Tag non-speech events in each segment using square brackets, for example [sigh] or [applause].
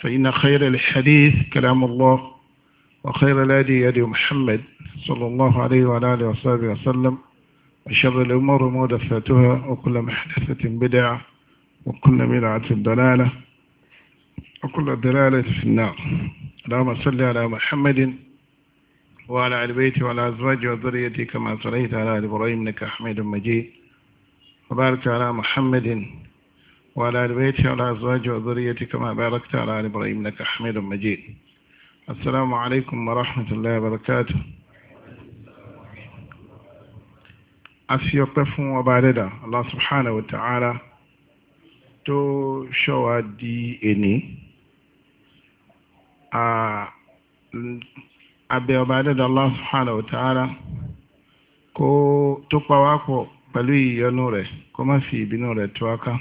فإن خير الحديث كلام الله وخير الهدي هدي محمد صلى الله عليه وعلى آله وصحبه وسلم وشر الأمور مودفاتها وكل محدثة بدعة وكل بدعة ضلالة وكل ضلالة في النار اللهم صل على محمد وعلى آل بيته وعلى أزواجه وذريته كما صليت على آل إبراهيم إنك حميد مجيد وبارك على محمد وعلى آل بيته وعلى أزواجه وذريته كما باركت على آل إبراهيم إنك حميد مجيد السلام عليكم ورحمة الله وبركاته afi ọpẹ́ fún ọba adẹ́dà Allah subhanahu wa ta'ala tó ṣọ́wa di èní abẹ ọba adẹ́dà Allah subhanahu wa ta'ala kó tó pawápọ̀ pẹ̀lú ìyọ́nú rẹ̀ kó má fi ìbínú rẹ̀ tó wákàá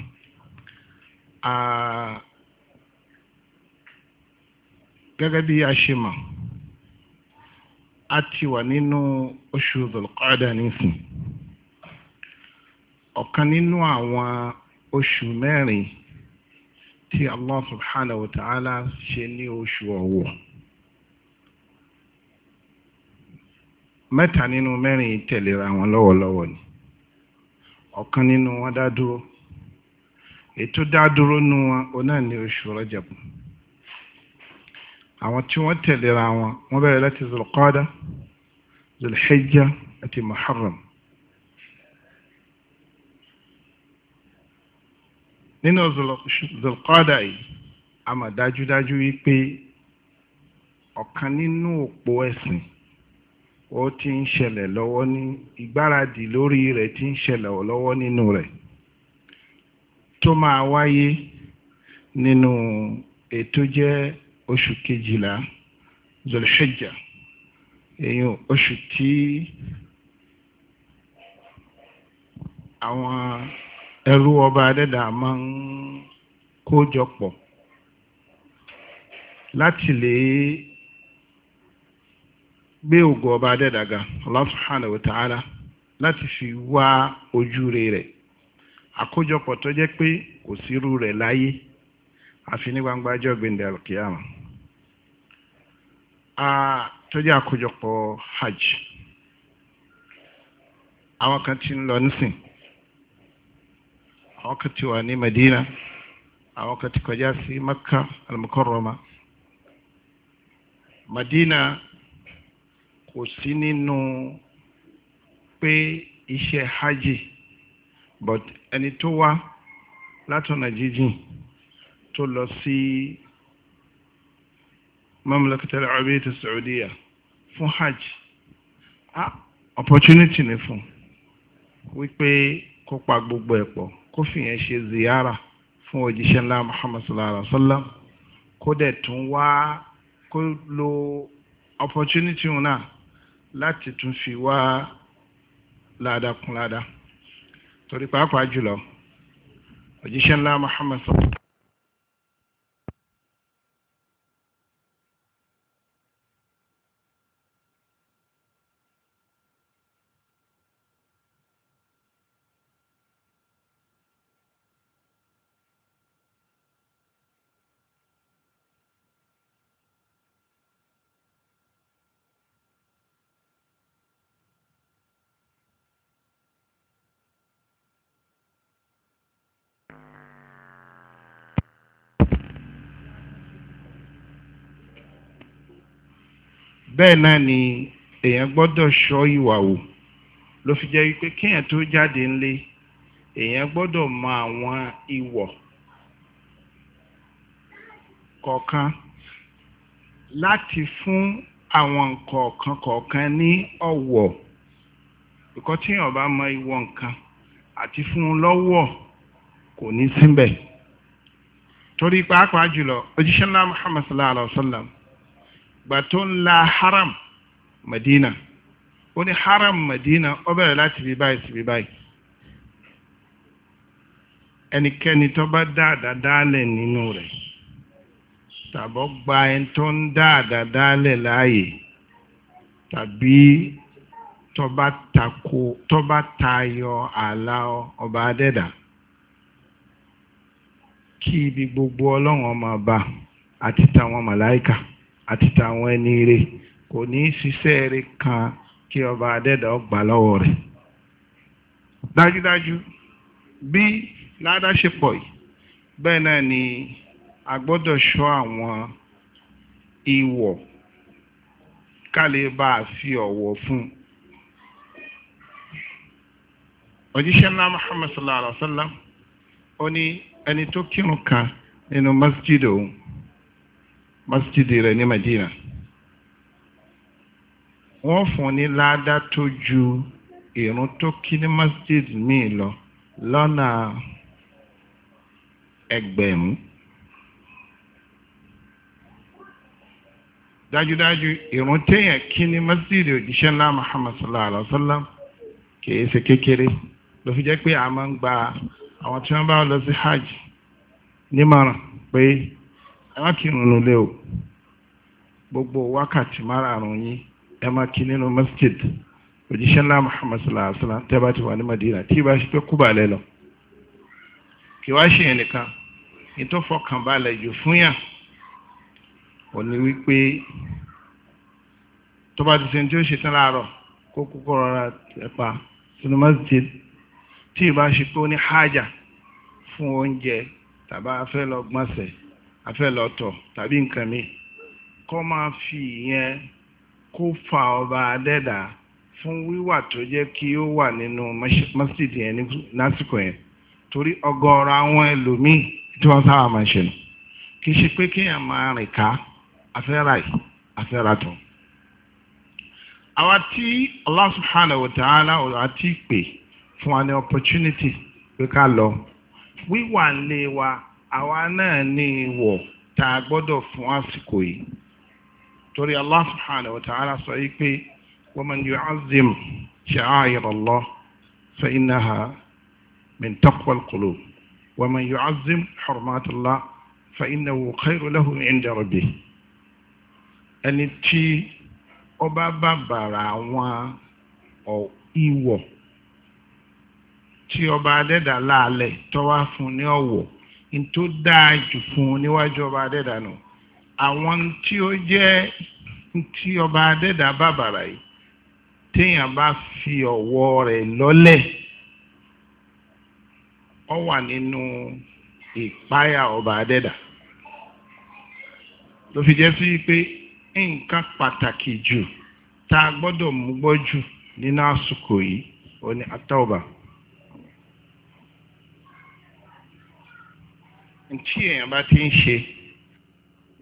gẹ́gẹ́ bí a ṣe mọ̀ a ti wà nínú oṣù Dhul-Qa'dah nísìn ọ̀kan nínú àwọn oṣù mẹ́rin tí Allah subhanahu wa ta'ala ṣe ní oṣù ọ̀wọ̀ mẹ́ta nínú mẹ́rin tẹ̀lera wọn lọ́wọ́lọ́wọ́ ni ọ̀kan nínú wọn dá dúró ètò dádúró nu wọn òun náà ní oṣù Rajab àwọn tí wọ́n tẹ̀lera wọn wọ́n bẹ̀rẹ̀ láti zulqada zulhijja àti muharram nínú zulqada yìí a mà dájúdájú wípé ọ̀kan nínú òpó ẹ̀sìn ó ti ń ṣẹlẹ̀ lọ́wọ́ ní ìgbáradì lórí rẹ̀ ti ń ṣẹlẹ̀ lọ́wọ́ nínú rẹ̀ tó máa wáyé nínú ètò jẹ́ oṣù kejìlá zulhijja èyàn oṣù tí àwọn ẹrú ọba adẹ́dà máa ń kójọpọ̀ láti lè gbé ògo ọba adẹ́dàga Allah subhanahu wa ta'ala láti fi wá ojúre rẹ̀ àkójọpọ̀ tó jẹ́ pé kò sírú rẹ̀ láyé àfi ní gbangba ọjọ́ gbẹ̀ndẹ̀ alkiyama tó jẹ́ àkójọpọ̀ hajj àwọn kan ti ń lọ nísìn àwọn kan ti wà ní Medina àwọn kan ti kọjá sí Makka al Medina kò sí nínú pé iṣẹ́ hajj but ẹni tó wá látọ̀nà jíjìn tó lọ sí Mamlakatul Arabiyyah Saudiya fún hajj ah opportunity ni fún wípé kó pa gbogbo ẹ̀ pọ̀ kó fìyẹn ṣe ziyara fún òjíṣẹ́ ńlá Muhammad sallallahu alaihi wa sallam kó dẹ̀ tún wá kó lo opportunity náà láti tún fi wá ládàkúnládàá torí pàápàá jùlọ òjíṣẹ́ ńlá Muhammad sọ̀rọ̀. bẹ́ẹ̀ náà ni èèyàn gbọ́dọ̀ ṣọ́ ìwà wò ló fi jẹ́ wípé kéèyàn tó jáde ńlé èèyàn gbọ́dọ̀ mọ àwọn ìwọ̀ kọ̀ọ̀kan láti fún àwọn kọ̀ọ̀kan kọ̀ọ̀kan ní ọ̀wọ̀ ìkọ́ tí èèyàn bá mọ ìwọ̀ nǹkan àti fún un lọ́wọ́ kò ní síbẹ̀ torí pàápàá jùlọ òjíṣẹ́ ńlá Muhammad sallallahu alaihi wa sallam gbà tó ń la haram Madina ó ní haram Madina ó bẹ̀rẹ̀ láti bí báyìí sí bí báyìí ẹnikẹ́ni tó bá dáadáa dálẹ̀ nínú rẹ̀ tàbọ̀ gba ẹni tó ń dáadáa dálẹ̀ láàyè tàbí tọba tako tayọ àlà ọba adẹ́dà kí ibi gbogbo ọlọ́run ọmọ ọba àti tàwọn màláìka àti tàwọn ẹni rè kò ní í ṣiṣẹ́ rè kan kí ọba adẹ́dà ọgbà lọ́wọ́ rẹ̀ dájúdájú bí ládàṣepọ̀ yìí bẹ́ẹ̀ náà ni a gbọ́dọ̀ ṣọ́ àwọn ìwọ̀ ká bá a fi ọ̀wọ̀ fún un òjíṣẹ́ ńlá Muhammad sallallahu alaihi wa sallam ó ní ẹni tó kírun kan nínú masjid òun masjid rẹ̀ ní Madina wọ́n fún ní ládá tó ju ìrun tó kí ní masjid míì lọ lọ́nà ẹgbẹ̀rún dájúdájú ìrun téèyàn kí ní masjid òjíṣẹ́ ńlá Muhammad sallallahu alaihi wa sallam kìí ṣe kékeré ló fi jẹ́ pé a máa ń gba àwọn tí wọ́n bá lọ sí hajj nímọ̀ràn pé á kírun nulẹ̀ o gbogbo wákàtí márààrún yín ẹ máa kí nínú masjid òjíṣẹ́ ńlá muhammad sallallahu alaihi wa sallam tẹ́ bá ti wà ní madina tí bá ṣe pé kúbà lẹ lọ kí wá ṣe yẹn nìkan ètò fọkànbalẹ̀ jù fún yà ò ní wípé tó bá ti ṣe tí ó ṣe tán láàárọ̀ kó kúkọ́ rọra ẹ̀pà sínú masjid tí ìbá ṣe pé ó ní hájà fún oúnjẹ tàbá fẹ́ lọ gbọ́nsẹ̀ afẹ́lọ́tọ̀ tàbí nǹkan mi kọ́ máa fi ìyẹn kó fa ọba adẹ́dà fún wíwà tó jẹ́ kí ó wà nínú masjid yẹn lásìkò yẹn torí ọ̀gọ̀ọ̀rọ̀ àwọn ẹlòmíì tí wọ́n sábà máa ń ṣe nù kì í ṣe pé kéèyàn máa rìn ká afẹ́ra yìí afẹ́ra tó. àwa tí Allah subhanahu wa ta'ala àti ìpè fún wa ní opportunity pé ká lọ wíwà ń lé wa àwa náà ní ìwọ̀ tá a gbọ́dọ̀ fún àsìkò yìí torí Allah subhanahu wa ta'ala sọ yìí pé wa man yu'azzim sha'a'ir Allah fa innaha min taqwal qulub wa man yu'azzim hurmatullah fa innahu khayru lahu 'inda rabbih ẹni tí ọba bá bàrà àwọn ìwọ̀ tí ọba adẹ́dà láàlẹ̀ tọ́wá fún ní ọ̀wọ̀ n tó dáa jù fún un níwájú ọba adẹ́dànù àwọn tí ó jẹ́ tí ọba adẹ́dà bàbàrà yìí téèyàn bá fi ọ̀wọ́ rẹ̀ lọ́lẹ̀ ọ wà nínú ìpáyà ọba adẹ́dà ló fi jẹ́ sí pé nǹkan pàtàkì jù tá a gbọ́dọ̀ mú gbọ́ jù nínú àsìkò yìí ó ní ntí èèyàn bá ti ń ṣe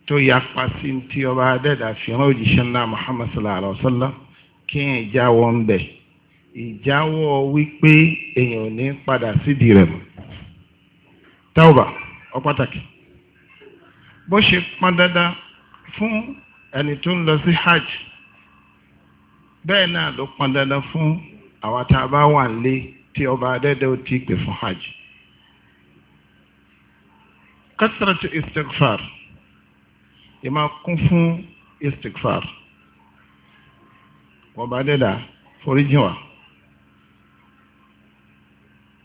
tó yapa sí ntí ọba adẹ́dà fìràn òjíṣẹ́ ńlá Muhammad sallallahu alayhi wa sallam kí èèyàn jáwọ́ ń bẹ̀ ìjáwọ́ wípé èèyàn ò ní padà sídìí rẹ̀ mọ́ tauba ọ pàtàkì bó ṣe pọn dandan fún ẹni tó ń lọ sí hajj bẹ́ẹ̀ náà ló pọn dandan fún àwa tá a bá wà nílé tí ọba adẹ́dà ó ti pè fún hajj kásìrìtì istikfar ẹ máa kún fún istikfar wọ́n bá dẹ́dà foríjì wa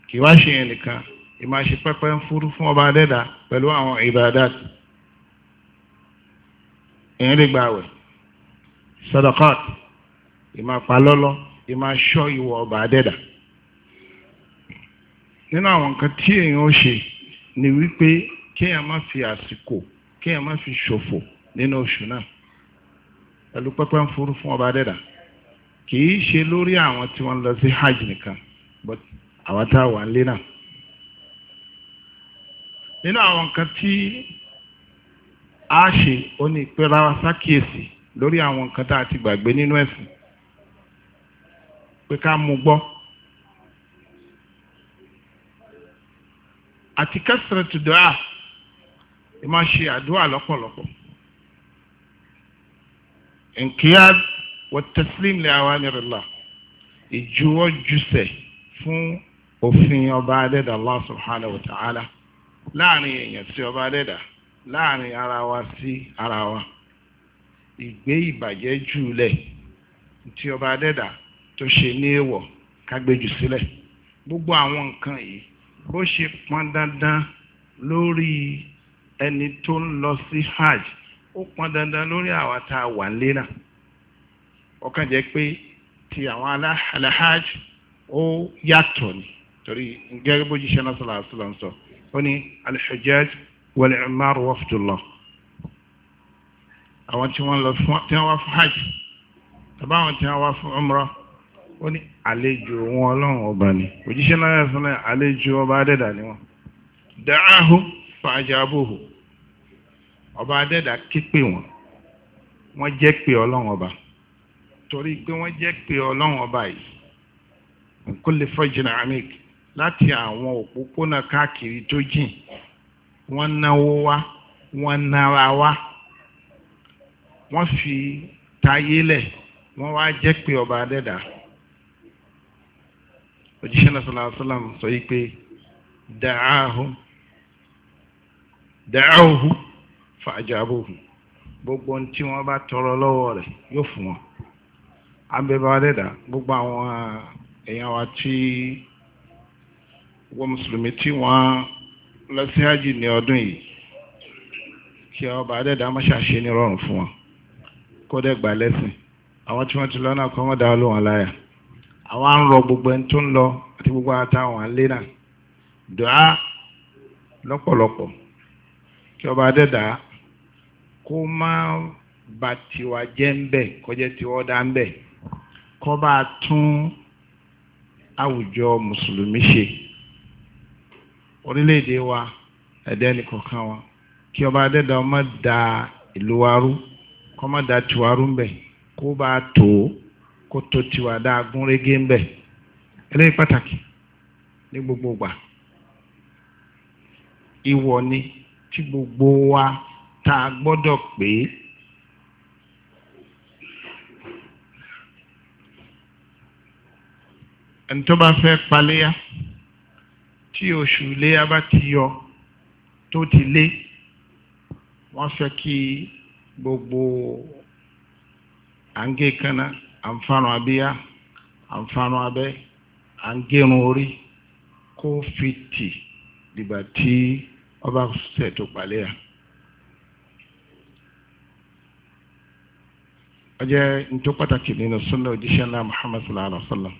kì wá ṣe yẹn nìkan ẹ máa ṣe pẹ́pẹ́ ń fúrú fún ọba dẹ́dà pẹ̀lú àwọn ibadat èèyàn lè gba àwẹ̀ sadaqat ẹ máa pa lọ́lọ́ ẹ máa ṣọ́ ìwọ ọba dẹ́dà nínú àwọn nǹkan tí èèyàn ó ṣe ni wípé kéèyàn má fi àsìkò kéèyàn má fi ṣòfò nínú oṣù náà pẹ̀lú pẹ́pẹ́ ń furu fún ọba dẹ́dà kì í ṣe lórí àwọn tí wọ́n lọ sí hajj nìkan but àwa tá a wà nílé náà nínú àwọn nǹkan tí a ṣe ó ní ìpẹ́ra wa sákìyèsí lórí àwọn nǹkan tá a ti gbàgbé nínú ẹ̀sìn pé ká mú gbọ́ àti kẹsìrẹ̀tù dọ́à ẹ máa ṣe àdúrà lọ́pọ̀lọpọ̀ nkiyad wa taslim li awamirillah ìjuwọ́ jùsẹ̀ fún òfin ọba adẹ́dà Allah subhanahu wa ta'ala láàrin èèyàn sí ọba adẹ́dà láàrin ara wa sí ara wa ìgbé ìbàjẹ́ jùlẹ̀ tí ọba adẹ́dà tó ṣe ní èèwọ̀ kágbéjù sílẹ̀ gbogbo àwọn nǹkan yìí ó ṣe pọn dandan lórí ẹni tó ń lọ hajj ó pọn dandan lórí àwa tá a wà nílé náà ọkàn pé ti àwọn alahaj ó yàtọ̀ ni torí gẹ́gẹ́ bó jíṣẹ́ náà sọ̀rọ̀ àṣìlọ sọ ó ní alhujjaj wal umar wafdullah àwọn tí wọ́n lọ tí wọ́n wá fún hajj tàbí àwọn tí wọ́n wá fún umrah ó ní àlejò wọn ọlọ́run ọba ni òjíṣẹ́ náà sọ̀rọ̀ àlejò ọba adẹ́dà ni wọn ọba adẹ́dà ké pè wọ́n wọ́n jẹ́ pé ọlọ́run ọba torí pé wọ́n jẹ́ pé ọlọ́run ọba yìí nǹkan lè fọ́jìn amic láti àwọn òpópónà káàkiri tó jìn wọ́n náwó wá wọ́n nára wá wọ́n fi tayé lẹ̀ wọ́n wá jẹ́ pé ọba adẹ́dà òjíṣẹ́ náà sọ̀rọ̀ sọ yìí pé dàáhùn dàáhùn fàájàbò gbogbo tí wọ́n bá tọrọ lọ́wọ́ rẹ̀ yóò fún wọn abẹ́bá dẹ́dà gbogbo àwọn èèyàn wa tí wọ́n mùsùlùmí tí wọ́n lọ sí hajj ní ọdún yìí kí ọba dẹ́dà má ṣàṣe ní rọrùn fún wọn kó dẹ́ gbà lẹ́sìn àwọn tí wọ́n ti lọ́nà kọ́ mọ́ dáa ló wọn láyà àwọn à ń rọ gbogbo ẹni tó ń lọ àti gbogbo àtàwọn alẹ́ náà dùá lọ́pọ̀lọpọ̀ kí ọba dẹ́dà kó má ba tiwa jẹ́ ń bẹ̀ kọjá tiwa dá ń bẹ̀ bá tún àwùjọ mùsùlùmí ṣe orílẹ̀ wa ẹ̀dẹ́ nìkọ̀ọ̀kan wa kí ọba adẹ́dàá ọmọ da ìlú wa rú kó má da tiwa rú ń bẹ̀ kó bá tó kó tó tiwa dá gúnrégé ń eléyìí pàtàkì ní gbogbo ìgbà ìwọ ni tí gbogbo wa tá a gbọ́dọ̀ pé ẹni tó bá fẹ́ paléyà tí oṣù léyà bá ti yọ tó ti lé wọ́n fẹ́ kí gbogbo àǹgé kanna àǹfààní abíyá àǹfààní abẹ́ àǹgérun orí kó fìtì dìgbà tí ọba ṣètò paléyà. ó jẹ́ nítorí pàtàkì nínú súnà na náà Muhammad sallallahu alaihi wa sallam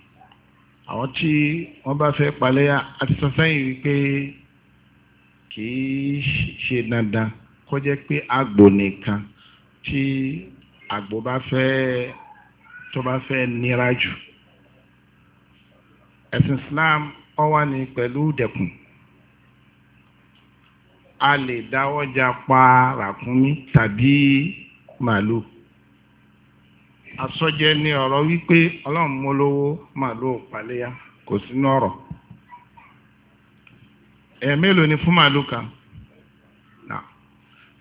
àwọn tí wọ́n bá fẹ́ palẹ́yà àti sọ́sẹ́ yìí wípé kì í ṣe dandan kó jẹ́ pé àgbò nìkan tí àgbò bá fẹ́ tó bá fẹ́ nira jù ẹ̀sìn Islam ó wà ní pẹ̀lú dẹ̀kùn a lè dáwọ́jà pa ràkúnmí tàbí màálù àsọjẹ ni ọrọ wípé ọlọ́run mú lówó màlúù paléyà kò sínú ọ̀rọ̀ èèyàn mélòó ni fún màlúù kan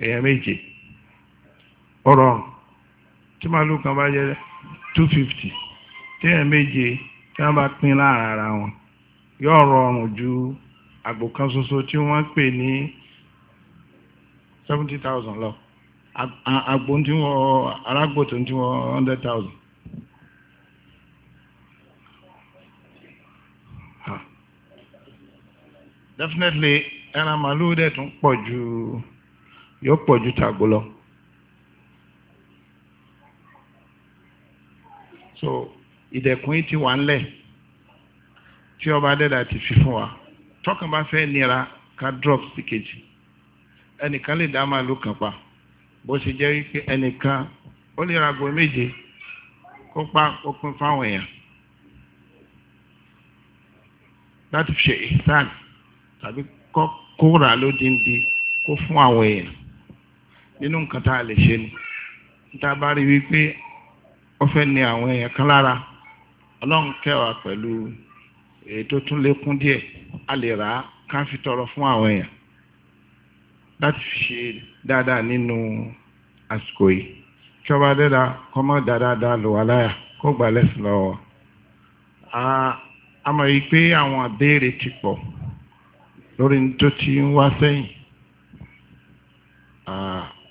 èèyàn méje ọ̀rọ̀ tí màlúù kan bá méje ara wọn yóò rọrùn ju àgbò kan ṣoṣo tí pè ní lọ. àgbò tí wọ́n arágbò tó tí wọ́n 100,000 definitely ẹran màálù dẹ̀ tún pọ̀ ju yóò pọ̀ ju tàgbò lọ so ìdẹ̀kùn yìí ti wà ńlẹ̀ tí ọba adẹ́dà ti fi fún wa tọ́kàn bá fẹ́ nira ká drop sí kejì ẹnìkan lè dá màálù kan pa bó ṣe jẹ́ wípé ẹnìkan ó lè rago méje kó pa okun fáwọn èèyàn láti ṣe ìsàn tàbí kó kóra lódindi kó fún àwọn èèyàn nínú nǹkan tá a lè ṣe ni níta bá rí wípé ó fẹ́ ni àwọn èèyàn kan lára ọlọ́run kẹwàá pẹ̀lú èyí tó tún lékún díẹ̀ a lè rà á ká fi tọrọ fún àwọn èèyàn láti ṣe dáadáa nínú àsìkò yìí kíọba dẹ́dà kọ́mọ́ dáadáa lò wá láyà kó gbà lẹ́sìn lọ́wọ́ a mọ̀ yìí pé àwọn àbéèrè ti pọ̀ lórí tó ti ń wá sẹ́yìn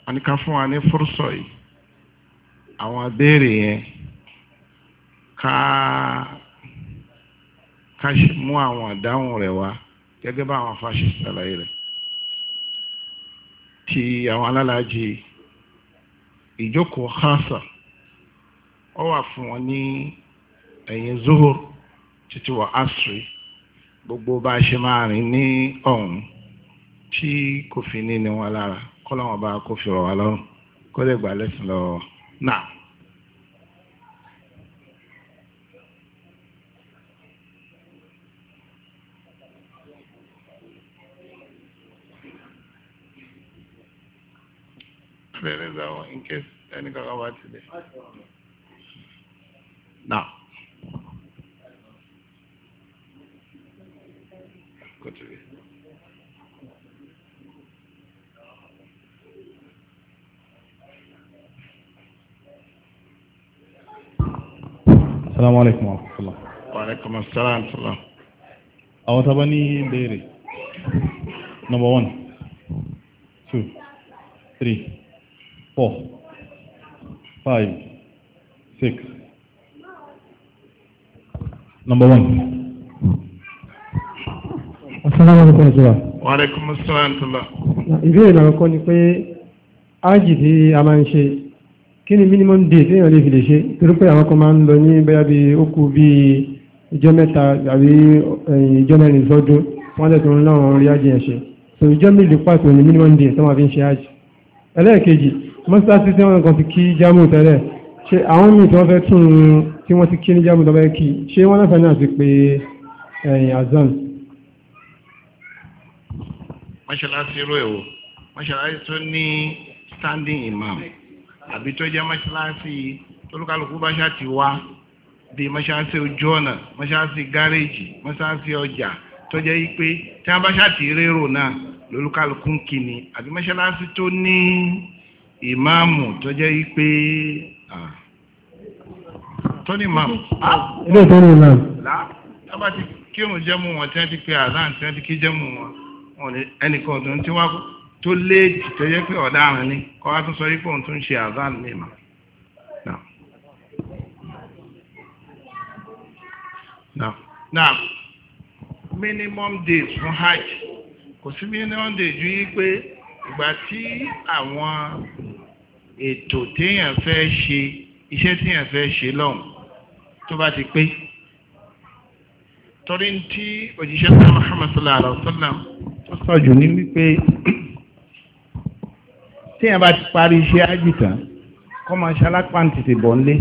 àníkà fún wa ní fúrúsọ yìí àwọn àbéèrè yẹn ká ká mú àwọn àdáhùn rẹ̀ wá gẹ́gẹ́ bá àwọn afáṣẹ́ ṣàlàyé rẹ̀ ti àwọn alálàájì ìjókòó hansa ó wà fún wọn ní ẹ̀yìn zuhur títí wọ asri gbogbo bá a ṣe máa rìn ní ọ̀hún tí kò fi ní ní wọn lára kọ́ làwọn bá kó fi rọ̀ wá lọ́rùn kó lè gbà lẹ́sìn lọ́wọ́ náà. clearing that in case any about today. Now, Assalamu alaikum wa rahmatullah. Wa alaikum assalam wa rahmatullah. four, five, six. Number one. Asalaamualeykum Nàìjíríà. Wa aleykum salaam. Ìbéèrè náà kọ́ ni pé ájì tí a máa ń ṣe kí ni minimum day tí èèyàn lè fi lè ṣe torí pé àwọn kan máa ń lọ ní bóyá bí ó bí ìjọ mẹ́ta àbí ìjọ eh, mẹ́rin sọ́dún wọ́n tẹ̀ tó náà rí ájì yẹn minimum tó máa fi ń ṣe mọ́sálásí tí wọ́n kàn ti kí jámù tẹ́lẹ̀ ṣe àwọn míì tí wọ́n fẹ́ tún un tí wọ́n ti kí ní jámù tọ́bẹ̀ kí ṣé wọ́n láǹfààní àti pé ẹ̀yìn eh, azan. mọ́sálásí rú èwo mọ́sálásí tó ní standing imam àbí tó jẹ́ mọ́sálásí tólúkálùkù bá ṣáà ti wá bí mọ́sálásí ojú ọ̀nà mọ́sálásí gáréèjì mọ́sálásí ọjà tó jẹ́ pé tí wọ́n bá ṣáà ti rérò ni àbí mọ́sálásí tó ní. ìmáàmù tó jẹ́ pé tọ́ni ìmáàmù. Ah! ilé tọ́ni ìmáàmù. lábà kí òun jẹ́ ti pe àdáhùn tí wọ́n ti kí jẹ́ mú wọn ẹnìkan ọ̀dọ́ tí wọ́n tó léèjì tó jẹ́ pé ọ̀daràn ni kọ́ wá tún sọ wípé òun tún ṣe àdáhùn minimum days fún hajj kò sí minimum days ju yí pé ìgbà tí àwọn ètò téèyàn fẹ́ ṣe iṣẹ́ téèyàn fẹ́ ṣe lọ́hùn tó bá ti pé torí tí òjíṣẹ́ fún Muhammad sallallahu alaihi wasallam tó sọ jù ní wípé téèyàn bá ti parí iṣẹ́ àjìtàn kọ́ máa ṣe alápáǹtìtì bọ̀ ńlé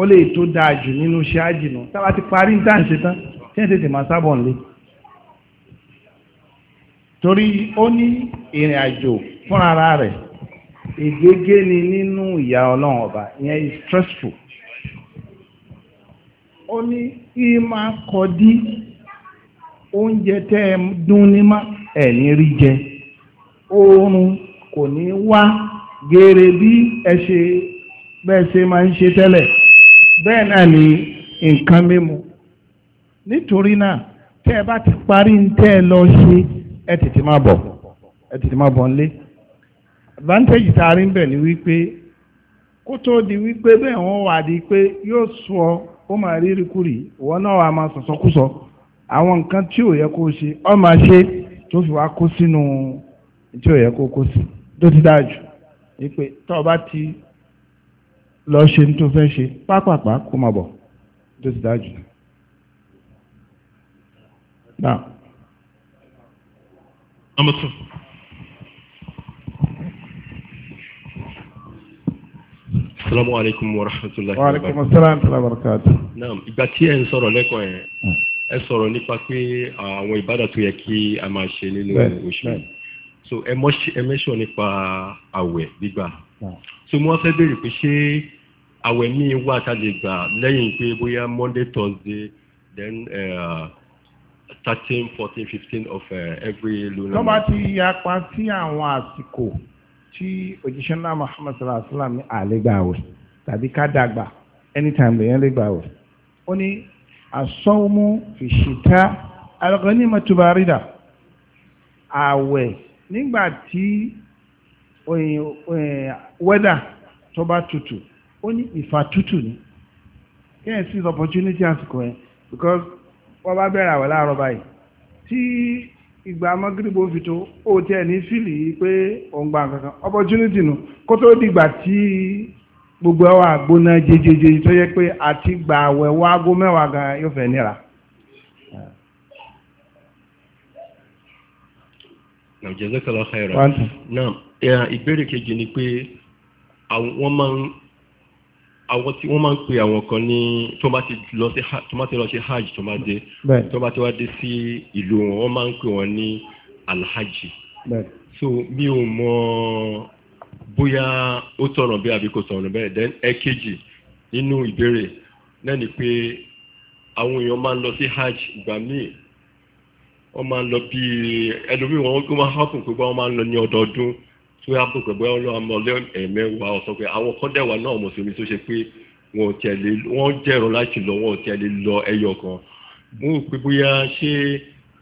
ó lè tó dáa jù nínú iṣẹ́ àjìnà tá a bá ti parí ní táǹṣe tán téèyàn tètè máa sábọ̀ ńlé torí ó ní ìrìn àjò fúnra rẹ̀ ìgégé ni nínú ìyá ọlọ́run ọba ìyẹn is stressful ó ní kí máa kọ dí oúnjẹ tẹ́ ẹ dún ní má ẹ̀ní rí jẹ oorun kò ní wá geere bí ẹ ṣe bẹ́ẹ̀ ṣe máa ń ṣe tẹ́lẹ̀ bẹ́ẹ̀ náà ni nǹkan mímu nítorí náà tẹ́ ẹ bá ti parí ń tẹ́ ẹ lọ ṣe ẹ tètè máa bọ̀ ẹ tètè máa bọ̀ nílé advantage tá a rí ń bẹ̀ ni wípé kó tó di wípé bẹ́ẹ̀ wọ́n wà di pé yóò sọ ó máa rí ríkúrì ìwọ náà wà máa sọ̀sọ́kúsọ àwọn nǹkan tí ò yẹ kó ṣe ọ máa ṣe tó fi wá kó sínú tí ò yẹ kó kó sí tó ti dáa jù wípé tó o bá ti lọ ṣe tó fẹ́ ṣe pápápá kó máa bọ̀ tó ti dáa jù. Now. Number two. Salamu alaikum wa rahmatulahi wa barakatuh. Wa alaikum salaam wa rahmatulahi wa barakatuh. Naam, ìgbà tí ẹ ń sọ̀rọ̀ lẹ́kọ̀ọ́ yẹn, ẹ sọ̀rọ̀ nípa pé àwọn ìbádà tó yẹ kí a máa ṣe nínú oṣù yìí. So ẹ mẹ́ṣọ̀ nípa àwẹ̀ gbígbà. So mo wá fẹ́ béèrè pé ṣé àwẹ̀ míì wà tá a lè gbà lẹ́yìn pé bóyá Monday, Thursday, then. Uh, thirteen fourteen fifteen of uh, every lunar. lọ́ba ti yapa sí àwọn àsìkò tí òjíṣẹ́ náà Muhammad sallallahu alayhi wa sallam ní àlégbàwẹ̀ tàbí ká dàgbà anytime lèyàn légbàwẹ̀. ó ní asọ́wọ́mú fìṣìtá alghanima tubarida àwẹ̀ nígbà tí eh, eh, wẹ́dà tó bá tutù ó ní ìfà tutù ni. kí sí opportunity àsìkò yẹn because wọ́n bá bẹ̀rẹ̀ àwẹ̀ láàárọ̀ báyìí tí ìgbà mọ́gìrìbó fi tó ó tẹ̀ ní fìlì pé òun gba nǹkan opportunity nù kó tó dìgbà tí gbogbo ẹwà gbóná jejeje tó yẹ pé àti gbà àwẹ̀ wá aago mẹ́wàá gan yóò fẹ́ níra. jazakallah khairan náà ìbéèrè kejì ni pé wọ́n máa ń àwọn tí wọ́n máa ń pe àwọn kan ní tó bá ti lọ sí tó hajj tó bá dé tó bá ti wá dé sí ìlú wọn wọ́n máa ń pe wọn ní alhaji so mi ò mọ bóyá ó tọ̀nà bí àbí kò tọ̀nà bẹ́ẹ̀ then ẹ̀kejì nínú ìbéèrè náà ni pé àwọn èèyàn máa ń lọ sí hajj ìgbà míì wọ́n máa ń lọ bí ẹlòmíràn wọ́n máa ń hákùn pé wọ́n máa ń lọ ní ọdọọdún tí wọ́n á bò pé bóyá ọlọ́run ọmọlé ẹ̀mẹ́wàá ọ̀sán pé àwọn kan dẹ̀wà náà mùsùlùmí tó ṣe pé wọn ò tẹ̀lé wọ́n jẹ̀rọ láti lọ wọn ò tẹ̀lé lọ ẹyọ kan mo rò pé bóyá ṣé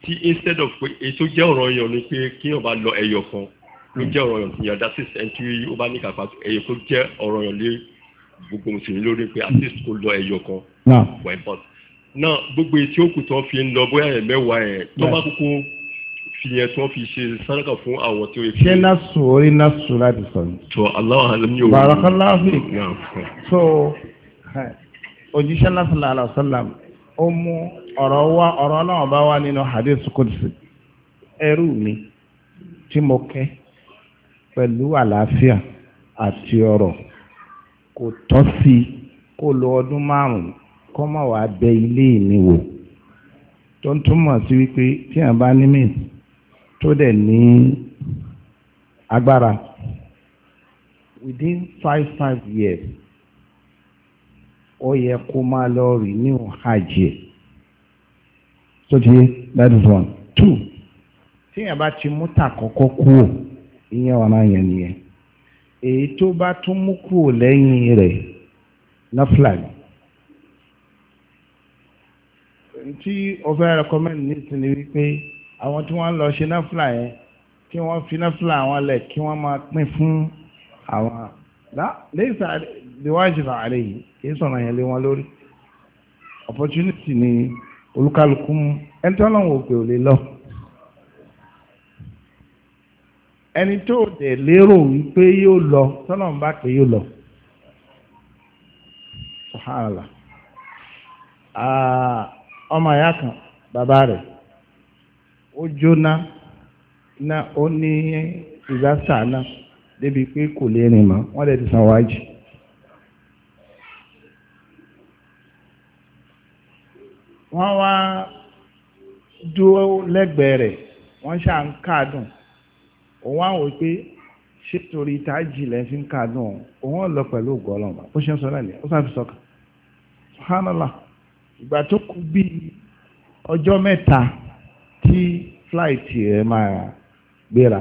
tí instead of pé ètò jẹ́ ọ̀rọ̀ yàn ni pé kí wọ́n bá lọ ẹyọ kan ló jẹ́ ọ̀rọ̀ yàn yàn that is ẹni tí ó bá ní kàfà ẹyọ tó jẹ́ ọ̀rọ̀ yàn lé gbogbo mùsùlùmí lórí pé at least kó lọ ẹyọ kan wẹ̀ bọ́t náà gbogbo ètò òkú fi ń lọ bóyá ẹ̀mẹ́wàá ẹ̀ tó bá kúkú fi yẹn tí wọ́n fi ṣe sáràkà fún àwọn tí ó yẹ fi. ṣé nasu orí nasu láti sọ ni. tó aláwọ̀ alam yóò. barakallahu fi. so òjíṣẹ́ lásìlá aláṣálàm ó mú ọ̀rọ̀ wá ọ̀rọ̀ náà bá wá nínú hadith kudsi ẹrú mi tí mo kẹ́ pẹ̀lú àlàáfíà àti ọ̀rọ̀ kò tọ́ sí kó lò ọdún márùn-ún kó má ilé mi wò tó ń wípé tí a bá ní mìíràn tó dẹ̀ ní agbára within five five years ó yẹ kó máa lọ rí hajj so ti that is one two tíyẹn bá ti mú tà kọ́kọ́ kúrò ìyẹn ọ̀nà yẹn nìyẹn èyí tó bá tún mú kúrò lẹ́yìn rẹ̀ náfìlàní tí ọ̀fẹ́ recommend nísìnyí wípé àwọn tí wọ́n lọ ṣe náfìlà yẹn kí wọ́n fi náfìlà àwọn lẹ̀ kí wọ́n máa pín fún àwọn lẹ́yìn ìwádìí ààrẹ yìí kìí sọ̀rọ̀ yẹn lé wọn lórí opportunity ni olúkálukú mú ẹni tí ọlọ́run òpè ò lè lọ ẹni tó dẹ̀ lérò wípé yóò lọ tọ́lọ́run bá pé yóò lọ sọ̀hánàlà ah, ọmọ ìyá kan bàbá rẹ̀ ó jóná na ó ní ìdásà náà débi pé kò lè rìn mọ́ wọ́n lè ti san wájú. wọ́n wá dúró lẹ́gbẹ̀ẹ́ rẹ̀ wọ́n ṣà ń kádùn òun àwọn pé ṣé torí tájì lẹ́ fi ń kádùn òun lọ pẹ̀lú ògùn bó ṣe ń sọ lẹ́lẹ̀ ó sáfi sọ́kà subhanallah ìgbà tó bíi ọjọ́ flight rẹ̀ máa gbéra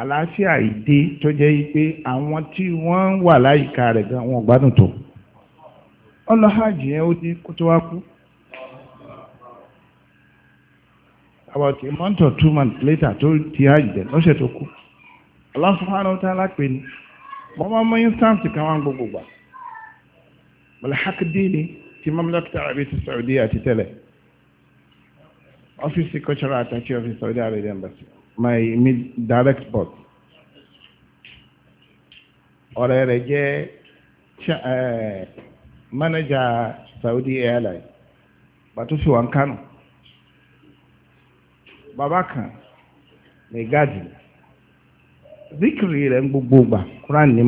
àlàáfíà ìdé tó jẹ́ pé àwọn tí wọ́n ń wà láyìíká rẹ̀ gan wọn gbádùn tó ọlọ́hàjì yẹn ó dín kó tó wá kú about a month or two months later tó ti hajj dẹ̀ lọ́sẹ̀ tó kú Allah subhanahu wa ta'ala pé ni wọ́n máa mọ instant kan wá gbogbo gbà mọ̀lẹ́hàkídé ni ti mamlakta Arabia ti Saudi àti tẹ́lẹ̀. Office Cultural Attaché of Saudi Arabian Embassy, my direct boss. Ọ̀rẹ́ rẹ̀ jẹ́ manager Saudi Airlines, bàtú fi wọn Kano. Bàbá kan ní gbogbo gbà, Quran ní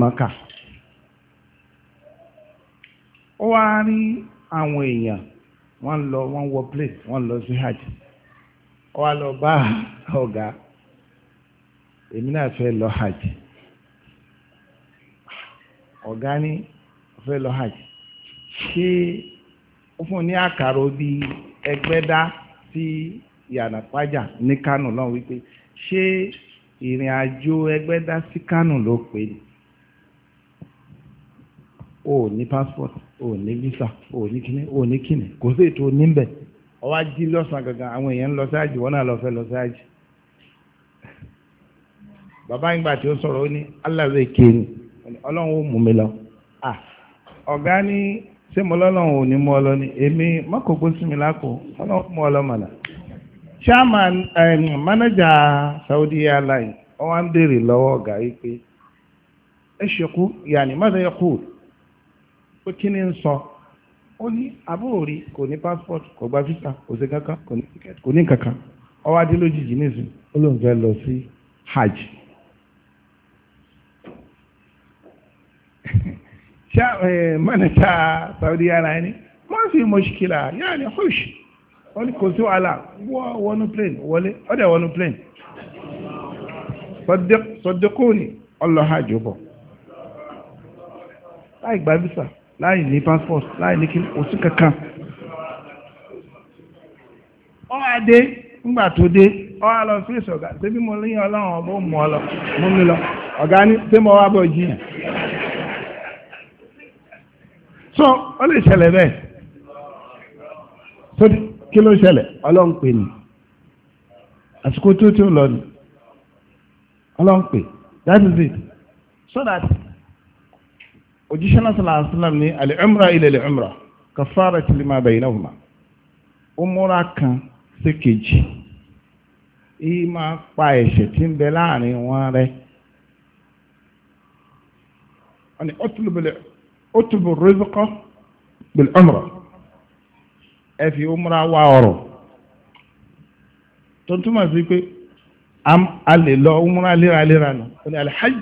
wà lọ bá ọ̀gá èmi náà fẹ́ lọ hajj ọ̀gá ní fẹ́ lọ hajj ṣé ó fún ní àkàrò bí ẹgbẹ́dá sí yàrá pàjà ní Kánò lọ́wọ́ wípé ṣé ìrìn àjò ẹgbẹ́dá sí Kánò ló pè ní o ní passport o ní visa o ní kíní o ní kíní kò sí ètò níbẹ̀. ọwá jí lọ́sàn gangan àwọn èèyàn lọ sáájì wọn náà lọ fẹ́ lọ sáájì bàbá ìgbà tí ó sọ̀rọ̀ ó ní aláwẹ̀ kéènì ọlọ́run ó mú mi lọ ọ̀gá ní ṣé mo lọ́lọ́run ò ní mú ọ lọ ni èmi mọ́kòókò sí mi lákò ọlọ́run mú ọ lọ mọ̀nà chairman manager Saudi Airlines wọ́n wá ń lọ́wọ́ ọ̀gá yìí pé ẹ ṣekú mọ́tò kú pé kí ó ní àbúròrí kò ní passport kò gba visa kò sí kankan kò ní ticket kò ní kankan ó wá dé lójijì nísìn ó lóun fẹ́ lọ sí hajj. [laughs] ṣá mọ́nẹ́tà Saudi Arabia ni wọ́n fi mọ̀ṣíkìlà yáà ní hóṣì wọ́n kò sí wàhálà wọ́ wọnú plane wọlé ọ̀dẹ̀ wọnú plane sọdẹ́kùnì ọlọ́hàjò bọ̀ láì gba visa láì ní passport láì ní òsì kankan tó dé ọ wá lọ fíìsì ọ̀gá ṣé bí mo léyìn ọlọ́run ọ̀bọ̀ mú ọ mú mi lọ ọ̀gá ní ṣé mo wá bọ̀ jiyàn so ó lè ṣẹlẹ̀ bẹ́ẹ̀ so kí ló ṣẹlẹ̀ ọlọ́run pè ní àsìkò tó tó lọ ní ọlọ́run that is it so that òjíṣẹ́ náà sallallahu alaihi wasallam ní al-umra ila al-umra kafaratu lima baynahuma umra kan sí kejì yìí máa pa ẹ̀ṣẹ̀ tí ń bẹ láàrin wọn rẹ ani utlub ar-rizqa bil-umra ẹ fi umra wá ọrọ̀ tó túmọ̀ sí pé a lè lọ umra léraléra nù ó ní al-hajj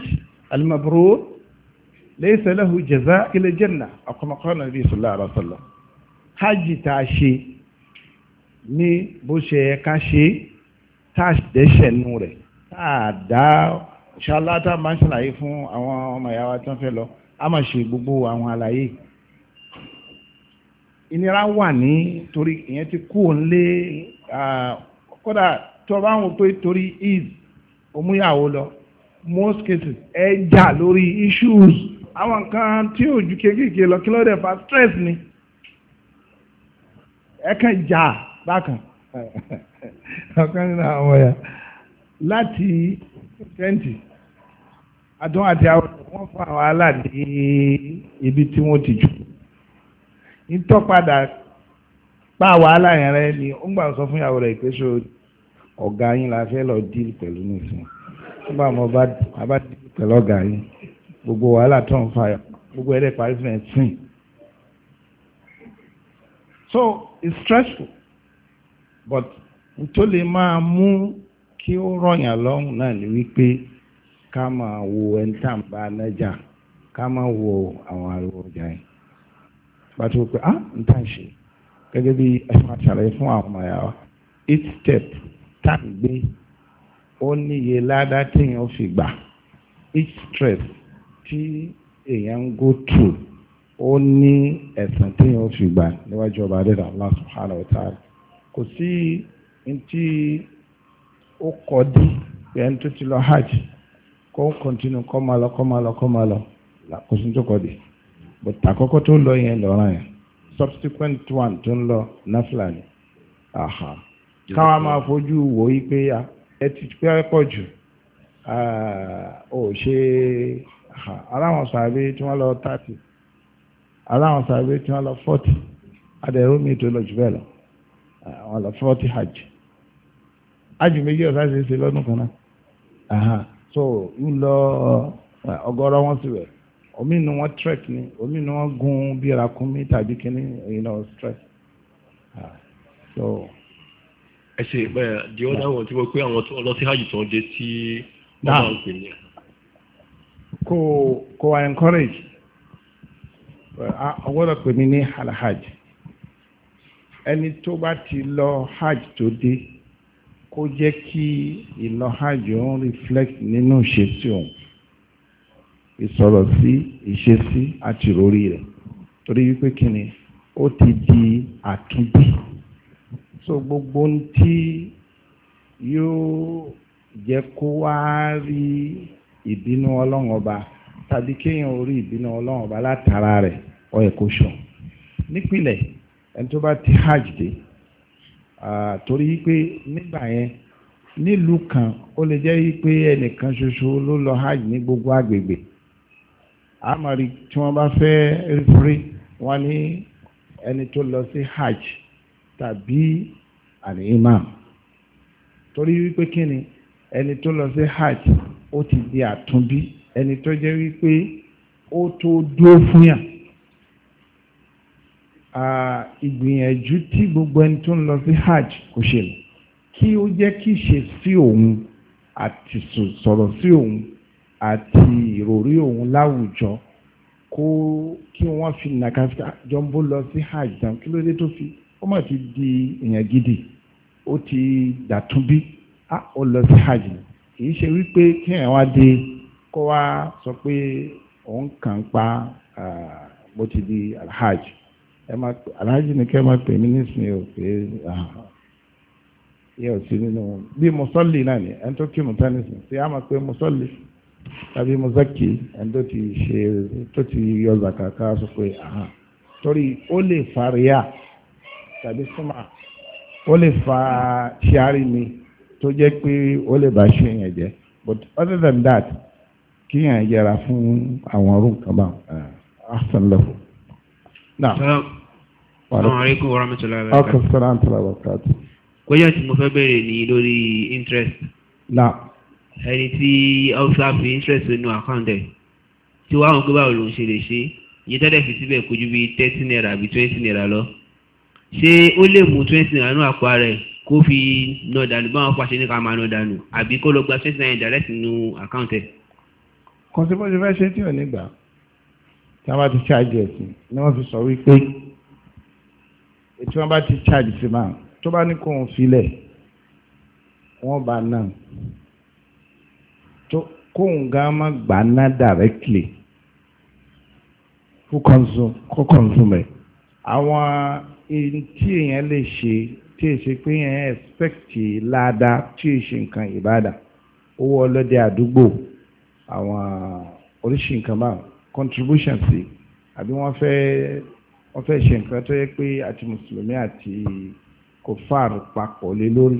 laysa lahu jaza illa janna ọ̀kọ̀mọ̀kọ́ nàbí sallallahu alaihi wasallam hajj tá a ṣe ní bó ṣe yẹ ká ṣe tá a dẹ́ṣẹ̀ nù rẹ̀ tá a dá ṣáláà tá a máa ń ṣàlàyé fún àwọn ọmọ ìyá wa tó ń fẹ́ lọ a máa ṣe gbogbo àwọn àlàyé ìnira wà ní torí ìyẹn ti kú òun lé kódà tó bá ń pé torí is omúyàwó lọ most cases ẹ jà lórí issues àwọn nǹkan tí ò ju kéékèèké lọ kí ló dé fa stress ni ẹ̀kan ìjà bákan ọ̀kan nínú àwọn ọ̀yà láti tẹ́ǹtì àdán àti àwọn wọ́n fún àwọn aláàdé ibi tí wọ́n ti jù nítọ́padà pa wàhálà yẹn rẹ ni ó ń gbà sọ fún ìyàwó rẹ̀ pé ṣe ọ̀gá yín la fẹ́ lọ díìlì pẹ̀lú nìsín nígbà mo bá díìlì pẹ̀lú ọ̀gá yín gbogbo wàhálà tó ń fa gbogbo ẹ̀rẹ́ parí fún ẹ̀sìn so it's stressful but tó lè máa mú kí ó rọ̀yàn lọ́rùn náà ni wípé ká máa wo ẹni tá à ń bá nájà ká máa wo àwọn ariwo ọjà yẹn pàtó pé ah n tá à ń ṣe gẹ́gẹ́ bí ẹ máa ṣàlàyé fún àwọn ọmọ ẹ̀yà wa each step tá à ń gbé ó níye ládá téèyàn fi gbà each stress tí èèyàn ń go through ó ní ẹ̀sán tí yóò fi gbà níwájú ọba adẹ́dà Allah subhanahu wa ta'ala kò sí tí ó kọ́ dí ẹni tó ti lọ hajj kó ń continue kó máa lọ kó máa lọ kó máa lọ kò sí tó kọ́ dí but àkọ́kọ́ tó lọ yẹn lọ́ràn yẹn subsequent one tó ń lọ náfìlà ni káwa máa fojú wò ó pé ẹ ti pẹ́ pọ̀ jù ò ṣe é aláwọn sàbí tí wọ́n lọ tààtì aláwọn sàbí tí wọ́n lọ fọ́tì adẹ̀rú mi tó lọ jù bẹ́ẹ̀ lọ wọ́n lọ fọ́tì hajj hajj méjì ọ̀sán ṣe é ṣe lọ́dún kan náà so ń lọ ọgọ́rọ́ wọn sì wẹ̀ omi nu wọn trek ni omi nu wọn gun bí ràkúnmí tàbí kíní you know stress so ẹ ṣe ìpẹ́ di ọ́dà àwọn tí wọ́n pé àwọn tó lọ sí hajj tó ń dé tí wọ́n máa ń Ko ko wá encourage ọgbọ́dọ̀ pè mí ní alhaj ẹni tó bá ti lọ hajj tó dé kó jẹ́ kí ìlọ hajj òun reflect nínú ìṣesí òun ìsọ̀rọ̀ sí ìṣesí àti ìròrí rẹ̀ torí wípé kí ni ó ti di àkíndí so gbogbo ń tí yóò jẹ́ kó wá rí. ìbínú ọlọ́run ọba tàbí kéèyàn orí ìbínú ọlọ́run ọba látara rẹ̀ ó yẹ nípìnlẹ̀ ẹni tó bá ti hajj dé torí wípé nígbà yẹn nílùú kan ó lè jẹ́ pé ẹnìkan ṣoṣo ló lọ hajj ní gbogbo tí wọ́n bá fẹ́ rí ní hajj tàbí torí wípé kí ni ẹni hajj ó ti di àtúnbí ẹni tó jẹ́ wípé ó tó dúró fún yàn ìgbìyànjú tí gbogbo ẹni tó ń lọ sí hajj kò ṣe lọ kí ó jẹ́ kí ṣe sí òun àti sọ̀rọ̀ sí òun àti ìròrí òun láwùjọ kó kí wọ́n fi nàkàtà jọ́mbó lọ sí hajj dàn kí ló dé tó fi ó mà ti di èèyàn gidi ó ti dàtúnbí ó lọ sí hajj kì í ṣe wípé kí ẹ̀ wá dé kó wá sọ pé òun kàn ń pa bó ti di alhaji ẹ alhaji ni kẹ́ máa pè mí nísìnyí o pé yẹ ò sí nínú bí mùsọ́lì náà ni ẹni tó kí mùtá nísìnyí sí á máa pè mùsọ́lì tàbí mùsákì ẹni tó ti ṣe tó ti yọ zakaka sọ pé torí ó lè fa ríà tàbí súnmà ó lè fa ṣíárì ni tó jẹ́ pé ó lè bá ṣe yẹn jẹ́ but other than that kí yẹn yẹra fún àwọn ọrùn kan bá ahsan lahu. náà alaikum warahmatullahi wabarakatuh. ọkọ sọ̀rọ̀ àǹtí lọ́wọ́ káàtó. tí mo fẹ́ bẹ̀rẹ̀ ní lórí interest. náà. ẹni tí hausa fi interest nínú account ẹ̀ tí wàá hàn pé báwo ló ń ṣe lè ṣe iye tẹ́lẹ̀ fi síbẹ̀ kò ju bíi thirty naira àbí twenty naira lọ ṣé ó lè mú twenty naira nínú àpò ara ẹ̀ kó fi nà dànù báwọn pàṣẹ ní ká máa nà dànù àbí kó lọ gba twenty nine direct nínú àkáǹtì ẹ̀. kan tí wọ́n ti fẹ́ ṣe tí ò ní gbà tí wọ́n bá ti ṣáàjì ẹ̀ ni wọ́n fi sọ wípé tí wọ́n bá ti ṣáàjì sí máa tó bá ní kó òun filẹ̀ wọ́n bá náà kóun gan ma gbà ná directly kó consume kó consume àwọn tí èèyàn lè ṣe tí è ṣe pé yẹn ẹ̀spẹ̀kì ládàá tí è ṣe nǹkan ìbádà owó ọlọ́dẹ àdúgbò àwọn oríṣi nǹkan máa contribution sí àbí wọ́n fẹ́ wọ́n fẹ́ ṣe nǹkan tó yẹ pé àti mùsùlùmí àti kòfàr papọ̀ lé lórí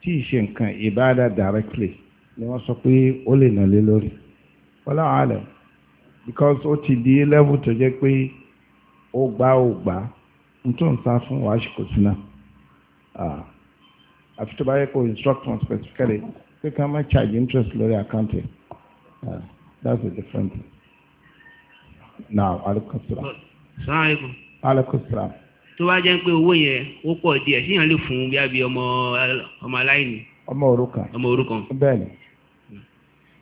tí ì ṣe nǹkan ìbádà directly ni wọ́n sọ pé ó lè nà lé lórí wọ́lá àlẹ́ because ó ti di level tó jẹ́ pé ó gbá ó gbá n tó ń sá fún wàásù kò Ah. àfi tó bá yẹ kó specifically pé ká charge interest ah, that's a different thing. now alakosola. sàlámù. alakosola. tó bá jẹ́ pé owó yẹn ó pọ̀ díẹ̀ síyàn lè fún bí abí ọmọ ọmọ aláìní. ọmọ òrukàn. ọmọ òrukàn. bẹ́ẹ̀ni.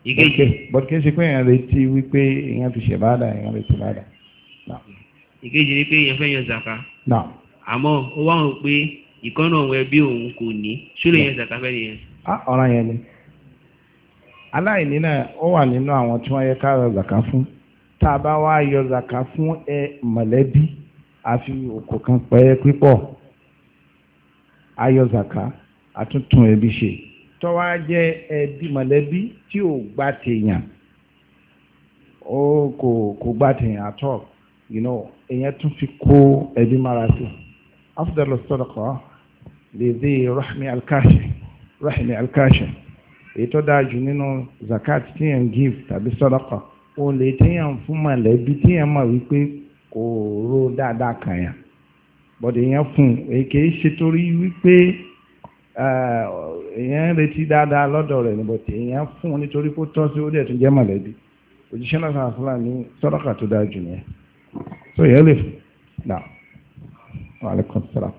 ìkejì. bọ́dù kí n ṣe pé èèyàn retí wípé èèyàn fi zaka. Na. ó wá ìkọ́nà àwọn ẹbí òun kò ní ṣúlè yẹn zakafẹ́ nìyẹn. Ah, ọ̀ràn yẹn ni aláìní náà ó wà nínú àwọn tí wọ́n yẹ ká yọ zaka fún tá a bá wá yọ zaka fún ẹ mọ̀lẹ́bí àfi òkò kan pẹ́ẹ́ pípọ̀ a yọ zaka àtúntún ẹbí ṣe tọ́wá jẹ́ ẹbí mọ̀lẹ́bí tí ò gbà tèèyàn ó kò kò gbà tèèyàn àtọ̀ you tún fi kó ẹbí mara sí afdalus sadaqa lèdè rahmi alkashi rahmi alkashi èyí tó dáa jù nínú zakat tí yẹn ń give tàbí sadaqa ó lè tí yẹn ń fún mọ̀lẹ́bí tí yẹn mọ̀ wípé kò ró dáadáa kàn yàn bọ́dẹ̀ yẹn fún èyí kì í ṣe torí wípé èyàn ń retí dáadáa lọ́dọ̀ rẹ̀ níbo tí yẹn fún nítorí kó tọ́ sí ó dẹ̀ tún jẹ́ òjíṣẹ́ náà sàn fúnra ní sadaqa tó dáa nìyẹn so yẹn lè fún náà wa alaikum salaam.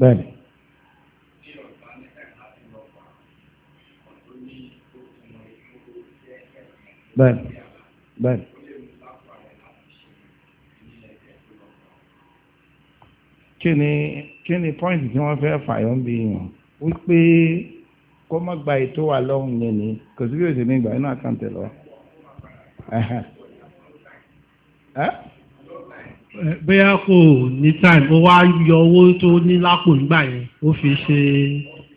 bẹ́ẹ̀ni. bẹ́ẹ̀ni bẹ́ẹ̀ni. kí ni kí ni pọ́ìntì tí wọ́n fẹ́ fàyọ́ ń bí yàn wípé kó má gba ètò wa lọ́hùn yẹn ni kò sí bí òṣèlú ìgbà inú àkàǹtẹ̀ lọ bóyá kò ní time ó wá yọ owó tó ní lápò nígbà yẹn ó fi ṣe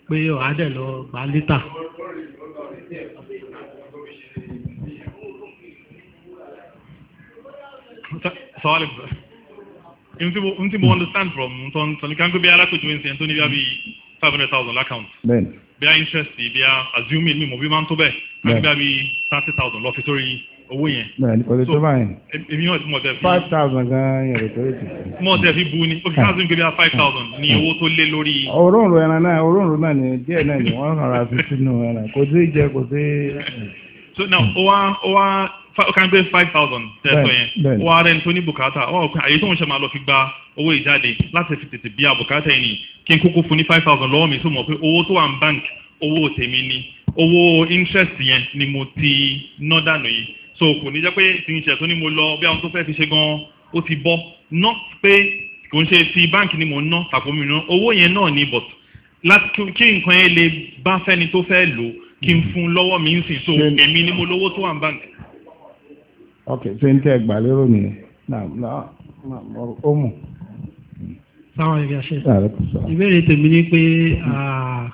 pé ọ̀hádẹ̀ lọ gbà lítà. n tí mo hmm. understand from tọ́ni kan pé bí alákòjú ń sìn tó ní bí a bí five hundred thousand l'account bí a interest bí a assuming mi mo bí máa ń tó bẹ́ẹ̀ bí a thirty thousand lọ fi sórí owó yẹn. bẹ́ẹ̀ni kò lè tó báyìí. èmi náà ti mọ̀ tẹ́ fi. five thousand gan yẹn lè tó lè tó. mọ̀ tẹ́ fi bu ni ó fi ká sínú kébíyà five thousand ni owó tó lé lórí. Ah. òróǹro ẹran náà òróǹro náà ni díẹ̀ náà ni wọ́n rà fi sínú ẹran kò sí jẹ kò sí. so now ó wá ó wá ó kàn gbé five thousand tẹ́sọ̀ yẹn ó wá rẹ̀ ní tó ní bùkátà ó wà pé àyè tó ń ṣe máa lọ fi gba owó ìjáde láti fi tètè bí àbùkátà yẹn ni kí n kúkú fún ní five thousand lọ́wọ́ mi tó mọ̀ pé owó tó wà ní interest yẹn ni mo ti ná so kò ní jẹ́ pé ti ń ṣẹ̀ tó ní mo lọ bí àwọn tó fẹ́ fi ṣe gan-an ó ti bọ́ not pé kò ń ṣe ti báǹkì ni mò ń ná tàbí mi ná owó yẹn náà ni but láti kí nǹkan yẹn lè bá fẹ́ni tó fẹ́ lò kí n fún lọ́wọ́ mi ń sìn so èmi ni mo lówó tó wà ń báǹkì. ok ṣé ń tẹ́ gbà lérò nìyẹn náà ó mú sáwọn ìgbà ṣe ìbéèrè tèmi ní pé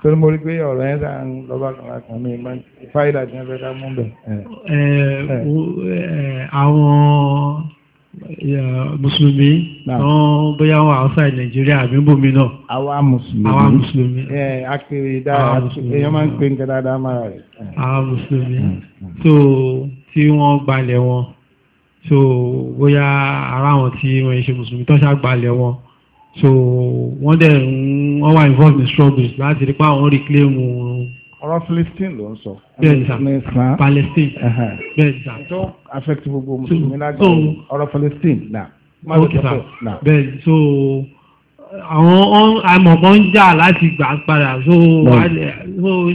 tó ní mo rí pé ọ̀rọ̀ ẹ̀ dá ń lọ́bà kan kan ní ìmọ̀ fáìlà tí wọ́n fẹ́ dá mú bẹ̀. àwọn mùsùlùmí tán bóyá wọn outside Nàìjíríà àbí bòmí náà. àwa mùsùlùmí àwa mùsùlùmí. akiri dáadáa èèyàn máa ń pè nǹkan dáadáa mára rẹ̀. àwa mùsùlùmí tó tí wọ́n gbalẹ̀ wọn tó bóyá ara wọn tí wọ́n ṣe mùsùlùmí tó ṣàgbalẹ̀ wọn so wọ́n dẹ̀ wọ́n wà involved in struggles láti rí pé àwọn reclaim wọn. ọ̀rọ̀ Palestine ló ń sọ. bẹ́ẹ̀ sà Palestine bẹ́ẹ̀ sà. tó affect gbogbo mùsùlùmí lágbàá ọ̀rọ̀ Palestine náà. ok sà bẹ́ẹ̀ so àwọn àmọ̀mọ́ ń jà láti gbà padà so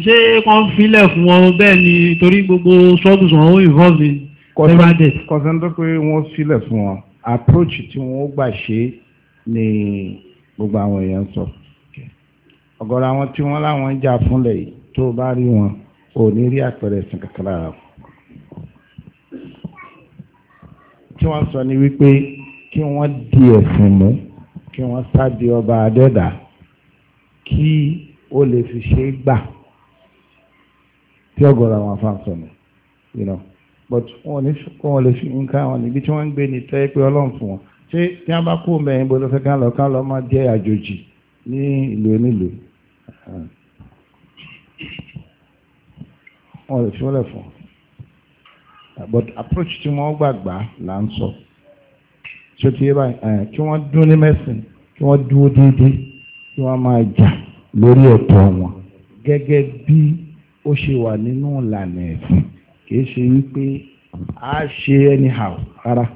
ṣé wọ́n filẹ̀ fún wọn bẹ́ẹ̀ ni torí gbogbo struggles wọn ó involved in several deaths. kọ̀sán tó pé wọ́n filẹ̀ fún wọn approach tí wọ́n gbà ṣe é ni gbogbo àwọn èèyàn sọ ọ̀gọ̀rọ̀ àwọn tí wọ́n láwọn ń jà fúnlẹ̀ yìí tó bá rí wọn ò ní rí àpẹẹrẹ ẹ̀sìn kankan lára wọn tí wọ́n sọ ni wípé kí wọ́n di ẹ̀sìn mú kí wọ́n sáde ọba adẹ́dà kí ó lè fi ṣe é gbà tí ọ̀gọ̀rọ̀ àwọn afáǹsọ ni you know but wọn ò ní wọn ò lè fi nǹkan àwọn níbi tí wọ́n ń gbé ni tẹ́ pé ọlọ́run fún wọn ṣé tí wọ́n bá kú mẹ́rin bó ló fẹ́ kán lọ kán lọ máa jẹ́ àjòjì ní ìlú onílù wọ́n lè fi wọ́n lẹ̀ fún but approach tí wọ́n gbàgbà là ń sọ ṣé tí wọ́n dún ní mẹ́sìn kí wọ́n dúró déédéé kí wọ́n máa jà lórí ẹ̀tọ́ wọn gẹ́gẹ́ bí ó ṣe wà nínú ìlànà ẹ̀sìn kì í ṣe wípé a ṣe anyhow rárá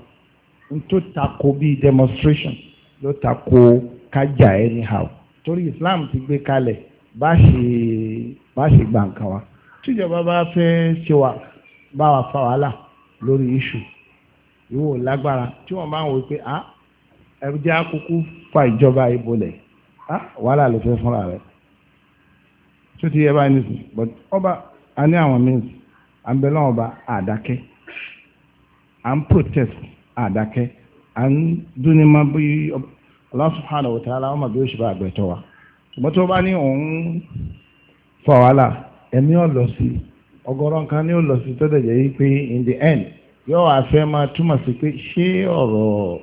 tó tako bíi demonstration ló tako kájà anyhow torí Islam ti gbé kalẹ̀ bá ṣe bá ṣe gbà nǹkan wa tíjọba bá fẹ́ ṣe wa bá wa fa wàhálà lórí iṣu ìwò lágbára tí wọ́n bá ń wò pé ah ẹ̀rùjẹ́ akókó fa ìjọba ìbolẹ̀ ah wàhálà ló fẹ́ fúnra rẹ̀ tó ti yẹ báyìí nísìnyí but ọba a ní àwọn means à ń bẹ ọba àdákẹ́ à protest. àdákẹ́ à ń dúni má Allah subhanahu wa ta'ala ọmọ bí wa ṣùgbọ́n tó bá ní òun fa wàhálà ẹ̀mí ò lọ sí ọgọ́rọ̀ nǹkan ní in the end yóò wá fe ma túmọ̀ sí pé ṣé ọ̀rọ̀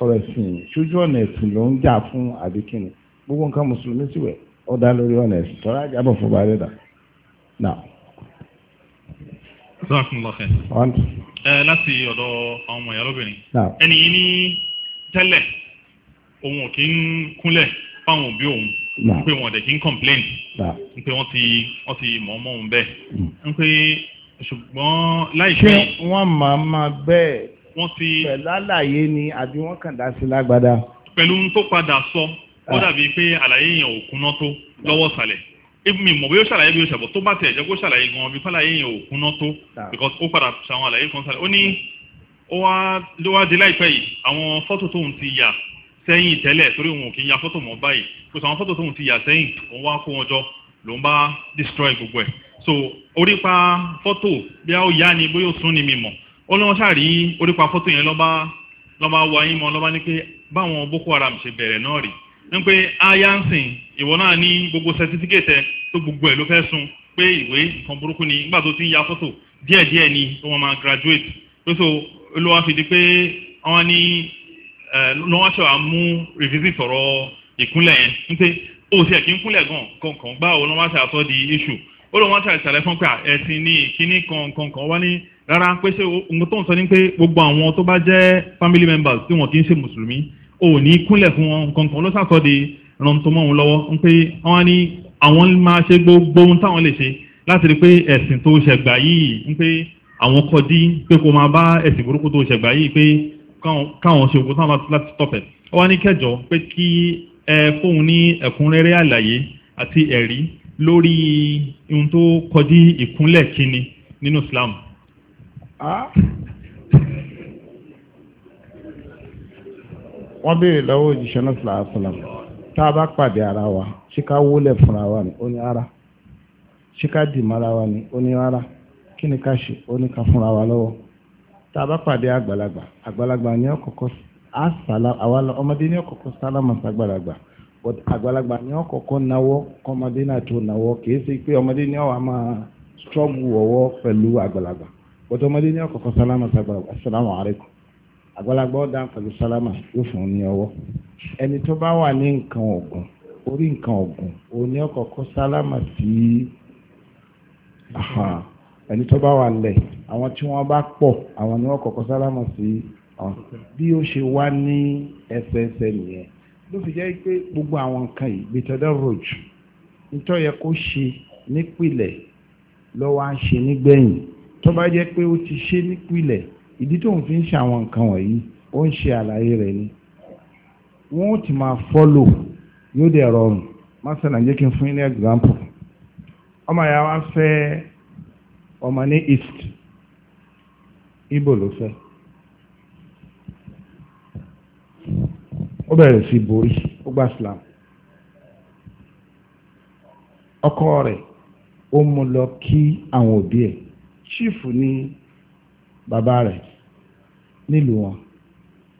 ọ̀rọ̀ ẹ̀sìn ṣojú ọ̀nà ẹ̀sìn ló ń jà fún àbíkínni gbogbo nǹkan mùsùlùmí sì wẹ̀ ó dá lórí ọ̀nà ẹ̀sìn tọ́lá jábọ̀ láti ọ̀dọ̀ àwọn ọmọ ìyá lóbìnrin ẹni yìí ní tẹ́lẹ̀ òun ò kí ń kúnlẹ̀ fáwọn òbí òun pé wọn dẹ̀ kí ń complain ń pé wọ́n ti wọ́n ti mọ̀ ọmọ òun bẹ́ẹ̀ ń mm. pé ṣùgbọ́n láìpẹ́. ṣé wọ́n máa máa bẹ́ẹ̀ wọ́n ti. pẹ̀lú àlàyé ni àbí wọ́n kàn dá sí lágbádá. pẹ̀lú tó padà sọ ó ah. dàbí pé àlàyé yẹn ò kúná tó lọ́wọ́ sàlẹ̀ mi mọ̀ bóyá ṣàlàyé bí o ṣàbọ̀ tó bá tẹ̀ ẹ̀jẹ̀ kó ṣàlàyé gan-an bí fàlàyé yẹn ò kúná tó because ó padà ṣàwọn àlàyé kan sáré ó ní ó wá ló wá dé láìpẹ́ yìí àwọn fọ́tò tóun ti yà sẹ́yìn tẹ́lẹ̀ torí òun kì í ya fọ́tò mọ́ báyìí kò sọ àwọn fọ́tò tóun ti yà sẹ́yìn òun wá kó wọn jọ ló bá destroy gbogbo ẹ̀ so orípa fọ́tò bí ó yá ni bóyá ó sún ni mi mọ̀ ó lọ́wọ́ ṣàrí orípa fọ́tò yẹn lọ́ba lọ́ba ń pé aya ń sìn ìwọ náà ní gbogbo sẹtífíkẹtẹ tó gbogbo ẹ ló fẹ́ sun pé ìwé nǹkan burúkú ni nígbà tó ti ń ya fọ́tò díẹ̀díẹ̀ ni wọ́n máa graduate lóso olówó fi di pé wọ́n ní lọ́wọ́ ṣe wàá mú revisit ọ̀rọ̀ ìkúnlẹ̀ yẹn ń pé ó ti ẹ̀ kí ń kúnlẹ̀ gan kankan gbá òun lọ́wọ́ ṣe àtọ́ di issue ó lọ́wọ́ ṣe àṣàlẹ̀ fún pé ẹ̀sìn ní kíní kankan kan wá ní rárá pé ṣé ohun tó ń sọ ni pé gbogbo àwọn tó bá jẹ́ family members tí wọ́n kì í ṣe mùsùlùmí ò ní kúnlẹ̀ fún wọn kankan ló sàsọ de ràn tó mọ́ òun lọ́wọ́ ń pé wọ́n ní àwọn máa ṣe gbogbo ohun táwọn lè ṣe láti rí pé ẹ̀sìn tó ṣẹ̀gbà yìí ń pé àwọn kọjí pé kó máa bá ẹ̀sìn burúkú tó ṣẹ̀gbà yìí pé káwọn ṣe ògùn táwọn láti tọ̀pẹ̀ ó wá ní kẹjọ pé kí ẹ fóun ní ẹ̀kúnrẹ́rẹ́ àlàyé àti ẹ̀rí lórí ohun tó kọjí ìkúnlẹ̀ kíni nínú Islam. Ah. wọ́n béèrè lọ́wọ́ òjíṣẹ́ náà sàlàsàlàm tá a bá pàdé ara wa ṣé ká wólẹ̀ fúnra wa ni ó ní ara ṣé ká dì mọ́ra wa ni ó ní ara kí ni ká ṣe ó ní ká fúnra wa lọ́wọ́ tá a bá pàdé àgbàlagbà àgbàlagbà ní ọ̀kọ̀ọ̀kọ̀ ọmọdé ní ọ̀kọ̀ọ̀kọ̀ sálámà náà tó náwó kìí ṣe pé ọmọdé ní ọ̀wà máa struggle ọwọ́ pẹ̀lú àgbàlagbà ọmọdé ní ọ̀kọ̀ọ̀kọ̀ sálámà sàgbàlagbà assalamu alaikum àgbàlagbà ọ̀dà pẹ̀lú sálámà yóò fún un ní ọwọ́ ẹni tó bá wà ní nǹkan ọ̀gùn orí nǹkan ọ̀gùn òní ọ̀kọ̀ọ̀kọ̀ sálámà sí ẹni tó bá wà lẹ̀ àwọn tí wọ́n bá pọ̀ àwọn ni wọ́n kọ̀ọ̀kọ̀ sálámà sí bí ó ṣe wá ní ẹsẹẹsẹ nìyẹn ló fi jẹ́ pé gbogbo àwọn nǹkan yìí gbẹtọ́dọ̀ rojú nítorí yẹ kó ṣe nípìlẹ̀ lọ́wọ́ à ń ṣe nígbẹ̀yìn tó bá jẹ́ pé ó ti ṣe nípìlẹ̀ ìdí tó ń fi ń ṣe àwọn nǹkan wọ̀nyí ó ń ṣe àlàyé rẹ̀ ni wọ́n ó ti máa fọ́lò yóò dẹ̀ rọrùn masana jẹ́ kí n fún yín ní example ọmọ ìyá wa fẹ́ ọmọ ní east Ìgbò ló fẹ́ ó bẹ̀rẹ̀ sí borí ó gba Islam ọkọ rẹ̀ ó mú lọ kí àwọn òbí ẹ̀ chief ní bàbá rẹ̀ nílùú wọn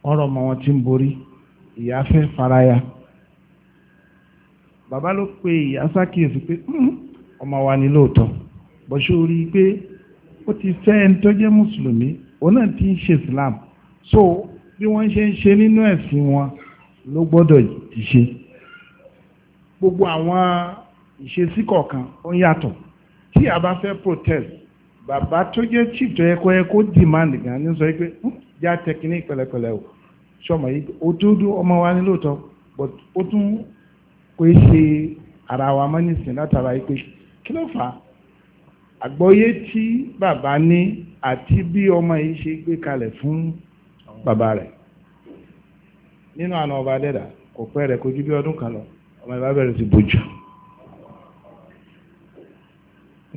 wọ́n rọ ọmọ wọn tí ń borí ìyá fẹ́ faraya bàbá ló pe ìyá sákìyèsí pé hmm, ọmọ wa ni lóòótọ́ bọ́sọ́ rí i pé ó ti fẹ́ ẹni tó jẹ́ mùsùlùmí òun náà ti ń ṣe islam so bí wọ́n ṣe ń ṣe nínú ẹ̀sìn wọn ló gbọ́dọ̀ ti ṣe gbogbo àwọn ìṣesí kọ̀ọ̀kan ó yàtọ̀ tí a bá fẹ́ protest bàbá tó jẹ́ chief tó yẹ kó yẹ kó demand gan ní sọ pé hmm, já technique pẹ̀lẹ́pẹ̀lẹ́ o sọmọ yìí o tó dún ọmọ wa ní lóòótọ́ but ó tún kò í ṣe ara wa mọ́ nísìnyí látara yìí pé kí ló fà á àgbọ́yé tí bàbá ní àti bí ọmọ yìí ṣe gbé kalẹ̀ fún bàbá rẹ̀ nínú àna ọba dẹ́dà kò pẹ́ rẹ̀ kojú bí ọdún kan lọ ọmọ ìbá bẹ̀rẹ̀ sí bójú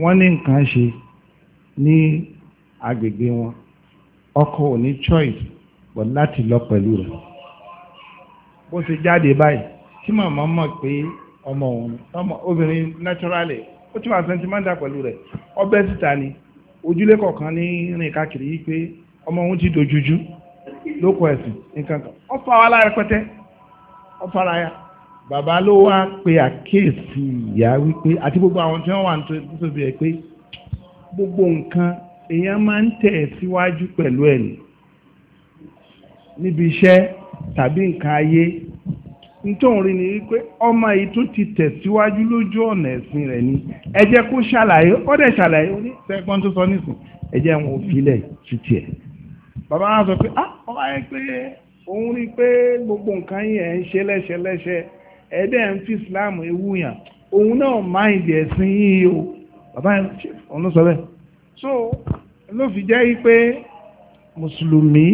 wọ́n ní nǹkan ṣe ní agbègbè wọn ọkọ ò ní choice but láti lọ pẹ̀lú rẹ̀ bó ṣe jáde báyìí tí màmá mọ̀ pé ọmọ òun obìnrin naturally ó ti wà sentimental pẹ̀lú rẹ̀ ọbẹ̀ síta ni ojúlé kọ̀ọ̀kan ní rìn káàkiri yìí pé ọmọ òun ti dojújú lóko ẹ̀sìn nǹkan kan ó fa wàhálà rẹpẹtẹ ó fara ya bàbá ló wá pe àkíyèsí ìyá wípé àti gbogbo àwọn tí wọ́n wà nítorí pé gbogbo nǹkan èèyàn máa ń tẹ̀ síwájú pẹ̀lú ẹ̀ níbi iṣẹ́ tàbí nǹkan ayé nítorí rí ni wípé ọmọ yìí tó ti tẹ̀ síwájú lójú ọ̀nà ẹ̀sìn rẹ̀ ni ẹ jẹ́ kó ṣàlàyé ó dẹ̀ ṣàlàyé ó ní sẹ́gbọ́n tó sọ nísìn ẹ jẹ́ wọn ò filẹ̀ títí ẹ̀ bàbá wa sọ pé ah ọba yẹn pé òun rí i pé gbogbo nǹkan yìí ẹ̀ ń ṣe lẹ́sẹ̀lẹ́sẹ̀ ẹ̀ dẹ̀ ń fi Islam ewu yàn òun náà máìndì ẹ̀sìn yìí o bàbá yẹn òun ló sọ bẹ́ẹ̀ so ló fi jẹ́ pé mùsùlùmí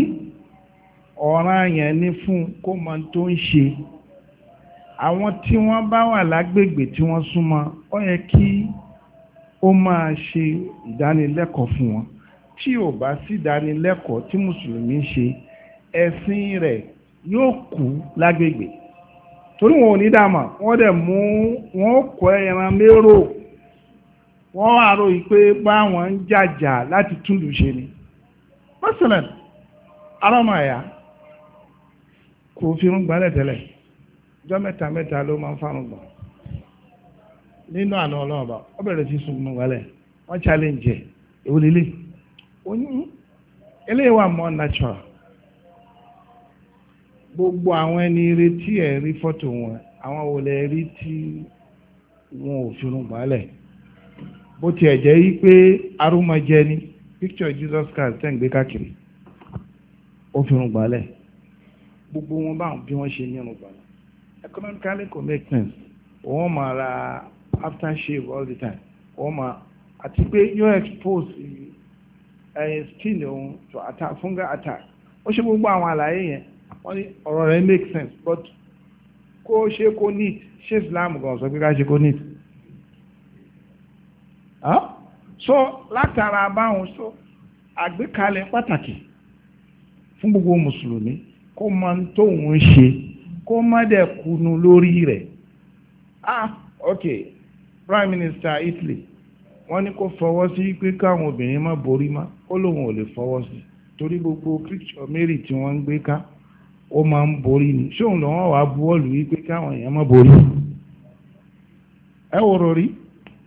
ọ̀ràn yẹn ní fún kó mọ tó ń ṣe àwọn tí wọ́n bá wà lágbègbè tí wọ́n súnmọ́ ó yẹ kí ó máa ṣe ìdánilẹ́kọ̀ọ́ fún wọn tí ò bá sí ìdánilẹ́kọ̀ọ́ tí mùsùlùmí ń ṣe ẹ̀sìn rẹ̀ yóò kú lágbègbè torí wọn ò ní dàmà wọ́n dẹ̀ mú wọn kọ ẹran mérò wọ́n àrò ìpé wọn ń jàjà láti túlù ṣe ni mọ́sílẹ̀n arọ́mọ ẹ̀yà kò fi ń gbálẹ̀ tẹ́lẹ̀ ọjọ́ mẹ́ta mẹ́ta ló máa ń fárun gbọ̀n nínú àná ọba ó bẹ̀rẹ̀ sí sùn wálẹ̀ wọ́n challenge ẹ̀ èwo lélẹ̀ natural gbogbo àwọn ẹni retí ẹ̀ rí fọ́tò wọn àwọn olè rí tí wọn ò fi ń bó tiẹ̀ jẹ́ yí pé arúmọjẹ ni picture Jesus Christ tẹ̀ ń gbé káàkiri ó fi rún gbalẹ̀ gbogbo wọn báwọn bí wọ́n ṣe ní irun gbalẹ̀ economically kò make sense wọ́n máa ra after shave all the time wọ́n máa àti pé yóò expose ẹ̀yìn eh, skin òun to attack fungal attack ó ṣe gbogbo àwọn àlàyé yẹn wọ́n ní ọ̀rọ̀ rẹ̀ make sense but kó ṣe kó neat ṣé Islam gan sọ pé ká ṣe kó neat so látara báwọn so àgbékalẹ̀ pàtàkì fún gbogbo mùsùlùmí kó máa ń ṣe kó má dẹ̀ kunu lórí rẹ̀ ah ok prime minister Italy wọ́n ní kó fọwọ́ sí pé káwọn obìnrin má borí má ó lóun ò lè fọwọ́ sí gbogbo picture Mary tí wọ́n ń gbé ká ó máa ń borí ni ṣóun lọ́wọ́ wàá buwọ́lù wípé káwọn èèyàn má borí ẹ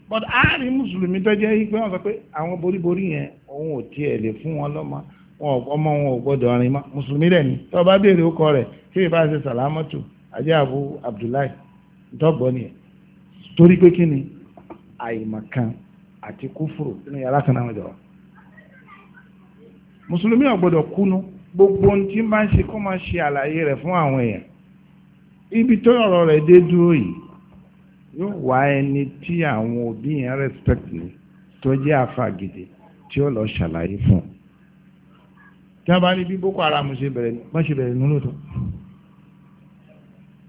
but àárín mùsùlùmí tó jẹ́ pé wọ́n sọ pé àwọn boríborí yẹn òun ò tiẹ̀ lè fún wọn lọ́mọ wọn ọmọ wọn ò gbọ́dọ̀ rìn mọ́ mùsùlùmí rẹ̀ ni tó bá béèrè orúkọ rẹ̀ tí ìbá ṣe sàlámọ́tù ajé àbú abdullahi dọ́gbọ́n nìyẹn torí pé kí ni àìmọ̀kan àti kúfùrù nínú yàrá kan náà jọ mùsùlùmí ò gbọ́dọ̀ kúnú gbogbo ohun tí máa ń ṣe kó máa ṣe àlàyé rẹ̀ fún àwọn èèyàn ibi tó ọ̀rọ̀ rẹ̀ dé dúró yìí yóò wá ẹni tí àwọn òbí yẹn respect ni tó jẹ́ àfàgìdì tí ó lọ ṣàlàyé fún un tí wọ́n boko haram ṣe bẹ̀rẹ̀ wọ́n ṣe bẹ̀rẹ̀ nínú lóòótọ́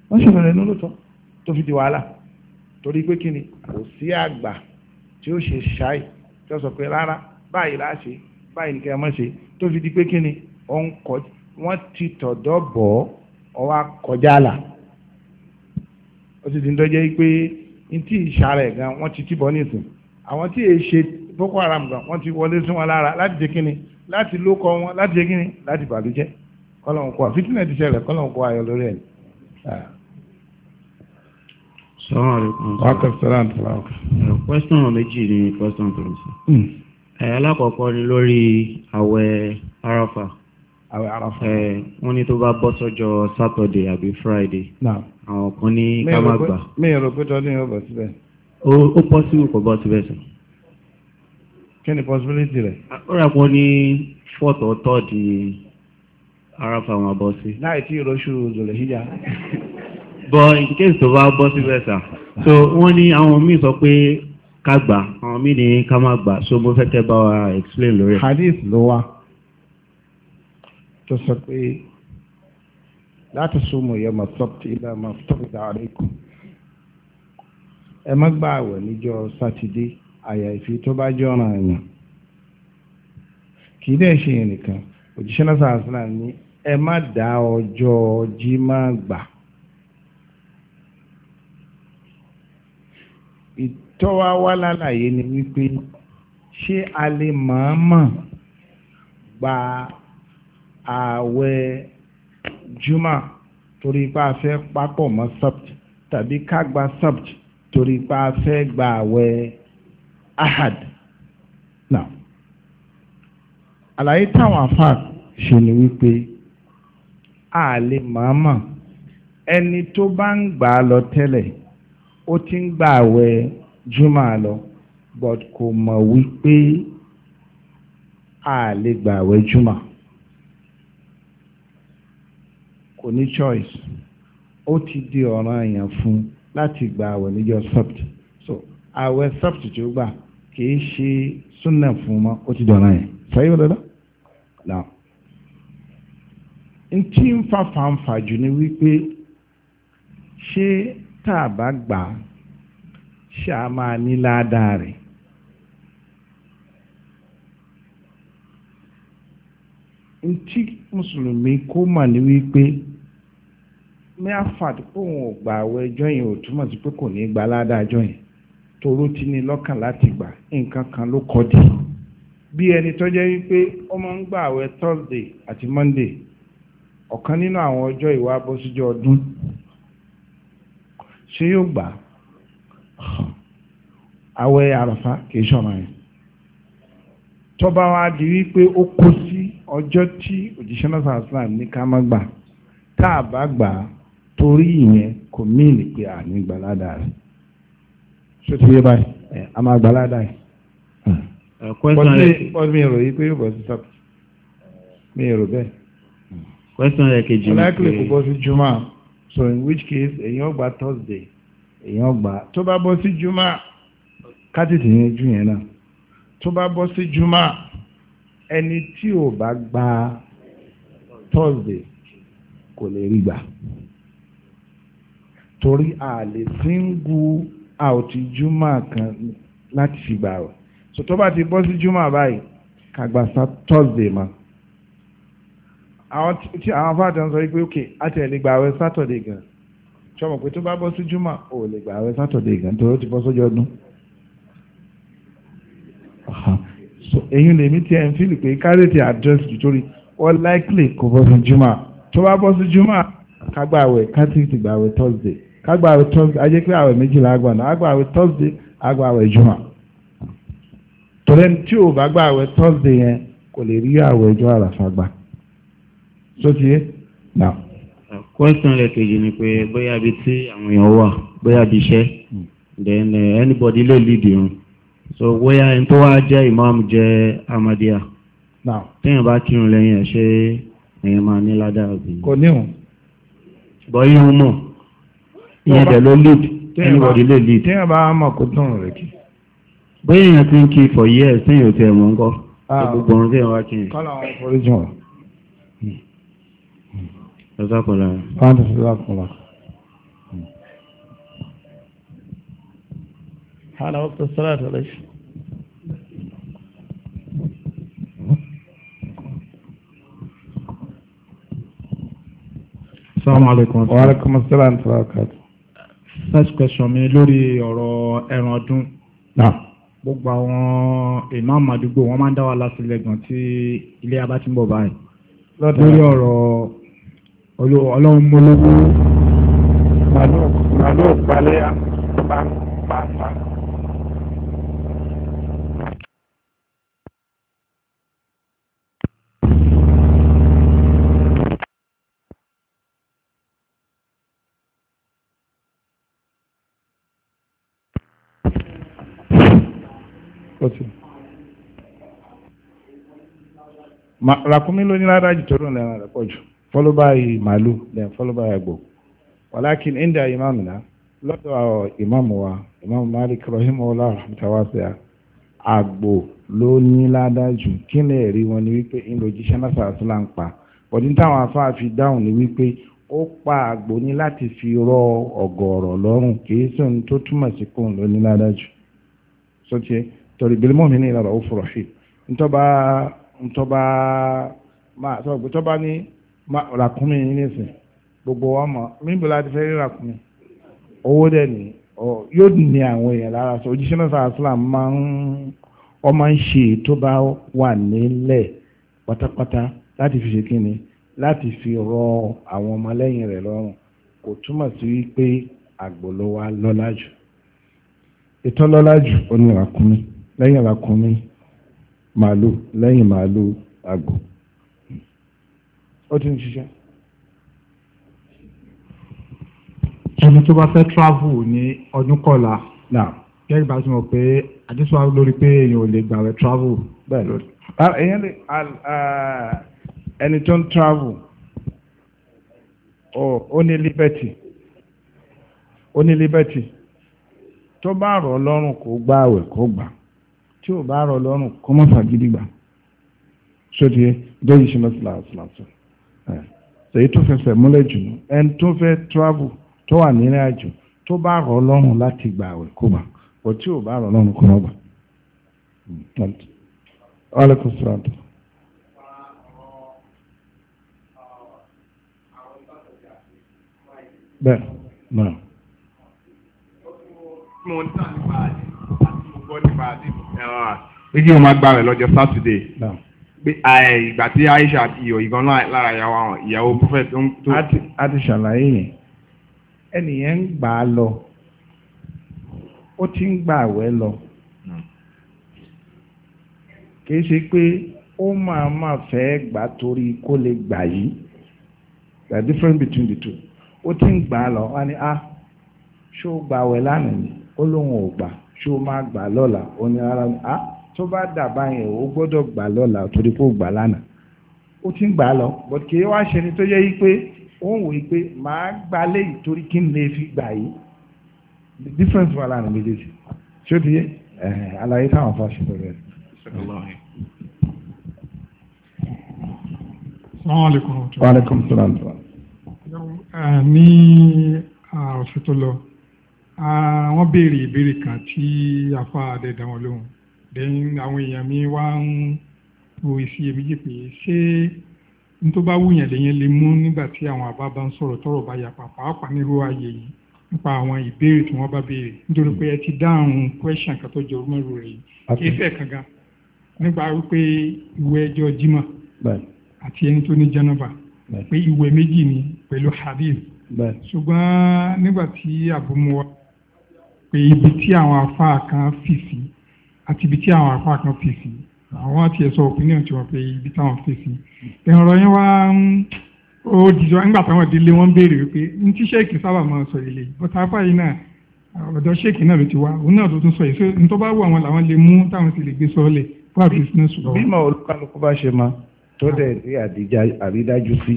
wọ́n ṣe bẹ̀rẹ̀ nínú lóòótọ́ tó fi di wàhálà torí pé kí ni kò sí àgbà tí ó ṣe ṣáì tí ó sọ pé rárá báyìí la ṣe báyìí nìkan ẹ má ṣe tó fi di pé kí ni wọ́n ti tọ̀dọ̀ bọ̀ ọ́ wá kọjá là ó ti di ń dọ́jẹ́ pé n tí ìṣà gan wọ́n ti tìbọ̀ nìsín àwọn tí èyí ṣe Boko Haram gan wọ́n ti wọlé sí wọn lára láti jẹ́ kínni láti lókọ wọn láti jẹ́ kínni láti bàlújẹ́ kọ́lọ́n kọ́ fitinẹ̀ ti ṣẹlẹ̀ kọ́lọ́n kọ́ ayọ̀ lórí ẹ̀. sọ́wọ́n àlékún. wákàtí sọ́lá àti sọ́lá ọ̀kà. question méjì ni question tó ń sọ. alákọ̀ọ́kọ́ ni lórí àwẹ̀ arafa àwẹ̀ àràfà. ẹ wọn ní tó bá bọ́ sọ́jọ́ Saturday àbí Friday. náà àwọn kan ní ká má gbà. mi ò rò pé tọ́lú yóò bọ̀ síbẹ̀. ó bọ́ sí kò bọ́ síbẹ̀ sàn. kí ni possibility rẹ̀. ó rà pọ̀ ní fourth or third àràfà wọn bọ́ sí. láì tí ìrọ̀ṣù zòlẹ̀ híjà. bọ in case tó bá bọ́ síbẹ̀ sàn. so wọ́n ní àwọn míì sọ pé ká gbà àwọn míì ní ká so mo fẹ́ kẹ́ bá wa explain lórí hadith ló wà tó sọ pé láti súnmọ́ yẹ mọ̀ sọ́ọ̀tì ilé ọmọ fọ́ọ̀dà àríkùn ẹ má gba àwẹ̀ níjọ́ sátidé àyàfi tó bá jọ̀ràn àyàn kì í dẹ̀ ṣe nìkan òjíṣẹ́ náà sàásìlà ní ẹ má dá ọjọ́ jímá gbà. ìtọ́wá wá lálàyé ni wípé ṣé a lè mọ̀ọ́mọ̀ gba ààwẹ̀ juma torí pé a fẹ́ papọ̀ mọ́ sabt tàbí ká gba torí pé fẹ́ gba ààwẹ̀ ahad náà àlàyé táwọn afa ṣe ni wípé a lè màmá ẹni tó bá ń gbà á lọ tẹ́lẹ̀ ó ti ń gba ààwẹ̀ juma lọ but kò mọ̀ wípé a lè ààwẹ̀ juma. kò choice ó ti di ọ̀ràn àyàn fún láti gba àwẹ̀ níjọ́ sabt so àwẹ̀ sabt tí ó gbà kìí ṣe súnà fún mọ́ ó ti di ọ̀ràn àyàn sọ́yìn wọ́n lọ́dọ́ là n tí ń fa fanfa jù ni wípé ṣé tá a bá gbà ṣé a máa ní ládàá rẹ̀. ntí mùsùlùmí kó mà ní wípé ní àfàdé pé òun ò gbà àwẹ̀ ẹjọ́ yẹn ò túmọ̀ sí pé kò ní gba aládájọ́ yẹn toró ti ní lọ́kàn láti gbà nǹkan kan ló kọ́ di bí ẹni tó jẹ́ wípé ó máa ń gba àwẹ̀ Thursday àti Monday ọ̀kan nínú àwọn ọjọ́ ìwà abọ́síjọ́ ọdún ṣé yóò gbà àwẹ̀ àràfà kì í ṣọ̀ràn yẹn tọ́ba wa di wípé ó kó sí ọjọ́ tí òjíṣẹ́ náà sàásìlám ní ká má gbà tá a bá gbà á torí ìyẹn kò míìlì pé àní gbalada rẹ̀ ṣó ti yé báyìí a máa gbalada yìí. pọ́n hmm. uh, mi rò yí pé yóò bọ̀ sí sọ́ọ̀tù mi rò bẹ́ẹ̀. question rẹ̀ kejì ni pé ọlákìlẹ̀ kò bọ́ sí juma so in which case èèyàn gba thursday èèyàn gba tó bá bọ́ sí juma kátìtì yẹn jù yẹn náà tó bá bọ́ sí juma ẹni tí ò bá gba thursday kò lè rí gbà torí ààlè síngú àòtí júmọ̀ kan láti fìgbà rẹ̀ so tó bá ti bọ́ sí júmọ̀ báyìí kàgbàsá tọ́sídẹ̀ẹ́ ma àwọn tí àwọn fáàtà ń sọ wípé ok àti ẹ̀ lè gbà wẹ̀ sátọ̀dẹ̀ gan sọmọ pé tó bá bọ́ sí júmọ̀ ò lè gbà wẹ̀ sátọ̀dẹ̀ gan torí ti bọ́ sójú ọdún so èyí lè mí tí ẹ ń fílì pé kárètì address jù torí wọ́n likely kò bọ́ sí júmọ̀ tó bá bọ́ sí júmọ̀ kágbàwẹ̀ kátìtì gbàwẹ̀ thursday kágbà àwẹ̀ tọ́sídẹ̀ ajẹ́ pé àwẹ̀ méjìlá àgbà náà àgbà àwẹ̀ tọ́sídẹ̀ àgbà àwẹ̀ jùmọ̀ tọ́lẹ́ni tí ò bá gbà àwẹ̀ tọ́sídẹ̀ yẹn kò lè rí àwẹ̀ ọjọ́ àràfà gbà sóti yé nà. question lẹ́kẹ̀jì ni pé bóyá ibi tí àwọn èèyàn wà bóyá ibi iṣẹ́ then uh, anybody lè lead irun so bóyá ẹni tó wá jẹ́ imam jẹ́ amadiya téèyàn bá kírun lẹ́yìn ẹ̀ ṣé èèyàn máa ní ládàá bí. kò níhùn. bọ́ yíhun mọ̀ ìyẹn dẹ̀ ló lead anybody lè lead. tí wọ́n bá mọ̀ kó tún rẹ̀ kí. bóyá èèyàn ti ń kí for years tí èèyàn ti ẹ̀ mọ̀ ń kọ́ ah. gbogbo ohun tí èèyàn wá kí. kọ́lá àwọn forí jù wọ́n. ọ̀sán kọ́lá. fáńtì sílá kọ́lá. حان وقت الصلاة ليش السلام عليكم وعليكم السلام ورحمة الله وبركاته first question mi lórí ọ̀rọ̀ ẹran ọdún. gbogbo àwọn imam àdúgbò wọn máa ń dá wa lásìlẹ̀ gan tí ilé abá ti ń bọ̀ báyìí. lórí ọ̀rọ̀ ọlọ́run mọ́lówó. màlúù màlúù gbalẹ́ àpapàpà. ọtún. ràkúnmí ló ní ládàjì tó lóun lẹ́ran rẹ̀ pọ̀ jù followed by màálù then followed by àgbò walakin inda ìmáàmù náà lọ́dọ̀ ìmáàmù wa ìmáàmù Malik àgbò ló ní kí ni ẹ̀rí wọn ni wípé ń lo jíṣẹ́ náà ń pa bọ̀dí ni wípé fi rọ ọ̀gọ̀ọ̀rọ̀ lọ́rùn kì í tó túmọ̀ sí ló torí bil mu'minina ra'ufur rahim ntọ́ba ntọ́ba máa sọ pé tọ́ba ní ràkúnmí nísìn gbogbo wa mọ̀ níbo láti fẹ́ rí ràkúnmí owó dẹ̀ ní yóò ní àwọn èèyàn lára sọ òjíṣẹ́ náà sáà sílám máa ń ọmọ ń ṣe tó bá wà nílẹ̀ pátápátá láti fi ṣe kíni láti fi rọ àwọn ọmọlẹ́yìn rẹ̀ lọ́rùn kò túmọ̀ sí wípé àgbò ló wá lọ́lá jù ìtọ́lọ́lá jù ó ní ràkúnmí lẹ́yìn ràkúnmí màálù lẹ́yìn màálù àgbò ó ti ń ṣiṣẹ́. ẹni tó bá fẹ́ travel ní ọdún kọ̀la gẹ́gẹ́ bá ti mọ̀ pé àdísọ́ lórí pé èèyàn ò lè gbà rẹ̀ travel. bẹ́ẹ̀ lórí. èèyàn lè ẹni tó ń travel ó ní liberty ó ní liberty tó bá rọ̀ ọ́ lọ́rùn kó gbààwẹ̀ kó gbà tí ò bá rọ lọ́rùn kọ́ mọ́ fàgídìgbà sóti dẹ́yìn ṣe mọ́sílá àṣìláṣọ èyí tó fẹsẹ̀ múlẹ̀ jù nù ẹni tó fẹ́ travel tó wà nírìn àjò tó bá rọ lọ́rùn láti gbà àwẹ̀ kó gbà kò tí ò bá rọ lọ́rùn kó mọ́ gbà. Hmm. bẹ́ẹ̀ náà gbọ́ nípa pé kí wọ́n máa gbà rẹ̀ lọ́jọ́ sátidé pé eh, ìgbà tí Aisha iyọ̀ ìgan lára ìyàwó àwọn ìyàwó prophet tó. a ti ṣàlàyé yẹn ẹnìyẹn ń gbà á lọ ó ti ń gbà àwẹ̀ lọ hmm. kìí ṣe pé ó máa máa fẹ́ gbà torí kó lè gbà yìí the difference between the two ó ti ń gbà á lọ wọ́n á ní ah ṣó gbà àwẹ̀ lánàá ni ó lóun ò gbà kí o máa gbà lọ́la ó ní ara a tó bá dàbá yẹn o gbọ́dọ̀ gbà lọ́la torí kó gbà lánàá ó ti ń gbà lọ but kì í wá ṣe ni tó yẹ yí pé ó ń wòye pé màá gbà léyìí torí kí n lè fi gbà yìí the difference wà lánàá méjèèjì ṣé o ti yé àlàyé táwọn afa ṣe pẹ̀lú ẹ̀. salaamaleykum. waaleykum salaam. ní ọ̀sẹ̀ lọ wọ́n béèrè ìbéèrè kan tí afa àdẹ̀dà wọn lóhùn then àwọn èèyàn mi wá ń wo ìfiyèméjì pé ṣé n tó bá wùyàn lèyẹn lè mú nígbà tí àwọn àbá bá ń sọ̀rọ̀ tọ́rọ̀ bá yapa pàápàá nírú ààyè yìí nípa àwọn ìbéèrè tí wọ́n bá béèrè nítorí pé ẹ ti dáhùn question kan tó jọ mọ́rù rẹ̀ yìí kéfẹ́ kankan nípa wípé ìwẹ̀ ẹjọ́ jimá àti ẹni tó ní jẹ́nàbà pé ìwẹ̀ méjì ni pẹ̀lú hadith ṣùgbọ́n nígbà tí àbúmọ́wá pé ibi tí àwọn afáà kan fì sí àti ibi tí àwọn afáà kan fì sí àwọn àti ẹ̀sọ́ opinion ti wọ́n pé ibi táwọn fì sí ẹ̀rọ yẹn wá ń ó dìjọ nígbà táwọn délé wọ́n béèrè wípé ní tí ṣéèkì sábà máa sọ ilé bọ́tà afáà yìí náà ọ̀dọ̀ ṣéèkì náà ló ti wá òun náà tó tún sọ yìí so ní tó bá wù àwọn làwọn lè mú táwọn sì lè gbé sọ́ọ́lẹ̀ fún àbísínà ṣùgbọ́n. bímọ olúkálukú bá ṣe máa tó dẹ̀ rí àrídájú sí.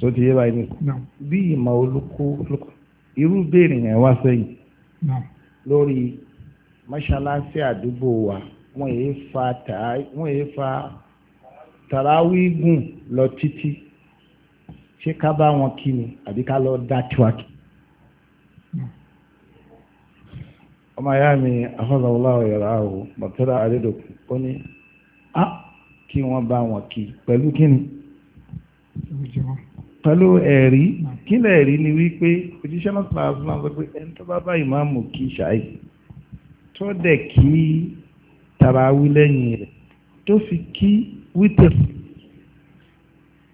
sọ ti yé báyìí nìkan bí ìmọ̀ olúkú irú béèrè yẹn wá sẹ́yìn lórí mọ́ṣáláṣí àdúgbò wa wọ́n èé fa wọ́n èé fa tàràwí gùn lọ títí ṣé ká bá wọn kí ni àbí ká lọ dá tiwa ọmọ ya mi afọ́sọ̀wọ́láwọ̀ yàrá àwò bàtúrà àdédòkun ó ní kí wọ́n bá wọn kí pẹ̀lú kí ni pẹ̀lú ẹ̀rí kí lẹ̀ ẹ̀rí ni wípé òjíṣẹ́ náà sọ̀rọ̀ àṣọ náà sọ pé ẹni tó bá bá ìmáàmù kí ṣáì tó dẹ̀ kí tàràwí lẹ́yìn rẹ̀ tó fi kí wítẹ̀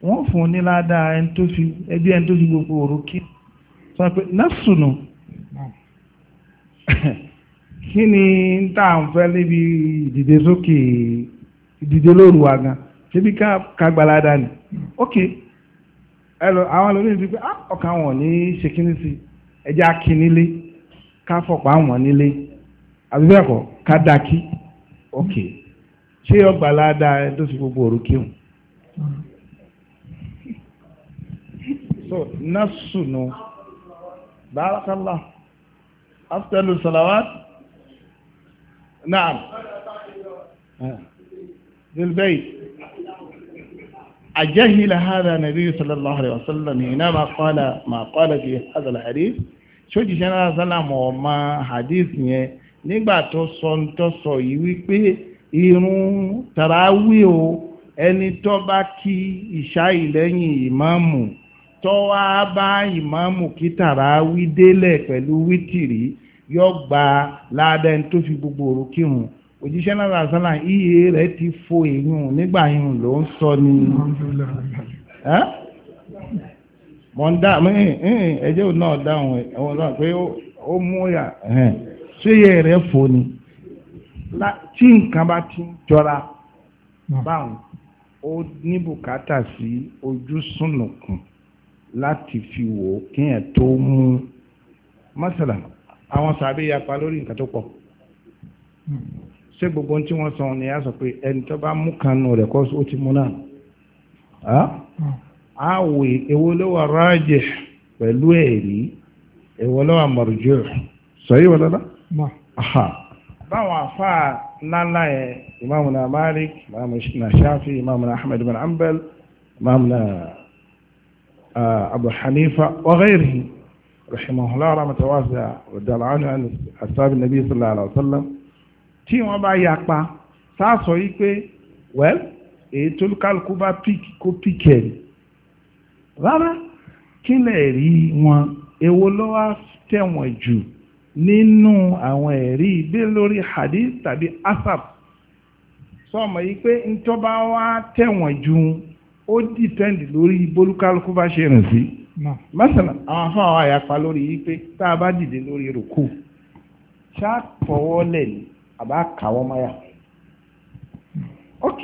wọ́n fún un ní ládàá ẹni tó fi ẹbí ẹni tó fi gbogbo òru kí sọ pé násùnù [laughs] kí ni tá à ń fẹ́ níbi ìdìde sókè ìdìde ṣé bí ká gbalada ni hmm. ok ẹlò àwọn ẹlòmíì ti pé ah, ọkàn wọn ní ṣe kíní sí ẹjẹ́ akí nílé ká fọ̀pá wọn nílé àbí bẹ́ẹ̀ kọ́ ok ṣé ọgbà ládàá ẹ tó fi gbogbo òru kíhùn. so nasu nu barakallah after the salawat naam. Yeah. بالبيت أجهل هذا النبي صلى الله عليه وسلم حينما قال ما قال في هذا الحديث ṣójì ṣẹ́nà sálàmù ọmọ hadith yẹn nígbà tó sọ ń tó sọ yìí wípé irun tàràwí o ẹni tó bá kí ìṣá ìlẹ́yìn ìmáàmù tó wá bá ìmáàmù kí tàràwí délẹ̀ pẹ̀lú wítìrí yóò gba ládẹ́ni tó fi gbogbo òru kírun òjíṣẹ́ náà sọ́nà iye rẹ̀ ti fo èyàn nígbà yìí ló ń sọ ni mọ̀ ń dá ẹjẹ́ náà dáhùn ẹ̀wọ̀n náà pé ó mú yà ṣéyẹ rẹ̀ fo ni tí nǹkan bá ti ń jọra báwọn ó ní bùkátà sí ojú sùnnùkùn láti fi wò ó kíyàn tó mú mọ́sálà àwọn sàbẹ̀yà pa lórí nǹkan tó pọ̀. Hmm ṣé gbogbo tí wọ́n sọ ni a sọ pé ẹni tó bá mú kanú rẹ̀ kọ́ ó ti mú náà a wò èwo ló wà rájẹ̀ pẹ̀lú ẹ̀rí èwo ló wà mọ̀rùjọ́ sọ́yí wọ́n lọ́lá báwọn afá lálá ẹ̀ imáàmù náà Malik imáàmù náà Shafi imáàmù náà Ahmed bin Ambal imáàmù náà Abu Hanifa wa ghairihi rahimahullah rahmatulahi wa ta'ala anu asabi nabi sallallahu alaihi wa sallam tí wọ́n bá yapa sọ yí pé well èyí tó kálukú bá píkì kó píkì ẹ̀rí rárá kílẹ̀ rí wọn èwo ló wá tẹ̀wọ̀n jù nínú àwọn ẹ̀rí dé lórí hadi tàbí asap sọmọ yìí pé ntọ́ba wá tẹ̀wọ̀n jù ó dìpẹ́ndì lórí bólúkálukú bá ṣe rìn sí mọ́sànà àwọn afọ́ àwọn àyàpá lórí yìí pé tá a bá dìde lórí rùkù ṣáà fọwọ́ lẹ̀ ni a bá kàwọ́ ok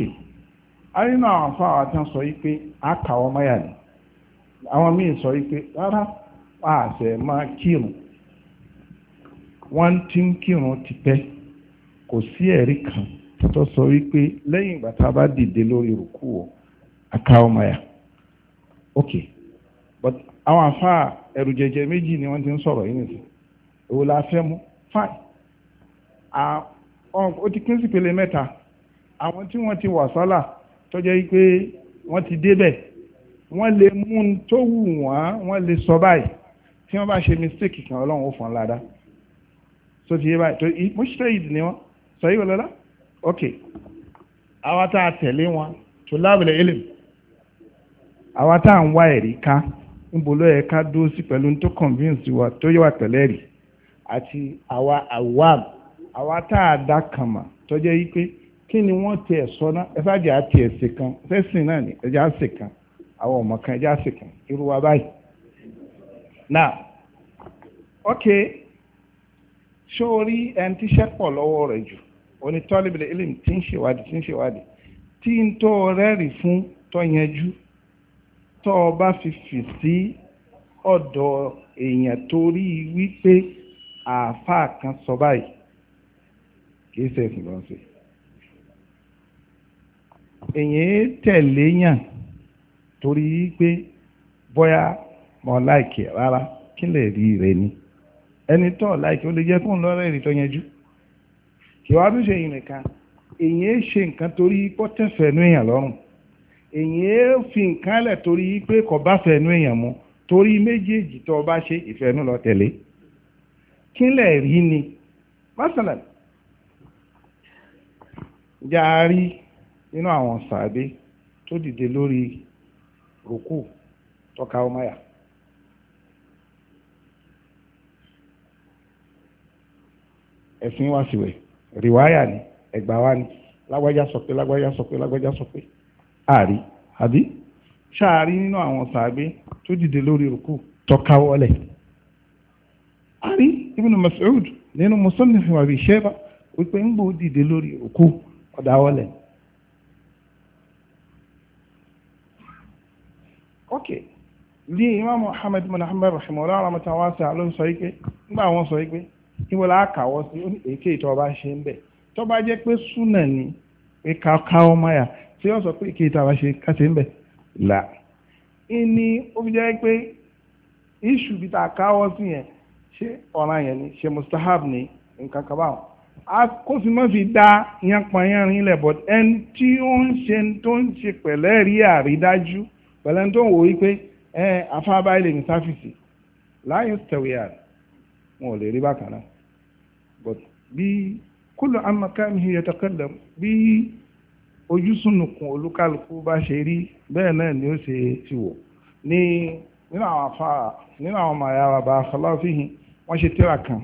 arínà àwọn afọ àwọn sọ yìí pé a kàwọ́ ni sọ yìí pé rárá àṣẹ máa kírun wọ́n ti kò sí ẹ̀rí kan tó sọ wípé lẹ́yìn ìgbà tá a bá dìde lórí rùkú ọ àkàwọ́ ok but àwọn afá ẹ̀rù jẹjẹ méjì ni wọ́n ti ń sọ̀rọ̀ yìí nìyí èwo la fẹ́ fine Um, ó ti pín sípele mẹ́ta àwọn tí wọ́n ti wà sálà tó jẹ́ pé wọ́n ti débẹ̀ wọ́n lè mú un tó wù wọ́n wọ́n lè sọ báyìí tí wọ́n bá ṣe mistake kan ọlọ́run ó fọ́n ládàá so ti yé báyìí tó mọ́ṣítẹ́ yìí ni wọ́n sọ yìí wọlọ́lá ok àwa tá a tẹ̀lé wọn tó lábẹ̀lẹ̀ ilẹ̀ àwa tá à ń wá ẹ̀rí ká ń bolọ́ ẹ̀ dúró sí pẹ̀lú tó convince wa tó yẹ wa tẹ̀lé rí àti àwa awam àwa tá a dá kan mà tọ́jọ́ yìí pé kí ni wọ́n tiẹ̀ sọ náà ẹ sáà jẹ́ àti ẹ̀sìn kan ẹ̀sìn náà ni ẹ̀jẹ̀ àṣì kan àwọn ọmọ kan ẹ̀jẹ̀ àṣì kan irú wa báyìí. now okay ṣó o rí ẹni tí iṣẹ́ pọ̀ lọ́wọ́ rẹ̀ jù onítọ́lébìlẹ̀ ilim tí ń ṣèwádìí tí ń ṣèwádìí tí ń tó rẹ́rìí fún tó yanjú tó o bá fi fì sí ọ̀dọ̀ èèyàn torí wípé àáfàá kan sọ báyìí kìí sẹ́sìn lọ́n sí èyàn tẹ̀lé yàn torí pé bóyá mo láìkì rárá kí lè rí rẹ ni ẹni tó láìkì ó lè jẹ́ kóun lọ́rọ̀ èrè tó yanjú kì wá tún ṣe yìí nìkan èyàn ṣe nǹkan torí pọ́tẹ́fẹ̀ẹ́nú èèyàn lọ́rùn èyàn fi nǹkan lẹ̀ torí pé kò bá fẹ̀ẹ́nú èèyàn mu torí méjèèjì tó bá ṣe ìfẹ́nú lọ tẹ̀lé kí lè rí ni jaari nínú àwọn sàbẹ tó dìde lórí rúkú tọ́ka ọmọya. ẹ̀sìn wá síwẹ̀ rìwáyà ni ẹ̀gbà wá ni lágbájá sọ pé lágbájá sọ pé lágbájá sọ pé àrí àbí ṣáàrí nínú àwọn sàbẹ tó dìde lórí rúkú tọ́ka wọlé. àrí Ibn Mas'ud nínú musannif wa bi Shayba wípé ń gbòó dìde lórí rúkú. ọ̀dáwọ́lẹ̀. ok bí imam muhammed muhammed rahimahullah alamata wa sa ló ń sọ ike nígbà wọn sọ ike níbo la sí èké ìtọ́ ọba ṣe ń bẹ̀ tó bá jẹ́ pé súnà ni káwọ́ máyà tí wọ́n sọ pé èké ìtọ́ ọba ṣe kásẹ̀ ń bẹ̀ là ìní ó fi jẹ́ pé ta káwọ́ sí yẹn ọ̀ràn ni ṣe mustahab ni nǹkan kan kó sì má fi dá yanpanyanrin lẹ̀ but ẹni tí ó ń ṣe tó ń ṣe pẹ̀lẹ́ rí àrídájú pẹ̀lẹ́ tó ń wò wípé afábá ilé ní sáfìsì láyé tẹ̀wéyà wọn ò lè rí bákan náà but bí kúlù amakam yìí yẹtọkẹlẹ bí ojúsùnùkùn olúkálùkù bá ṣe rí bẹ́ẹ̀ náà ni ó ṣe ti wò ní nínú àwọn afá nínú àwọn ọmọ àyàwó àbá fọláfíhìn wọ́n ṣe tírà kan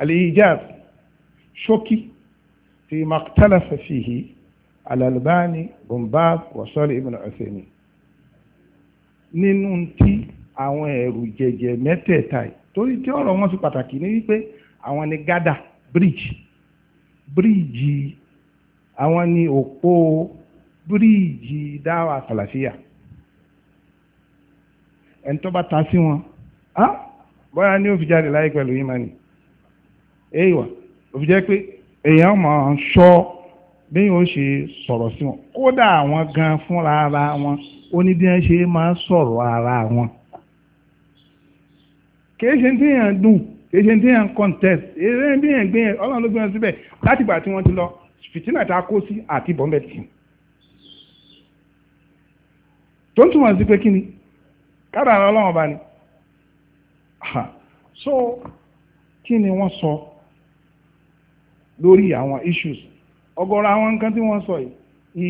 àlè ṣókí fi maktalafa fihi alalbani gumbaz wasọ́lì ibn ọ̀sẹ̀ni nínú tí àwọn ẹ̀rù jẹjẹ mẹ́tẹ̀ẹ̀ta yìí torí tí ọ̀rọ̀ wọn sí pàtàkì ní wípé àwọn ni gada bridge bíríìjì àwọn ni òpó bíríìjì dáwà sàlàfíà ẹni tó bá ta sí wọn ah, bóyá ni ó fi jáde láyé pẹ̀lú yìí mọ́ ni òfin jẹ́ pé èèyàn máa ń ṣọ́ bẹ́ẹ̀ ó ṣe sọ̀rọ̀ sí wọn kódà àwọn gan fúnra ara wọn ó ní bí wọ́n ṣe máa ń sọ̀rọ̀ ara wọn. kì í ṣe tí èèyàn dùn kì í ṣe tí èèyàn contest eré bí èèyàn gbé yẹn ọlọ́run ló gbé wọn síbẹ̀ láti ìgbà tí wọ́n ti lọ fìtínà tá a kó sí àti bọ́m̀bẹ̀tì. tó ń túmọ̀ sí pé kí ni kádàrá ọlọ́run ọba ni so kí ni wọ́n sọ. So, lórí àwọn issues ọ̀gọ̀rọ̀ àwọn nǹkan tí wọ́n sọ yìí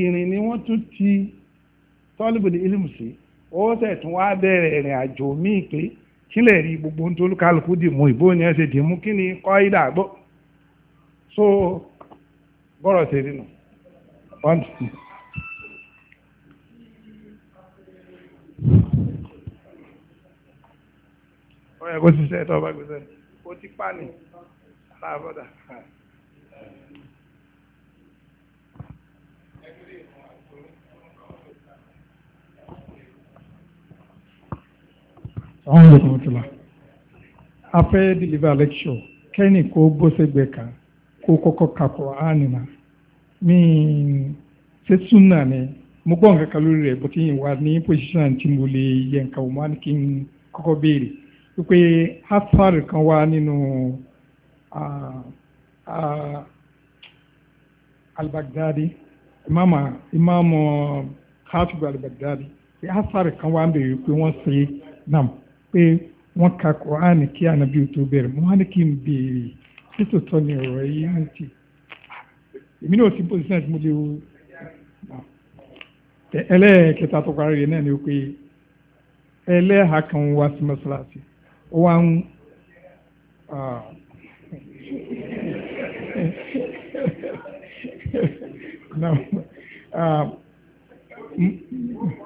ìrìn ni wọ́n tún ti tọ́lùbùdì ilmu sí ó sẹ̀ tún wá bẹ̀rẹ̀ ìrìn àjò míì pé kílẹ̀ rí gbogbo ohun tó kálukú dì mú ìbò ni ẹ ṣe dì mú kí ni kọ́ ìdà gbọ́ so bọ́rọ̀ ṣe rí nù. ọ̀rẹ́ kò ṣiṣẹ́ tó bá gbèsè ó ti pa ni àwọn olùkọ́ fìlà a fẹ́ deliver lecture kẹ́ni kó bọ́sẹ̀gbẹ̀ kan kó kọ́kọ́ kakọ̀ ánìna mi ṣe na ni mo gbọ́ nǹkan kan lórí rẹ̀ bó ti ní tí mo lè yẹ nǹkan máa ní kí n kọ́kọ́ béèrè wípé kan wá nínú pé wọ́n ka Quran kí ànábì tó bẹ̀rẹ̀ mo wá ní kí n béèrè ni ọ̀rọ̀ yìí ń tì èmi náà ti pòsíṣàn tí mo lè wo ẹlẹ́ẹ̀kẹta tó parí rẹ̀ náà ni ó pé ẹlẹ́ha kan wá sí mọ́ṣáláṣí ó wá ń uh, [laughs]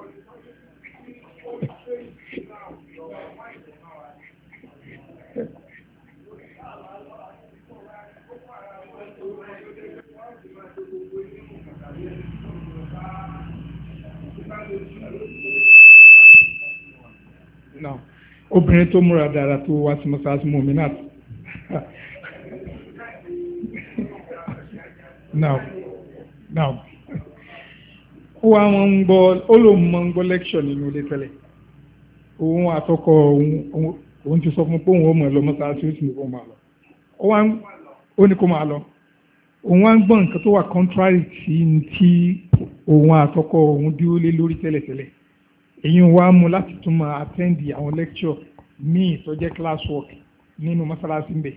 náà obìnrin tó múra dára tó wá sí mọ́sáàsì mọ́mínàt now now ó wá wọn ń gbọ́ ó lóun mọ́ ń gbọ́ lẹ́kṣọ̀ nínú ilé tẹ́lẹ̀ òun àtọkọ òun ti sọ fún pé òun ó mọ̀ lọ mọ́sáàsì ó sì ní kó máa lọ ó wá ó ní kó máa lọ òun wá ń gbọ́ nǹkan tó wà contrary sí ti òun àtọkọ òun dúró lé lórí tẹ́lẹ̀tẹ́lẹ̀ èyí ń wá mú láti tún máa àtẹ́ǹdì àwọn lecture míì tó jẹ́ class work nínú mọ́sálásí ń bẹ̀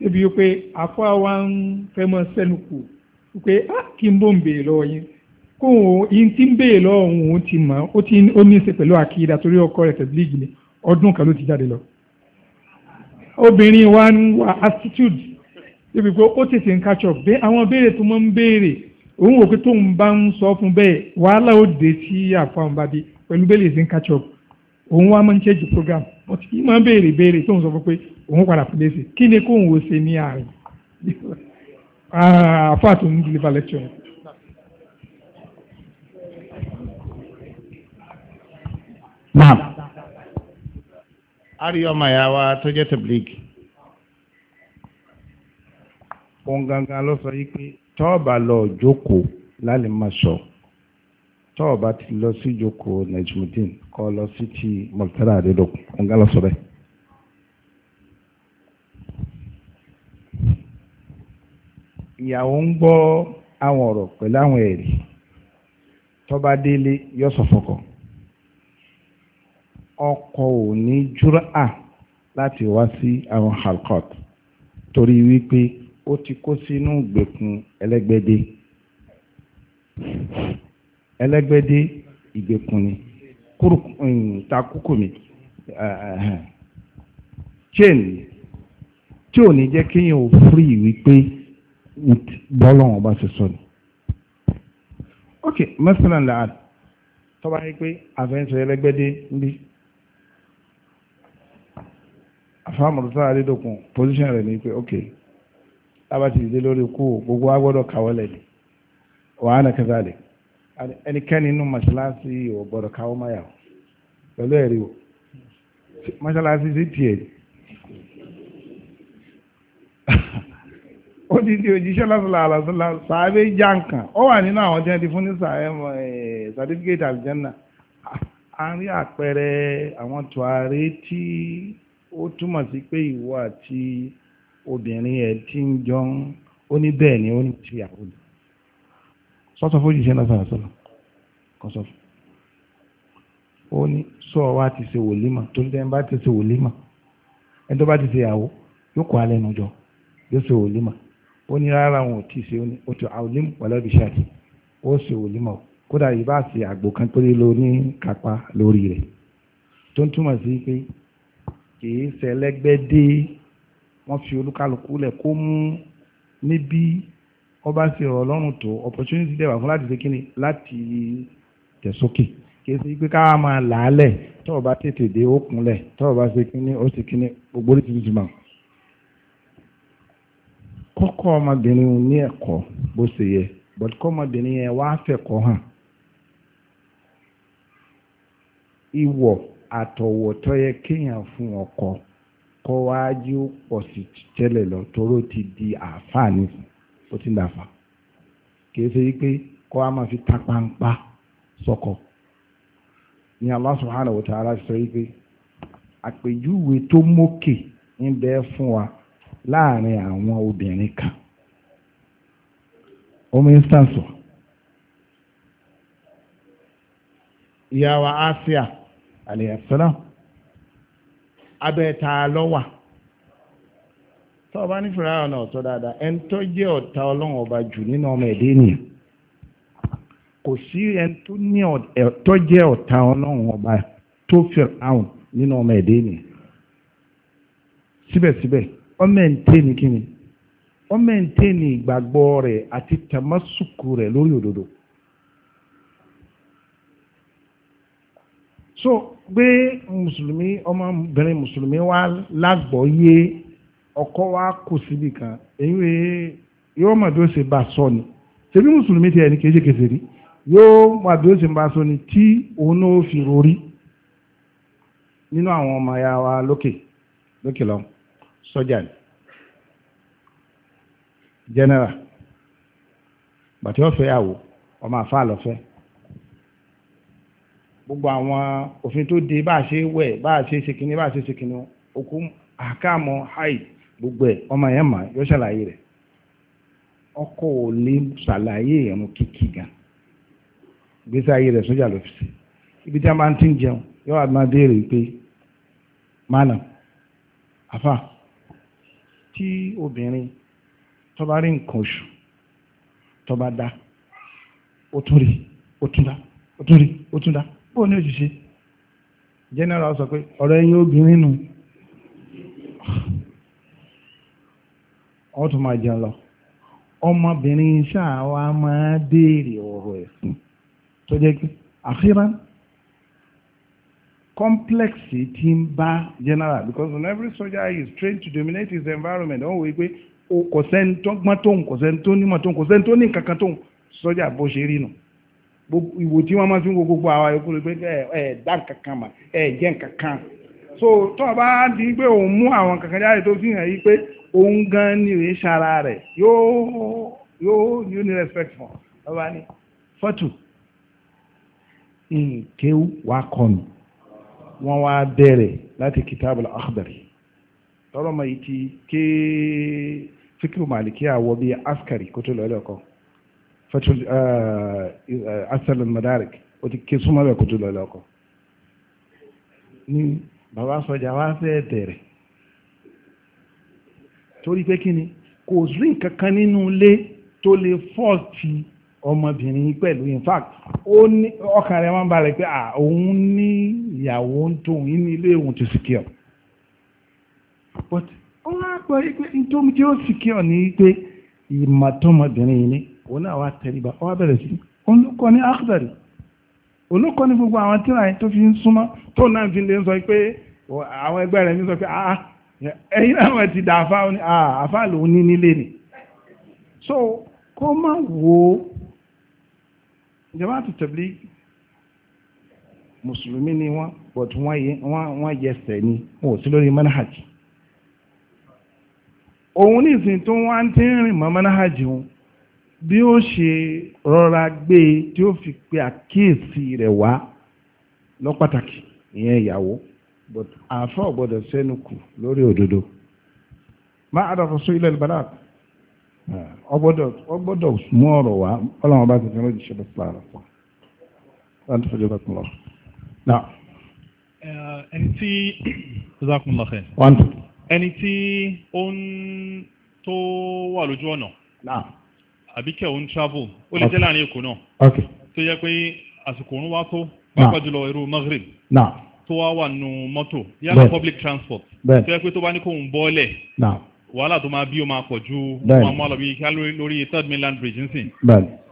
débi wípé àfọ́ wa ń fẹ́ mọ́ sẹ́nu kù wípé á kí n bò ń bèè lọ́wọ́ yín kó òun yín tí ń bèè lọ́wọ́ òun ó ti mọ̀ ó ní í ṣe pẹ̀lú àkíyèdá torí ọkọ rẹ̀ tẹ̀lé ìgbìlẹ̀ ọdún kan ló ti jáde lọ obìnrin wa ń wa attitude débi pé ó tètè ń catch up bẹ́ẹ̀ àwọn béèrè tó máa ń béèrè òun wò pé tóun bá ń sọ fún bẹ́ẹ̀ wàhálà ó dé sí àfọ̀nbádé pẹ̀lú bẹ́ẹ̀lì sí ń catch up òun wá máa ń ṣẹ́jú program but kí máa béèrè béèrè tóun sọ fún pé òun padà fi léṣe kí ni kóun wo ṣe ní àárín [laughs] ah, àfáà tó ń deliver lecture yẹn. Naam. A rí ọmọ ìyá wa tó jẹ́ tẹ̀blíkì. Òun gangan ló sọ yí pé tọ́ọ̀bà lọ jókòó lálẹ́ máa sọ tó o bá ti lọ sí ìjókòó Najmudeen kó lọ sí ti Murtala Adédọ̀kun ọ̀gá lọ sọ bẹ́ẹ̀. ìyàwó ń gbọ́ àwọn ọ̀rọ̀ pẹ̀lú àwọn ẹ̀rí tó bá délé yóò sọ fọ́kọ ò ní júrà láti wá sí àwọn halkot torí wípé ó ti kó sínú ìgbèkùn ẹlẹ́gbẹ́dẹ́ ẹlẹ́gbẹ́dé ìgbèkùnrin takúkùmí chain tí ò ní jẹ́ kéèyàn ò free wípé bá ṣe sọ ni. ok mẹ́sàn-án là tọ́ba yín pé àfẹ́ǹsẹ̀ ẹlẹ́gbẹ́dé ń bí position rẹ̀ pé ok tábà ti lórí kú gbogbo agbọ́dọ̀ kàwọ́lẹ̀ ni wàhánà ẹnikẹ́ni inú mọ́ṣáláṣí ò gbọ́dọ̀ káwọ́ máyà o pẹ̀lú ẹ̀rí o mọ́ṣáláṣí sí tiẹ̀ ó ti di òjíṣẹ́ lọ́sọ̀lá àlọ́sọ̀lá sàábé já nǹkan ó wà nínú àwọn tí wọ́n ti fún ní sàtífíkẹ́tì eh, eh, àlùjẹ́nà a rí àpẹẹrẹ àwọn tùwárí tí ó túmọ̀ sí pé ìwọ àti obìnrin ẹ̀ tí ń jọ ó ní bẹ́ẹ̀ ni ó ní tìyàwó ni sọ́sọ́ fójì ṣe lásán àṣọlọ kọsọ ó ní sọ wa ti ṣe wòlímà tó ní tẹ́yìn bá ti ṣe wòlímà ẹni tó bá ti ṣe ìyàwó yóò kọ́ alẹ́ nu jọ yóò ṣe wòlímà ó ní rárá wọn ò tí ì ṣe ó ní ó ti àwòlím wọlé ṣáàtì ó ṣe wòlímà kódà yìí bá ṣe àgbò kan péré ló ní kápá lórí rẹ̀ tó ń túmọ̀ sí pé kìí ṣẹlẹ́gbẹ́ dé wọ́n fi olúkálukú lẹ̀ kó mú níbí wọ́n bá ṣe ọ̀rọ̀ lọ́rùn tó opportunity dẹ̀ wà fún láti ṣe kíni láti tẹ̀sókè kì í ṣe pé ká máa làálẹ̀ tọ́wọ́ bá tètè dé ó kúnlẹ̀ tọ́wọ́ bá ṣe kíni ó ṣe kíni gbogbo orí tuntun mọ́. kọ́kọ́ ọmọbìnrin ní ẹ̀kọ́ bó ṣe yẹ but kọ́ ọmọbìnrin yẹn wá fẹ̀kọ́ hàn ìwọ̀ àtọ̀wọ̀ tó yẹ kéèyàn fún ọkọ kọ́ wájú pọ̀ sí tẹ́lẹ̀ lọ toró ti di àǹfààní fún totu ndafa ń dàfà kọ í a ma fi ta pampa sọkọ ní Allah subhanahu wa sọ wípé àpèjúwe tó mókè ń bẹ fún wa láàrin àwọn obìnrin kan ọmọ instance Asia alayhi salam abẹ́ta lọ́wà. tọ́ ọba ní fìrà ọ̀nà ọ̀tọ́ dáadáa ẹni tó jẹ́ ọ̀tá ọlọ́run ọba jù nínú ọmọ ẹ̀dẹ́ ènìyàn kò sí ẹni tó ní ọ̀tọ́ jẹ́ ọ̀tá ọlọ́run ọba tó fìrà ọ̀hún nínú ọmọ ẹ̀dẹ́ ènìyàn síbẹ̀síbẹ̀ ọmọ ẹ̀ǹtẹ́ ni kíni ọmọ ẹ̀ǹtẹ́ ni ìgbàgbọ́ rẹ̀ àti tàmásùkù rẹ̀ lórí òdodo. so gbé mùsùlùmí ọmọbìnrin mùsùlùmí wá lágbọ́yé ọkọ wa kò síbi kan èyí wèé yóò mọ̀ bí ó ṣe bá sọ ni ṣebí mùsùlùmí ti ẹni kìí ṣe kèfèrí yóò mọ̀ bí ó ṣe bá sọ ni tí òun náà fi rori nínú àwọn ọmọ ya wa lókè lókè lọ sọ́jà ni general bàtí wọ́n fẹ́ yàwó ọmọ àfa lọ́fẹ́ gbogbo àwọn òfin tó de bá a ṣe wẹ̀ bá a ṣe ṣe kínní bá a ṣe ṣe kínní okú àkàmọ́ haid gbogbo ẹ̀ ọmọ yẹn mà yóò ṣàlàyé rẹ̀ ọkọ ò lè ṣàlàyé ẹ̀rùn kìkì gan gbèsè ayé rẹ̀ sójà ló fi sí ibi tí a máa ti ń jẹun yóò wá máa béèrè pé mánà àfà tí obìnrin tó rí nǹkan oṣù tó dá ó tún rí ó tún dá ó tún rí ó tún dá bó ní òṣìṣẹ́ general sọ pé ọ̀rọ̀ ẹ̀yin obìnrin nù. ọ tún máa jẹun lọ ọmọbìnrin ṣáà wa máa béèrè ọ̀rọ̀ ẹ̀sìn tó jẹ́ kí àfihàn kọ́mplẹ̀ksì ti ń bá general because on every soldier he is trained to dominate his environment ọ̀hún wípé kò sẹ́ni tó gbọ́n tó ń kò sẹ́ni tó nímọ̀ tó ń kò sẹ́ni tó ní kankan tó ń sọ́jà bó ṣe rí nù ìwò tí wọ́n máa fi ń wo gbogbo àwa yòókù rẹ̀ pé ẹ̀ dá kankan mà ẹ̀ jẹ́ kankan so tó o bá di pé òun mú àwọn kankan jáde tó fi hàn yí pé òun gan ni òun ṣara rẹ̀ yóò yóò yóò ní respect fún ọba ní fọ́tù nkéwù wà kọ́nù wọ́n wá bẹ̀rẹ̀ láti kìtàbù al tọ́rọ ma ìtì ké fíkìrù màlìkí àwọ̀ bíi askari kó tó lọ́lẹ́ ọkọ̀ fọ́tù asal madarik ó ti ké súnmọ́ bẹ̀ kó tó lọ́lẹ́ ọkọ̀ ní bàbá sọjà wá fẹ́ bẹ̀rẹ̀ torí pé kí ni kò sí nǹkan kan nínú ilé tó lè fọ́ọ̀tì ọmọbìnrin pẹ̀lú in fact ó ní ọkàn rẹ̀ máa ń balẹ̀ pé òun ní ìyàwó ń tóun ní ilé òun ti secure but ó wá gbọ́ pé nítorí tí ó secure ní pé ìmọ̀tọ́mọbìnrin ni òun náà wá tẹríba ó wá bẹ̀rẹ̀ sí olùkọ́ ní akhdari olùkọ́ ní gbogbo àwọn tíra yẹn tó fi ń súnmọ́ tó náà fi lè sọ pé àwọn ẹgbẹ́ rẹ̀ ń sọ pé ah ẹ̀yìn náà ti dà àfá ní nílé ni so kó má wo Jama'atu Tabligh mùsùlùmí ni wọ́n but wọ́n yẹsẹ̀ ni wọ́n sí lórí manhaji òun ní ìsìn tó wá ń tí ń rìn mọ́ manhaji wọn bí ó ṣe rọra gbé e, tí ó fi pe àkíyèsí rẹ̀ wá lọ́pàtàkì ìyẹn ìyàwó but àáfà ọ̀gbọ́dọ̀ sẹ́nu kù lórí òdodo má àdàfọ̀ sún ilẹ̀ ìbára ọgbọ́dọ̀ mú ọ̀rọ̀ wá ọlọ́run bá ti fi ṣe bẹ́ẹ̀ pààrọ̀ pọ̀ láti fẹ́ jọba kan lọ. ẹni tí ẹni tí ó ń tó wà lójú ọ̀nà travel ó lè jẹ́ láàrin èkó náà tó wá wà nù mọ́tò yálà public transport tó yẹ pé tó bá ní kó ń bọ́ọ̀lẹ̀ wàhálà tó máa bí o máa pọ̀ ju ọmọ àlọ́ bíi ká lórí third mainland bridge nsìn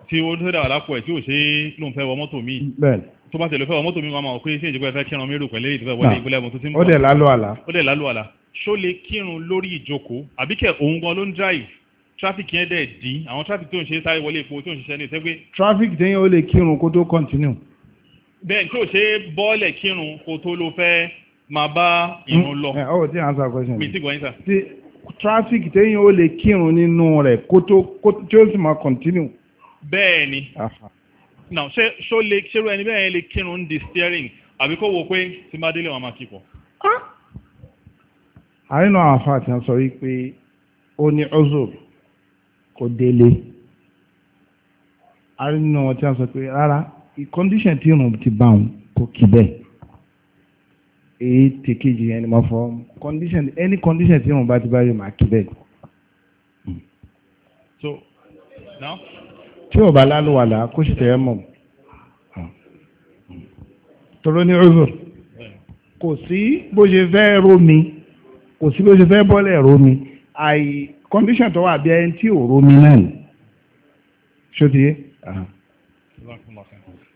tí ó tó dà wà lápò ẹ̀ tí ò ṣe é lóun fẹ́ wọ mọ́tò míì tó bá tẹ̀lé fẹ́ wọ mọ́tò míì wọn máa wọ pé ṣé ìjọba ẹ̀fẹ́ kírun mérò pẹ̀lú èyí tó fẹ́ wọlé ìgbélé ẹ̀mọ́ tó ti ń bọ̀ ó dẹ̀ lálù àlà ṣó lè kírun lórí ìjókòó àbíkẹ́ òun gan ló ń drive traffic yẹn dẹ̀ dín àwọn traffic tó ń ṣe sáré wọlé epo tó ń ṣiṣẹ́ ní ìṣẹ́gbé. traffic dẹ́yìn ó lè kírun kó tó continue bẹ́ẹ̀ tí ò ṣe bọ́ọ̀lẹ̀ kírun kò tó ló fẹ́ máa bá ìrun lọ. ẹ ọ ti answer question. mi ti gbọ́ yín sà. ti traffic téèyàn ó lè kírun nínú rẹ̀ kó tó kó tí ó sì máa continue. bẹ́ẹ̀ ni now ṣé ṣó lè ṣerú ẹni bẹ́ẹ̀ lè kírun di steering àbí kó wo pé tí má délé wọn máa kí pọ̀. àrínà àfa àti sọ wípé ó ní ozone kò délé àrínà wọn ti sọ pé rárá condition tí irun ti bá wọn kò kì bẹ́ẹ̀ èyí ti kejì yẹn ni mo fọ condition any condition tí irun bá ti bá yóò máa kì bẹ́ẹ̀. Hmm. so now. tí ò bá lálùwàlà kó sì tẹ̀ ẹ́ mọ̀ tọ́lọ́ ní ọ̀rọ̀ kò sí bó ṣe fẹ́ romi kò sí bó ṣe fẹ́ bọ́lẹ̀ romi àì condition tó wà bí ẹni tí ò romi náà ni ṣó ti yé.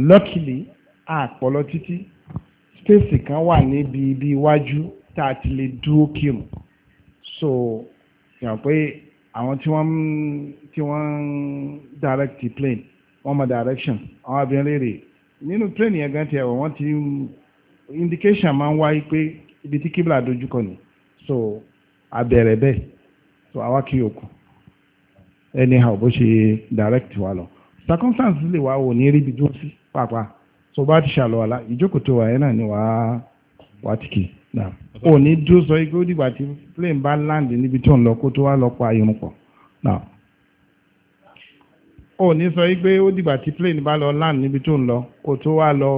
luckily àpọ̀lọ títí space kan wà níbi ibi iwájú tá a ti lè dúró kírun so yàn pé àwọn tí wọ́n tí wọ́n direct the plane wọ́n mọ direction àwọn abìnrin rèé nínú plane yẹn gan ti ẹ̀wọ̀ wọ́n ti indication máa ń wáyé pé ibi tí kíbla dojúkọ ni so abẹ̀rẹ̀ bẹ́ẹ̀ so àwa kì í òkú anyhow bó ṣe direct wa lọ circumstances lè wá wò ní ríbi dúró sí pàápàá tó bá ti ṣàlùwàlá ìjókòó tó wà yẹn náà ni wàá wàá tìkì náà ò ní dúró sọ igi ó dìgbà tí plane bá land níbi tó ń lọ kó tó wá lọ pa irun pọ̀ náà ò ní sọ wípé ó dìgbà tí plane bá lọ land níbi tó ń lọ kó tó wá lọ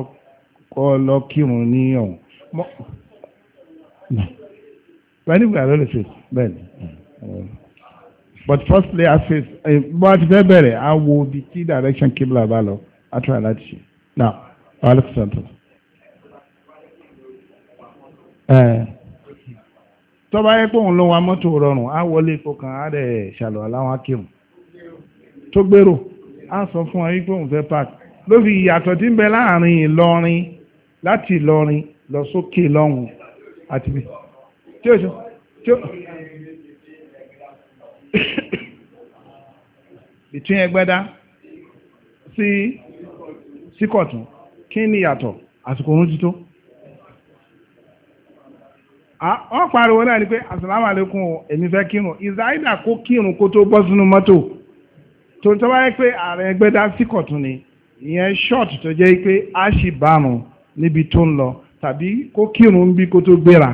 kọ́ lọ kírun ní ọ̀hún wọ́n nígbà ló lè ṣe bẹ́ẹ̀ ni but firstly a face eh, bó a ti fẹ́ bẹ̀rẹ̀ a wo ibi tí direction cable bá lọ a try láti ṣe. na alexander eh. tọ́ba yẹ tọba òun ló wa mọ́tò rọrùn a wọlé epo kan rẹ̀ ṣàlọ́ aláwọ̀ tó gbèrò a sọ fún ọ wípé òun fẹ́ park ló fi ìyàtọ̀ tí ń bẹ Ìlọrin láti Ìlọrin lọ sókè lọ́hùn àti bí tí [coughs] síkọ̀tún kí ni yàtọ̀ àsìkò oorun tító wọ́n pariwo náà ni pé àsàlámù àlékún èmi fẹ́ kírun ìzáìdà kó kírun kó tó bọ́ sínú mọ́tò tó ń tọ́wáyé pé ààrẹ ẹgbẹ́ dá síkọ̀tún ni ìyẹn ṣọ́ọ̀tù tó jẹ́ pé a ṣì bárun níbi tó ń lọ tàbí kó kírun ń bí kó tó gbéra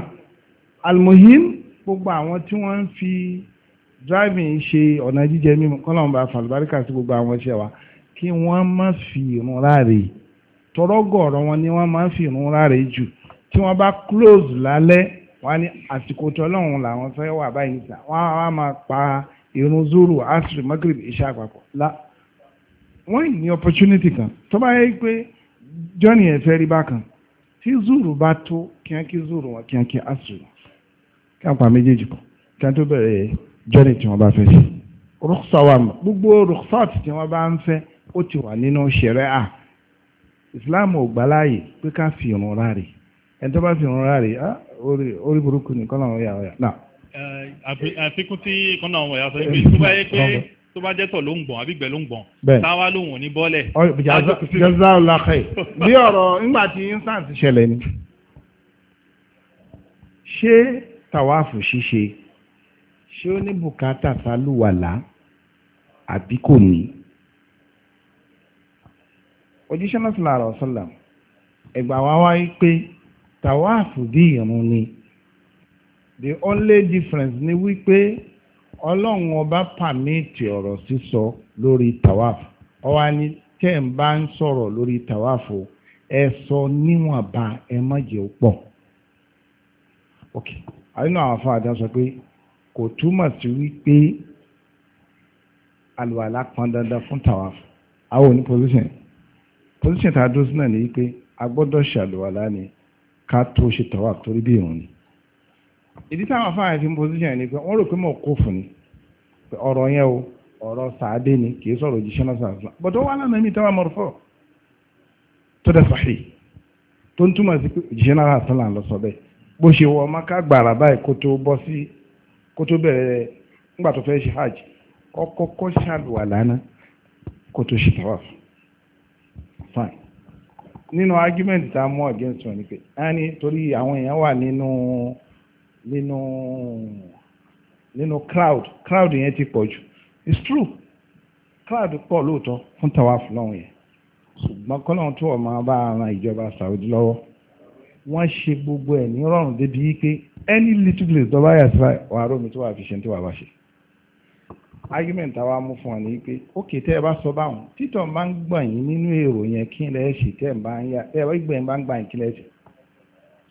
almuhim gbogbo àwọn tí wọ́n ń fi driving ṣe ọ̀nà jíjẹ mímu kọ́lọ́mù bá fàlùbáríkà sí gbogbo àwọn iṣẹ́ kí wọ́n má fi irun ráre tọrọgọ̀rọ̀ wọn ni wọ́n máa fi irun ráre jù tí wọ́n bá close lálẹ́ wọ́n ní àsìkò tọ́lọ́run làwọn fẹ́ wà báyìí níta wọ́n á máa pa irun zuru asiri magrib iṣẹ́ àpapọ̀ la wọ́n ní opportunity kan tó bá yẹ pé johnny ẹ̀fẹ́ rí bákan tí zuru bá tó kíákí zuru wọn kíákí asiri kí wọ́n pa méjèèjì pọ̀ kí wọ́n tó bẹ̀rẹ̀ johnny tí wọ́n bá fẹ́ ṣe rúkṣà wà mọ́ gbogbo rúkṣà tí wọ́n bá ń fẹ́ ó ti wà nínú ṣẹ̀rẹ́ à ìsìláàmù ò gbà láàyè pé ká fi ìrun ráre ẹni tó bá fi ìrun ráre orí burúkú nìkan náà yà ọ̀yà náà. Eh, àfikún tí kan náà wọ̀nyà sọ pé tó bá yẹ pé tó bá jẹ́tọ̀ ló ń gbọ̀n àbí ìgbẹ́ ló ń gbọ̀n táwa lòun ò ní bọ́lẹ̀. jazakallah khair [laughs] bí ọ̀rọ̀ nígbà tí instance ṣẹlẹ̀ ni ṣé tàwáàfù ṣíṣe ṣé ó ní bùkátà sálùwàlá àbí kò ní òjíṣẹ́ náà sọ̀rọ̀ àrọ̀ sọ̀là ẹ̀gbà wa wáyé pé tàwáàfù bí ìrún ni the only difference ni wípé ọlọ́run ọba pàmìtì ọ̀rọ̀ sísọ lórí tàwáàfù ọwá ni tẹ́ ń bá ń sọ̀rọ̀ lórí tàwáàfù ẹ sọ níwọ̀nba ẹ má jẹ́ pọ̀ ok àyínú àwọn afáàdá sọ pé kò túmọ̀ sí wípé àlùwàlá pọn dandan fún tàwáàfù àwọn oní position position tá a dúró sí ni a gbọ́dọ̀ ṣàlùwàlá ni ká tó ṣe tọ́wà torí bí ìrùn ni ìdí táwọn afáàyàn fi ń ni pé wọ́n rò pé mọ̀ kó fún ni ọ̀rọ̀ yẹn o ọ̀rọ̀ sàádé ni kì í sọ̀rọ̀ òjíṣẹ́ náà bọ̀dọ̀ wà lánàá mi tẹ́wà tó dẹ̀ sàhì tó ń túmọ̀ sí òjíṣẹ́ náà là ń lọ sọ bẹ́ẹ̀ bó ṣe wọ ọmọ ká gbàrà nínú argument tá a mú against wọn ni pé a ní torí àwọn èèyàn wà nínú nínú nínú crowd crowd yẹn ti pọ̀ jù it's true crowd pọ̀ lóòótọ́ fún tawaf lọ́hùn yẹn ṣùgbọ́n kọ́lọ́hún tó ọmọ bá ran ìjọba Saudi lọ́wọ́ wọ́n ṣe gbogbo ẹ̀ ní rọrùn débi pé any little place tó bá yà sí wàá rómi tó wà fi ṣe ní tó wà bá ṣe argument àwa mú fún ọ ní pé ókè tẹ́ ẹ bá sọ báwọn títọ̀ máa ń gbọ̀n yín nínú èrò yẹn kí lẹ́ ṣe tẹ́ ẹ bá ń yá ẹ bá gbọ̀n yín bá ń gbà yín kí lẹ́ ṣe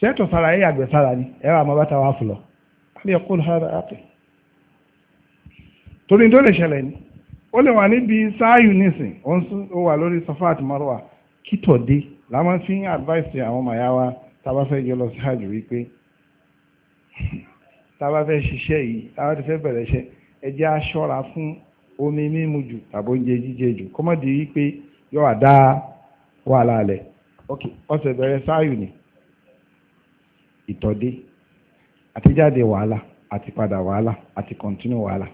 sẹ́tọ̀ sára ẹ̀ àgbẹ̀ sára ni ẹ wà mọ́ bá ta wá fún lọ alẹ́ kó lọ́ sára àpè torí tó lè ṣẹlẹ̀ ni ó lè wà níbi sáàyù nísìn ó wà lórí safa àti marwa kítọ̀ dé làwọn fi ń advice àwọn màyà tá a bá fẹ́ jọ lọ sí àjò wípé [laughs] tá a bá fẹ́ ṣiṣẹ́ yìí tá a ẹjẹ́ á ṣọ́ra fún omi mímu jù tàbí oúnjẹ jíjẹ jù kọ́mọ́dé wípé yóò wà dá wàhálà lẹ̀ ok ọ̀sẹ̀ bẹ̀rẹ̀ sáyù ni ìtọ́dé àtijáde wàhálà àti padà wàhálà àti kọ̀ntínú wàhálà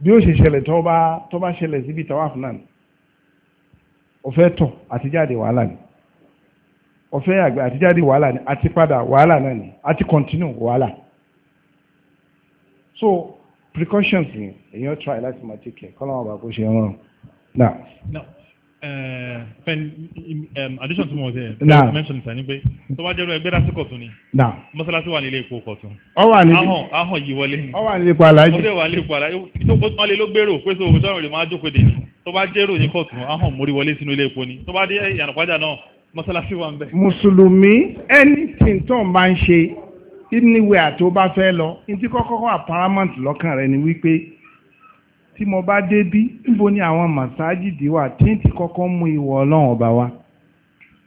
bí ó ṣe ṣẹlẹ̀ tó bá tó bá ṣẹlẹ̀ síbi tawaf náà ọ̀fẹ́ tọ̀ àtijáde wàhálà ni ọ̀fẹ́ àgbẹ̀ àtijáde wàhálà ni àti padà wàhálà náà ni àti kọ̀ntínú wàhálà so precautions ni èyàn try láti máa take care kọ́lọ́mọ bá kó ṣe rán náà. now in eh, um, addition to mo ṣe ẹ mention ṣe ni pé tó bá jẹ́rú ẹgbẹ́ lásìkò tún ni mọ́sálásí wà nílé epo kọ̀tún. ọ wà nílé ahọ́n ahọ́n yìí wọlé ni. ọ wà nílé epo aláàjì. ọdẹ wà nílé epo aláàjì tó kó tán lé ló gbèrò pé sọ òṣèlú rẹ̀ máa jókòó dé ni tó bá jẹ́rú ní kọ̀tún ahọ́n mórí wọlé sínú ilé epo ni tó bá dé ìyànàpájà náà mọ́sálásí wà ń bẹ̀. mùsùlùmí anything tó ń bá ń ṣe anywhere tó bá fẹ́ lọ ntí kọ́kọ́kọ́ apparent lọ́kàn rẹ ni wípé tí mo bá débí níbo ni àwọn màsájìdì wà tí n ti kọ́kọ́ mú ìwọ ọlọ́run ọba wa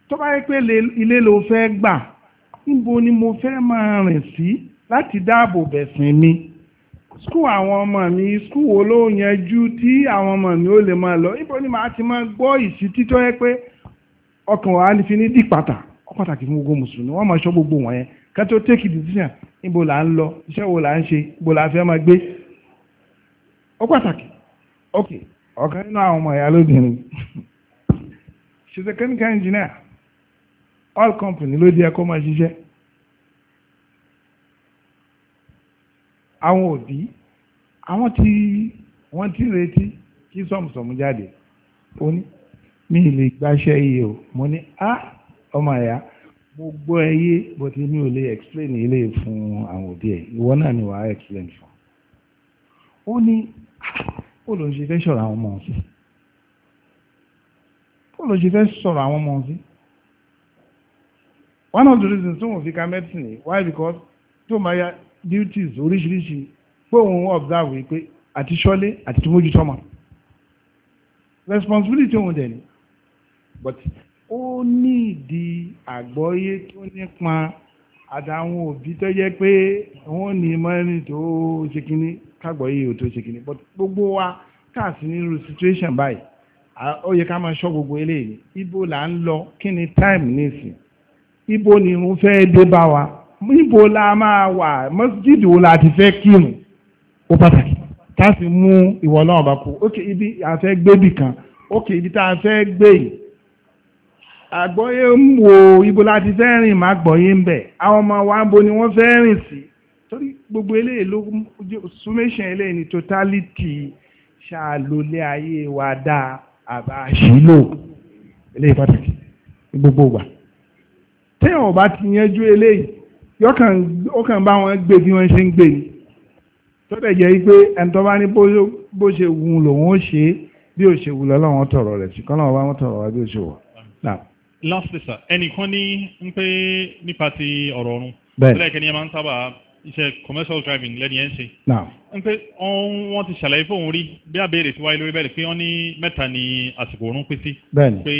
tó bá yẹ pé ilé ló fẹ́ gbà níbo ni mo fẹ́ máa rìn sí láti dáàbò bẹ̀sìn mi skul àwọn ọmọ mi skul wo ló yanjú tí àwọn ọmọ mi ó lè máa lọ níbo ni màá ti máa gbọ́ ìsítí tó yẹ pé ọkàn wa ni fi ní dì ó pàtàkì fún gbogbo mùsùlùmí wọ́n máa ṣọ́ gbogbo wọ̀nyẹn ká tó take decision níbo là ń lọ iṣẹ́ wo là ń ṣe níbo là fẹ́ máa gbé ó pàtàkì ok ọ̀kan nínú àwọn ọmọ ìyá lóbìnrin [laughs] she's chemical engineer all company ló di ẹkọ máa ṣiṣẹ́ àwọn òbí àwọn tí wọ́n ti retí kí sọ̀mùsọ̀mù jáde ó ní mi lè gbaṣẹ́ iye o mo ní á ah, ọmọ ìyá mo gbọ́ ẹyé but èmi ò lè explain ilé fún àwọn òbí ẹ̀ ìwọ náà ni wàá explain fún ó ní ó ló ń ṣe fẹ́ sọ̀rọ̀ àwọn ọmọ sí ó ló ṣe fẹ́ sọ̀rọ̀ àwọn ọmọ sí one of the reasons tó wọ́n fi ka medicine why because tó máa ya duties oríṣiríṣi pé òun observe wípé àti sọ́lé àti tó mójútó ọmọ responsibility òun dẹ̀ ni but ó ní ìdí àgbọ́yé tó nípa àtàwọn òbí tó jẹ́ pé wọ́n ní mọ́ni tó ṣe kínní kágbọ́yé ò tó ṣe kínní but gbogbo wa káàsì nírú situation báyìí ó yẹ ká máa ṣọ́ gbogbo eléyìí ibo là ń lọ kí ni time nísìn ibo ni mo fẹ́ dé bá wa ibo la máa wà mọ́sídìdì wo la ti fẹ́ kírun ó pàtàkì ká sì mú ìwọ náà bá kú ókè ibi àfẹ́ gbébì kan ókè ibi tá a fẹ́ gbé yìí àgbọ́yé ń wo ibo láti fẹ́ rìn má gbọ́yé ń bẹ̀ àwọn ọmọ wa bo ni wọ́n fẹ́ rìn sí torí gbogbo eléyìí ló summation eléyìí ni totality ṣàlòlé ayé wa dáa àbá ṣílò eléyìí pàtàkì ní gbogbo ìgbà téèyàn bá ti yanjú eléyìí yọkàn ó kàn bá wọn gbé bí wọn ṣe ń gbé ni tó dẹ̀ jẹ́ pé ẹni bá ní bó ṣe wù lòun ó ṣe bí ó ṣe wù lọ́lọ́wọ́n tọ̀rọ̀ rẹ̀ sí kọ́lọ́wọ́n wọn tọ̀rọ̀ wá bí ó ṣe wọ̀ náà last sir ẹnìkan ní ń pé nípa ti ọ̀rọ̀ ọ̀run lẹ́ẹ̀kẹ́ ni ẹ máa ń sábà iṣẹ́ commercial driving lẹ́ni ẹ̀ ń ṣe ń pé wọ́n ti ṣàlàyé fóun rí bí àbẹ̀rẹ̀ tí wáyé lórí bẹ́ẹ̀ pé wọ́n ní mẹ́ta ni àsìkò ọ̀run pín sí pé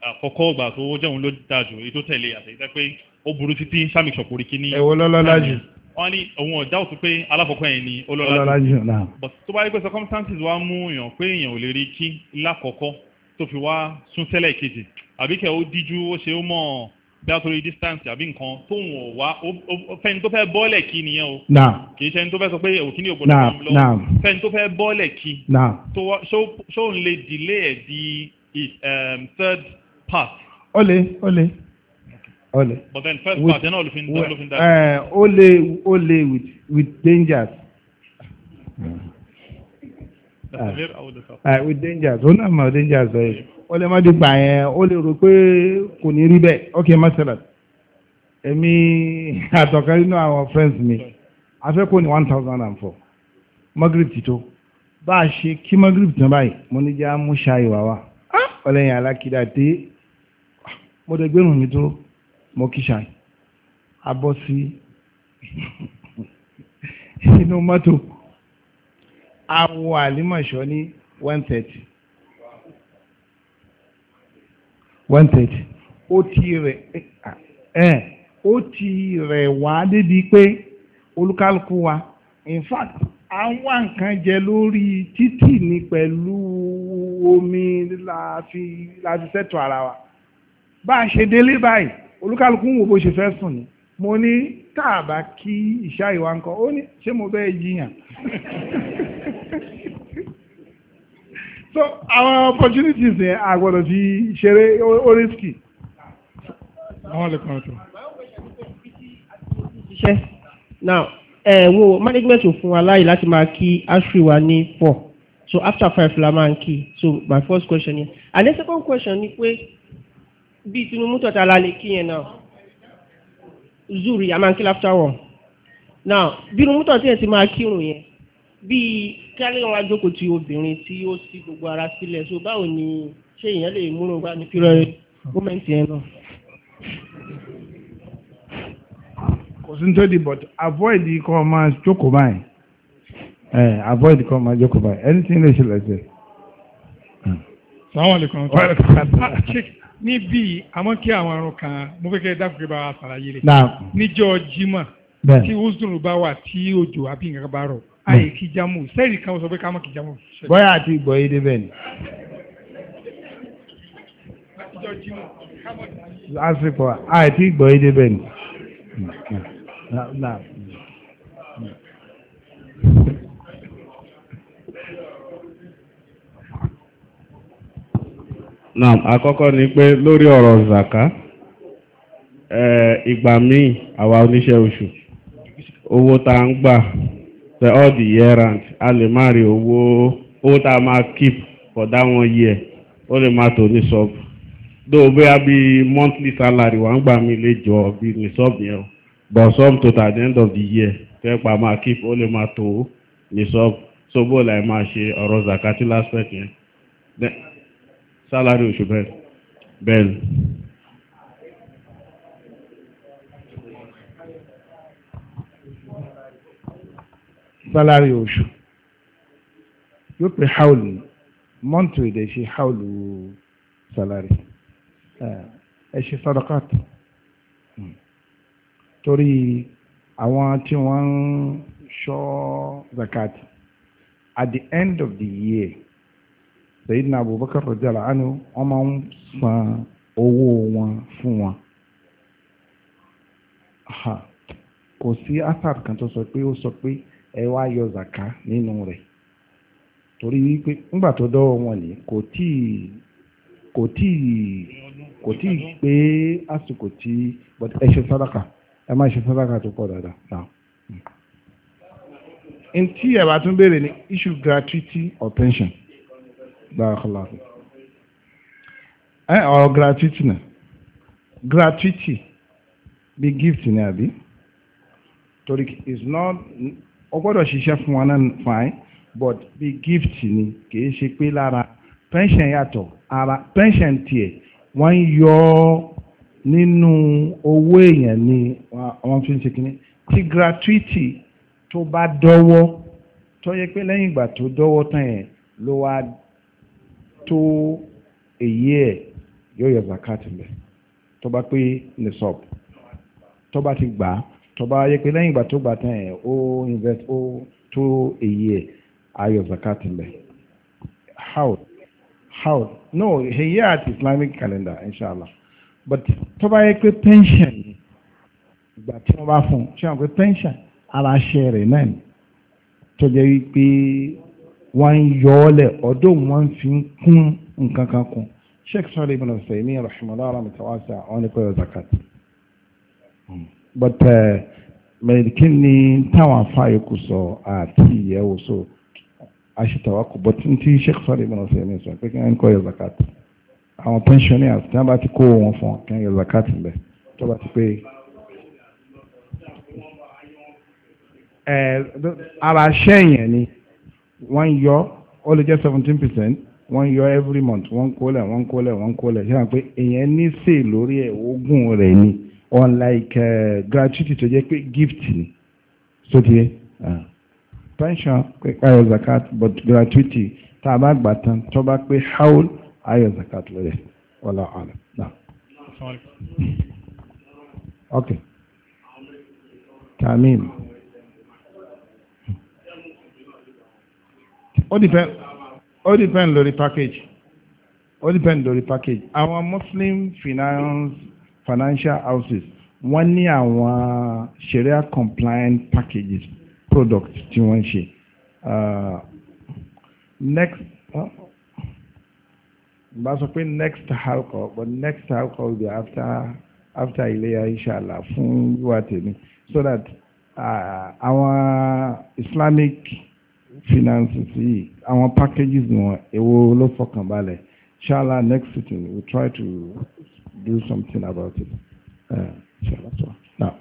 àkọ́kọ́ ọgbà tó jẹun ló dáa jù èyí tó tẹ̀lé àtẹ̀yẹ́ pé ó burú títí sami ṣọ̀kùnrin kí ní. ẹ̀wọ́ lọ́lọ́lá jù. wọ́n ní òun ọ̀dá òtún pé alákọ̀ọ́kọ́ yẹn ni ó lọ́lá jù. but tó bá yẹ pé circumstances wa mú èèyàn pé èèyàn ò lè rí kí lákọ̀ọ́kọ́ tó fi wá sún sẹ́lẹ̀ kejì àbí kẹ́ ó díjú ó ṣe ó mọ̀ ọ́ dátorí distance àbí nǹkan tóun ò wá fẹ́ni tó fẹ́ bọ́ọ̀lẹ̀ kí nìyẹn o kì í ṣẹni tó fẹ́ sọ pé òkí ni òbòdò máa ń lọ fẹ́ni tó fẹ́ bọ́ọ̀lẹ̀ kí ṣóun lè delay ẹ̀ di um, third part. ó lè ó lè ó lè. but then first with, part ẹ̀ náà ló fi ń dá ló fi ń dá. Eh, ó lè ó lè with with dangers. Uh, uh, with dangers ó náà mọ̀ dangers bẹ́ẹ̀. Eh ó lè má dìgbà yẹn ó lè rò pé kò ní rí bẹ́ẹ̀ ok masala èmi àtọ̀kẹ́ nínú àwọn friends mi afẹ́kọ̀ọ́ ní one thousand and four magrib ti tó bá a ṣe kí magrib tán báyìí mo ní jẹ́ amúṣà ìwà wa ọlẹ́yìn alákìdá dé mo dẹ̀ gbẹ́rùn mi dúró mo kí ṣáì sí inú mọ́tò a àlímọ̀ṣọ́ ní one thirty. one thirty ó ti rẹ̀ ẹ̀ ó ti rẹ̀ wá débi pé olúkálùkù wa in fact à nǹkan jẹ lórí títì ní pẹ̀lú omi la fi la fi ara wa bá a ṣe délé báyìí olúkálùkù ń wo bó ṣe fẹ́ sùn ni mo ní tààbà kí ìṣá ìwà ńkọ ó ní ṣé mo bẹ́ẹ̀ jiyàn. [laughs] so àwọn opportunities yẹn àgbọ̀dọ̀ fi ṣeré ó risky. àwọn àlekún ọ̀tọ̀. ṣiṣẹ́ now ẹ̀wọ̀n eh, management ò fún wa láyè láti máa kí ashri wa ní four so after five la máa ń kí so my first question yẹn and the second question ni pé bí Tinubu tọ́ta la lè kí yẹn náà zuri a máa after one now bí Tinubu tọ́ta yẹn ti máa kírun yẹn bíi kálí wọn ajókòó ti obìnrin tí ó sí gbogbo ara sílẹ̀ so báwo ni ṣé èèyàn lè múrò wá ní kí lọ́ọ́ gómẹ̀ntì ẹ̀ náà. kò sí tó but avoid kọ́ ọ máa jókòó báyìí avoid kọ́ ọ máa jókòó báyìí anything lè ṣẹlẹ̀ sí. sàwọn àlekún ah, níbí àmọ́ kí àwọn àrùn kan mo fẹ́ kẹ́ dákùnkẹ́ bá a sàlàyé rẹ̀ níjọ́ jimá tí wúzùrù bá wà tí òjò àbí nǹkan bá rọ̀. àyè kijamu, sẹ́ẹ̀rì kan sọ pé ká mọ̀ kìjàmù. bọ́yá àti ìgbọ̀ yìí ni. àsìkò àti ìgbọ̀ ni. zaka, eh, ìgbà míì awa onise osu, owó gba the all the year round a lè má rí owó owó tá a máa keep for that one year ó lè má tó ní sub though bóyá bí monthly salary wà ń gbà mí lè jọ bí ní sub yẹn o but sum total at the end of the year fẹ́ pa máa keep ó lè má tó ní sub so bó la máa ṣe ọ̀rọ̀ zakati last week yẹn salary oṣù bẹ́ẹ̀ bẹ́ẹ̀. sálárì oṣù yóò pè haúlù mọ́ǹtù èdè ṣe haúlù sálárì eh, ẹ ṣe sadakat hmm. torí àwọn tí wọ́n ń ṣọ́ zakat at the end of the year sayidina abubakar rajala anu wọ́n máa ń san owó wọn fún wọn kò sí asar kan tó sọ pé ó sọ pé ẹ wá yọ zaka nínú rẹ̀ torí wípé nígbà tó dọ́wọ́ wọn ni kò tíì kò tíì kò tíì pé àsìkò tí but ẹ ṣe sàdákà ẹ má ṣe sàdákà tó pọ̀ dáadáa now. n tí ẹ tún béèrè ni issue gratuity or pension gbàgbọ́lá ẹ gratuity na gratuity bí gift ni àbí torí is not o gbọ́dọ̀ ṣiṣẹ́ fún wọn náà fine but bí gift ni kìí ṣe pé lára pension yàtọ̀ ara pension tiẹ̀ wọ́n ń yọ ọ́ nínú owó èèyàn ni wọ́n fi ń ṣe kínní tí gratuity tó bá dọ́wọ́ tó yẹ pé lẹ́yìn ìgbà tó dọ́wọ́ tán yẹn ló wá tó èyí ẹ̀ yóò yọ zakat lẹ̀ tó bá pé nisab tó bá ti gbà á tó bá yẹ pé lẹ́yìn ìgbà tó gbà tán ẹ̀ ó invest ó tó èyí ẹ̀ ayọ̀ zakat ńlẹ̀ how how no èyí at islamic calendar inshallah but tó bá yẹ pé pension ìgbà tí wọ́n bá fún un ṣé wọn pé pension ara ṣe rẹ̀ náà ni tó jẹ́ wípé wọ́n ń yọ ọ́ lẹ̀ ọ̀dọ́ wọn fi ń kún nǹkan kan kún sheikh sọ́ọ́lì ibn Usaymin rahimahullah rahmatawasa wọn ni kò yọ zakat. Hmm but uh, kí ni táwọn afáyé kù sọ àti ìyẹ̀wò so àṣetàwà kù but n tí sheikh sọ́ọ́dì ìbọn ọ̀sẹ̀ mi sọ pé kí wọ́n kọ́ yọ zakat àwọn pensioners tí wọ́n bá ti kó wọn fún kí wọ́n yọ zakat ńbẹ tó bá ti pé. ara ṣẹ́yìn ni wọ́n yọ ó lè jẹ́ seventeen percent wọ́n yọ every month wọ́n kólẹ̀ wọ́n kólẹ̀ wọ́n kólẹ̀ ṣé wọ́n pé èèyàn ní sè lórí ẹ̀ ogún rẹ̀ ni. Mm -hmm. Or unlike uh, gratuity tó jẹ́ pé gift ni so ti yẹ pension ayọ̀ zakat but gratuity tá a bá gbà tán tó bá haul ayọ̀ zakat lọ́yẹ̀ wala ala náà. Okay. tamim. ó depend ó depend lórí package ó depend lórí package Our muslim finance financial houses wọ́n ní àwọn sharia compliant packages products tí wọ́n ń ṣe. Uh, next uh, bá sọ pé next halqa but next halqa will be after after iléyá inshallah fún wíwá tèmi so that uh, àwọn uh, islamic finances yìí àwọn packages wọn èwo ló fọkànbalẹ̀ inshallah next sitting we try to do something about it. Inshallah. Now.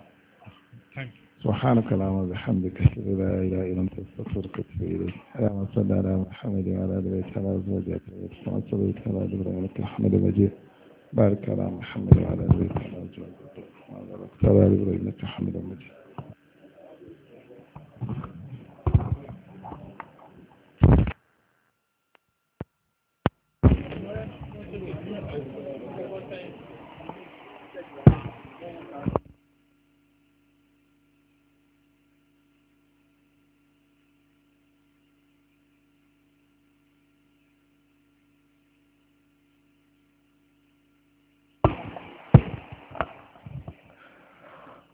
سبحانك اللهم وبحمدك اشهد ان لا اله الا انت استغفرك واتوب اليك اللهم صل على محمد وعلى ال بيت على ازواجك كما صليت على ال ابراهيم حميد مجيد بارك على محمد وعلى ال بيت على ازواجك وعلى ال ابراهيم انك حميد مجيد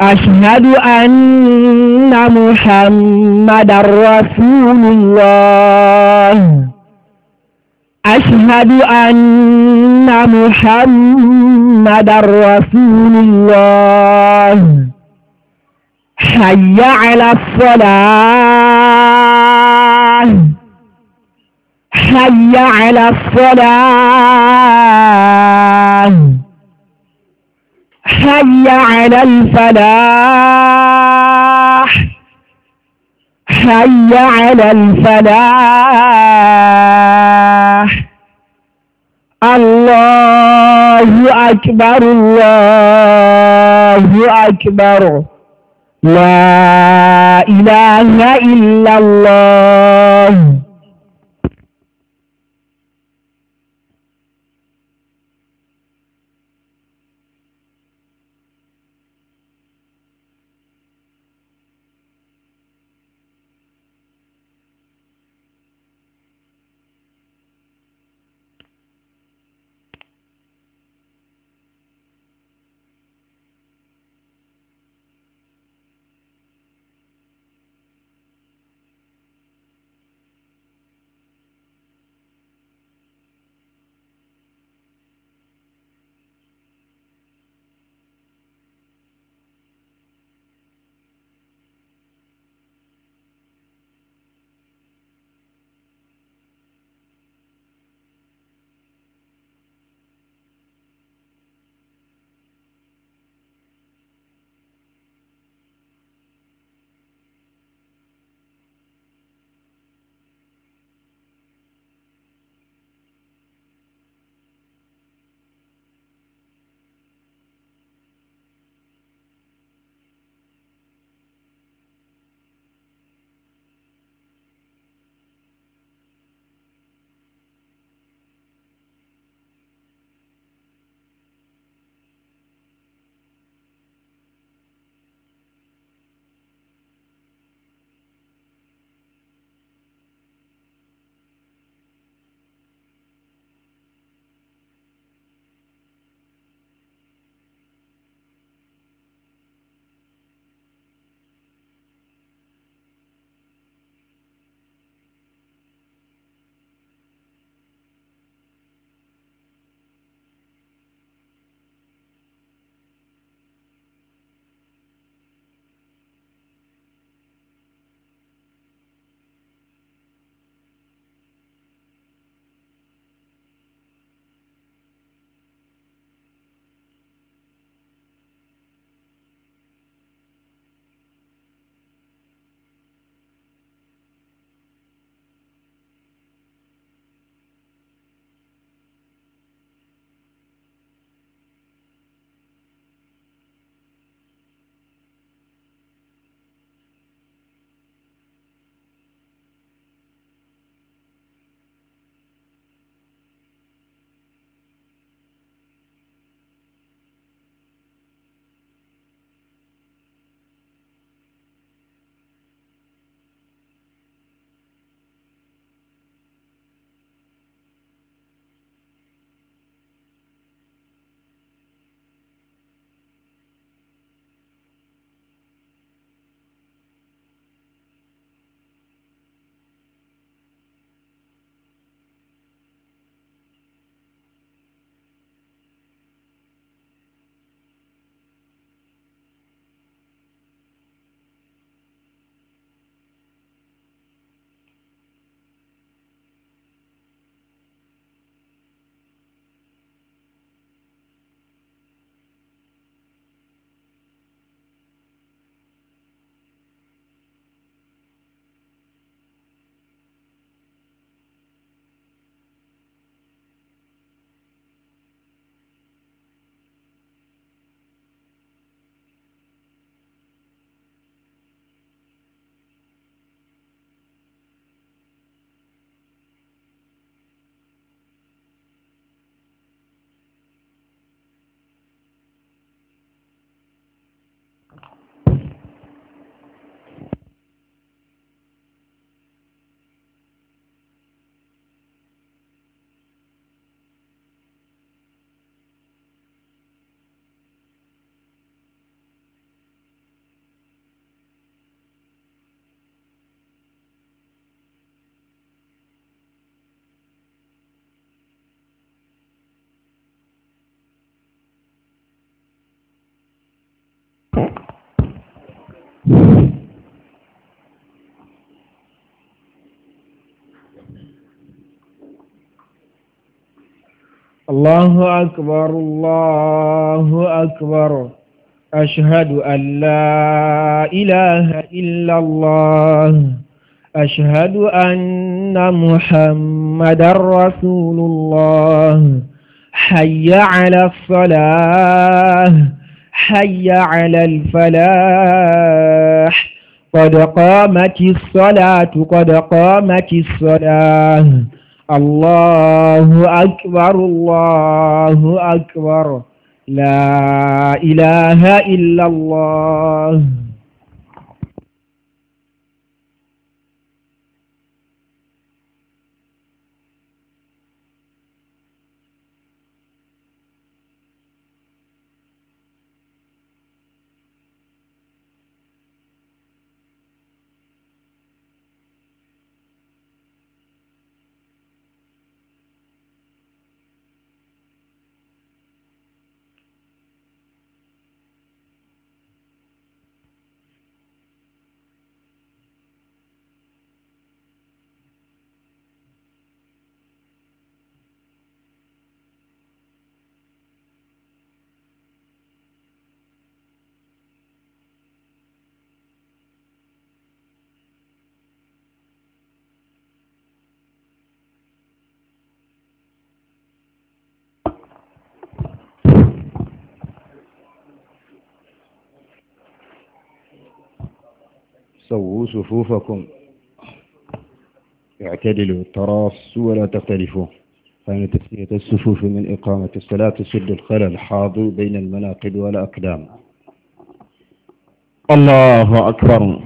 أشهد أن محمد رسول الله أشهد أن محمد رسول الله حي على الصلاة حي على الصلاة حي على الفلاح حي على الفلاح الله أكبر الله أكبر لا إله إلا الله الله أكبر الله أكبر أشهد أن لا إله إلا الله أشهد أن محمد رسول الله حي على الصلاة حي على الفلاح قد قامت الصلاة قد قامت الصلاة الله أكبر الله أكبر لا إله إلا الله سووا صفوفكم اعتدلوا تراصوا ولا تختلفوا فإن تسمية الصفوف من إقامة الصلاة سد الخلل حاضر بين المناقب والأقدام الله أكبر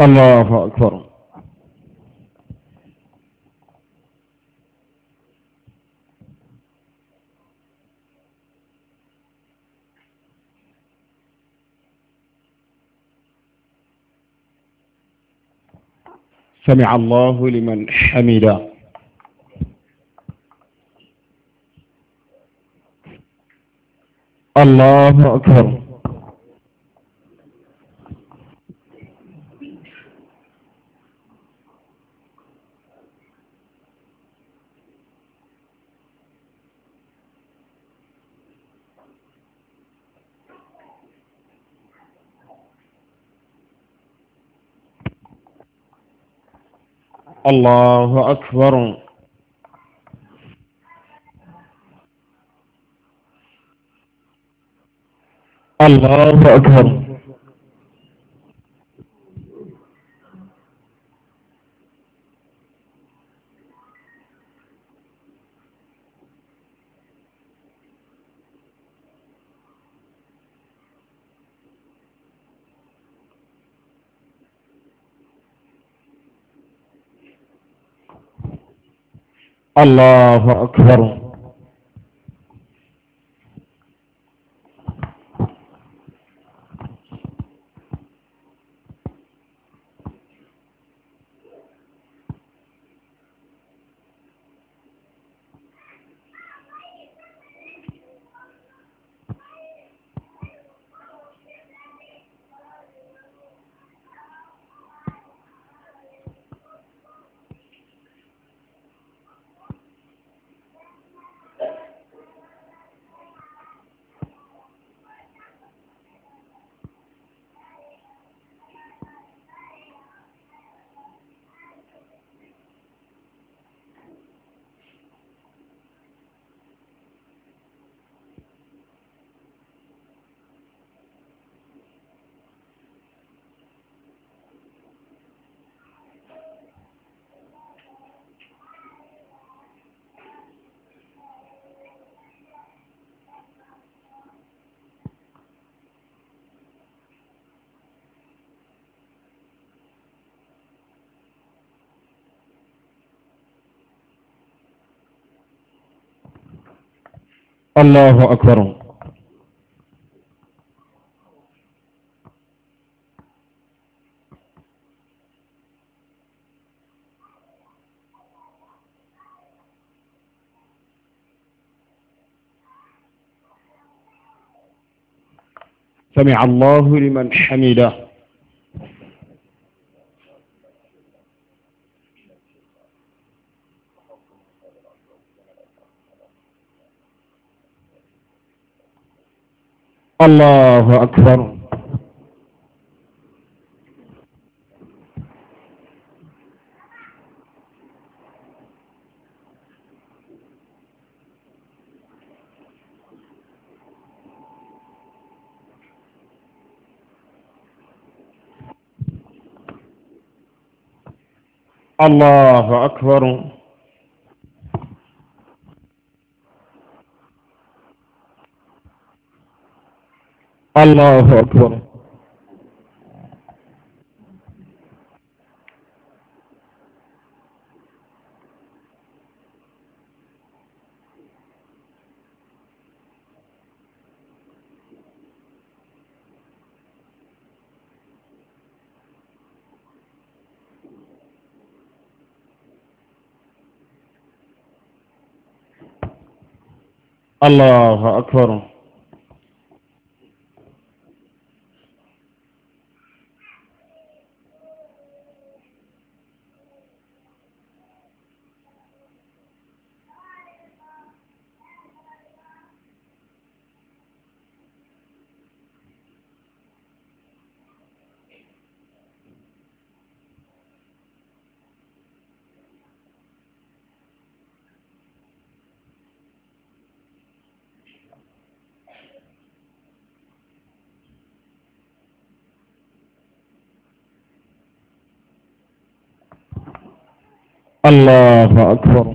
الله أكبر سمع الله لمن حمد الله أكبر الله أكبر الله أكبر الله أكبر الله أكبر سمع الله لمن حمده الله أكبر الله أكبر الله أكبر الله أكبر الله أكبر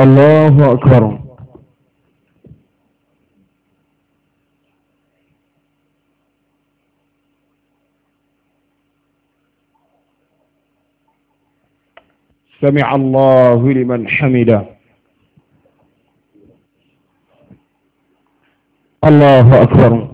الله أكبر سمع الله لمن أكبر الله أكبر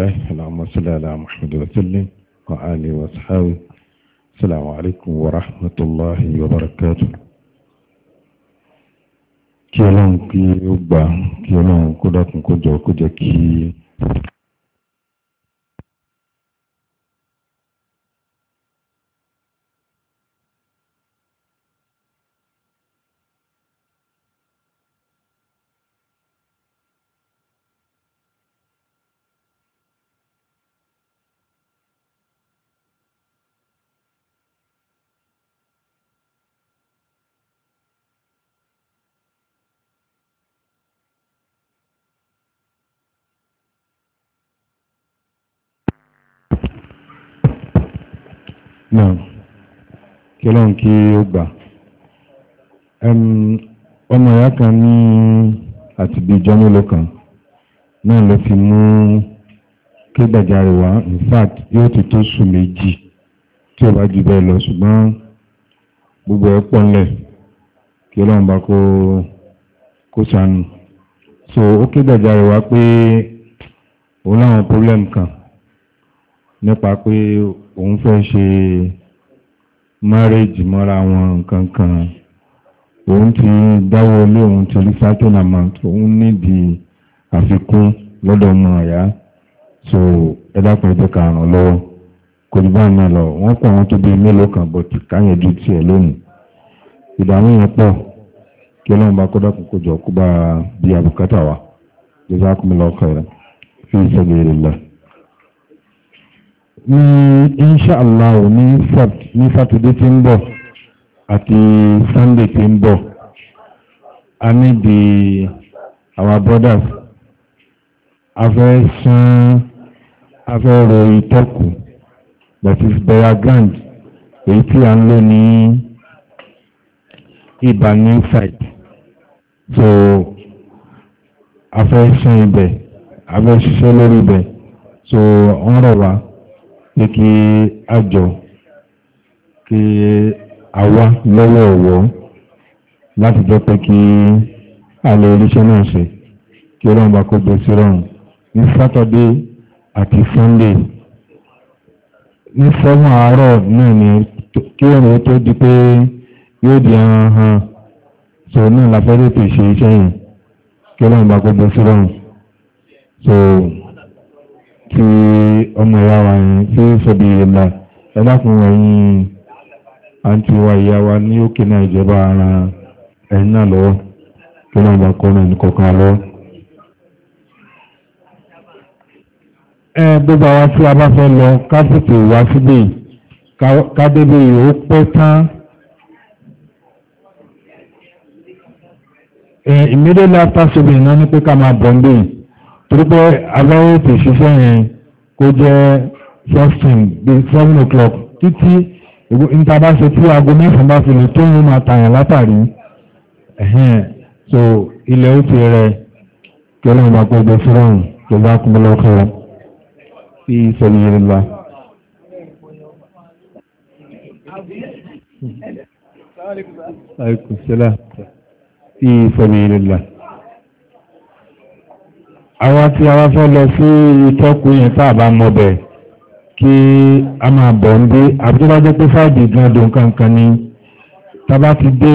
الله اللهم صل على محمد وسلم وآله وأصحابه السلام عليكم ورحمة الله وبركاته kí ọlọ́run kí ó gbà kí ọlọ́run kó dákun kó jọ kó jẹ́ kí kí ọlọ́run kí ó gbà ọmọ ìyá kan ní àtìbí ìjọ mélòó kan náà ló fi mú kégbàjarè wá in fact yóò ti tó sùn méjì tí ó bá jù bẹ́ẹ̀ lọ ṣùgbọ́n gbogbo ẹ̀ ńlẹ̀ kí ọlọ́run bá kó kó sànù so ó kégbàjarè wá pé òun láwọn problem kan nípa pé òun fẹ́ ṣe. Marriage, mọ́ra wọn nǹkan kan òun ti dáwọ́ ilé òun ti rí certain amount òun nídìí àfikún lọ́dọ̀ ọmọ ọ̀yá so ẹ dákun ẹ jẹ́ ká ràn lọ́wọ́ kò ní báyìí náà lọ wọ́n pọ̀ wọn tó bí mélòó kan bọ̀tì káyẹ̀dú tiẹ̀ lónìí ìdààmú yẹn pọ̀ kí ọlọ́run bá kọ́dá kò jọ kó bá bí abùkátà wa jazakumullahu khairan fi sabilillah ní inṣàlá ò ní sátidé tí ń bọ̀ àti sunday tí ń bọ̀ a ní di our brothers a fẹ́ sún a ìtọ́kù that is burial grand. èyí tí a ń lò ní ìbàní site so a fẹ́ sún ibẹ̀ a ṣiṣẹ́ lórí ibẹ̀ so wọ́n rọ̀ wá pé kí àjọ kí àwa lọ́wọ́ ọ̀wọ́ láti jẹ́ pé kí alẹ́ oríṣẹ́ náà ṣe kí ọlọ́run bá kó gbé sí rọrùn ní sátọ̀dé àti sunday ní sọ́wọ́n àárọ̀ náà ni kí òun tó di pé yóò di ẹran han so náà la fẹ́ tètè ṣe iṣẹ́ yẹn kí ọlọ́run bá kó gbé sí rọrùn so kí ọmọ ìyá wa yìí tí ó sọ bí ìlà ẹlákùnrin ẹ̀yìn àti wa ìyá wa ní òkè náà ìjọba ara ẹ̀yìn náà lọ́wọ́ kí náà bá kọ́ náà nìkọ̀kan lọ́wọ́. ẹ gbogbo àwọn tí a bá fẹ́ lọ kásìkò wá síbẹ̀ kádébẹ̀ ó pẹ́ tán immediately after sobin náà ní pé ká máa bọ̀ ń bẹ̀yìn torí pé aláwọ̀ ti ṣiṣẹ́ yẹn kó jẹ́ sọ́fìn bí seven o'clock títí ìtàbáṣe tí aago mẹ́sàn-án bá fi lè tó ń máa tààyàn látàrí so ilẹ̀ ó ti rẹ̀ kí ọlọ́run bá gbogbo fúnrán tó bá kún lọ́kọ̀ọ́ sí ìṣẹ̀lẹ̀ yẹn lọ. Aleykum salaam. Fi sabi lillah àwọn tí a wá fẹ́ lọ sí ìtọ́kù yẹn tá àbá mọ́bẹ̀ kí a máa bọ̀ ń dé àbújọ́bájẹ́ pé fáìdì gan kankan ni tàbá ti dé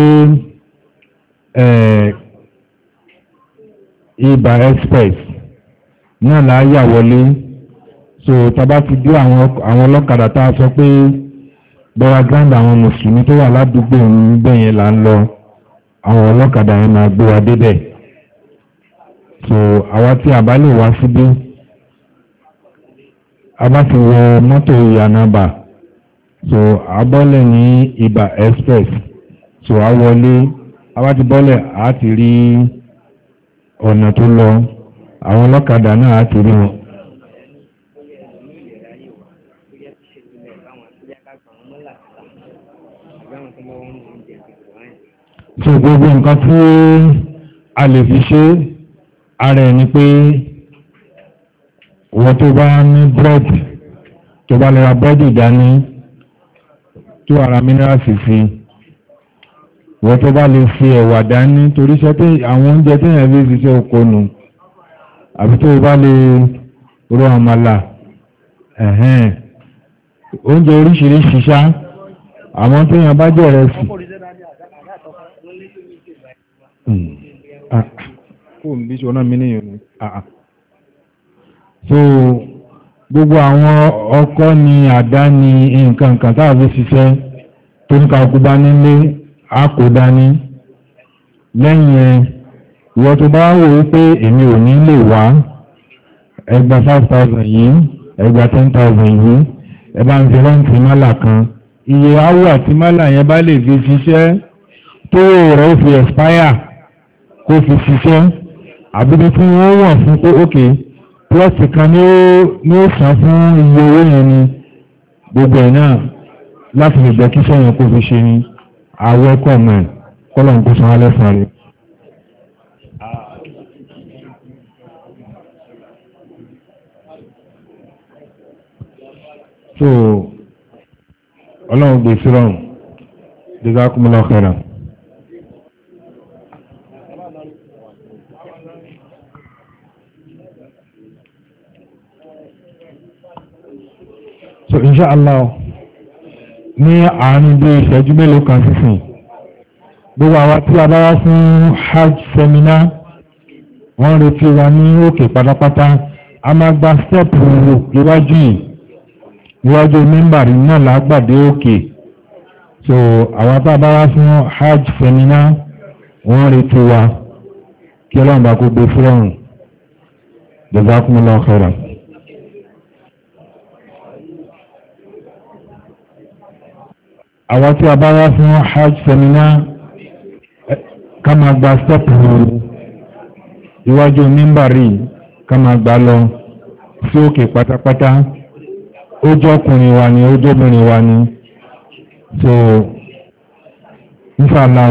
ibà express náà láyà wọlé so tàbá ti dé àwọn ọlọ́kadà tá a sọ pé bọ́ra grand àwọn mùsùlùmí tó wà ládùúgbò ń bẹ̀yẹn là ń lọ àwọn ọlọ́kadà yẹn máa gbé wa débẹ̀ so àwa tí a bá lè wá síbí a bá ti wọ mọ́tò yanaba so a bọ́lẹ̀ ní ibà express so a wọlé a bá ti bọ́lẹ̀ a ti rí ọ̀nà tó lọ àwọn ọlọ́kadà náà a ti rí wọn. so gbogbo nǹkan tí a lè fi ṣe é ara ẹ̀ ni pé wọ́n tó bá ní búrọ́dì tó bá lè ra búrọ́dì dání tó ara mineral fífi wọ́n tó bá lè fi ẹ̀wà dání torí sọ pé àwọn oúnjẹ tí èèyàn fi fi ṣe oko nù àbí tó bá lè ro àmàlà oúnjẹ oríṣiríṣi ṣá àmọ́ tí èèyàn bá jẹ̀rẹ̀ sí. Hmm. Ah kó ń bí ṣọ́nà mi so gbogbo àwọn ọkọ́ ni àdá ni nǹkan kan táàbí ṣiṣẹ́ tó ní kàkú bá nílé àkódá ní lẹ́yìn ẹ ìwọ tó bá wò ó pé èmi ò ní lè wá ẹgbà 5000 yìí ẹgbà 10000 yìí ẹbá ń fi rántí mọ́là kan iye awọ àti mọ́là yẹn bá lè fi ṣiṣẹ́ tó rẹ̀ fi expire kó fi ṣiṣẹ́ àbíbi tí wọ́n wọ̀n fún pé ok. plọ́ọ̀tì kan ní ó sàn fún iye owó yẹn ni gbogbo ẹ̀ náà láti lè jẹ́ kí sẹ́yìn kó fi ṣe ni àwọ̀ ẹ̀kọ́ ọmọ ẹ̀ kọ́lọ̀ ń kó san alẹ́ fún rẹ̀. so ọlọ́run gbèsè rọrùn jésù àkúmọ́lá ọ̀kẹ́ràn. so inshallah ní àárín bí ìṣẹ́jú mélòó kan sísìn gbogbo àwa tí a bá wá fún hajj seminar wọ́n retí wa ní òkè pátápátá a máa gba stẹ́ẹ̀pù iwájú yìí iwájú mẹ́mbàrí náà lágbàdé òkè so àwa tá a bá wá fún hajj seminar wọ́n retí wa kí ọlọ́run bá kó gbé fúrọ̀rùn jazakumullahu khairan àwọn tí a bá fún hajj seminar ká máa gba stọ́pù iwájú mímbàrí ká máa gbà lọ sí òkè pátápátá ó jọ ọkùnrin wa ni ó jóbìnrin wa ni so nífà náà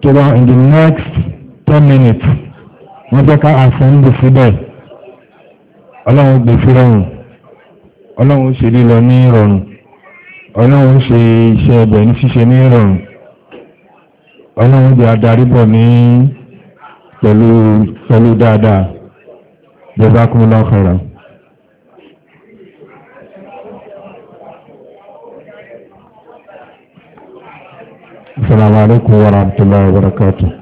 tó bá in the next ten minutes wọ́n fẹ́ ká àfẹ́ǹdì síbẹ̀ ọlọ́run gbèsè rọrùn ọlọ́run ṣe lílọ ní ìrọ̀rùn ọlọ́run ṣe iṣẹ́ ẹbẹ̀ ní ṣíṣe ní ìrọ̀rùn ọlọ́run jẹ́ adarí bọ̀ ní pẹ̀lú pẹ̀lú dáadáa jẹba kún lọ́kọ̀ọ̀rọ̀ Assalamu alaikum warahmatullahi wabarakatuh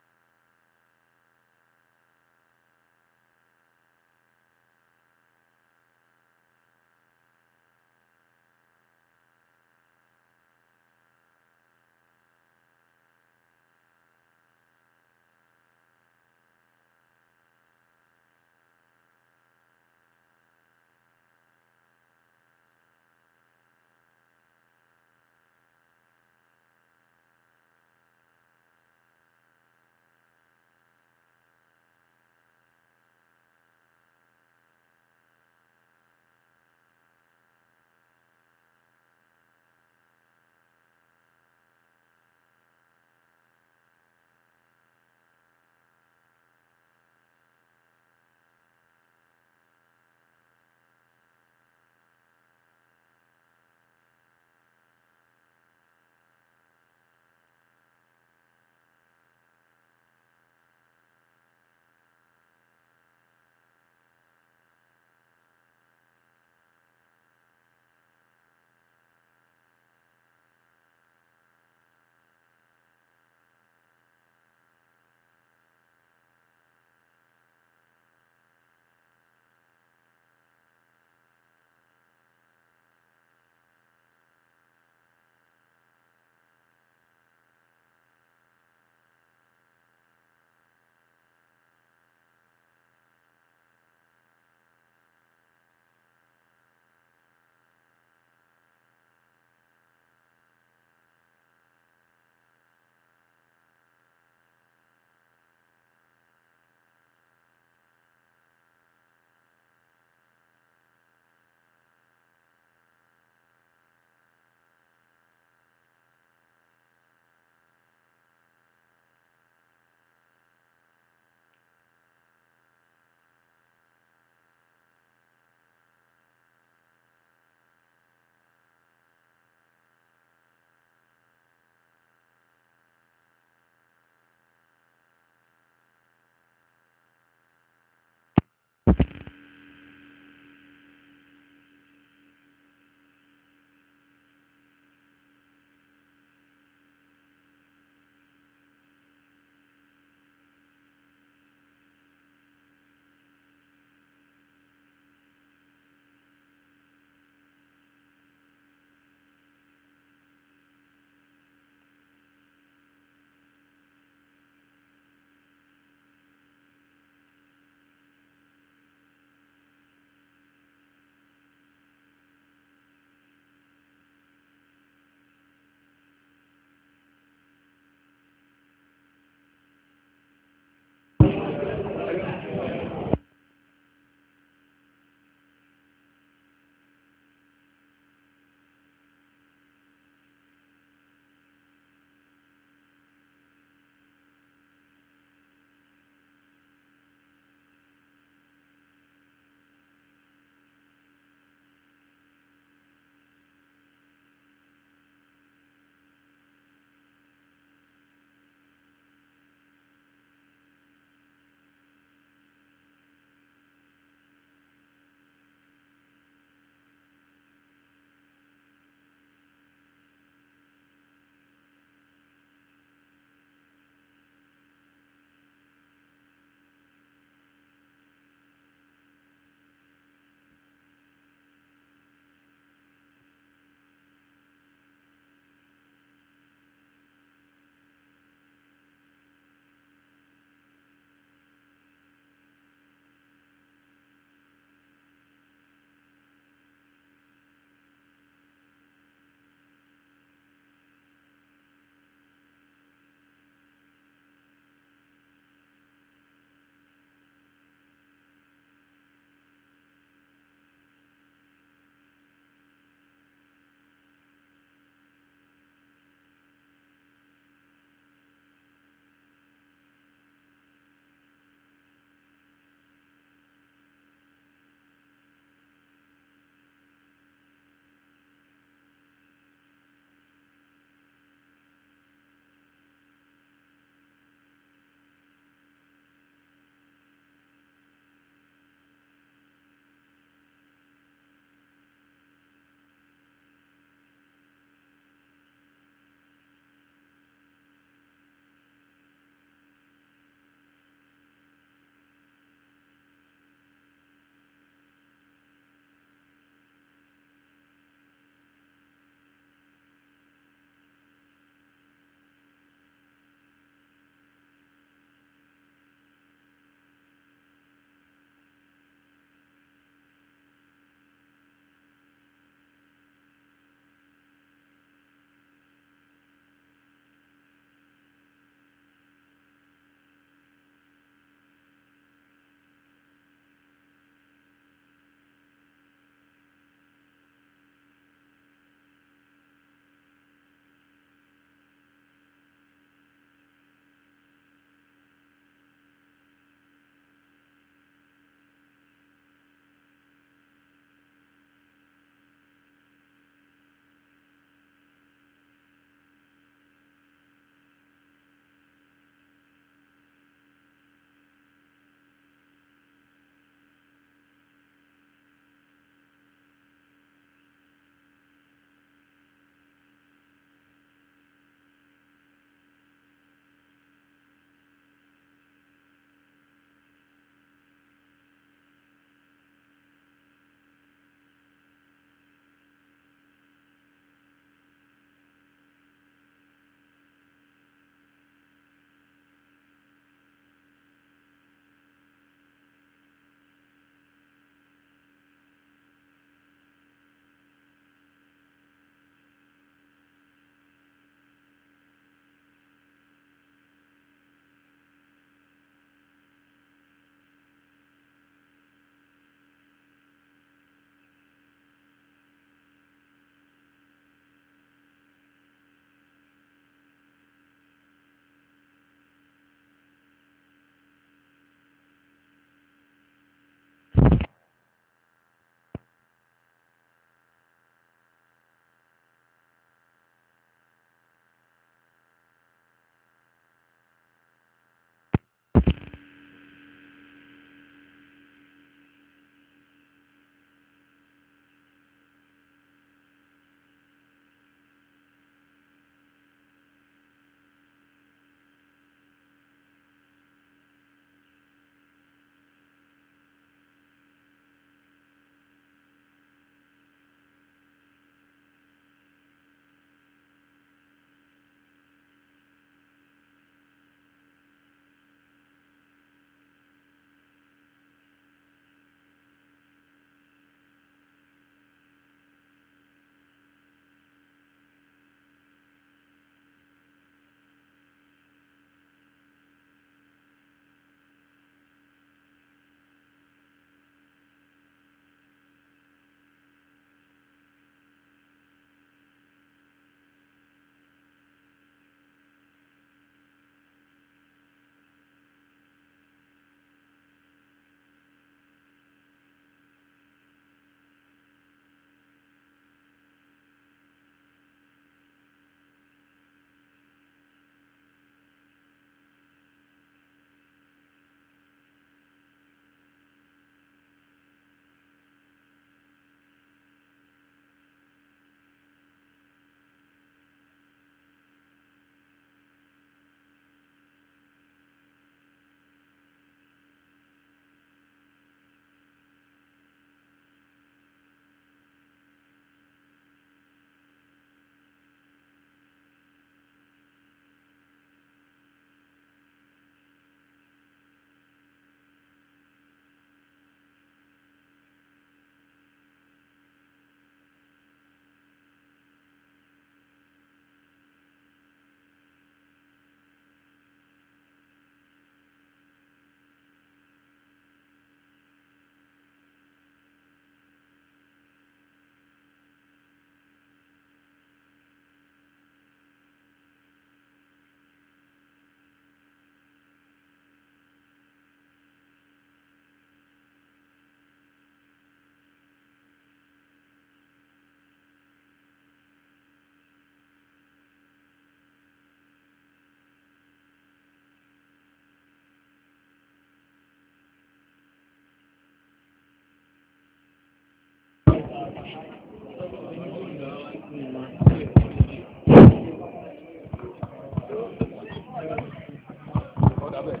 bẹ́ẹ̀.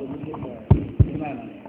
我们这个另外呢。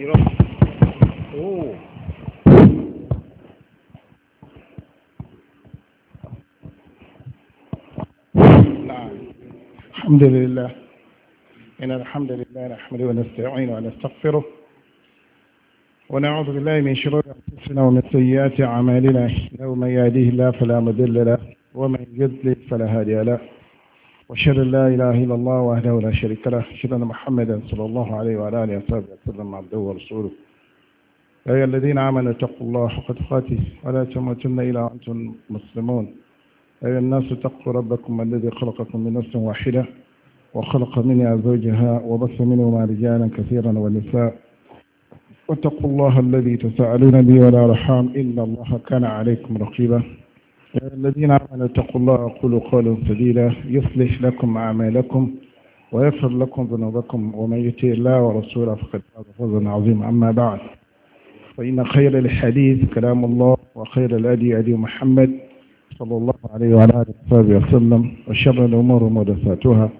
نعم الحمد لله إن الحمد لله نحمده ونستعينه ونستغفره ونعوذ بالله من شرور أنفسنا ومن سيئات أعمالنا إنه من يهديه الله فلا مضل له ومن يضلل فلا هادي له وأشهد أن لا إله إلا الله وحده لا شريك له أشهد أن محمدا صلى الله عليه وعلى آله وصحبه وسلم عبده ورسوله يا أيها الذين آمنوا اتقوا الله حق تقاته ولا تموتن إلا وأنتم مسلمون يا أيها الناس اتقوا ربكم الذي خلقكم من نفس واحدة وخلق منها زوجها وبث منهما رجالا كثيرا ونساء واتقوا الله الذي تساءلون به ولا رحام إن الله كان عليكم رقيبا الذين آمنوا اتقوا الله وقولوا قولا سديدا يصلح لكم أعمالكم ويغفر لكم ذنوبكم ومن يطع الله ورسوله فقد فاز فوزا عظيما أما بعد فإن خير الحديث كلام الله وخير الأدي أدي محمد صلى الله عليه وعلى آله وصحبه وسلم وشر الأمور محدثاتها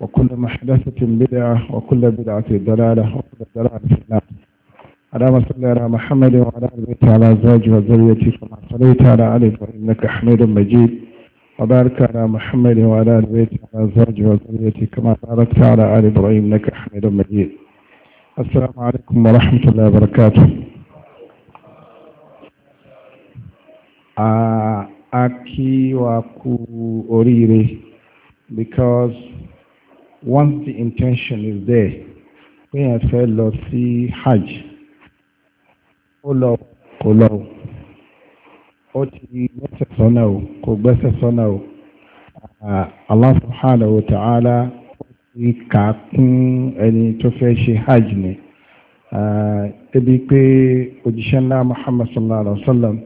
وكل محدثة بدعة وكل بدعة ضلالة وكل ضلالة في النار اللهم صل على محمد وعلى ال بيته وعلى ازواجه وذريته كما صليت على ال ابراهيم انك حميد مجيد وبارك على محمد وعلى ال بيته وعلى ازواجه وذريته كما باركت على ال ابراهيم انك حميد مجيد السلام عليكم ورحمه الله وبركاته a kí wa kú because once the intention is there pé yẹn fẹ́ lọ sí hajj ó lọ kò lọ o ó ti gbẹ́sẹ̀ sọ́nà o kò gbẹ́sẹ̀ sọ́nà o Allah subhanahu wa ta'ala ó ti kà á kún ẹni tó fẹ́ ṣe hajj ni ebi pé òjíṣẹ́ ńlá Muhammad sallallahu alaihi wa sallam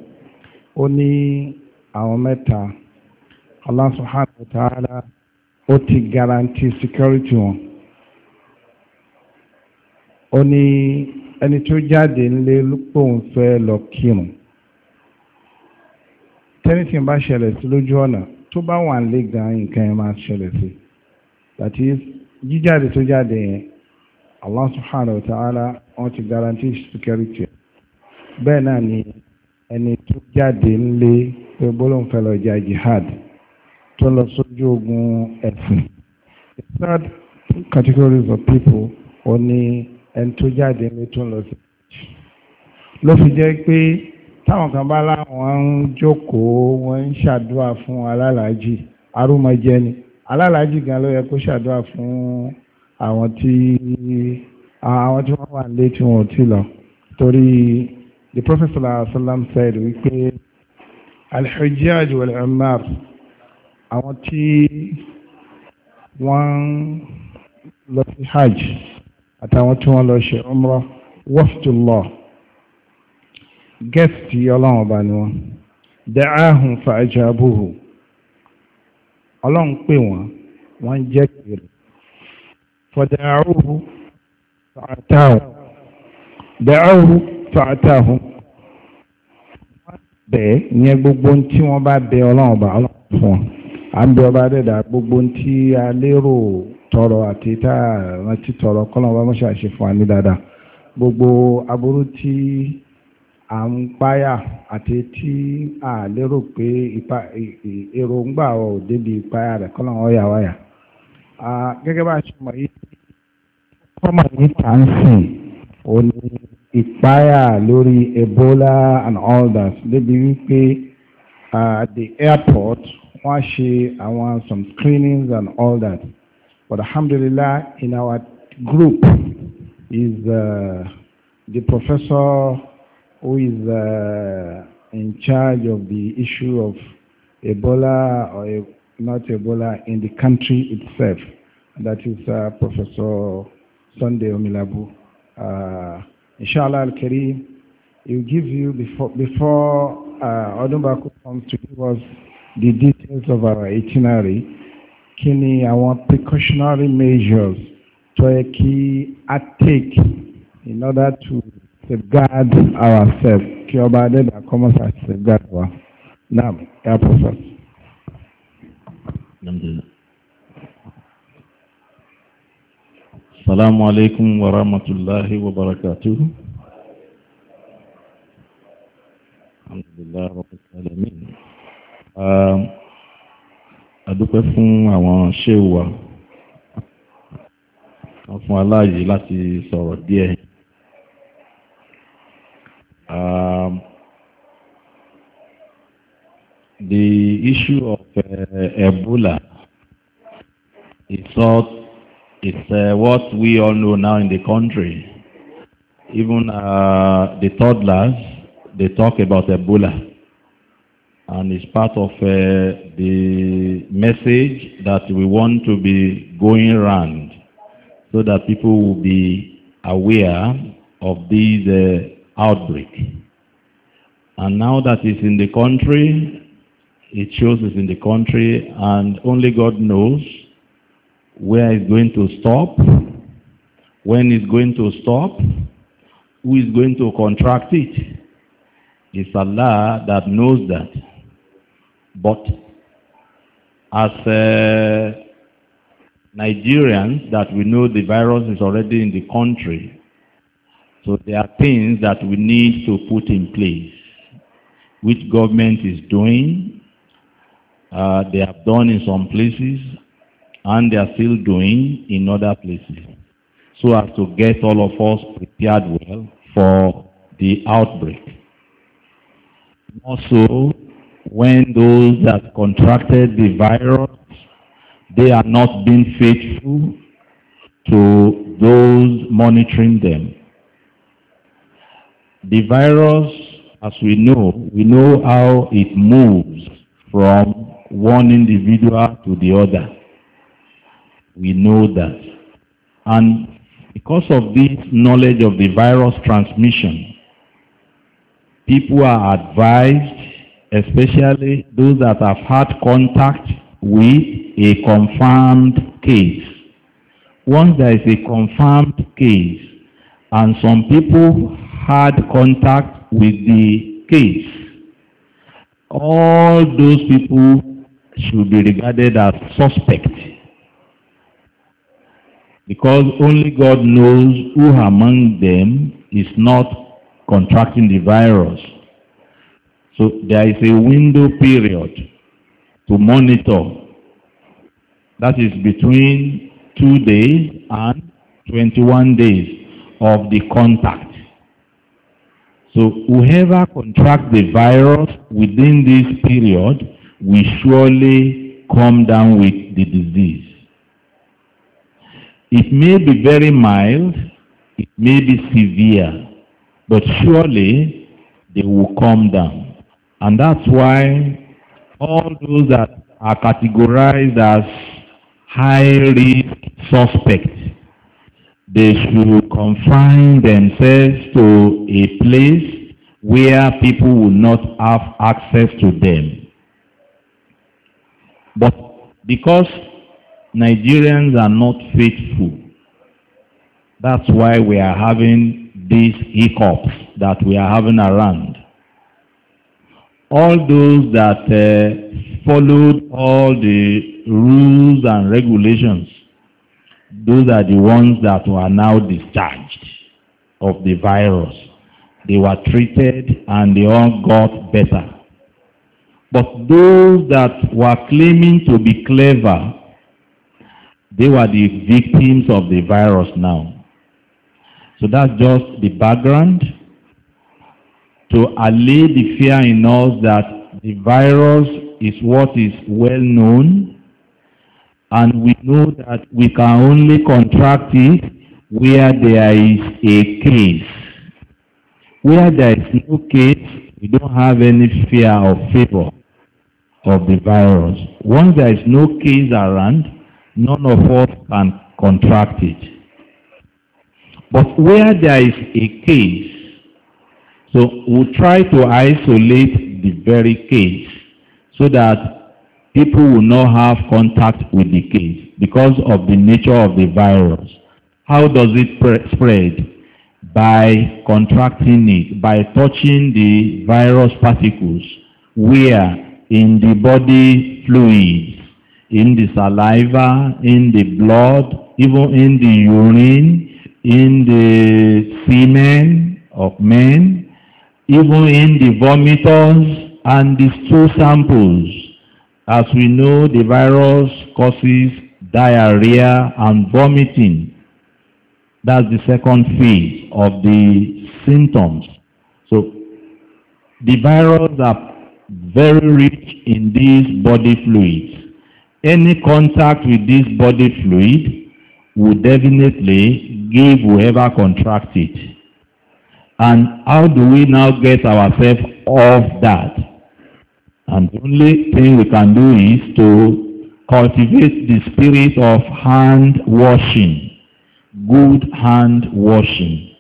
ó ní àwọn mẹ́ta Allah subhanahu wa ta'ala ó ti guarantee security wọn ó ní ẹni tó jáde nílé lópòun fẹ́ lọ kírun tẹ́nìtì bá ṣẹlẹ̀ sí lójú ọ̀nà tó bá wà nílé gan nǹkan ẹ̀ máa ṣẹlẹ̀ sí àti jíjáde tó jáde yẹn Allah subhanahu wa ta'ala wọ́n ti guarantee security bẹ́ẹ̀ náà ni ẹni tó jáde nílé pé bọ́lọ̀ fẹ́ lọ jà jihad tó lọ sójú ogun ẹ̀sìn the third categories of people ó ní ẹni tó jáde ní tó lọ sí ló fi jẹ́ pé táwọn kan bá láwọn ń jókòó wọ́n ń ṣàdúrà fún alálàájì arúmọjẹ ni alálàájì gan ló yẹ kó ṣàdúrà fún àwọn tí àwọn tí wọ́n wà nílé tí wọ́n ò tí lọ torí the prophet sallallahu alaihi wa sallam said wípé alhujjaj wal ummar àwọn tí wọ́n lọ sí hajj àtàwọn tí wọ́n lọ ṣe umrah wafdullah gẹ́ẹ̀tì ọlọ́run ọba ni wọ́n da'ahum fa'ajabuhu ọlọ́run pè wọ́n wọ́n jẹ́ kiri fọ̀dàáhùn fa'atahum da'ahum fa'atahum bẹ́ẹ̀ ìyẹn gbogbo tí wọ́n bá bẹ ọlọ́run ọba ọlọ́run fún wọn. a ń bẹ ọba gbogbo tí a lérò tọrọ àti tá rántí tọrọ kọ́lọ̀ bá mọ́ṣà ṣe fún ní gbogbo aburú tí a ń páyà àti tí a lérò pé e, e, èròǹgbà ò débi ìpáyà rẹ̀ kọ́lọ̀ wọ́n yà wáyà gẹ́gẹ́ bá a ṣe mọ̀ yìí kọ́mọ̀ ní Ebola and débi wípé wọ́n ṣe àwọn some screenings and all that but alhamdulillah in our group is uh, the professor who is uh, in charge of the issue of Ebola or e not Ebola in the country itself. that is uh, Professor Sunday Omilabu. Uh, Inshallah al-Kareem, he will give you before, before uh, Odumbaku comes to give us the details of our itinerary kini ni àwọn precautionary measures tó yẹ kí a take in order to safeguard ourselves kí ọba adẹ́dà commerce and safeguard wa naam help us out. Assalamu alaikum wa rahmatullahi wa barakatuhu. Alhamdulillah rabbil alamin àdúpẹ́ um, fún àwọn ṣéwù wa wọ́n fún aláàyè láti sọ̀rọ̀ díẹ̀ um, The issue of uh, Ebola is not, it's uh, eh, what we all know now in the country. Even uh, the toddlers, they talk about Ebola and it's part of uh, the message that we want to be going around so that people will be aware of this uh, outbreak. And now that it's in the country, it shows it's in the country, and only God knows where it's going to stop, when it's going to stop, who is going to contract it. It's Allah that knows that. But as uh, Nigerians that we know the virus is already in the country, so there are things that we need to put in place, which government is doing, uh, they have done in some places, and they are still doing in other places, so as to get all of us prepared well for the outbreak. Also, when those that contracted the virus, they are not being faithful to those monitoring them. The virus, as we know, we know how it moves from one individual to the other. We know that. And because of this knowledge of the virus transmission, people are advised especially those that have had contact with a confirmed case. Once there is a confirmed case and some people had contact with the case, all those people should be regarded as suspect. because only God knows who among them is not contracting the virus. So there is a window period to monitor. That is between two days and 21 days of the contact. So whoever contracts the virus within this period will surely come down with the disease. It may be very mild, it may be severe, but surely they will come down. And that's why all those that are categorized as highly suspect, they should confine themselves to a place where people will not have access to them. But because Nigerians are not faithful, that's why we are having these hiccups that we are having around all those that uh, followed all the rules and regulations, those are the ones that were now discharged of the virus. They were treated and they all got better. But those that were claiming to be clever, they were the victims of the virus now. So that's just the background to allay the fear in us that the virus is what is well known and we know that we can only contract it where there is a case. Where there is no case, we don't have any fear or favor of the virus. Once there is no case around, none of us can contract it. But where there is a case, So we'll try to isolate the very case so that people will not have contact with the case because of the nature of the virus. How does it spread? By contracting it, by touching the virus particles where in the body fluids, in the saliva, in the blood, even in the urine, in the semen of men, even in the vomitors and the stool samples. As we know, the virus causes diarrhea and vomiting. That's the second phase of the symptoms. So the virus are very rich in these body fluids. Any contact with this body fluid would definitely give whoever contracts it. And how do we now get ourselves off that? And the only thing we can do is to cultivate the spirit of hand washing, good hand washing.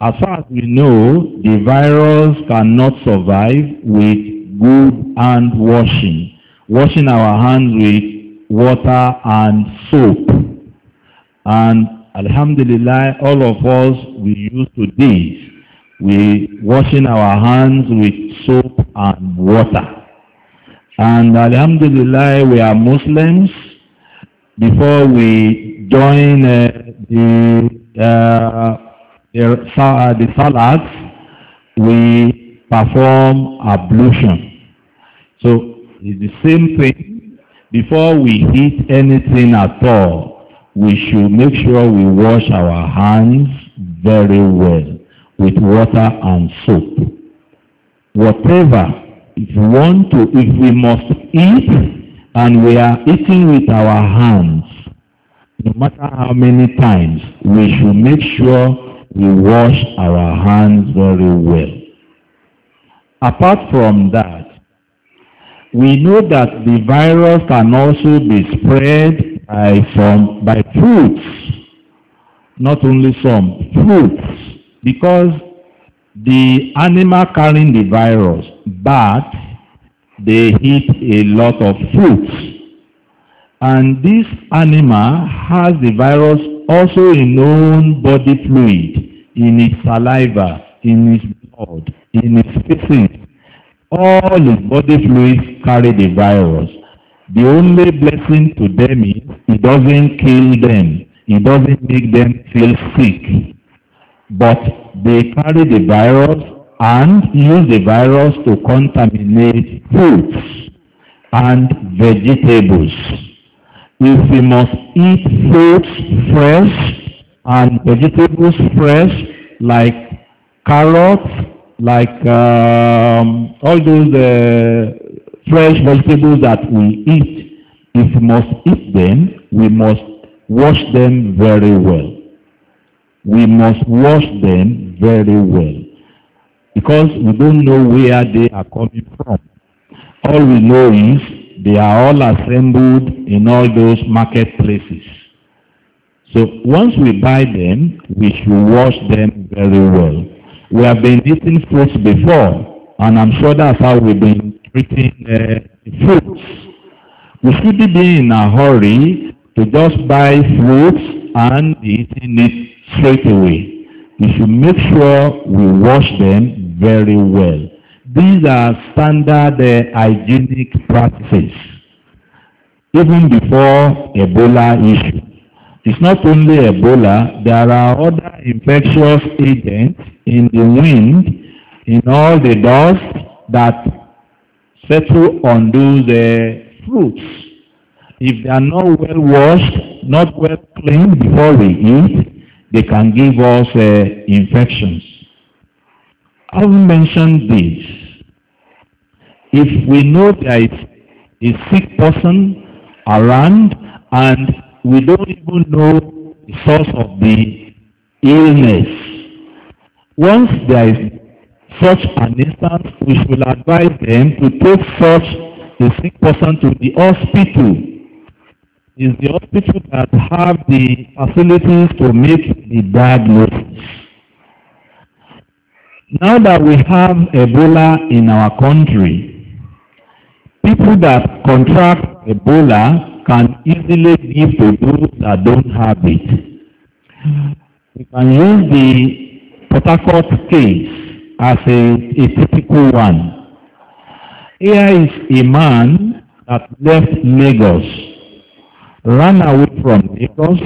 As far as we know, the virus cannot survive with good hand washing, washing our hands with water and soap. And Alhamdulillah, all of us, we used to this. we washing our hands with soap and water. And Alhamdulillah, we are Muslims. Before we join uh, the, uh, the, uh, the Salat, we perform ablution. So it's the same thing. Before we eat anything at all, we should make sure we wash our hands very well with water and soap. Whatever we want to, if we must eat and we are eating with our hands, no matter how many times, we should make sure we wash our hands very well. Apart from that, we know that the virus can also be spread by some by fruits, not only some fruits because the animal carrying the virus, but they eat a lot of fruits. And this animal has the virus also in own body fluid, in its saliva, in its blood, in its feces. All its body fluids carry the virus. The only blessing to them is it doesn't kill them. It doesn't make them feel sick but they carry the virus and use the virus to contaminate fruits and vegetables. If we must eat fruits fresh and vegetables fresh like carrots, like um, all those uh, fresh vegetables that we eat, if we must eat them, we must wash them very well we must wash them very well because we don't know where they are coming from. All we know is they are all assembled in all those marketplaces. So once we buy them, we should wash them very well. We have been eating fruits before, and I'm sure that's how we've been treating uh, fruits. We shouldn't be in a hurry to just buy fruits and eating it straight away. We should make sure we wash them very well. These are standard uh, hygienic practices. Even before Ebola issue. It's not only Ebola, there are other infectious agents in the wind, in all the dust that settle on the uh, fruits. If they are not well washed, not well cleaned before we eat, they can give us uh, infections. I've mentioned this, if we know there is a sick person around and we don't even know the source of the illness, once there is such an instance, we should advise them to take such a sick person to the hospital is the hospital that have the facilities to make the diagnosis. Now that we have Ebola in our country, people that contract Ebola can easily give to those that don't have it. We can use the Port case as a, a typical one. Here is a man that left Lagos ran away from Lagos,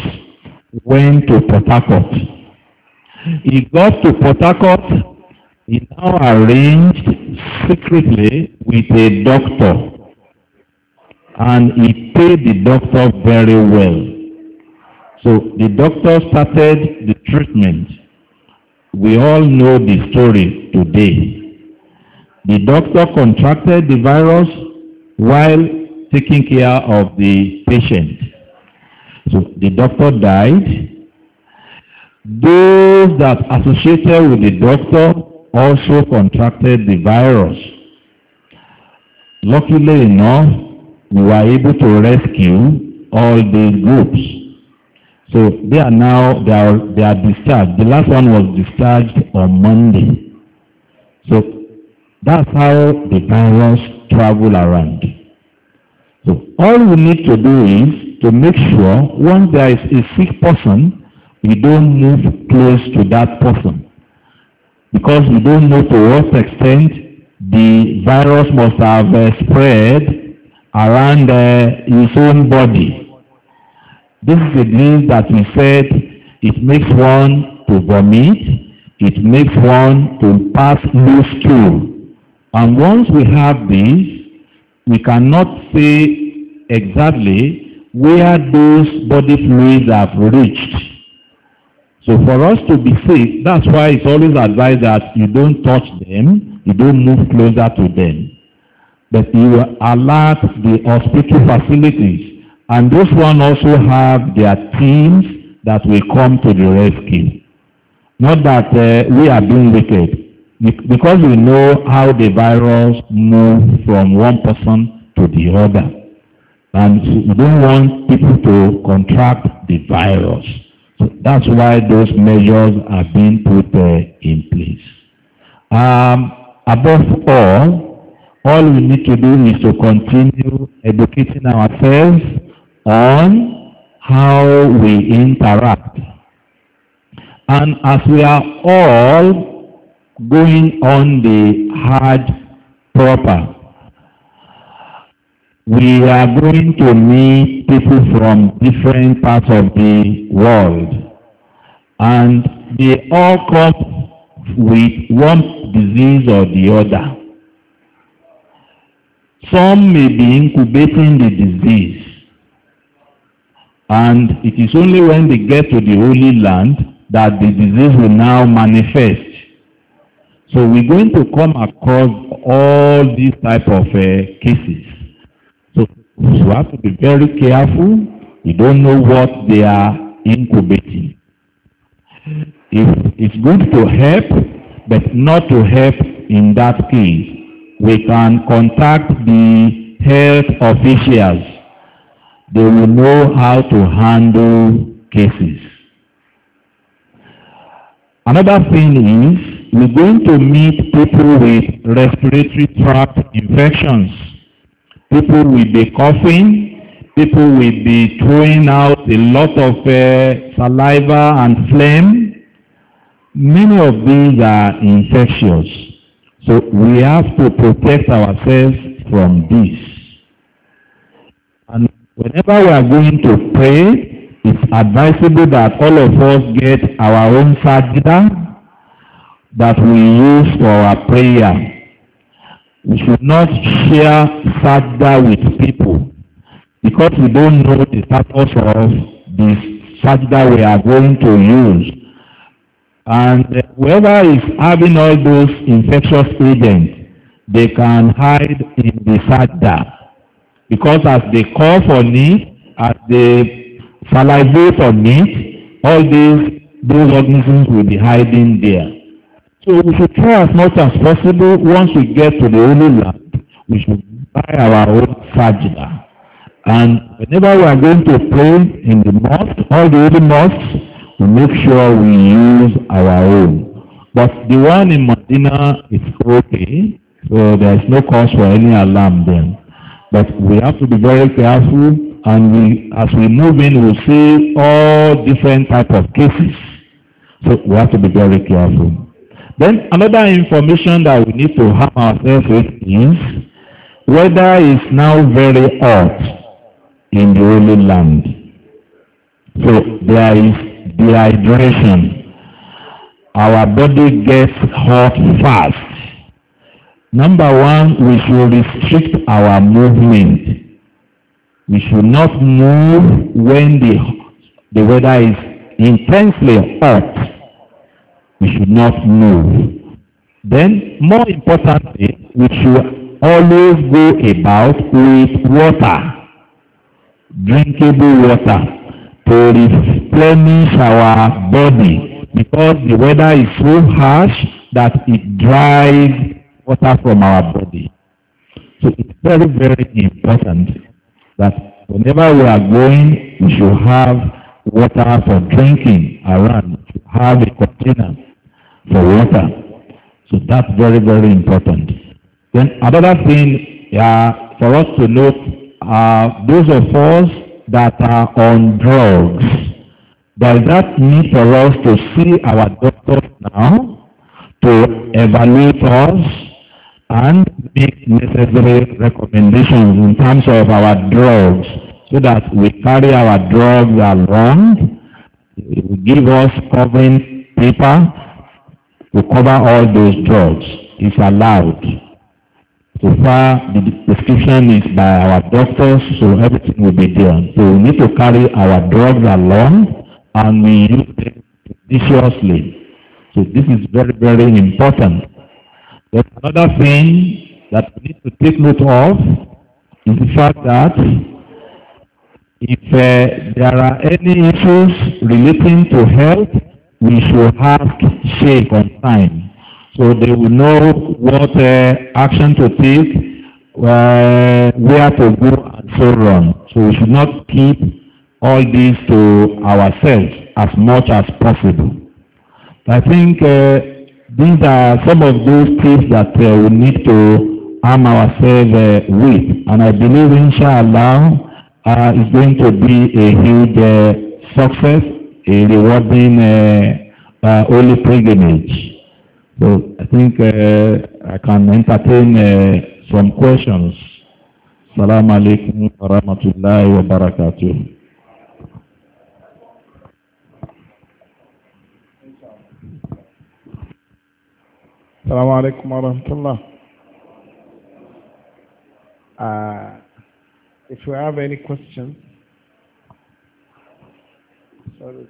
went to Port Harcourt. He got to Port Harcourt, he now arranged secretly with a doctor and he paid the doctor very well. So the doctor started the treatment. We all know the story today. The doctor contracted the virus while taking care of the patient. So the doctor died. Those that associated with the doctor also contracted the virus. Luckily enough, we were able to rescue all these groups. So they are now, they are, they are discharged. The last one was discharged on Monday. So that's how the virus travel around. So all we need to do is to make sure when there is a sick person, we don't move close to that person. Because we don't know to what extent the virus must have uh, spread around uh, his own body. This is a dream that we said it makes one to vomit, it makes one to pass loose stool. And once we have this, we cannot say exactly where those body fluids have reached. So for us to be safe, that's why it's always advised that you don't touch them, you don't move closer to them. But you alert the hospital facilities. And those one also have their teams that will come to the rescue. Not that uh, we are being wicked because we know how the virus moves from one person to the other. And we don't want people to contract the virus. So that's why those measures are being put uh, in place. Um, above all, all we need to do is to continue educating ourselves on how we interact. And as we are all going on the hard proper. We are going to meet people from different parts of the world and they all come with one disease or the other. Some may be incubating the disease and it is only when they get to the Holy Land that the disease will now manifest So we're going to come across all these type of uh, cases. So you have to be very careful. You don't know what they are incubating. If it's good to help, but not to help in that case, we can contact the health officials. They will know how to handle cases. Another thing is, we're going to meet people with respiratory tract infections. People will be coughing. People will be throwing out a lot of uh, saliva and phlegm. Many of these are infectious. So we have to protect ourselves from this. And whenever we are going to pray, it's advisable that all of us get our own sajda that we use for our prayer. We should not share sajda with people because we don't know the purpose of the sajda we are going to use. And uh, whoever is having all those infectious agents, they can hide in the sajda. Because as they call for meat, as they salivate for need, all these, those organisms will be hiding there. So we should try as much as possible once we get to the Holy Land, we should buy our own sajda. And whenever we are going to pray in the mosque, all the other mosques, we make sure we use our own. But the one in Medina is okay, so there is no cause for any alarm then. But we have to be very careful and we, as we move in, we'll see all different types of cases. So we have to be very careful. Then another information that we need to have ourselves with is weather is now very hot in the Holy Land. So there is dehydration. Our body gets hot fast. Number one, we should restrict our movement. We should not move when the, the weather is intensely hot we should not move. Then, more importantly, we should always go about with water, drinkable water, to replenish our body because the weather is so harsh that it dries water from our body. So it's very, very important that whenever we are going, we should have water for drinking around have a container for water. So that's very, very important. Then another thing uh, for us to note are uh, those of us that are on drugs. Does that mean for us to see our doctors now, to evaluate us, and make necessary recommendations in terms of our drugs so that we carry our drugs along give us covering paper to cover all those drugs is allowed. So far, the prescription is by our doctors, so everything will be done. So we need to carry our drugs along and we use them judiciously. So this is very, very important. But another thing that we need to take note of is the fact that If uh, there are any issues relating to health, we should ask Sheikh on time. So they will know what uh, action to take, uh, where to go, and so on. So we should not keep all this to ourselves as much as possible. I think uh, these are some of those tips that uh, we need to arm ourselves uh, with. And I believe, inshallah, uh, is going to be a huge uh, success, a rewarding uh, uh, holy pilgrimage. So I think uh, I can entertain uh, some questions. Salaam alaikum wa rahmatullahi wa barakatuh. Salaam alaikum wa rahmatullah. Uh, If you have any questions. Sorry,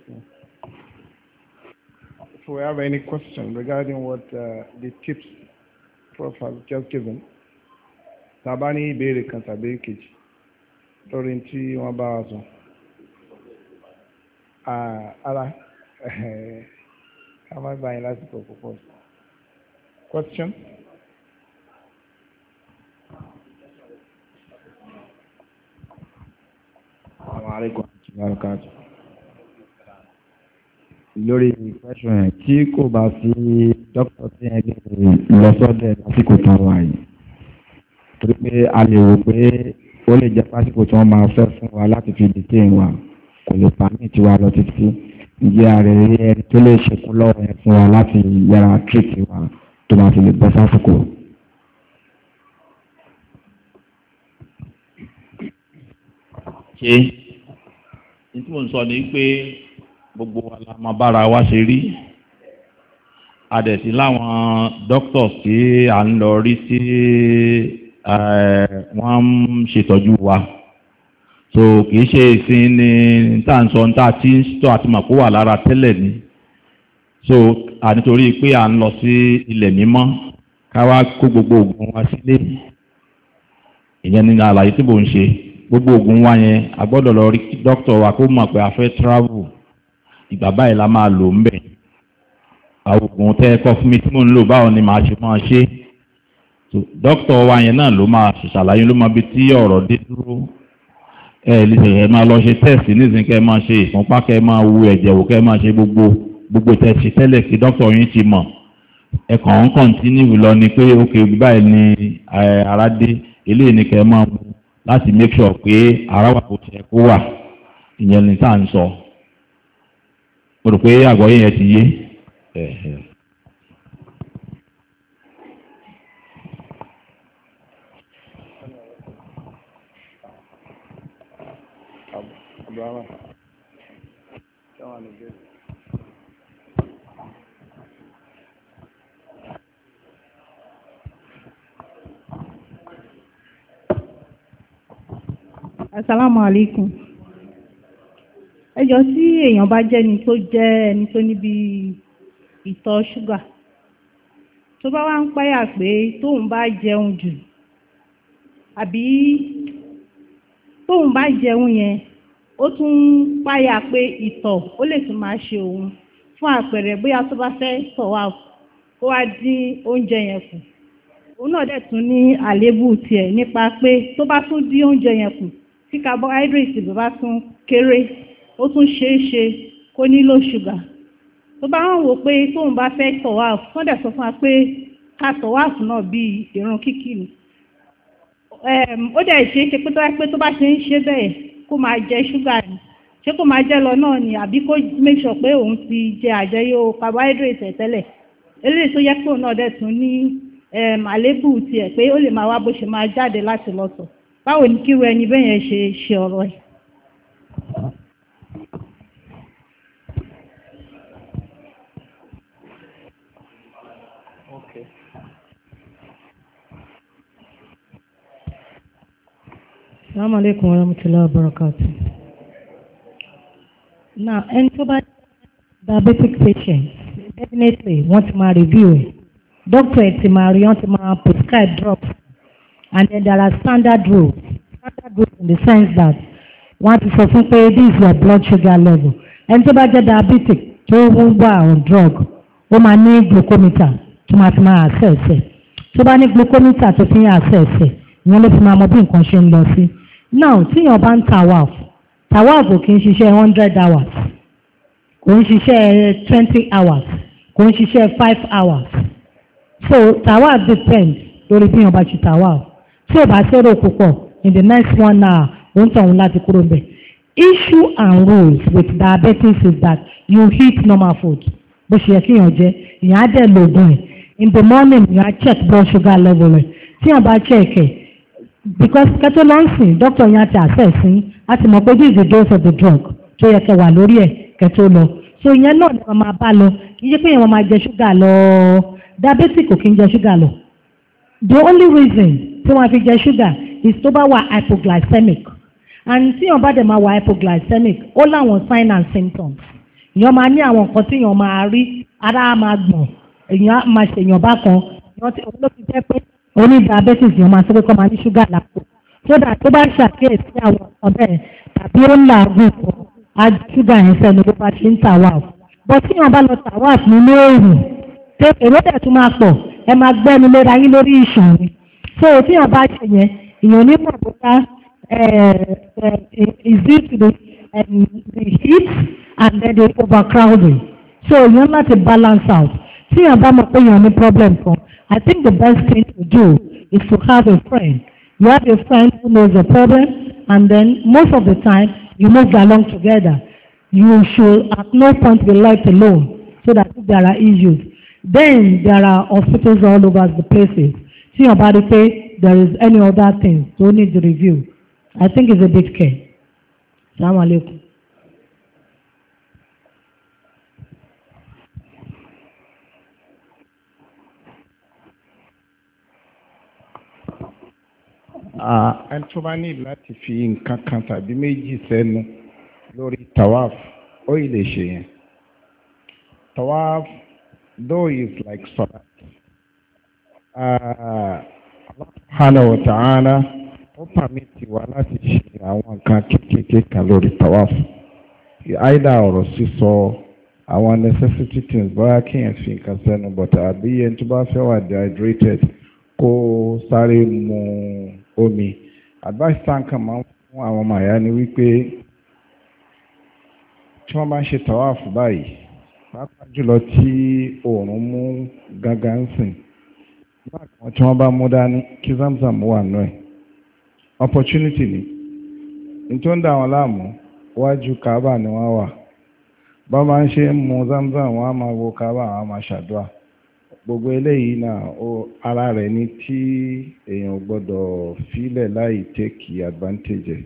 if we have any question regarding what uh, the tips Prof has just given, tàbá ní ìbéèrè kan tàbí èkejì lórí tí wọ́n bá wa sọ. Ara ká má Question? lórí ìfẹ́sùn ẹ̀ tí kò bá sí dókítà tí ẹgbẹ́ ìlọsọ́dẹ̀ lásìkò tó wà yìí torí pé a lè rò pé ó lè jẹ́ pásìkò tí wọ́n máa fẹ́ fún wa láti fi dìtẹ́ wa kò lè pàmì tiwa lọ títí ìjẹ́ ààrẹ rí ẹni tó lè ṣekú lọ́wọ́ ẹ̀ fún wa láti yára tírìtì wa tó máa fi lè bọ́ sásìkò. ṣe ní tí mo sọ ni pé gbogbo wa la máa bára wa ṣe rí adẹ̀sí láwọn doctors tí à ń lọ rí tí eh, wọ́n ń ṣètọ́jú wa so kì í ṣe ìsìn ní tá à ń sọ tá a ti ń tọ́ àti màkó wà lára tẹ́lẹ̀ ni so ànítorí pé à ń lọ sí ilẹ̀ mímọ́ ká wá kó gbogbo oògùn wa sílé ìyẹn ni àlàyé tí mò ń ṣe gbogbo oògùn wa yẹn a gbọ́dọ̀ lọ rí dókítà wa kó mọ̀ pé a fẹ́ travel ìgbà báyìí la máa lò ń bẹ̀ oògùn tẹ́ ẹ kọ fún mi tí mò ń lò báwo ni màá ṣe máa ṣe dókítà wa yẹn náà ló máa ṣàlàyé ló máa bi tí ọ̀rọ̀ dé dúró ẹ ẹ máa lọ ṣe tẹ́ẹ̀sì nísìnyí kẹ́ máa ṣe ìfúnpá kẹ́ máa wu ẹ̀jẹ̀ wò kẹ́ máa ṣe gbogbo gbogbo tẹ́ẹ̀sì tẹ́lẹ̀ kí dókítà yín ti mọ̀ ẹ kàn ń kọ̀ntínú lọ ni pé ókè báyìí ni ara dé eléyìí ni kẹ́ máa mú láti make sure pé ara wà kò tẹ kó wà ìyẹn ní tá à ń sọ mo Assalamu alaikum. Ẹjọ́ tí èèyàn bá jẹ́ ni tó jẹ́ ẹni tó níbi ìtọ̀ ṣúgà. Tó bá wá ń páyà pé tóun bá jẹun jù àbí tóun bá jẹun yẹn ó tún ń páyà pé ìtọ̀ ó lè tún máa ṣe òun fún àpẹẹrẹ bóyá tó bá fẹ́ tọ̀ wá kó wá dín oúnjẹ yẹn kù òun náà dẹ̀ tún ní àléébù tiẹ̀ nípa pé tó bá tún dín oúnjẹ yẹn kù tí carbohydrate bá tún kéré ó tún ṣeé ṣe kó nílò ṣùgà tó bá hàn wò pé tóun bá fẹ́ tọ̀wáàf wọ́n dẹ̀ sọ fún wa pé ká tọ̀wáàf náà bíi ìrun kíkì ni ó dẹ̀ ṣeé ṣe pé tó bá pé tó bá ṣe ń ṣe bẹ́ẹ̀ kó máa jẹ ṣúgà ni ṣé kó máa jẹ lọ náà ni àbí kó make sure pé òun ti jẹ àjẹyó carbohydrate ẹ̀ tẹ́lẹ̀ eléyìí tó yẹ pé òun náà dẹ̀ tún ní àlébù tiẹ̀ pé ó lè máa wá bó ṣe máa jáde láti lọ́tọ̀ báwo ni kíru ẹni bẹ́yẹn ṣe ṣe ọ̀rọ̀ ẹ̀ Assalamu alaikum warahmatullahi wabarakatuh. Now, ẹni tó bá diabetic patient, definitely wọ́n ti máa review ẹ̀. Doctor ẹ̀ ti máa rí, wọ́n ti máa prescribe drops and then there are standard rules standard rules in the sense that wọ́n ti sọ fún pé this your blood sugar level ẹni tó bá jẹ́ diabetic tó ń wà on drug ó máa ní glucometer tó máa fi máa access ẹ̀ tó bá ní glucometer tó fi ń access ẹ̀ ìyẹn ló fi máa mọ bí nǹkan ṣe ń lọ sí now tíyàn bá ń tawaf tawaf kò kí ń ṣiṣẹ́ hundred hours kò ń ṣiṣẹ́ twenty hours kò ń ṣiṣẹ́ five hours so tawaf depends lórí bí yàn bá ṣe tawaf tí ò bá sọ̀rọ̀ púpọ̀ in the next one hour òun tàn òun láti kúrò bẹ̀. issue and rules with diabetes is that you eat normal food bó ṣe yẹ kí èèyàn jẹ ìyẹn á dẹ̀ lo oògùn ẹ̀ in the morning ìyẹn á check blood sugar level rẹ̀ tí èèyàn bá check ẹ̀ because kẹ́tọ́ lọ ń sìn doctor yẹn á ti àṣẹ sí á mọ̀ pé this is the dose of the drug tó yẹ kẹ́ wà lórí ẹ̀ kẹ́tọ́ lọ so ìyẹn náà ni wọ́n máa bá lọ kì í ṣe pé ìyẹn wọ́n máa jẹ ṣúgà lọ diabetic kò kí ń jẹ ṣúgà lọ the only reason tí wọ́n fi jẹ ṣúgà is tó bá wà hypoglycemic and tí yàn bá dẹ̀ máa wà hypoglycemic ó láwọn sign and symptoms yàn máa ní àwọn nǹkan tí yàn máa rí ara á máa gbọ̀n èèyàn á máa ṣèyàn bá kan yàn ti òun fi jẹ́ pé oní diabetes yàn máa sọ pé kọ́ máa ní ṣúgà lápò sódà tó bá ṣàkíyèsí àwọn nǹkan bẹ́ẹ̀ tàbí ó ń làágùn kan á ṣúgà yẹn sẹ́nu bó bá ṣe ń tà wá bọ́ tí bá lọ tà wá nínú èrò èrò dẹ̀ tún máa pọ̀ ẹ máa gbẹ́nu lera yín lórí ìṣàn ni so tí èèyàn bá ṣe yẹn èèyàn ní mọ̀ bóyá is um, the, heat and then the overcrowding so èèyàn láti balance out tí èèyàn bá mọ̀ pé èèyàn ní problem kan I think the best thing to do is to have a friend you have a friend who knows the problem and then most of the time you move along together you should at no point be left alone so that if there are issues Then there are hospitals all over the places. Tí wọ́n bá rí pé there is any other thing tó need to review. I think it's a bit care. Salaam alaikum. Ah. ẹni tó bá ní láti fi nǹkan kan tàbí méjì sẹ́nu lórí tawaf ó ì lè ṣe yẹn tawaf though it's like salat. Uh, Allah subhanahu wa ta'ala ó pàmìtì wa láti ṣe àwọn nǹkan kéékèèké kan lórí tawaf. Àìdá ọ̀rọ̀ sísọ àwọn necessity things bóyá I can't think nǹkan sẹ́nu bọ̀tà àbí ẹni tó bá fẹ́ wà dehydrated kó sorry, mu omi. Advice thank you. ń I want my àyá ni wípé tí wọ́n bá ń ṣe tawaf pàápàá jùlọ tí oòrùn mú gágá ń sìn bákan tí wọ́n bá mú dání kí zamzam wà nù ẹ̀ opportunity ni nítorí wọ́n dà wọ́n láàmú wájú kaaba ni wọ́n wà bá máa ń ṣe ń mu zamzam wọ́n á máa wo kaaba wọ́n á máa ṣàdúrà gbogbo eléyìí náà ara rẹ̀ ni tí èèyàn gbọ́dọ̀ fílẹ̀ láì tẹ́kì advantage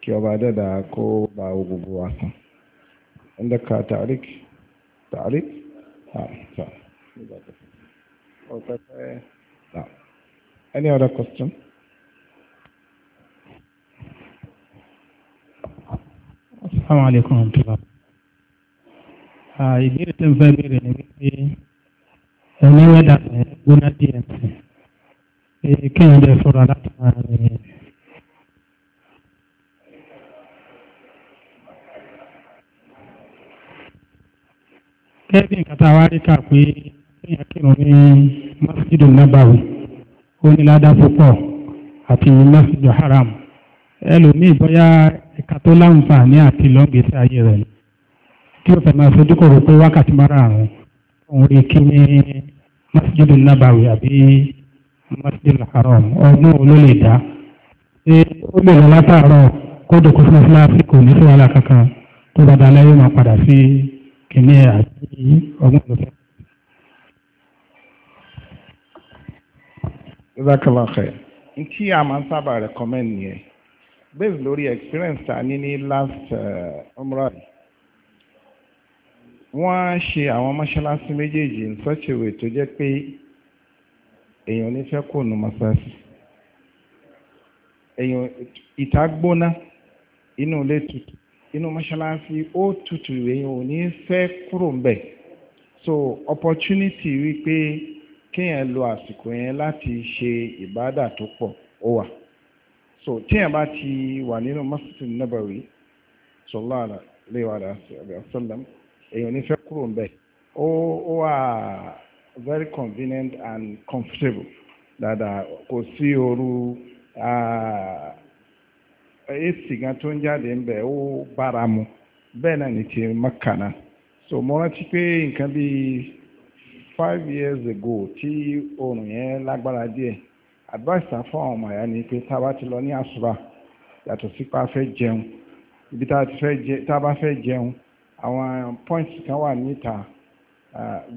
kí ọba dẹ́dà kó ba gbogbo wa kan. ndaka tarik تعريف any other question السلام عليكم ورحمة الله ìbéèrè tó ń fẹ́ béèrè ni wípé ẹni wẹ́dà gbóná kẹ́bí nǹkan tá a wá rí kà pé èèyàn kírun ní masjidu nabawi ó ní ládàá púpọ̀ àti masjidu haram ẹlòmíì bóyá ẹ̀ka tó láǹfààní àti lọ́gbèsè ayé rẹ̀ ni tí ó fẹ́ máa fojú kòrò pé wákàtí márààrún òun rí kí ní masjidu nabawi àbí masjidu haram ọdún wo ló lè dá ṣé ó lè lọ látàárọ̀ kó dòkó fún fúláàsì kò ní sí wàhálà kankan tó bá dalẹ́ yóò máa padà sí kìíní àti ọgbọ́n lọ́fẹ́. ìzákàlàkẹ́ tí a máa ń sábà recommend nìyẹn based lórí experience ta ní ní last eh, umrah wọ́n ṣe àwọn mọ́ṣáláṣí méjèèjì in such a way tó jẹ́ pé èèyàn ní fẹ́ kó nu mọ́ṣáláṣí èèyàn ìta gbóná inú ilé tutù inú mọ́ṣáláṣí ó tutù èyàn ò ní fẹ́ kúrò ń bẹ̀ so opportunity wípé kéèyàn lo àsìkò yẹn láti ṣe ìbádà tó pọ̀ ó wà so téèyàn bá ti wà nínú Masjid Nabawi sallallahu alaihi wa sallam èyàn ò ní fẹ́ kúrò ń bẹ̀ ó wà very convenient and comfortable dáadáa kò sí ooru. Uh, èsì gan tó ń jáde ń bẹ̀ ó bára mu bẹ́ẹ̀ náà ní mọ́kànnà so mo rántí pé nǹkan bíi five years ago tí oòrùn yẹn lágbára díẹ̀ advice ta fún àwọn ọmọ ẹ̀yà ni pé tá a bá ti lọ ní àsùbà yàtọ̀ sí pé a fẹ́ jẹun ibi tá a bá fẹ́ jẹun àwọn points kan wà níta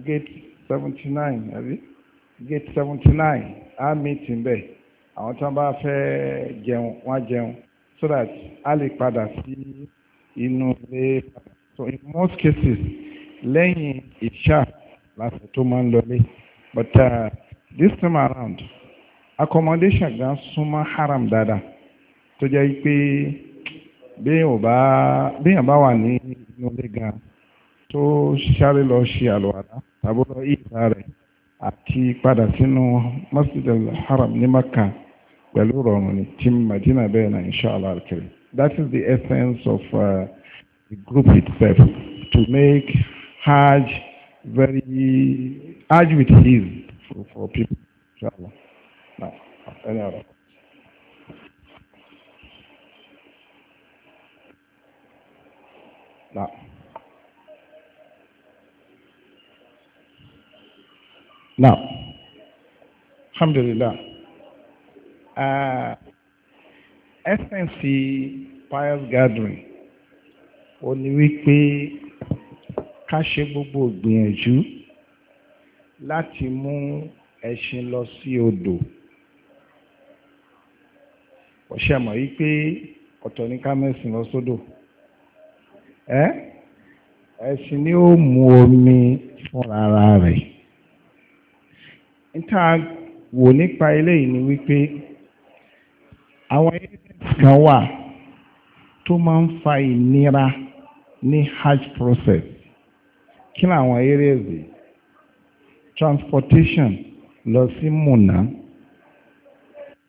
gate seventy nine gate seventy nine á meeting bẹ́ẹ̀ àwọn tí wọ́n bá fẹ́ jẹun wọ́n á jẹun so that a lè padà sí inú ilé padà so in most cases lẹ́yìn ìṣá láti tó máa ń lọlé but uh, this time around accommodation gan súnmọ́ haram dada. tó jẹ́ pé béèyàn bá béèyàn bá wà ní inú ilé gan tó sáré lọ ṣe àlùwàlá tàbí lọ ìta rẹ̀ àti padà sínú masjid al-haram ní maka pẹ̀lú rọrùn tí Madina bẹ́ẹ̀ náà inshallah alkiri that is the essence of uh, the group itself to make Hajj very Hajj with ease for, for people inshallah. Now, Now. Now, Alhamdulillah. Uh, essence pious gathering ó ní wípé ká ṣe gbogbo ìgbìyànjú láti mú ẹṣin lọ sí odò ọ̀ṣẹ́ mọ̀ wípé ọ̀tọ̀ ní ká mẹ́sìn lọ sódò ẹ́ ẹṣin ni ó mu omi fúnra rẹ̀ níta wò nípa eléyìí ni wípé àwọn evidence kan wà tó máa ń fa ìnira ní hajj process kí ni àwọn eze. transportation lọ sí Mùnà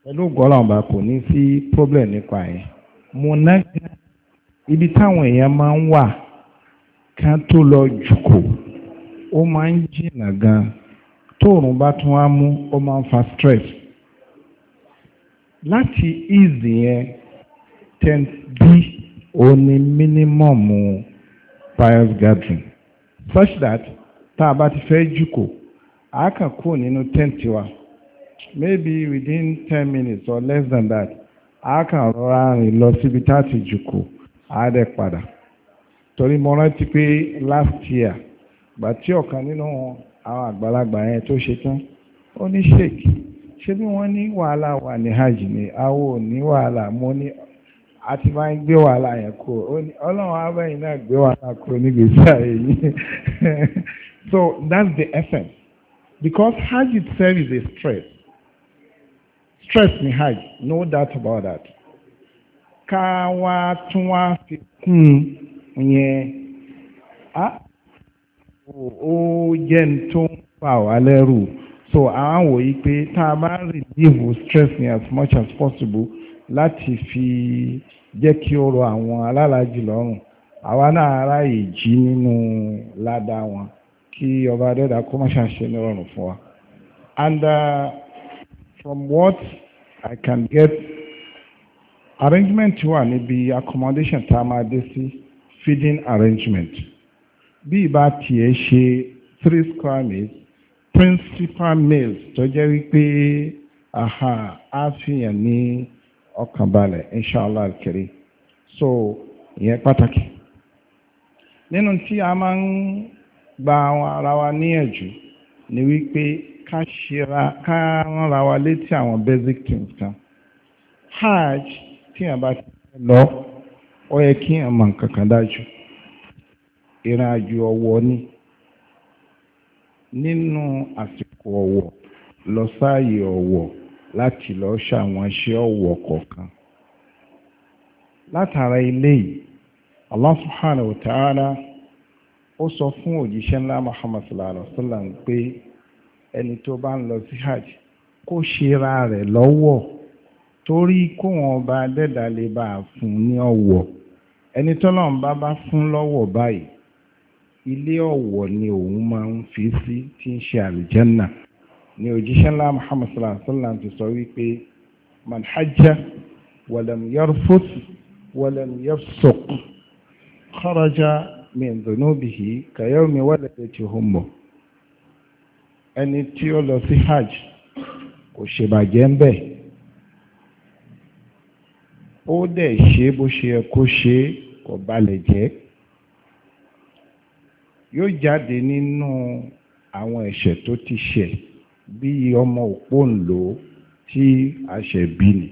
pẹ̀lú gọ́lọ̀mbà kò ní sí problem nípa ẹ̀ Mùnà ibi táwọn èèyàn máa ń wà ká tó lọ jùkò ó máa ń jìnà gan tóòrùn bá tún á mú ó máa ń fa stress láti easy yẹn ten b ó ní mínímọ̀mù pious gathering such that tá a bá ti fẹ́ jùkò a kàn kúrò nínú tent wa maybe within ten minutes or less than that a kàn rọra rìn lọ síbi tá a ti jùkò a dẹ̀ padà torí mo rántí pé last year gbà tí ọ̀kan nínú àwọn àgbàlagbà yẹn tó ṣe tán ó ní ṣèkì ṣe bí wọ́n ní wàhálà wà ní hajj ni awo ní wàhálà mo ní a ti máa ń gbé wàhálà yẹn kó ọlọ́run abẹ́yìn náà gbé wàhálà kó níbi iṣẹ́ èyí [laughs] so that's the essence because hajj itself is a stress stress ni hajj no doubt about that ká wá tún wá fi kún un yẹn ó jẹ́ ní tó ń pa wá lẹ́rù so àwọn wò yí pé tá a bá relieve stress ni as much as possible láti fi jẹ́ kí ó rọ àwọn alálàájì lọ́rùn àwa náà aráyè jí nínú ládàá wọn kí ọba adẹ́dà kó má ṣàṣe nírọ̀rùn fún wa and uh, from what I can get arrangement wà níbi accommodation tá a máa dé sí feeding arrangement bí ìbá tiẹ̀ ṣe three square meals principal males tó jẹ́ wípé àhà á fìyàn ní ọkàn balẹ̀ kiri so ìyẹn pàtàkì nínú tí a máa ń gba ara wa níyànjú ni wípé ká rán ra wa létí àwọn basic things kan hajj tí a bá ti lọ ó yẹ kí a mọ̀ nǹkan kan dájú ìrìn àjò ọwọ́ ni nínú àsìkò ọ̀wọ̀ lọ sáàyè ọ̀wọ̀ láti lọ ṣàwọn iṣẹ́ ọ̀wọ̀ kọ̀ọ̀kan látara ilé yìí Allah subhanahu wa ta'ala ó sọ fún òjíṣẹ́ ńlá Muhammad sallallahu alaihi wa sallam pé ẹni tó bá ń lọ sí hajj kó ṣera rẹ̀ lọ́wọ́ torí kó wọn bá dẹ́dà bá fún ní ọ̀wọ̀ ẹni tọ́lọ́run bá bá fún lọ́wọ́ báyìí ilé ọ̀wọ̀ ni òun máa ń fi sí tí ń ṣe àlùjànnà ni òjíṣẹ́ ńlá muhammad sallallahu alaihi wasallam ti sọ wípé man hajja walam yarfuth walam yafsuq kharaja min dhunubihi ka ẹni tí ó lọ sí hajj kò ṣèbàjẹ́ ń bẹ̀ ó dẹ̀ ṣe bó ṣe yẹ kó ṣe kò balẹ̀ jẹ́ yóò jáde nínú àwọn ẹ̀ṣẹ̀ tó ti ṣẹ̀ bí ọmọ òpóǹlò tí a ṣẹ̀ bí ni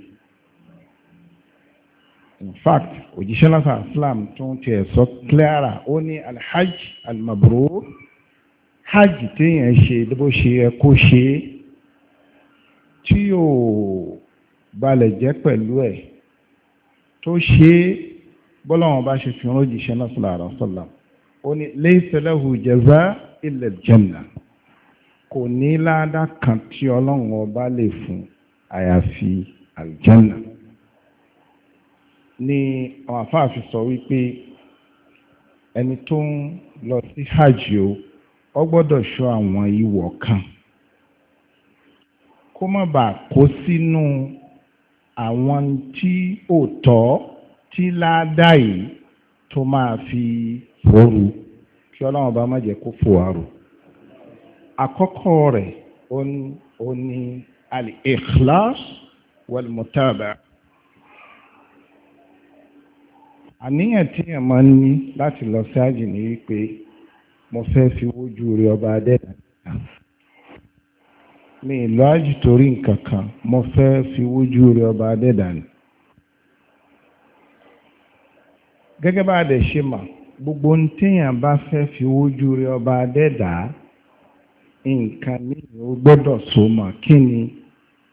in fact òjíṣẹ́ lásán islam tún ti ẹ̀ sọ clara ó ní alhajj almabrur hajj téèyàn ṣe bó ṣe yẹ kó ṣe tí ò balẹ̀ jẹ́ pẹ̀lú ẹ̀ tó ṣe bọ́lọ́wọ́n bá ṣe fi rán òjíṣẹ́ lásán àrọ́sọ̀làmù ó ní laysa lahu jaza illa al-janna kò ní láádá kan tí ọlọ́run ọba lè fún àyàfi aljanna ni àwọn àfáàfi sọ wípé ẹni tó ń lọ sí hajj o ọ gbọ́dọ̀ ṣọ́ àwọn ìwọ̀ kan kó má bàa kó sínú àwọn tí ò tọ́ tí láádá yìí tó máa fi fòrú kí ọlọ́run bá má jẹ́ kó fò àrò àkọ́kọ́ rẹ̀ ó ní al-ikhlas wal-mutaba àníyàn tí èèyàn máa ń ní láti lọ sí àjì wípé mo fẹ́ fi wójú rí ọba adẹ́dà mi ìlú àjì nǹkan kan mo fẹ́ fi wójú rí ọba adẹ́dà ni gẹ́gẹ́ bá dẹ̀ ṣe mà gbogbo ń téèyàn bá fẹ́ fi wójú rẹ ọba adẹ́dàá nǹkan mìíràn ó gbọ́dọ̀ so mọ̀ kí ni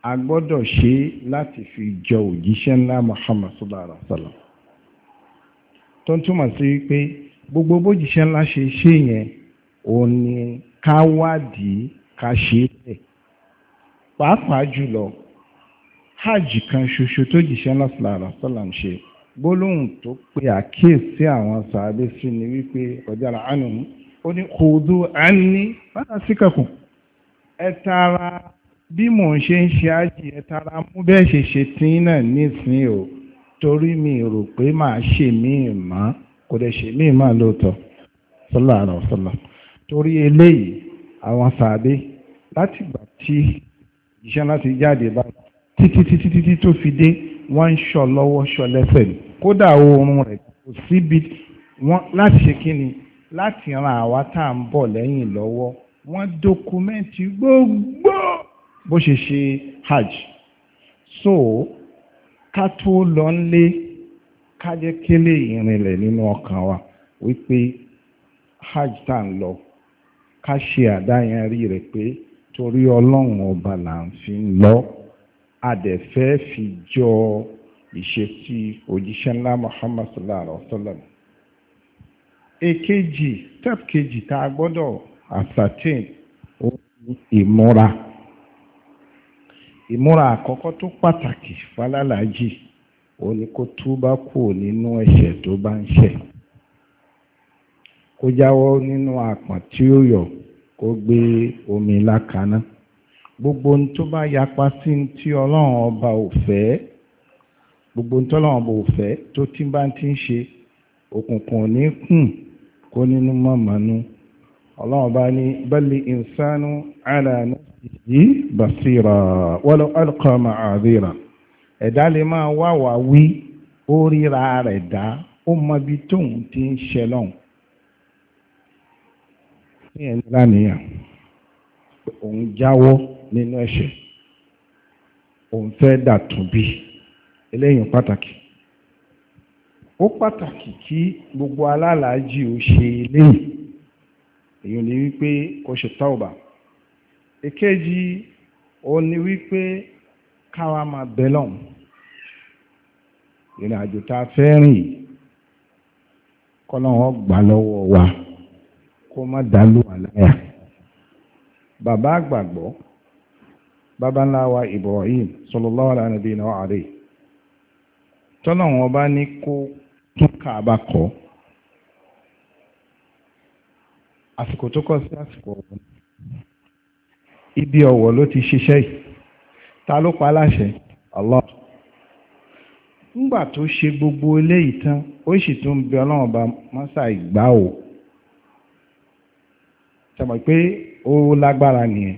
a gbọ́dọ̀ ṣe láti fi jọ òjíṣẹ́ ńlá Muhammad sallallahu alaihi wa sallam tó ń túmọ̀ sí pé gbogbo bójíṣẹ́ ńlá ṣe ṣe yẹn òun ni ká wádìí ká ṣe é tẹ̀ pàápàá jùlọ hajj kan ṣoṣo tó jíṣẹ́ ńlá sallallahu alaihi ń ṣe gbólóhùn tó pe àkíyèsí àwọn sàábé sí ni wípé ọ̀jára ánùmú ó ní kòdó àní bára síkàkùn ẹ tara bí mò ń ṣe ń ṣe ájì ẹ tara mú bẹ́ẹ̀ ṣe ṣe tí náà nísìnyí o torí mi rò pé màá ṣe mí mọ́ kò dẹ̀ ṣe mí mọ́ lóòótọ́ sọ́là àrà ọ̀sọ́là torí eléyìí àwọn sàábé látìgbà tí iṣẹ́ láti jáde báyìí títí títí títí tó fi dé wọ́n ń ṣọ lọ́wọ́ ṣọ lẹ́sẹ̀ ni kódà oorun rẹ̀ kò síbi wọn láti ṣe kíni láti ran àwa tá à ń bọ̀ lẹ́yìn lọ́wọ́ wọ́n dọkumẹ́ntì gbogbo bó ṣe ṣe hajj so ká tó lọ nlé ká jẹ́ kélé ìrìnlẹ̀ nínú ọkàn wa wípé hajj tá à ń lọ ká ṣe àdáyanrí rẹ̀ pé torí ọlọ́run ọba là ń fi lọ a fi jọ ọ. ìṣesí òjíṣẹ́ ńlá Muhammad sallallahu alaihi wa èkejì step kejì tá a gbọ́dọ̀ ascertain ohun ìmúra ìmúra àkọ́kọ́ tó pàtàkì falálàájì ó ni kó tuba kù nínú ẹ̀ṣẹ̀ tó bá ń ṣẹ̀ kó jáwọ́ nínú àpọ̀n tí ó yọ kó gbé omi gbogbo ohun tó bá yapa sí ti ọlọ́run ọba ò gbogbo ń tọ́lọ́wọ́n bò fẹ́ tó tí bá ti ń ṣe òkùnkùn ò ní kùn kó nínú mọ̀mọ́nú ọlọ́run bá ní bali insanu ala nafsihi basira wala alqa ma'adira ẹ̀dá lè máa wá wá wí ó ríra rẹ̀ dá ó mọ ibi tóun ti ń ṣe lọ́hùn ní ẹni lánìyàn òun jáwọ́ nínú ẹ̀ṣẹ̀ òun fẹ́ dàtún bíi eléyìn pàtàkì ó pàtàkì kí gbogbo alálàájì ó ṣe eléyìn èyí ni wípé kó ṣe tọ́ọ̀bà èkejì ó ní wípé káwa máa bẹ́lọ̀n ìrìn àjò tá a fẹ́ gbà lọ́wọ́ wa kó má dálù àláyà bàbá àgbàgbọ́ bàbá ńlá wa Ibrahim sallallahu ala nabiyina wa alayhi tọ́lọ́wọ́n bá ní kó tún kàábà kọ́ àsìkò tó kọ́ sí àsìkò ọ̀wọ́ ibi ọ̀wọ́ ló ti ṣiṣẹ́ yìí ta ló pa láṣẹ Allah ńgbà tó ṣe gbogbo eléyìí tán ó sì tún bí ọlọ́run bá mọ́sà ìgbà o sọmọ pé ó lágbára nìyẹn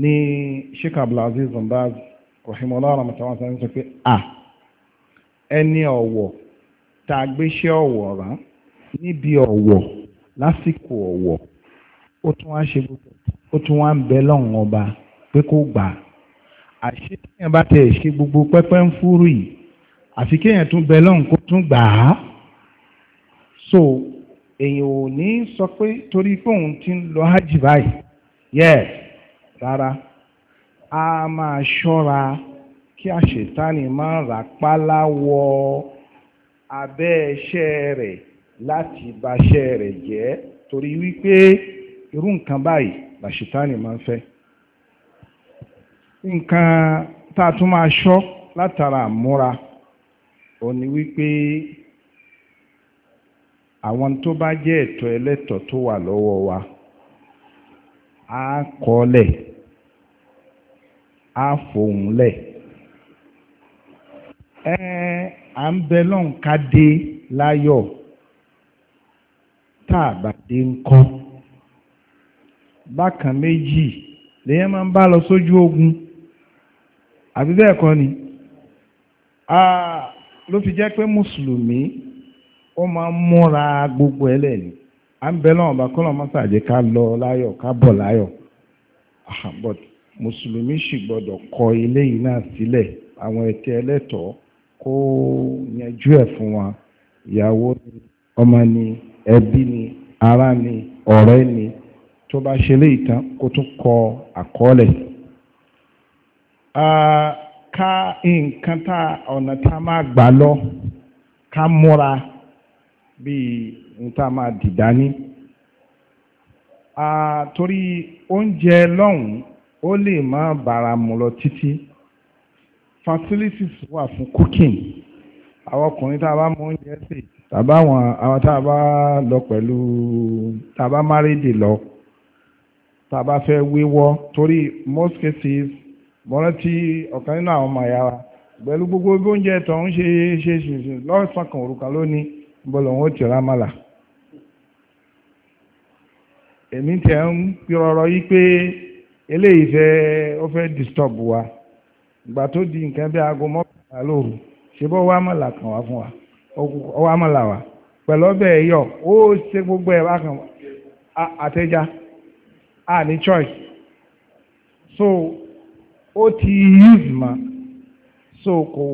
ní sheikh abdulaziz zimbabwe rahimahullah ọ̀rọ̀ mọ̀tàwọn sọ pé ah ẹni ọ̀wọ̀ tá a gbéṣẹ́ ọ̀wọ̀ rán níbi ọ̀wọ̀ lásìkò ọ̀wọ̀ ó tún wá ṣe gbogbo ó tún wá ń bẹ lọ́hùn ọba pé kó gbà á àṣé kéèyàn bá tẹ̀ ṣe gbogbo pẹ́pẹ́ ń fúrú yìí àfi kéèyàn tún bẹ lọ́hùn kó tún gbà á so èèyàn ò ní sọ pé torí pé òun ti ń lọ hajj báyìí yes rárá a máa ṣọ́ra kí àṣetánì máa rà pálá wọ abẹ́ iṣẹ́ rẹ̀ láti baṣẹ́ rẹ̀ jẹ́ torí wípé irú nǹkan báyìí làṣetánì máa ń fẹ́ nǹkan tá a tún máa ṣọ́ látara àmúra ò ní wípé àwọn tó bá jẹ́ ẹ̀tọ́ ẹlẹ́tọ̀ tó wà lọ́wọ́ wa á kọ́lẹ̀ á fòun lẹ̀. à ń bẹ lọ́n ká dé láyọ̀ tá a bá dé ń kọ́ bákan méjì ogun àbí bẹ́ẹ̀ kọ́ ni fi jẹ́ pé mùsùlùmí ó máa ń múra gbogbo ẹlẹ́ni à ń bẹ lọ́wọ́ bá ka ká lọ láyọ̀ ká bọ̀ láyọ̀ mùsùlùmí sì kọ ilé yìí náà sílẹ̀ àwọn o yanjú ẹ̀ fún wa ìyàwó ni ọmọ ni ẹbí ni ara ni ọ̀rẹ́ ni tó bá ṣe lé ìtàn kó tún kọ àkọọ́lẹ̀ ká nǹkan tá ọ̀nà tá máa gbà lọ ká múra bíi n tá máa ní. torí oúnjẹ lọ́hùn-ún ó lè má bára mu lọ títí facilities wà fún cooking àwọn ọkùnrin tá a bá mú oúnjẹ sè tàbá àwọn àwọn tá a bá lọ pẹ̀lú tá a bá márèdè lọ tá a bá fẹ́ wíwọ́ torí most cases mo rántí ọ̀kan nínú àwọn ọmọ ìyá wa pẹ̀lú gbogbo bí oúnjẹ tó ń ṣe ṣe ṣe lọ́sàn kan òrùka lónìí bọ́lọ̀ wọn ó ti ra mọ́là èmi tẹ̀ ń pírọ̀rọ̀ yí pé eléyìí fẹ́ ó fẹ́ disturb wa ìgbà tó di nǹkan bí aago mọ́kànlá lóru ṣe bọ́ wá mọ̀là kan wá fún wa ó wá mọ̀là wa pẹ̀lú ọbẹ̀ ẹ̀yọ ó ṣe gbogbo ẹ̀ wákan àtẹjá a ní choice so ó ti use ma so kò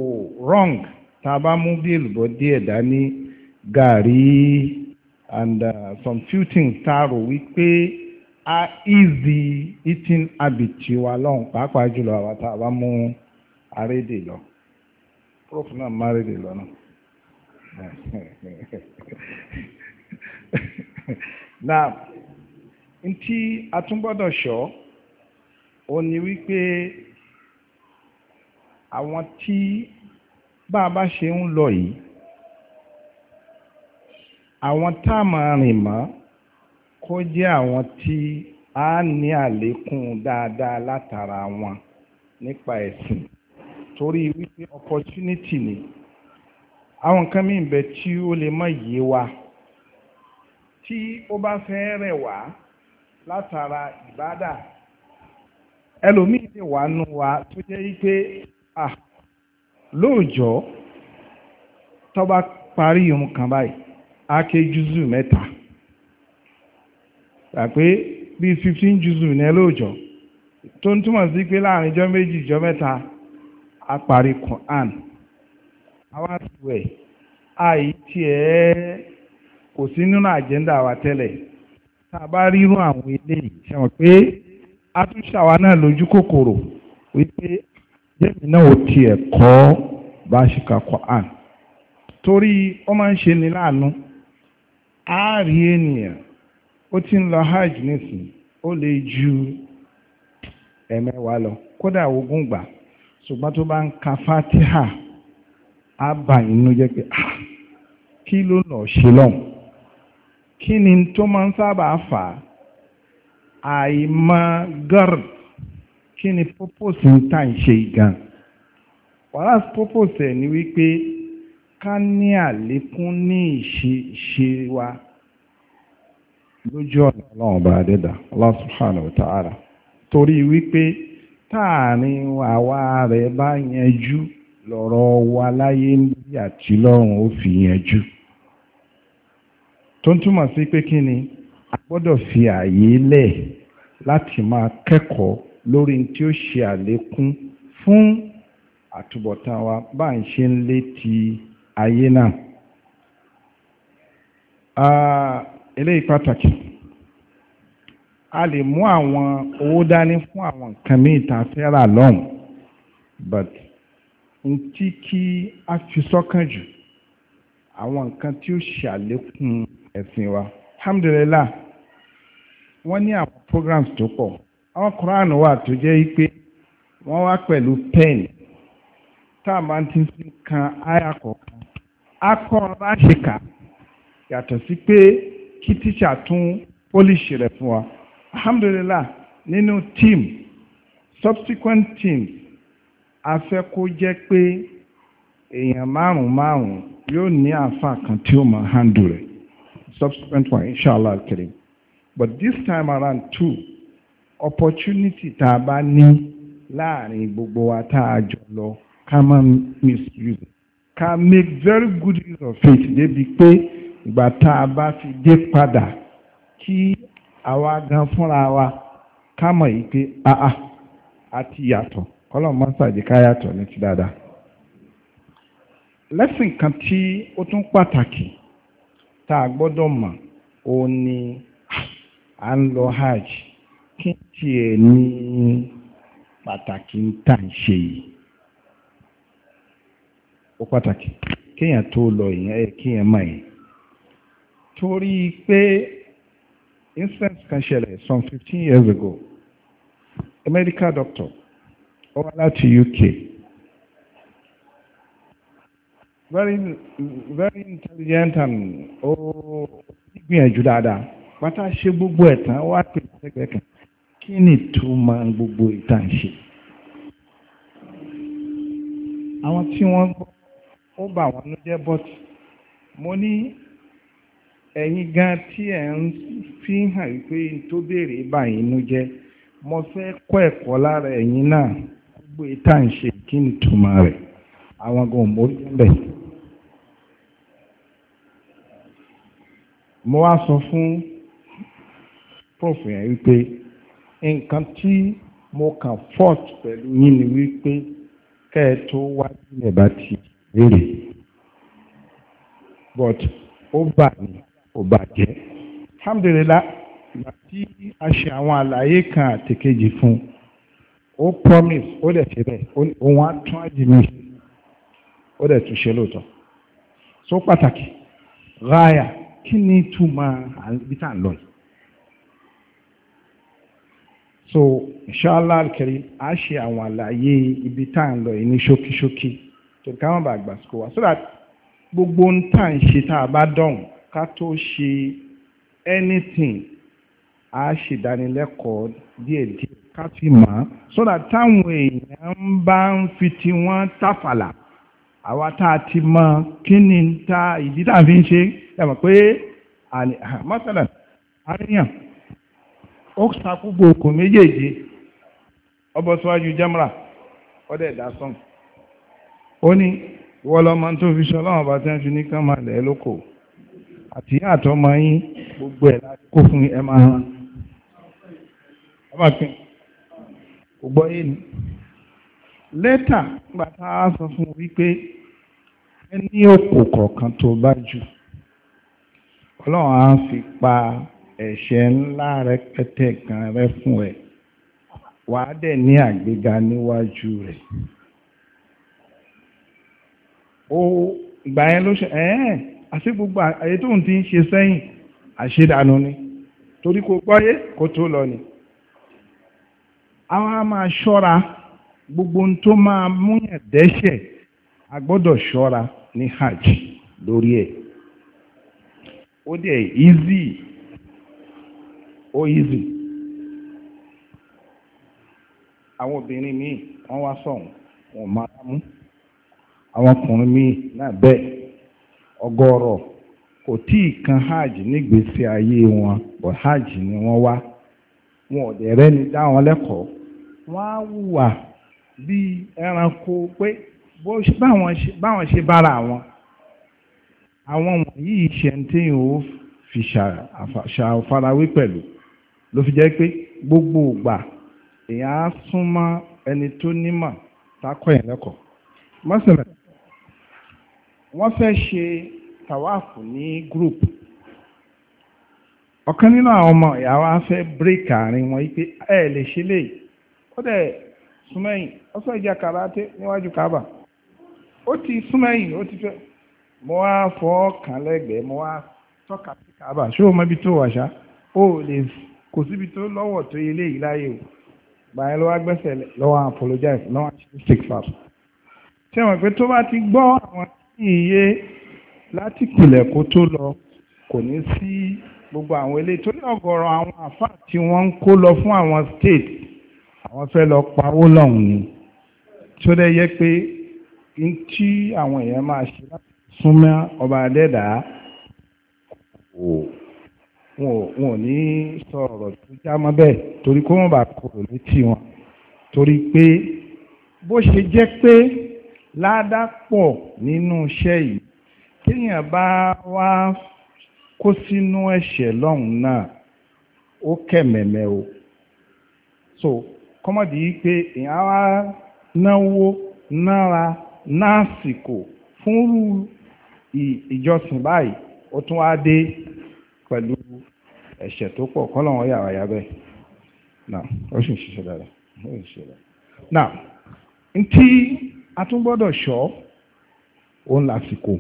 wrong tá a bá mú bí èlùbọ́ díẹ̀ dání gàrí and uh, some few things tá a rò wípé a easy eating habit wa lọ́hùn pàápàá jùlọ àwọn tá a bá mú arédè lọ prọ́fù náà má arédè lọ náà na ntí atúngbọ́dọ̀ ṣọ́ ó ní wípé àwọn tí bá a bá ṣe ń lọ yìí àwọn tá a máa rìn mọ́ kó jẹ́ àwọn tí a ní àlékún dáadáa látara wọn nípa ẹ̀sìn torí wípé opportunity ni àwọn nǹkan mí bẹ tí ó lè má yé wa tí ó bá fẹ́ rẹ̀ wá látara ìbádà ẹlòmíì lè wà nù wa tó jẹ́ wípé à lóòjọ́ tó bá parí irun kan báyìí á ké júzù mẹ́ta pàpé bíi fifteen júzù ní ẹ lóòjọ́ tó ń túmọ̀ sí pé láàrin ijọ́ méjì ijọ́ mẹ́ta apari Quran àwa sùwẹ̀ àì tiẹ̀ kò sí nínú àjẹ́ndà wa tẹ́lẹ̀ tá a bá rírun àwọn eléyìí ṣe mọ̀ pé a tún ṣàwa náà lójú kòkòrò wípé jẹ́mi náà ò tiẹ̀ kọ́ bá a ṣe ka Quran torí ó máa ń ṣe ni láàánú a rí ènìyàn ó ti ń lọ hajj nísìnyí ó lè ju ẹ̀mẹ́wàá lọ kódà ogún gbà ṣùgbọ́n tó bá ń ka fatiha á bà inú jẹ́ pé ah, kí ló lọ ṣe lọ́hùn kí ni tó máa ń sábà fà á àìmọ̀ gard kí ni purpose ń tà ń ṣe gan wàhálà purpose ẹ̀ ni wípé ká ní àlékún ní ìṣe wa lójú ọ̀nà ọlọ́run bá dẹ́dà Allah subhanahu wa ta'ala torí wípé táàrin àwa rẹ̀ bá yanjú lọ̀rọ̀ wa láyé níbi àti lọ́run ó fi yanjú tó ń túmọ̀ sí pé kí ni a gbọ́dọ̀ fi ààyè lẹ̀ láti máa kẹ́kọ̀ọ́ lórí tí ó ṣe àlékún fún àtúbọ̀tán wa bá ń ṣe ń lé ti ayé náà ah, eléyìí pàtàkì a lè mú àwọn owó dání fún àwọn nǹkan míì tá lọ́hùn but n tí kí a fi sọ́kàn jù àwọn nǹkan tí ó ṣàlékún ẹ̀sìn wa alhamdulilah wọ́n ní àwọn programs tó pọ̀ àwọn Quran wà tó jẹ́ pé wọ́n wá pẹ̀lú pen tá a máa ti fi kan aya kọ̀ọ̀kan akọ́ láṣìkà yàtọ̀ sí pé kí tíṣà tún pólíṣì rẹ̀ fún wa alhamdulillah nínú team subsequent team, a fẹ́ kó jẹ́ pé èèyàn márùn márùn yóò ní àfa kan tí ó máa handle rẹ̀ subsequent one inshallah kiri but this time around two opportunity tá a bá ní láàrin gbogbo wa tá a jọ lọ ká má misuse ká make very good use of faith. débi pé ìgbà tá a bá fi dé padà kí àwa gan fúnra wa ká mọ̀ yìí pé àà àti yàtọ̀ kọ́lọ̀ mọ́sàdì yàtọ̀ ní ti dáadáa lẹ́sìn kan tí ó tún pàtàkì tá gbọ́dọ̀ mọ̀ ó ní à ń lọ hajj kí n tiẹ̀ ní pàtàkì ń tà ń ṣe yìí ó pàtàkì kéèyàn tó lọ instance kan ṣẹlẹ̀ some fifteen years ago a medical doctor over wá láti UK very very intelligent and ó gbìyànjú dáadáa pátá ṣe gbogbo ẹ̀ tán wá pè sẹ́gbẹ̀ẹ́ kan kí ni ìtumọ̀ gbogbo ìtàn ṣe àwọn tí wọ́n gbọ́ ó bà wọ́n ló jẹ́ but mo ní ẹ̀yin gan tí ẹ̀ ń fi hàn wípé tó béèrè báyìí inú jẹ́ mo fẹ́ kọ́ ẹ̀kọ́ lára ẹ̀yin náà gbogbo ìta ń ṣe kí n túmọ̀ rẹ̀ àwọn gan mórí bẹ̀. mo wá sọ fún prof yẹn wípé nǹkan tí mo kàn fort pẹ̀lú yín ni wípé kẹ́ ẹ tó wá nílẹ̀ bá ti béèrè but ó bà mí. kò bàjẹ́ alhamdulilah ìgbà tí a ṣe àwọn àlàyé kan àtẹ̀kejì fún ó promise ó dẹ̀ ṣe bẹ́ẹ̀ òun á tún àjì mi ó dẹ̀ tún ṣe lóòótọ́ so pàtàkì ráyà kí ni túmọ̀ ibi tá à ń lọ yìí so inshallah alkarim a ṣe àwọn àlàyé ibi tá à ń lọ yìí ní ṣókíṣókí tó ká wọn bá gbà sùkúl wa so that gbogbo ń tà ń ṣe tá a bá dọ̀hùn ká tó ṣe anything a ṣèdánilẹ́kọ̀ọ́ díẹ̀díẹ̀ ká fi mọ̀ ọ́n sọ́dà táwọn èèyàn bá ń fi ti wọ́n tàfàlà àwa tá a ti mọ kí ni ta ìdí tá a fi ń ṣe ẹ mọ̀ pé mọ́sálà àríyàn ó sàkúgbò òkú méjèèjì ọbọ̀ síwájú jẹ́mọ́ra ọdẹ ìdásán ó ní wọ́lọ́mọ tó fi ṣọlọ́wọ́n bá tẹ́ fi ní kán máa lẹ̀ lóko àti ìyá àtọmọ yín gbogbo ẹ̀ láti kó fún ẹ máa hàn ẹ máa pín kò gbọ́ yé ni lẹ́tà nígbà tá a sọ fún wípé ẹ ní òkò kọ̀ọ̀kan tó bá jù ọlọ́run á fi pa ẹ̀ṣẹ̀ ńlá rẹpẹtẹ kan rẹ fún ẹ wàá dẹ̀ ní àgbéga níwájú rẹ̀ ó ìgbà yẹn ló ṣe ẹ̀ẹ́ àṣé gbogbo àyè tóun ti ń ṣe sẹ́yìn àṣedànù ni torí kò gbọ́yé kó tó lọ ni àwọn a máa ṣọ́ra gbogbo tó máa múyàn dẹ́ṣẹ̀ a gbọ́dọ̀ ṣọ́ra ní hajj lórí ẹ̀ ó dẹ̀ easy ó easy àwọn obìnrin míì wọ́n wá sọ̀hún wọn máa mú àwọn ọkùnrin míì náà bẹ́ẹ̀ ọ̀gọ̀rọ̀ kò tí ì kan hajj nígbésí ayé wọn bọ̀ hajj ni wọ́n wá wọn ò dẹ̀ rẹ́ni dá wọn lẹ́kọ̀ọ́ wọ́n á wùwà bíi ẹranko pé báwọn ṣe bára àwọn àwọn wọ̀nyí ìṣẹ̀ntẹ́yìn ò fi ṣàfarawé pẹ̀lú ló fi jẹ́ pé gbogbo ìgbà èèyàn á súnmọ́ ẹni tó nímọ̀ tákọ̀ yẹn lẹ́kọ̀ọ́ mọ́sẹ̀lẹ̀ wọ́n fẹ́ ṣe tàwáàfù ní group ọ̀kan nínú àwọn ọmọ ìyá wa fẹ́ break àárín wọn pé ẹ lè ṣe lè ó dẹ̀ súnmẹ́yìn ó sọ ìjà karate níwájú kábà ó ti súnmẹ́yìn ó ti fẹ́ mo wá fọ́ kàn lẹ́gbẹ̀ẹ́ mo wá tọ́ka sí kábà ṣé o mọ ibi tó wà ṣá ó lè kò síbi tó lọ́wọ́ tó yẹ léyìí láyé o báyìí ló wá gbẹ́sẹ̀ lọ́wọ́ apologize lọ́wọ́ àṣìṣe six fast. ṣé wọn pé tó bá ti gbọ́ àwọn iye láti kìlẹ̀ kó tó lọ kò ní sí gbogbo àwọn ilé torí ọ̀gọ̀rọ̀ àwọn àfáà tí wọ́n ń kó lọ fún àwọn state àwọn fẹ́ lọ pawó lọ́hùn ni tí ó dẹ̀ yẹ pé n tí àwọn èèyàn máa ṣe láti súnmọ́ ọba adẹ́dàá wọn ò ní sọ ọ̀rọ̀ tó já mọ́ bẹ́ẹ̀ torí kó wọ́n bá kúrò létí wọn torí pé bó ṣe jẹ́ pé. ládá pọ̀ nínú iṣẹ́ yìí kíyàn bá wá kó sínú ẹ̀ṣẹ̀ lọ́hùn náà ó kẹ̀mẹ̀mẹ̀ o so yìí pé èèyàn náwó nára násìkò fún ìjọsìn báyìí ó tún wá dé pẹ̀lú ẹ̀ṣẹ̀ tó pọ̀ kọ́lọ́wọ́n yàrá yàbẹ̀ náà ó sì a tún gbọ́dọ̀ ṣọ́ òun lásìkò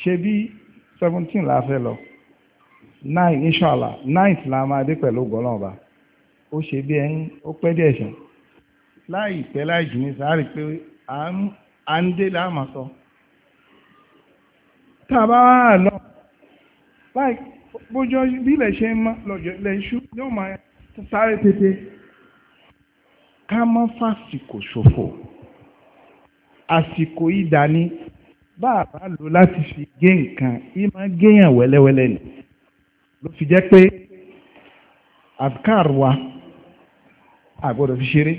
ṣe bí seventeen la fẹ́ lọ nine inshallah ninth la máa dé pẹ̀lú gọ́lọ́ọ̀ba ó ṣe bí ẹyin ó pẹ́ díẹ̀ ṣan láìpẹ́ láì jù ní sáré pé à ń dé láàmà sọ tá a bá wà lọ báyìí bójú bí ilẹ̀ ṣe ń mọ́ lọ́jọ́ ilẹ̀ yóò máa sáré tètè ká má fàsìkò ṣòfò àsìkò ìdá ni bá a bá lò láti fi gé nǹkan í máa géèyàn wẹ́lẹ́wẹ́lẹ́ ni ló fi jẹ́ pé àbíkàr wa àgbọ̀dọ̀ fi ṣeré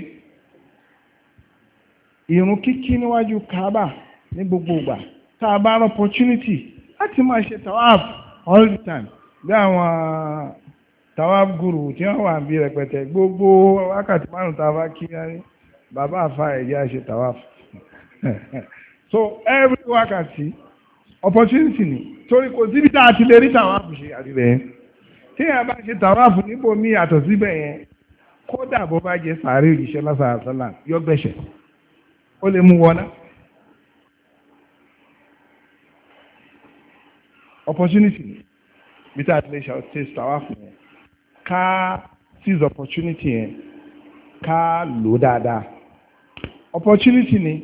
ìrun kíkí níwájú kaaba ní gbogbo ìgbà tá a bá rọ opportunity láti máa ṣe tawaf all the time bí àwọn tawaf guru tí wọ́n wà ń bí rẹpẹtẹ gbogbo wákàtí márùn tawaf kí bàbá àfa ẹ̀jẹ̀ àṣẹ tawaf [laughs] so every wákàtí opportunity ni torí kò síbi tá a ti lè rí tawaf ṣe àrílẹ̀ yẹn tí a bá ṣe tawaf níbo mi yàtọ̀ síbẹ̀ yẹn kódà bó bá jẹ sàárè òjíṣẹ́ lásàásálà yọ gbẹ̀ṣẹ̀ ó lè mú wọná. opportunity bí tá a ti lè ṣe tàwa fún ẹ ká seize opportunity yẹn ká lò dáadáa opportunity ni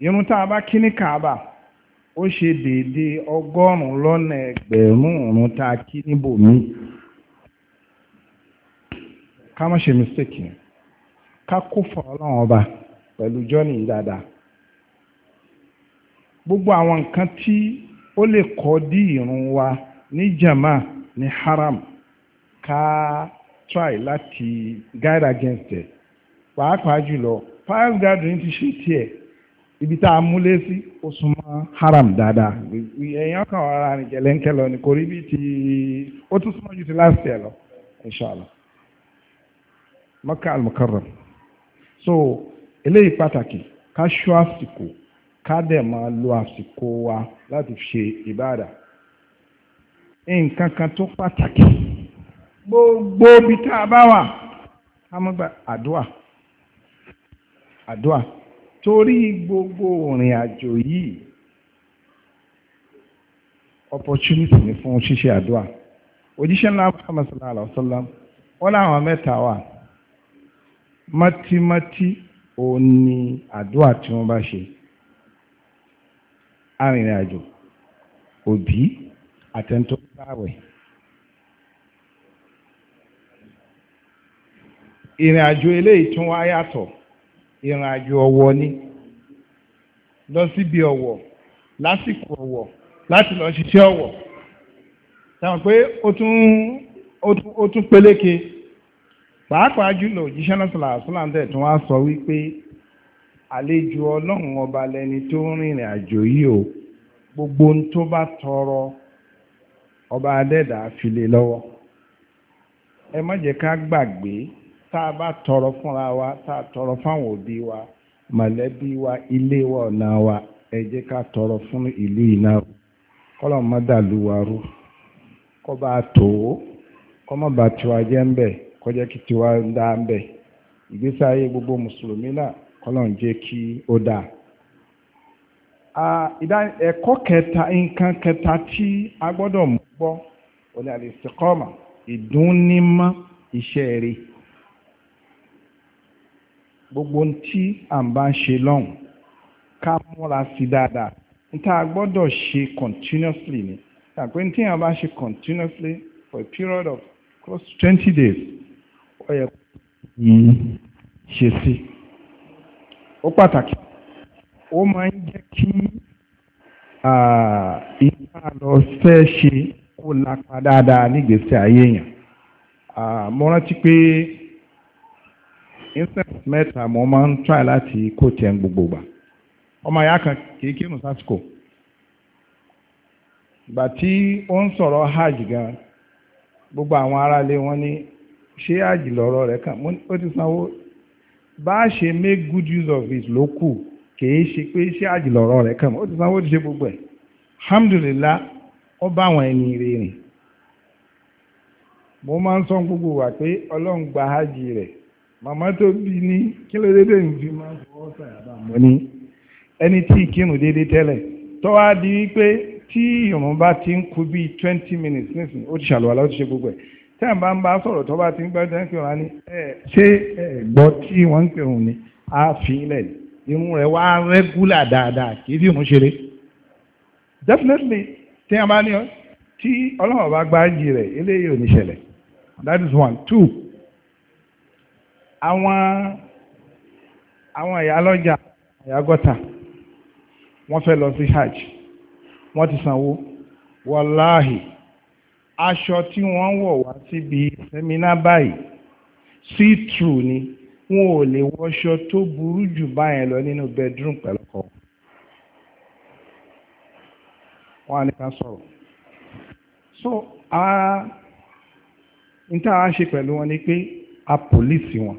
irun tá a bá kí ní kaaba ó ṣe déédéé ọgọ́rùn-ún lọ́nà ẹgbẹ̀rún ọ̀run tá a kí níbòmí ká má ṣe mistake yẹn ká kó fún ọba pẹ̀lú jọ́nì dáadáa gbogbo àwọn nǹkan tí ó lè kọ́ dí wa ní jama ní haram ká try láti guide against ẹ̀ pàápàá jùlọ fire gathering ti ṣe tiẹ̀ ibi tá a múlé sí ó súnmọ́ haram dáadáa èèyàn kan ara rìn jẹ̀lẹ́ńkẹ́ lọ ní kò rí bí ti ó tún súnmọ́ ju ti last year lọ inshallah Makkah al so eléyìí pàtàkì ká ṣọ́ àsìkò ká dẹ̀ máa lo àsìkò wa láti ṣe ìbáàdà nǹkan kan tó pàtàkì gbogbo bí tá a bá wà ká mọ́ gba àdúà àdúà torí gbogbo òrìn àjò yìí opportunity ni fún ṣíṣe àdúà òjíṣẹ́ ńlá Muhammad sallallahu alaihi wa sallam wọ́n láwọn mẹ́ta wà mátímátí òun ni àdúà tí wọ́n bá ṣe arìnrìn àjò òbí àtẹ̀ntó láwẹ̀. ìrìn àjò eléyìí tún wá yàtọ̀ ìrìn àjò ọ̀wọ̀ ni lọ síbi ọ̀wọ̀ lásìkò ọ̀wọ̀ láti lọ ṣiṣẹ́ ọ̀wọ̀ ọwọ. pé ó tún peléke pàápàá jùlọ òjíṣẹ́ náà sọ̀rọ̀ àṣọláńdẹ̀ tí sọ wípé àlejò ọlọ́run ọba lẹni gbogbo ohun tọrọ ọba adẹ́dàá fi lọ́wọ́ ẹ tá a bá tọrọ fúnra wa tá a tọrọ fáwọn òbí wa mọ̀lẹ́bí wa ilé wa ọ̀nà wa ẹ jẹ́ ká tọrọ fún ìlú iná kọ́lọ̀ má dàlú rú kọ́ bá tò kọ́ bá tiwa jẹ́ ń bẹ̀ kọ́ jẹ́ tiwa ń dá ń bẹ̀ gbogbo mùsùlùmí náà kọ́lọ̀ ń jẹ́ kí ó dáa ẹ̀kọ́ kẹta nǹkan kẹta tí a gbọ́dọ̀ mú gbọ́ òní àlè gbogbo tí à ń bá ń ṣe lọ́hùn ká múra sí dáadáa n gbọ́dọ̀ ṣe continuously ni àpé tí à ń bá ṣe continuously for a period of close to twenty days ó yẹ kó ṣe sí ó pàtàkì ó máa ń jẹ́ kí ìgbà lọ fẹ́ ṣe kó lápá dáadáa nígbésí ayé èèyàn mo rántí pé instance mẹ́ta mo máa ń try láti kó tiẹ̀ ń gbogbo gbà ọmọ ìyá kan kìí kírun sásìkò ìgbà tí ó ń sọ̀rọ̀ hajj gan gbogbo àwọn aráalé wọn ní ṣé hajj lọ́rọ̀ rẹ̀ kàn ó ti sanwó bá a ṣe make good use of it ló kù kìí ṣe pé ṣé hajj lọ́rọ̀ rẹ̀ kàn ó ti sanwó ti ṣe gbogbo ẹ̀ alhamdulillah ó bá àwọn ẹni rìn mo máa ń sọ gbogbo wa pé ọlọ́run gba hajj rẹ̀ màmá tó bí ní kí ló dé dẹ́yìn fi máa fọwọ́ sàyàbà mọ́ ní ẹni tí ìkírun déédéé tẹ́lẹ̀ tó wá di wípé tí ìrun bá ti ń kú bíi twenty minutes nísìnyí ó ti ṣàlùwàlá ó ti ṣe gbogbo ẹ̀ tí àwọn bá ń bá sọ̀rọ̀ tó bá ti ń gbọ́ tẹ́ ń pè wá ní ẹ̀ ṣé ẹ̀ gbọ́ tí wọ́n ń pè wọ́n ní á fi ilẹ̀ irun rẹ̀ wá rẹ́gúlà dáadáa kì í fi ìrun ṣeré definitely tí wọ́n bá ní ọ tí ọlọ́run bá gbáàjì rẹ̀ eléyìí ò ní ṣẹlẹ̀ that is one two. àwọn àwọn ìyálọ́jà ìyágọ́ta wọ́n fẹ́ lọ sí hajj wọ́n ti sanwó wàláhì aṣọ tí wọ́n wọ̀ wá síbi sẹ́mínà báyìí see through ni wọn ò lè wọṣọ tó burú jù báyẹn lọ nínú bedroom pẹ̀lú ọkọ̀ wọn á ní ká sọ̀rọ̀ so a n tá a ṣe pẹ̀lú wọn ni pé a pòlíìsì wọn.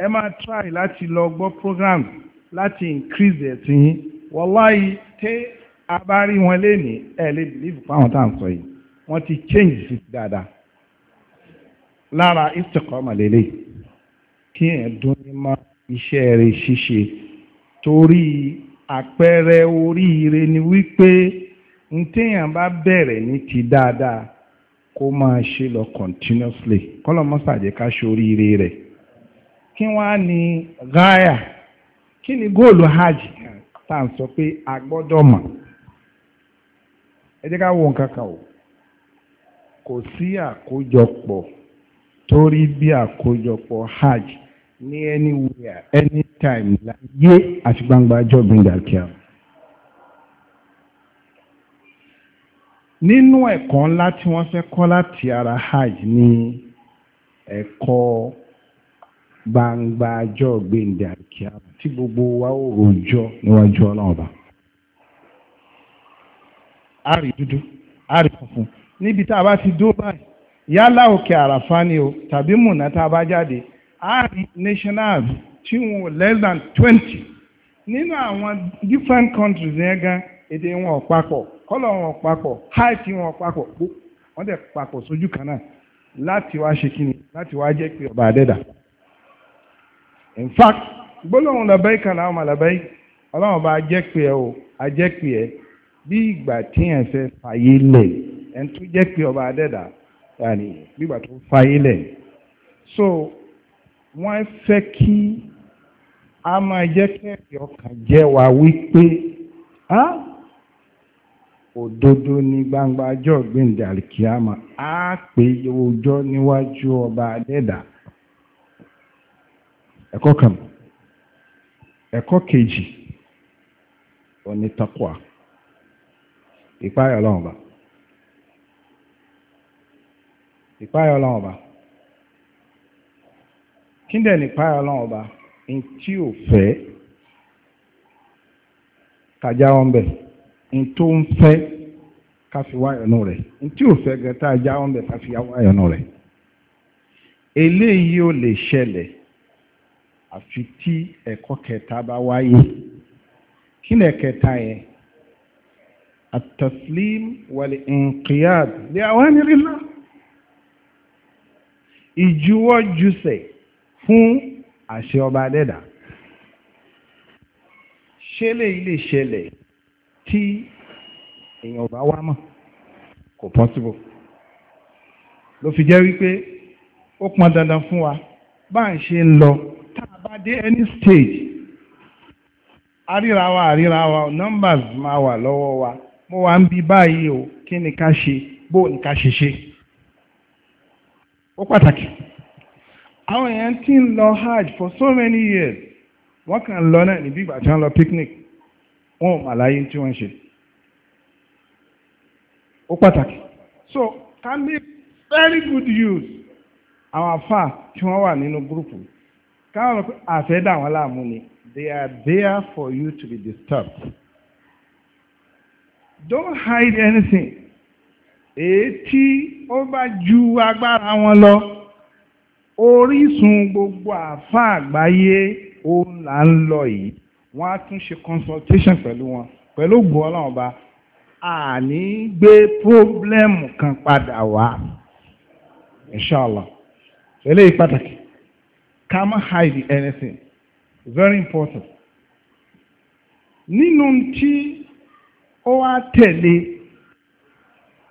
ẹ máa try láti lọ gbọ́ program láti increase ẹ̀ sí yín wọ́láyì tẹ́ a bá rí wọn lénìí ẹ lè believe fáwọn tá à ń sọ yìí wọ́n ti change sí dáadáa lára istiqama lélẹ̀ kí ẹ̀ dún ní ma iṣẹ́ rẹ̀ ṣíṣe torí àpẹẹrẹ oríire ni wípé n téèyàn bá bẹ̀rẹ̀ ní ti dáadáa kó máa ṣe lọ continuously kọ́lọ́mọ́sàjẹ́ ká ṣe oríire rẹ̀. kí wọ́n ní kí ni góòlù hajj tá à ń sọ pé a gbọ́dọ̀ mọ̀ ẹ jẹ́ o kò sí àkójọpọ̀ torí bí àkójọpọ̀ hajj ní anywhere anytime láyé àti gbangba jọ́bìn dàkíá. nínú ẹ̀kọ́ ńlá tí wọ́n fẹ́ kọ́ ara hajj ni ẹ̀kọ́. gbangba ajọ́ gbẹ̀ndẹ̀ àkíyà tí gbogbo wa ó rojọ́ níwájú ọlọ́run ọba. a rí dúdú a rí funfun níbi tá a bá ti dúró báyìí yálà òkè àràfá ni o tàbí múnà tá a bá jáde a rí national tí wọn less than twenty nínú àwọn different countries yẹn gan èdè wọn ò papọ̀ kọ́lọ̀ wọn ò papọ̀ height wọn ò papọ̀ wọ́n dẹ̀ papọ̀ sójú kan náà láti wá ṣe kíni láti wá jẹ́ pé ọba àdẹ́dà in fact gbólóhùn labẹ́yì kan láwọn labẹ́yì ọlọ́run bá jẹ́pẹ́ ẹ o ajẹ́pẹ́ ẹ bí ìgbà tí ẹ̀ fẹ́ fàyè lẹ̀ ẹ̀ tó jẹ́pẹ́ ọba adẹ́dà yàní bí ìgbà tó fàyè lẹ̀ so wọ́n fẹ́ kí a máa jẹ́ kẹ́ẹ̀kẹ́ ọkàn jẹ́ wa wípé òdodo ní gbangba ọjọ́ gbẹ̀ǹdàríkì àmọ́ a pè ọjọ́ níwájú ọba adẹ́dà ẹ̀kọ́ kan ẹ̀kọ́ kejì òní takwa ìpáyà ọlọ́run bá ìpáyà ọlọ́run bá kí dẹ̀ ní ìpáyà ọlọ́run bá ní tí ò fẹ́ kájá wọn bẹ̀ ní tó ń fẹ́ káfi wáyọ̀nù rẹ̀ ní tí ò fẹ́ gẹ́tà já wọn bẹ̀ káfi wáyọ̀nù rẹ̀ eléyìí ò lè ṣẹlẹ̀ àfi tí ẹ̀kọ́ kẹta bá wáyé kí ni ẹ̀kẹta yẹn at-taslim wal-inqiyad li awamirillah ìjuwọ́ jùsẹ̀ fún àṣẹ ọba dẹ́dà ṣẹlẹ̀ ilé ṣẹlẹ̀ tí èèyàn ọba wá mọ̀ kò possible ló fi jẹ́ wípé ó pọn dandan fún wa bá ń ṣe ń lọ bá dé any stage àríra wa numbers máa wà lọ́wọ́ wa mo wà ń bi báyìí o kí ni ká ṣe bó ni ká ṣe ṣe ó pàtàkì àwọn èèyàn ti ń lọ hajj for so many years wọ́n kàn lọ náà níbi ìgbà tí wọ́n lọ picnic wọn ò mà láyé tí wọ́n ṣe ó pàtàkì so can be very good use our far tí wọ́n wà nínú gúrùpù káwọn àfẹ́ dà wọ́n láàmú ni they are there for you to be disturbed don't hide anything èétí ó bá ju agbára wọn lọ orísun gbogbo àfa àgbáyé òun là ń lọ yìí wọ́n á tún ṣe consultation pẹ̀lú wọn pẹ̀lú ògùn ọlọ́run ọba àní gbé pọ́blẹ́mù kan padà wá inshallah eléyìí pàtàkì. Come hide anything. Very important. Nínú tí ó wá tẹ̀lé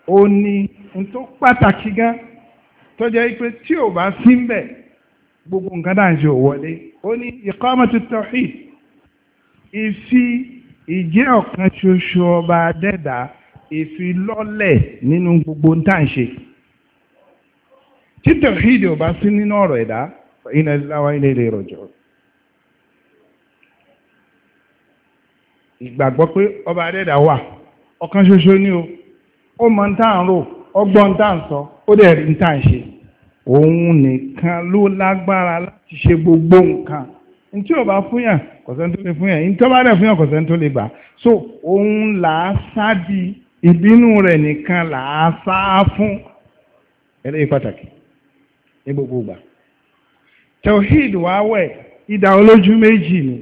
ó ní n tó pàtàkì gan tó jẹ́ pé tí ò bá sí ń bẹ̀ gbogbo nǹkan dáa ṣe ò wọlé ó ní iqamatu tawhid ìfi ìjẹ́ ọ̀kan ṣoṣo ọba dẹ́dà ìfilọ́lẹ̀ nínú gbogbo ń tà ṣe tí tawhid ò bá sí nínú ọ̀rọ̀ ẹ̀dá فإن الله وإن إليه راجعون ìgbàgbọ́ pé ọba adẹ́dà wà ọ̀kan ṣoṣo ní o ó mọ ń tàn rò ọgbọ́n ń tàn sọ ó dẹ̀ rí ń tàn ṣe òun nìkan ló lágbára láti ṣe gbogbo nǹkan ní tí ò bá fúnyàn kọ̀sẹ́ni tó lè fúnyàn ní tí ó bá dẹ̀ fúnyàn kọ̀sẹ́ni tó lè bà so òun là á sádi ìbínú rẹ̀ nìkan là á sá fún eléyìí pàtàkì ní gbogbo ìgbà tawhid wá wẹ̀ ìdá olójú méjì ni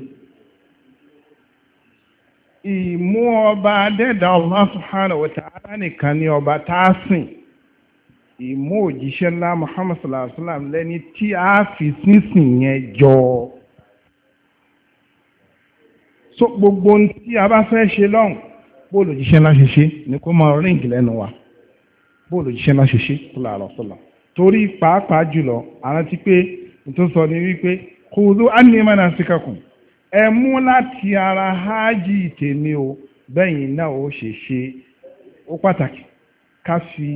ìmú ọba adẹ́dà Allah subhanahu wa nìkan ni ọba táásìn ìmú òjíṣẹ́ ńlá Muhammad sallallahu alaihi wasallam lẹ́ni tí a fi sínsìn yẹn jọ so gbogbo tí a bá fẹ́ ṣe lọ́hùn bóòlù òjíṣẹ́ ńlá ṣe ṣe kó máa ríǹgì lẹ́nu wa bóòlù òjíṣẹ́ ńlá ṣe ṣe sallallahu alaihi wasallam torí pàápàá jùlọ àrántí pé tó sọ ní wípé khudu anni manasikakum ẹ mú láti ara hajj tèmi o bẹ́yìn náà ó ṣe ṣe ó pàtàkì ká fi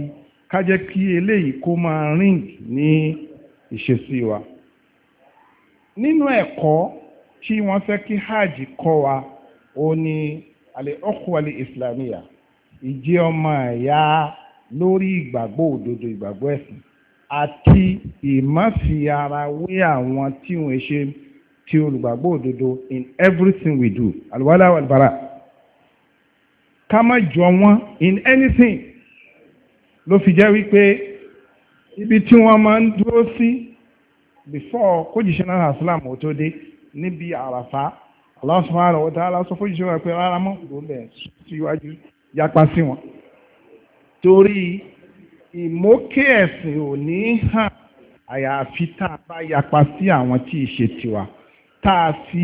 ká jẹ́ kí eléyìí kó máa rìn ní ìṣesí wa nínú ẹ̀kọ́ tí wọ́n fẹ́ kí hajj kọ́ wa ó ní al-ukhwali islamiyya ìjẹ́ ọmọ ẹ̀yà lórí ìgbàgbọ́ òdodo ìgbàgbọ́ ẹ̀sìn àti ìmáfi ara wé àwọn tí wọ́n ṣe ti olùgbàgbọ́ òdodo in everything we do alwala walbara ká má jọ wọ́n in anything ló fi jẹ́ wípé ibi tí wọ́n máa ń dúró sí before kójìṣẹ́ náà àsìlámù tó dé níbi àràfá Allah subhanahu wa ta'ala sọ fójìṣẹ́ wọn pé rárá mọ́ ìgbòho bẹ̀ síwájú yapa sí wọn torí ìmókè ẹ̀sìn ò ní hàn àyàfi tá a bá yapa sí àwọn tí ì ṣe tiwa tá a fi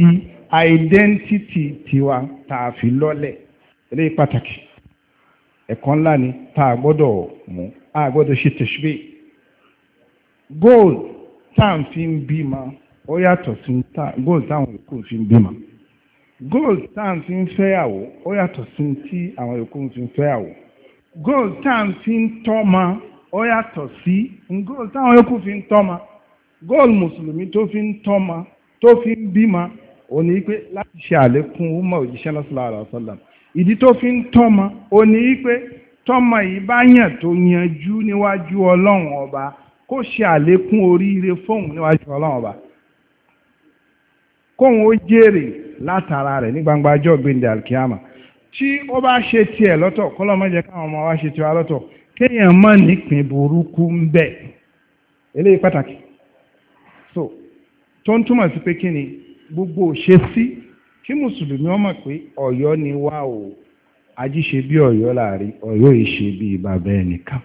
àìdẹ́ntìtì tiwa tá a fi lọ́lẹ̀ eléyìí pàtàkì ẹ̀kọ́ ńlá ni tá a gbọ́dọ̀ mú a gbọ́dọ̀ ṣe tẹ̀síbẹ̀ goal tá à ń fi ń bímọ ó yàtọ̀ sí goal táwọn yòókù fi ń bímọ goal tá à ń fi ń fẹ́yàwó ó yàtọ̀ sí ti àwọn yòókù fi ń fẹ́yàwó gold táwọn fi ń tọ́mọ ó yàtọ̀ sí gold táwọn yòókù fi ń tọ́mọ gold mùsùlùmí tó fi ń tọ́mọ tó fi ń bímọ ó ní pé láti ṣe àlékún ọmọ òjíṣẹ́ sallallahu alaihi wasallam ìdí tó fi ń tọ́mọ ó ní pé tọ́mọ yìí bá yàn tó yanjú níwájú ọlọ́run ọba kó ṣe àlékún oríire fóun níwájú ọlọ́run ọba kóun ó jèrè látara rẹ̀ ní gbangba ọjọ́ gbẹ̀ndẹ̀ alkiyama tí ó bá ṣe tiẹ̀ lọ́tọ̀ kọ́lọ́ má jẹ́ káwọn ọmọ wa ṣe tiwa lọ́tọ̀ kéèyàn má nípìn burúkú ń bẹ̀ eléyìí pàtàkì so tó ń túmọ̀ sí pé kí ni gbogbo ṣe sí kí mùsùlùmí ọmọ pé ọ̀yọ́ ni wá o ají ṣe bí ọ̀yọ́ láàrin ọ̀yọ́ yìí ṣe bí bàbá ẹnìkan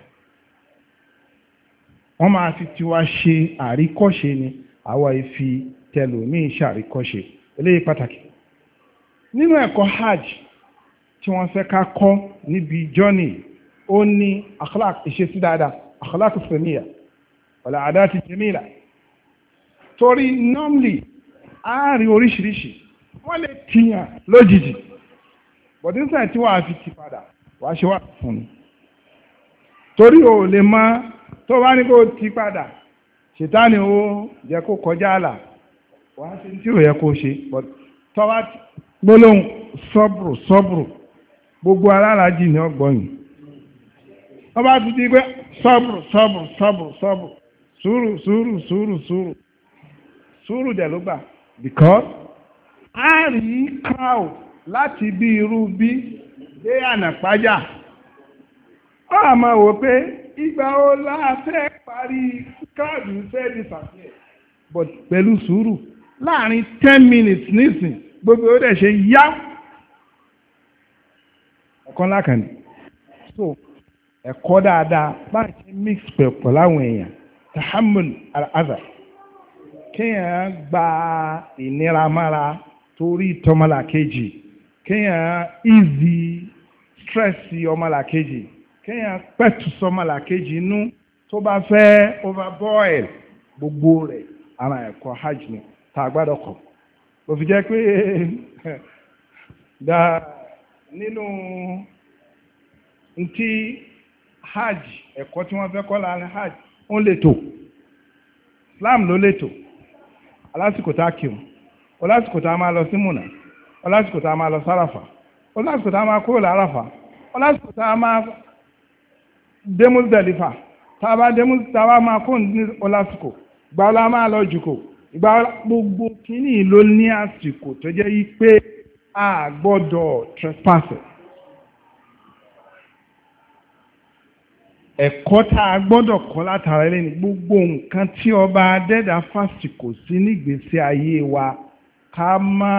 wọ́n máa fi tiwa ṣe àríkọ́ṣe ni àwa ìfi tẹlòmíì ṣàríkọ́ṣe eléyìí pàtàkì nínú ẹ̀kọ́ hajj tí wọ́n fẹ́ ká kọ́ níbi jọ́nì ó ní akhlaq ìṣesí dáadáa akhlaq saniya wàlá àdáàtì jẹ́mílà torí normally a rí oríṣiríṣi wọ́n lè tiyàn lójijì bọ̀dínsà tí wàá fi ti padà wàá ṣe wà fún un torí ò lè mọ tó bá ní kó ti padà ṣètánì ó jẹ́ kó kọjá àlà wàá ṣe tí ò yẹ kó ṣe tọ́wá gbólóhùn sọ́bùrù sọ́bùrù. gbogbo alálàájì ni ọgbọ̀nyìn ọ bá ti di pé sọ́bùrù sọ́bùrù sọ́bùrù sọ́bùrù sùúrù sùúrù sùúrù dẹ̀ ló gbà a rí crowd láti bí irú bí dé ànàpájà ó àmọ́ wò pé ìgbà ó láàfẹ́ parí káàdù pẹ̀lú sùúrù láàrin ten minutes nísìn gbogbo ó dẹ̀ ṣe ẹ̀kọ́ ńlá so ẹ̀kọ́ dáadáa bá a ti mix pẹ̀pọ̀ láwọn èèyàn tahammul al-adha kéèyàn gba ìnira mára torí tọmọlàkejì kéèyàn easy stress ọmọlàkejì kéèyàn pẹ̀tù sọmọlàkejì inú tó bá fẹ́ overboil gbogbo rẹ̀ ara ẹ̀kọ́ hajj ni tá a gbádọ̀ kọ̀ òfin pé [laughs] dáa nínú ntí hajj ẹ̀kọ́ tí wọ́n fẹ́ kọ́ la hajj ó lè tò Islam ló lè tò alásìkò tá a kírun olásìkò tá a máa lọ sí múnà olásìkò tá a máa lọ sáràfà olásìkò tá a máa kúrò láràfà olásìkò tá a máa dé tá bá dé máa kó ní olásìkò gbàwọ́lá máa lọ jùkò gbàwọ́lá gbogbo kínní ló ní àsìkò tó jẹ́ yí pé a gbọ́dọ̀ trespasser. ẹ̀kọ́ tá a gbọ́dọ̀ kọ́ látara ẹlẹ́ni gbogbo nǹkan tí ọba adẹ́dà fásitìkò sí nígbésí ayé wa ká má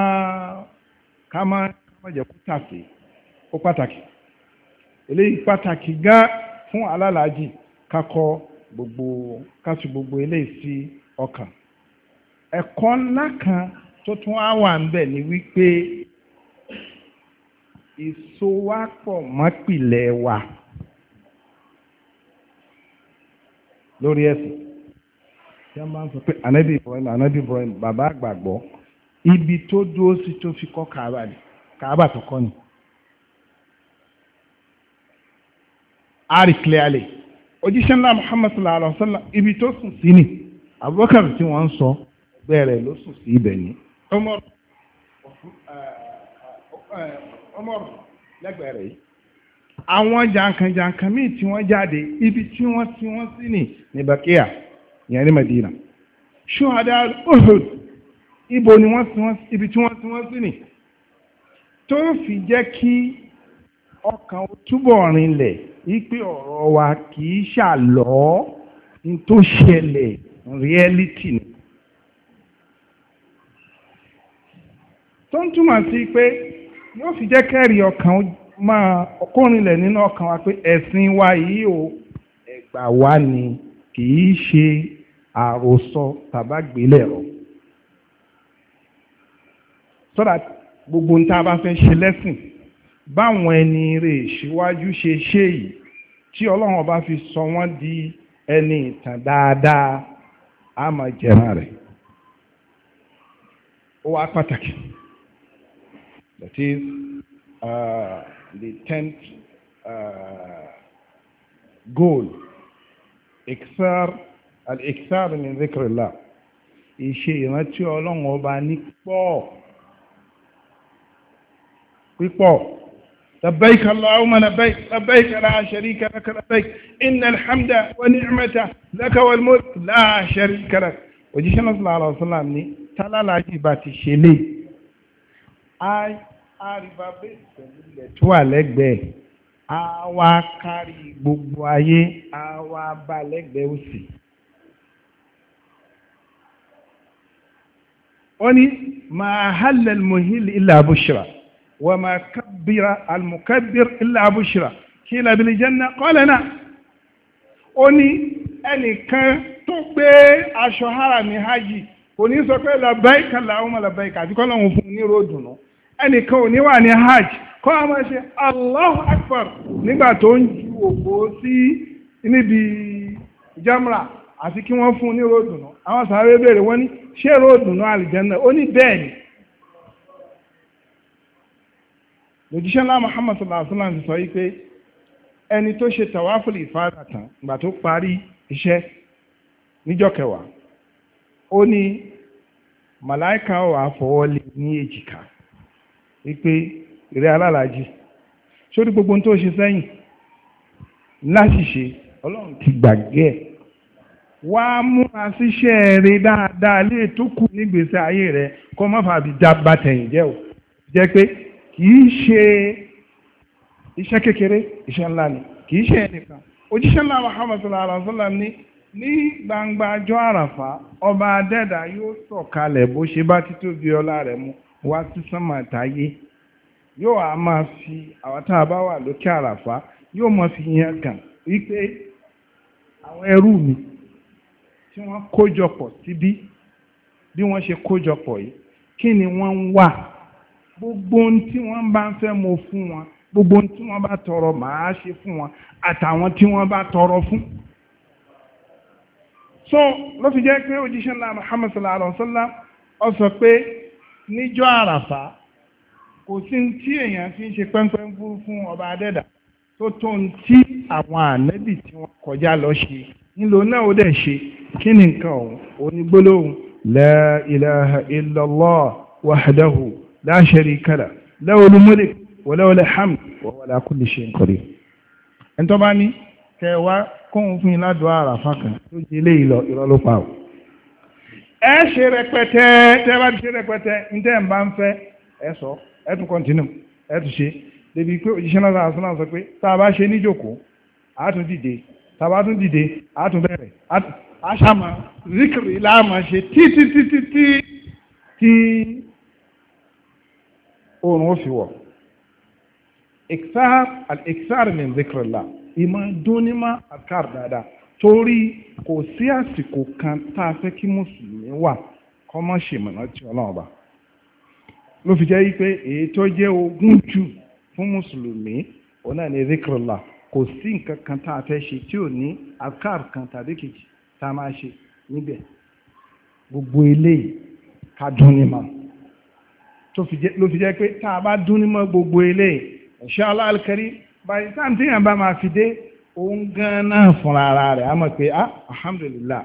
ká má jẹ́ kó tàfé ó pàtàkì eléyìí pàtàkì gan fún alálàájì kakọ gbogbo kásù gbogbo eléyìí sí ọkàn ẹ̀kọ́ ńlá kan tó tún á wà ń bẹ̀ ni wípé ìsowápọ̀ mọ́pìlẹ̀ wa lórí ẹ̀sìn tí wọ́n máa ń sọ pé anabi ibrahim anabi ibrahim bàbá àgbàgbọ́ ibi tó dúró sí tó fi kọ́ kàábà ni kàábà tó kọ́ ni. ari clearly òjíṣẹ́ ńlá muhammad sallallahu alaihi wa sallam ibi tó sùn sí ni abubakar tí wọ́n ń sọ bẹ́ẹ̀ rẹ̀ ló sùn sí ibẹ̀ ni ọmọrù lẹ́gbẹ̀ẹ́ rẹ̀ yìí àwọn jàǹkànjàǹkàn míì tí wọ́n jáde ibi tí wọ́n tí wọ́n sí ní ní bakia ìyẹn ní Madina ṣuhada Uhud ibo ni wọ́n sí wọ́n ibi tí wọ́n tí wọ́n sí ní tó fi jẹ́ kí ọkàn túbọ̀ rinlẹ̀ wípé ọ̀rọ̀ wa kì í ṣàlọ́ ní tó ṣẹlẹ̀ reality ni. tó ń túmọ̀ sí pé yóò fi jẹ́ kẹ́rì ọkàn máa kórìnlẹ̀ nínú ọkàn wa pé ẹ̀sìn wa yìí o ẹ̀gbà wa ni kì ṣe àròsọ tàbágbélẹ̀rọ so that gbogbo ní tá a bá fẹ́ ṣe lẹ́sìn báwọn ẹni rè ṣíwájú ṣe ṣe yìí tí ọlọ́run ọba fi sọ wọ́n di ẹni ìtàn dáadáa a máa jẹ̀ràn rẹ̀ ó wá pàtàkì. That is uh, the tenth uh, goal. Iksar al-iksar min dhikrillah. Ìṣe ìrántí ọlọ́run ọba ní pọ̀. Pípọ̀. لبيك اللهم لبيك لبيك لا شريك لك لبيك إن الحمد ونعمته لك والملك لا شريك لك òjíṣẹ́ náà sallallahu alaihi wasallam ní tálálàájì bá ti ṣe lé á rí bá bẹ́ẹ̀ pẹ̀lú ilẹ̀ tó wà lẹ́gbẹ̀ẹ́ á wá kárí gbogbo ayé á wá bá lẹ́gbẹ̀ẹ́ òsì. ó ní máa hàlẹ̀ muhil ilà abushra wà máa kábíra almukabir ilà abushra kí labili janna qala na ó ní ẹnìkan tó gbé aṣọ hara ní hajj kò ní sọ pé labbaika Allahumma labbaika àti kọ́ fún un ní ròdùnú. ẹnìkan ò ní wà ní hajj kọ́ a Allahu Akbar nígbà tó ń ju òpó sí níbi jamra àti kí wọ́n fún ní ròdùnú àwọn sàárè béèrè wọ́n ní ṣé ròdùnú àlìjẹ́nà ó ní bẹ́ẹ̀ ni lòjíṣẹ́ ńlá Muhammad sallallahu alaihi wasallam sọ yí pé ẹni tó ṣe tàwáfìlì ìfàdàtàn ìgbà tó parí iṣẹ́ níjọ́ kẹwàá ó ní màláìka ọ̀ wípé ìrẹ́ alálàájì sórí gbogbo tó ṣe sẹ́yìn láṣìṣe ọlọ́run ti gbàgbé ẹ̀ wá múra síṣẹ́ rẹ dáadáa lè tó kù nígbèsè ayé rẹ kọ́ má fàbí jábá tẹ̀yìn jẹ́ o jẹ́ pé kì í ṣe iṣẹ́ kékeré iṣẹ́ ńlá ni kì í ṣe ẹnìkan òjíṣẹ́ ńlá Muhammad sallallahu alaihi wa sallam ní gbangba ọjọ́ àràfà ọba adẹ́dà yóò sọ̀kalẹ̀ bó ṣe bá títóbi ọlá rẹ̀ mu wá sí sánmà táyé yóò á máa fi àwọn a bá wà lókè àràfá yóò máa fi yan kàn wípé àwọn ẹrú mi tí wọ́n kójọpọ̀ síbí bí wọ́n ṣe kójọpọ̀ yìí kí ni wọ́n ń wà gbogbo ohun tí wọ́n bá ń fẹ́ mo fún wọn gbogbo ohun tí wọ́n bá tọrọ màá ṣe fún wọn àtàwọn tí wọ́n bá tọrọ fún. so ló fi jẹ́ pé òjíṣẹ́ ńlá Muhammad sallallahu alayhi wa sallam ọ sọ pé níjọ́ àràfà kò sí tí èèyàn fi ń ṣe pẹ́ńpẹ́ fún fún ọba adẹ́dà tó tó ń tí àwọn ànẹ́bì tí wọ́n kọjá lọ ṣe nílò náà ó dẹ̀ ṣe kí ni nǹkan ọ̀hún onígbólóhùn la ilaha illallah wahdahu la sharika lah lahul mulk wa lahul hamd wa huwa ala bá ní kẹwàá kóhun fún yín ládùú àràfà kan tó jẹ eléyìí lọ o ẹ ṣe rẹpẹtẹ tẹ bá ṣe rẹpẹtẹ ntẹ n bá ń fẹ ẹ sọ ẹ tún kọ́ntínú ẹ tún ṣe débi pé òjíṣẹ́ náà sàn sàn sọ pé tá a bá ṣe níjókòó a tún dìde tá a bá tún dìde a tún bẹ̀rẹ̀ a ṣàmà zikiri láàmà ṣe títítítítí tí oòrùn ó fi wọ̀ iksar al iksar min zikiri la ìmọ̀ dúnímọ̀ àkàr dáadáa torí kò sí àsìkò kan tá a fẹ́ kí mùsùlùmí wà kọ́ mọ́ ṣèmọ̀nà tí ọlọ́run ọba ló fi jẹ́ wípé èyí tó jẹ́ ogún jù fún mùsùlùmí òun náà ní zikrullah kò sí nǹkan kan tá a fẹ́ ṣe tí ò ní afkar kan tàbí kejì tá a máa ṣe níbẹ̀ gbogbo eléyìí ká dún ní ma ló fi jẹ́ pé tá a bá dún ní mọ́ gbogbo eléyìí inshallah al-karim báyìí táǹtì yẹn bá máa fi dé òun gan náà fúnra ara rẹ̀ a mọ̀ pé ah alhamdulillah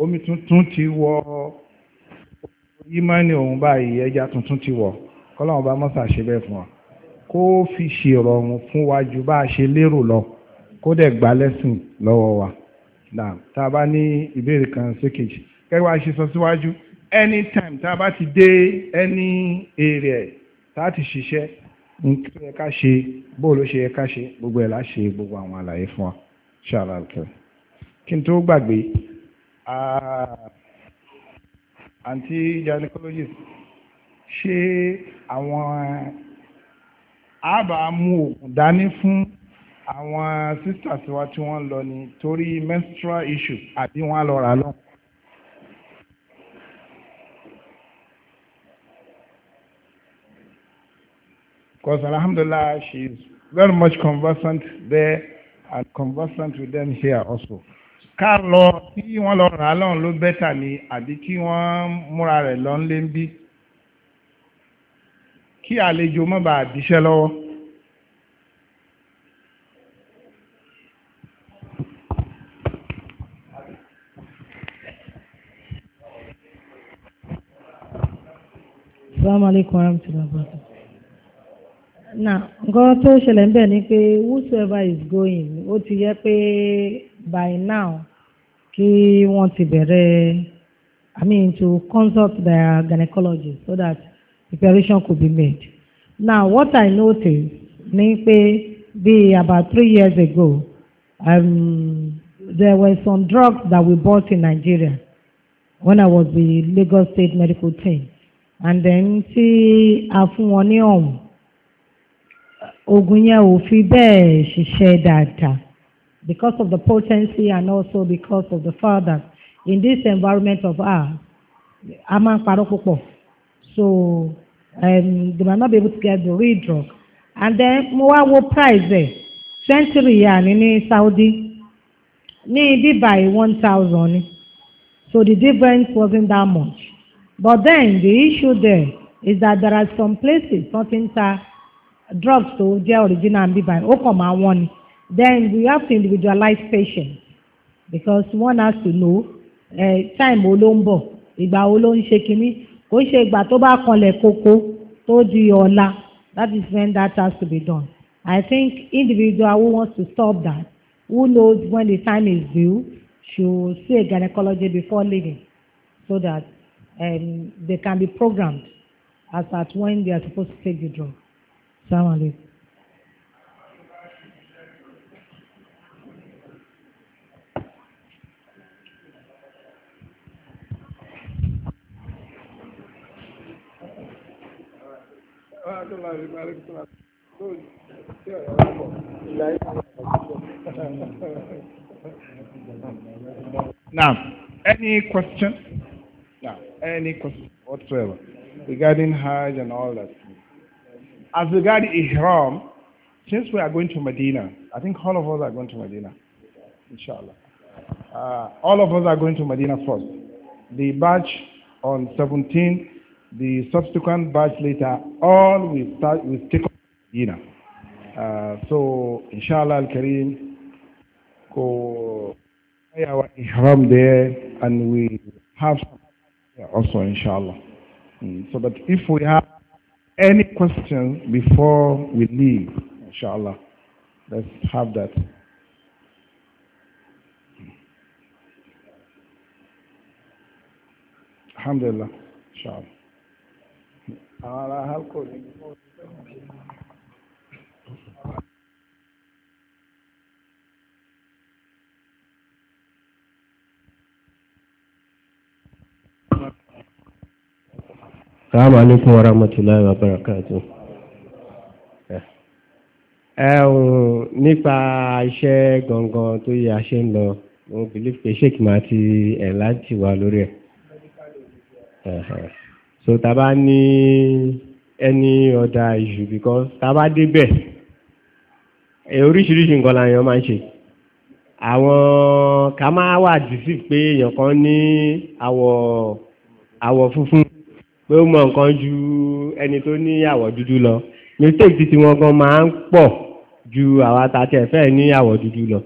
omi tuntun ti wọ ìmánì òun báyìí ẹja tuntun ti wọ kọ́lọ́wọ́n bá mọ́sà ṣe bẹ́ẹ̀ fún wa kó fi ṣèrọ̀rùn fún wa ju bá a ṣe lérò lọ kó dẹ̀ gba lẹ́sìn lọ́wọ́ wa tá a bá ní ìbéèrè kan sékèjì kẹ́kẹ́ ṣe sọ síwájú anytime tá a bá ti dé any area tá a ti ṣiṣẹ́ nítorí tó yẹ ká ṣe bó ló ṣe yẹ ká ṣe gbogbo ẹ̀ la ṣe gbogbo àwọn àlàyé fún wa ṣàlàyé kí n tó gbàgbé àǹtí gynecologist ṣé àwọn àbá mú òògùn dání fún àwọn sisters wa tí wọ́n lọ ni torí menstrual issue àbí wọ́n á lọ rà lọ́hùn. Because Alhamdulillah, she's very much conversant there and conversant with them here also. Ká lọ tí wọ́n lọ rà lọ́run ló bẹ́tà ni àbí kí wọ́n múra rẹ̀ lọ ń lé ń bí. Kí àlejò má bàa díṣẹ́ lọ́wọ́. Assalamu alaikum warahmatullahi wabarakatuh now nǹkan tó ṣẹlẹ̀ ń bẹ̀ ni pé whosoever is going ó ti yẹ pé by now kí wọ́n ti bẹ̀rẹ̀ I mean to consult their gynecologist so that preparation could be made. now what I noticed, ni pé be about three years ago um, there were some drugs that we bought in Nigeria when I was the Lagos State medical team and then tí a fún wọn ní ọ̀hún oògùn yẹn ò fi bẹ́ẹ̀ ṣiṣẹ́ dáadáa because of the potency and also because of the fact that in this environment of ah a máa ń parọ́ púpọ̀ so um, they might not be able to get the real drug and then mo wá wo price ẹ̀ twenty riyal ní ní Saudi ní bíbáyìí one thousand so the difference wasn't that much but then the issue there is that there are some places something ta drugs tó jẹ́ original and bíbá ó kàn máa wọ́n ni then we have to individualize patient because one has to know uh, time wo ló ń bọ̀ ìgbà wo ló ń ṣe kínní kò ṣe ìgbà tó bá kanlẹ̀ koko tó di ọ̀la that is when that has to be done I think individual who wants to stop that who knows when the time is due should see a gynecologist before leaving so that um, they can be programmed as at when they are supposed to take the drug. Assalamu alaikum. Now, any question? Now, any question whatsoever regarding Hajj and all that? As regards Ihram, since we are going to Medina, I think all of us are going to Medina, inshallah. Uh, all of us are going to Medina first. The batch on 17th, the subsequent batch later, all we start we take up Medina. Uh, so, inshallah al-Kareem, go our ihram there and we have also, inshallah. Mm, so that if we have Any questions before we leave, inshallah? Let's have that. Alhamdulillah, inshallah. Assalamu alaikum warahmatullahi wabarakatuh. Eh, Ẹ̀hùn nípa iṣẹ́ gangan tó yẹ aṣẹ́ ń lọ, mo believe pé ṣéèkì máa ti ẹ̀ láti wà lórí ẹ̀. So tàbá ní any other issue because tàbá débẹ̀, eh, oríṣiríṣi nǹkan làyàn máa ń ṣe. Àwọn ká máa wà dìsí pé èèyàn kan ní àwọ̀ funfun pé ó mọ nǹkan ju ẹni tó ní àwọ̀ dúdú lọ mistake ti tiwọn gan máa ń pọ̀ ju àwa ta tẹ̀ fẹ́ ní àwọ̀ dúdú lọ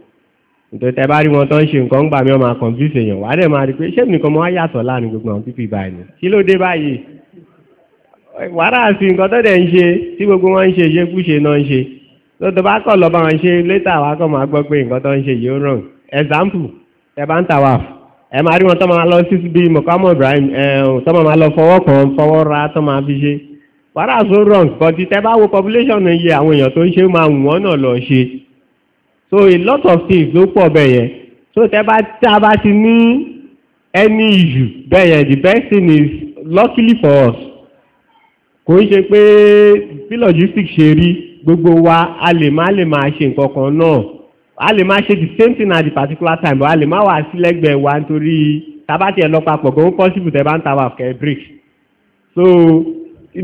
nítorí tẹ bá rí wọn tó ń ṣe nǹkan gbà mí ọmọ àkànfíìsì èèyàn wà á dẹ̀ máa rí pé ṣé nìkan máa yàtọ̀ láàrin gbogbo àwọn pípì báyìí kí ló dé báyìí wàhálà sí nǹkan tó dẹ̀ ń ṣe tí gbogbo wọn ń ṣe ìṣekúṣe náà ń ṣe tó tó bá kọ̀ lọ́ba wọn ṣe létà wa kọ̀ máa gbọ́ pé nǹkan tó ń ṣe yìí ó rọrùn example tẹ bá ń tà fún ẹ máa rí wọn tó máa lọ sí bí mọ̀kámọ̀ Ibrahim tó máa lọ fọwọ́ kan fọwọ́ ra tó máa fi ṣe wàrà so wrong but tẹ bá wo population iye àwọn èèyàn tó ń ṣe máa wù wọ́n náà lọ ṣe so a lot of things ló pọ̀ bẹ́ẹ̀ yẹn so tẹ bá tá a bá ti ní any issue bẹ́ẹ̀ yẹn the best thing is luckily for us kò ń ṣe pé bí logistics ṣe rí gbogbo wa a lè má lè máa ṣe nǹkan kan náà a lè máa ṣe the same thing at the particular time but a lè máa wà sílẹ̀gbẹ̀ wa nítorí tabati ẹ̀ lọ papọ̀ kò ó possible tẹ̀ bá ń tàwa kẹ́ break so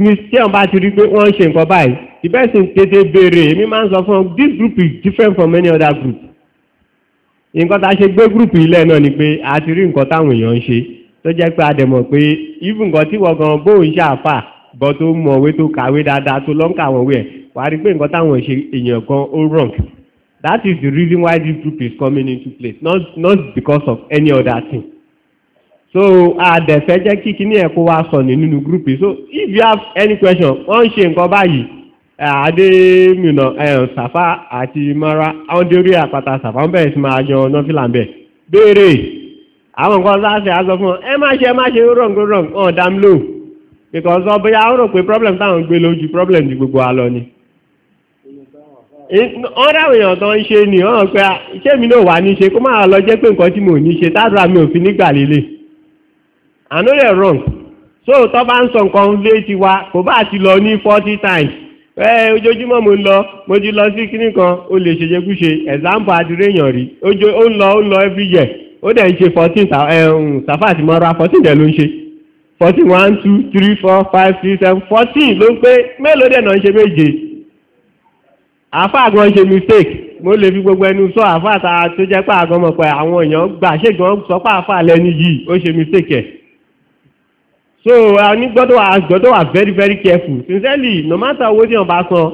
ní tí wọ́n bá ti rí pé wọ́n ń ṣe nǹkan báyìí the person tètè béèrè èmi máa ń sọ fún ọ this group is different from many other group nǹkan tá a ṣe gbé group ilẹ̀ náà ni pé a ti rí nǹkan táwọn èèyàn ń ṣe tó jẹ́ pé a dẹ̀ mọ̀ pé even nǹkan tí wọ́n gan bóun ṣàfà bọ́ tó mọ̀wé tó kàwé dáadáa tó lọ́nkà àwọn òwe ẹ̀ wàá rí pé nǹkan táwọn èèyàn kan ó wrong That is the reason why this group is coming into place, not, not because of any other thing. So the jẹ́ kí kíní ẹ̀ kó wá sọnù nínú group So if you have any question, wọ́n ń ṣe nǹkan báyìí. Eh, Adémìnà eh, Sàfá àti Mara, àwọn dérí àpáta Sàfá ń bẹ̀rẹ̀ sí máa yan Nọ́fìlà ń bẹ̀. Béèrè, àwọn nǹkan sáṣẹ̀ á sọ fún ọ, ẹ má ṣe ẹ má ṣe wrong wrong, ọ̀n dám lò. Because ọbẹ̀ yà ń rò pé problem táwọn gbé lójú problem ju gbogbo wa lọ ni ọ̀rọ̀ àwọn èèyàn tán ń ṣe ni ọ̀rọ̀ pé iṣẹ́ mi náà wà ní ṣe kó máa lọ jẹ́ pé nǹkan tí mo ní ṣe tádùra mi ò fi nígbà lélẹ̀ àánú rẹ̀ wrong so tó bá ń sọ nǹkan lé ti wa kò bá ti lọ ní forty times ẹ ojoojúmọ́ mo ń lọ mo ti lọ sí kíní kan o lè ṣèjẹkúṣe example adúrẹ́ èèyàn rí ó ń lọ ó ń lọ every year ó dẹ̀ ń ṣe fourteen um, sàfàtì mọ́ra fourteen dẹ̀ ló ń ṣe fourteen one two three four five six seven fourteen ló ń pé mélòó dẹ̀ náà ń ṣe méje àáfà gan ṣe mistake mo lè fi gbogbo ẹnu sọ àáfà ta tó jẹ́ pé àgọ́ mọ̀ pé àwọn èèyàn gbà ṣègbọ́n sọ pé àáfà lẹ́ni yìí ó ṣe mistake ẹ̀ so a ní gbọ́dọ̀ wà gbọ́dọ̀ wà very very careful sincerely no matter owó tí wọ́n bá san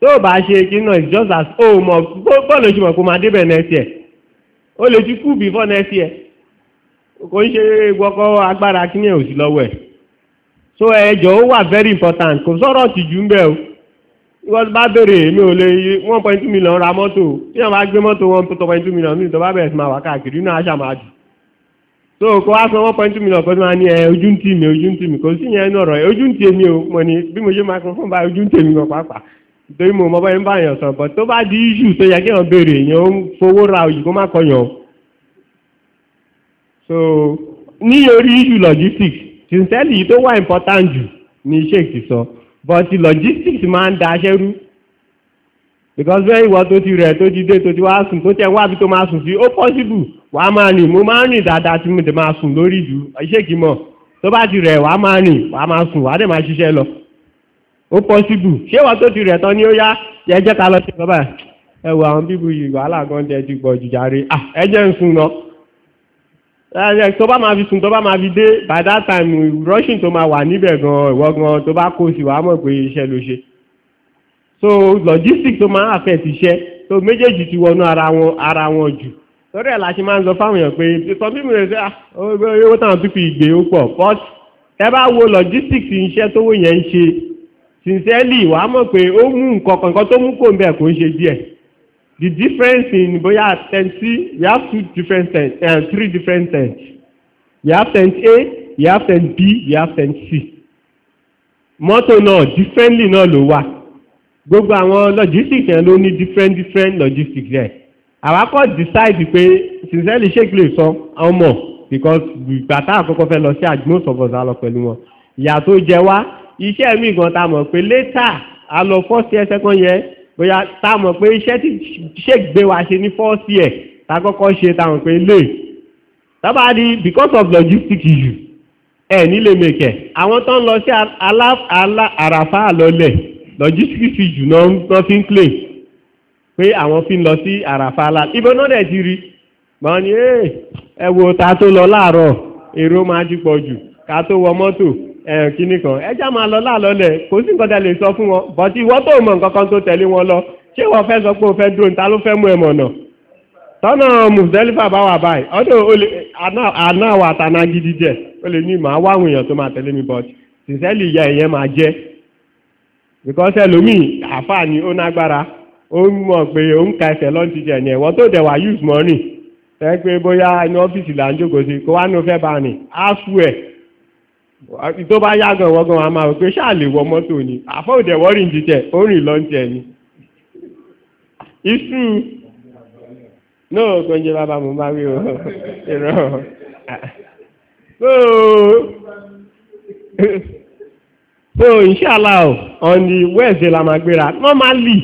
tó o bá ṣe kí náà it's just as oh, o mọ̀ bọ́ọ̀lù oṣù mọ̀ kó máa débẹ̀ next year o lè ti kú before next year kò ń ṣe gbọ́kọ́ agbára kí ni ò sí lọ́wọ́ ẹ̀ so ẹ̀jọ̀ ó wà very important kò sọ̀rọ̀ tìjú ń bẹ̀ o wọ́n bá bèrè mi ò lè yí one point two million ra mọ́tò tí wọ́n bá gbé mọ́tò one point two million nítorí bá bẹ̀rẹ̀ sí máa wà káàkiri inú àṣà máa dùn so kò wá san one point two million kọ́sí máa ní ẹ ojú ń tì mí ojú ń tì mí kò sí yẹn náà rọ̀ ojú ń tì mí o mọ̀ ní bí mo ṣe máa kún fún bá ojú ń tì mí kan pàápàá nítorí mo mọ bá yẹn bá yàn sàn bọ̀ tó bá di iṣu tó yẹ kí wọ́n bèrè yẹn ó ń fowó ra òyì kó má kọ so níyọrí iṣu logistics tìǹtẹ́lì tó wà important jù ni sheik ti sọ. So, but the logistics máa ń daṣẹ́ rú because bẹ́ẹ̀ ìwọ tó ti rẹ̀ tó ti dé tó ti wá sùn tó tẹ wá bí tó máa sùn sí ó possible wàá máa rìn mo máa ń rìn dáadáa tí mo dẹ̀ máa sùn lórí ìlú ṣéèkì mọ̀ tó bá ti rẹ̀ wàá máa rìn wàá máa sùn wàá dẹ̀ máa ṣiṣẹ́ lọ ó possible ṣé ìwọ tó ti rẹ̀ tán ni ó yá ẹjẹ́ ká lọ sí bàbá ẹ wo àwọn bíbu yìí wàhálà gan tẹ ti gbọ̀ jùjà rí ah, ẹjẹ́ ń sùn náà. Eh, eh, tó bá máa fi sùn tó bá máa fi dé by that time rushing tó máa wà níbẹ̀ gan ìwọ gan tó bá kó sí wàá mọ̀ pé iṣẹ́ ló ṣe so logistics tó máa affect iṣẹ́ tó méjèèjì ti wọnú ara wọn ara wọn jù torí ẹ̀ la ṣe máa ń sọ fáwọn èèyàn pé sọ bí mi rẹ̀ sẹ́ owó táwọn tún fi gbé ó pọ̀ but ẹ bá wo logistics iṣẹ́ tówó yẹn ń ṣe sincerely wàá mọ̀ pé ó mú nǹkan kan nǹkan tó mú kò ń bẹ̀ kó ń ṣe díẹ̀ The difference in Boya attempt C, we have two different tests, uh, eh, three different tests. You have attempt A, you have attempt B, you have attempt C. Mọ́tò náà differently náà ló wà. Gbogbo àwọn logistics yẹn ló ní different different logistics yẹn. Àwa kọ́ decide pé sincerely ṣéèkì lè sọ ọmọ because ìgbà tá àkọ́kọ́ fẹ́ lọ sí àjùmọ̀ sọ̀bọ̀sà lọ pẹ̀lú wọn. Ìyà tó jẹ wá, iṣẹ́ mi gan ta mọ̀ pé later a lọ fọ́ sí ẹsẹ̀ kan yẹn bóyá táàmọ̀ pé iṣẹ́ tí ṣe gbé wa ṣe ní fọ́ọ̀sì ẹ̀ takọ́kọ́ ṣe táwọn pé lè sábà di because of logistic issue ẹ̀ nílé mẹ́kẹ̀ àwọn tó ń lọ sí àràfà lọlẹ̀ logistic issue náà fi ń claim pé àwọn fi ń lọ sí àràfà lọ ibẹ̀ náà dẹ̀ ti rí bọ́n ni ẹ wo ta tó lọ láàárọ̀ èrò máa ti pọ̀ jù ká tó wọ mọ́tò kíní kan ẹjá máa lọ láàlọ́lẹ̀ kò sí nǹkan sọ fún wọn bọ́tí ìwọ tó mọ̀ nǹkan kan tó tẹ̀lé wọn lọ ṣé wọ́n fẹ́ sọ pé o fẹ́ dúró ló fẹ́ mú ẹ mọ̀nà tọ́nà mùsùlẹ́lífà bá wà báyìí ọdún àná àwọn gidi jẹ ó lè ní màá wá àwọn èèyàn tó máa tẹ̀lé mi ìyá máa jẹ́ ka ẹsẹ̀ lọ́ntì tó dẹ̀ wá use money pé bóyá inú ọ́fíìsì là ń jókòó sí tó bá yá gan wọ́n gan wọn a máa rò pé wọ mọ́tò ni àfọ́òdẹ̀ wọ́rìn jíjẹ ó rìn ni. iṣu náà kò bàbá mo bá wí o ìrọ̀ so inshallah on the wednesday la máa normally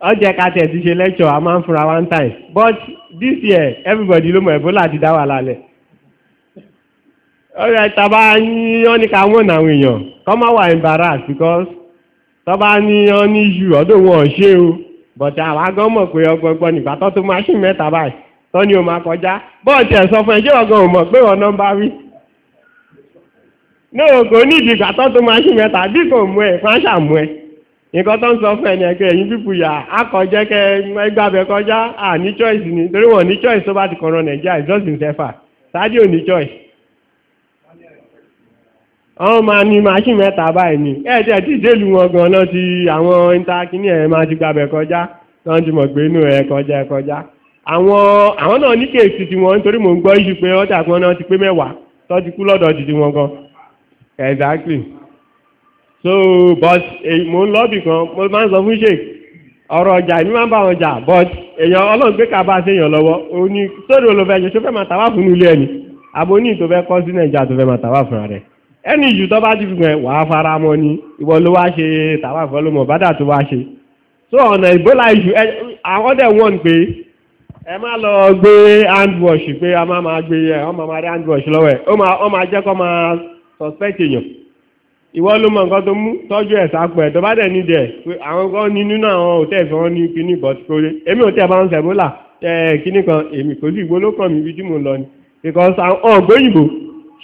ọjọ́ ẹ̀ka tẹ̀ ti ṣe lecture a máa ń fúnra one time but this year everybody ló mọ̀ Ebola ti dá wà ọ̀rẹ́ tàbá yíyán ní káwọn àwọn èèyàn kọ́ wà embarrass because tọ́bá níyán ní ọdún wọn ṣe o but àwa gan pé ọgbọgbọ nígbà tó tó machine mẹ́ta báyìí o máa kọjá bọ́ọ̀tì sọ fún ẹ ṣé ọgàn pé wọn nọ́mbà wí. ní òkò nídìí ìgbà tó tó mẹ́ta bí kò mú ẹ ẹ nǹkan tó ń sọ fún ẹni pípù yà á ni torí wọn ní choice tó bá ti wọ́n máa ní machine mẹ́ta báyìí ni ẹ̀ẹ́dẹ̀ tí ìdélù wọn gan náà ti àwọn intakini ẹ̀ máa ti gbàbẹ̀ kọjá náà ti mọ̀ pé inú ẹ̀ kọjá ẹ̀ kọjá àwọn àwọn náà ní kéèsì tí wọ́n nítorí mò ń gbọ́ iṣu pé ọjà kan náà ti pé mẹ́wàá tó ti kú lọ́dọ̀ ti wọn gan exactly so but eh, mò ń lọ́bì kan mo máa ń sọ fún sheik ọ̀rọ̀ ọjà ìní máa ń bá wọn jà but èèyàn ọlọ́run gbé kaba sí èèyàn lọ́wọ́ ni sódò ló fẹ́ ṣe tó fẹ́ máa tàwa ẹni ìjù tó bá ti fi gbọ̀n wàá fara mọ́ ni ìwọ ló wá ṣe tàwa ìfọ́ ló mọ̀ tó wá ṣe so ọ̀nà ìbólà ìjù àwọn dẹ̀ wọ́n pé ẹ má lọ gbé hand wash pé a má máa gbé ẹ ọmọ máa rí hand wash lọ́wọ́ ẹ ó máa jẹ́ kó máa suspect èèyàn ìwọ ló mọ nǹkan tó mú tọ́jú ẹ̀ sápò ẹ̀ tó bá dẹ̀ nídìí ẹ̀ pé àwọn kan ní nínú àwọn hòtẹ́ẹ̀lì tí wọ́n ní kíní bọ́t kórè èmi ò tẹ́ bá ń sẹ̀bólà kíní kan èmi kò sí ìgbólókàn mi bí tí lọ ni because àwọn ọ̀gbóyìnbó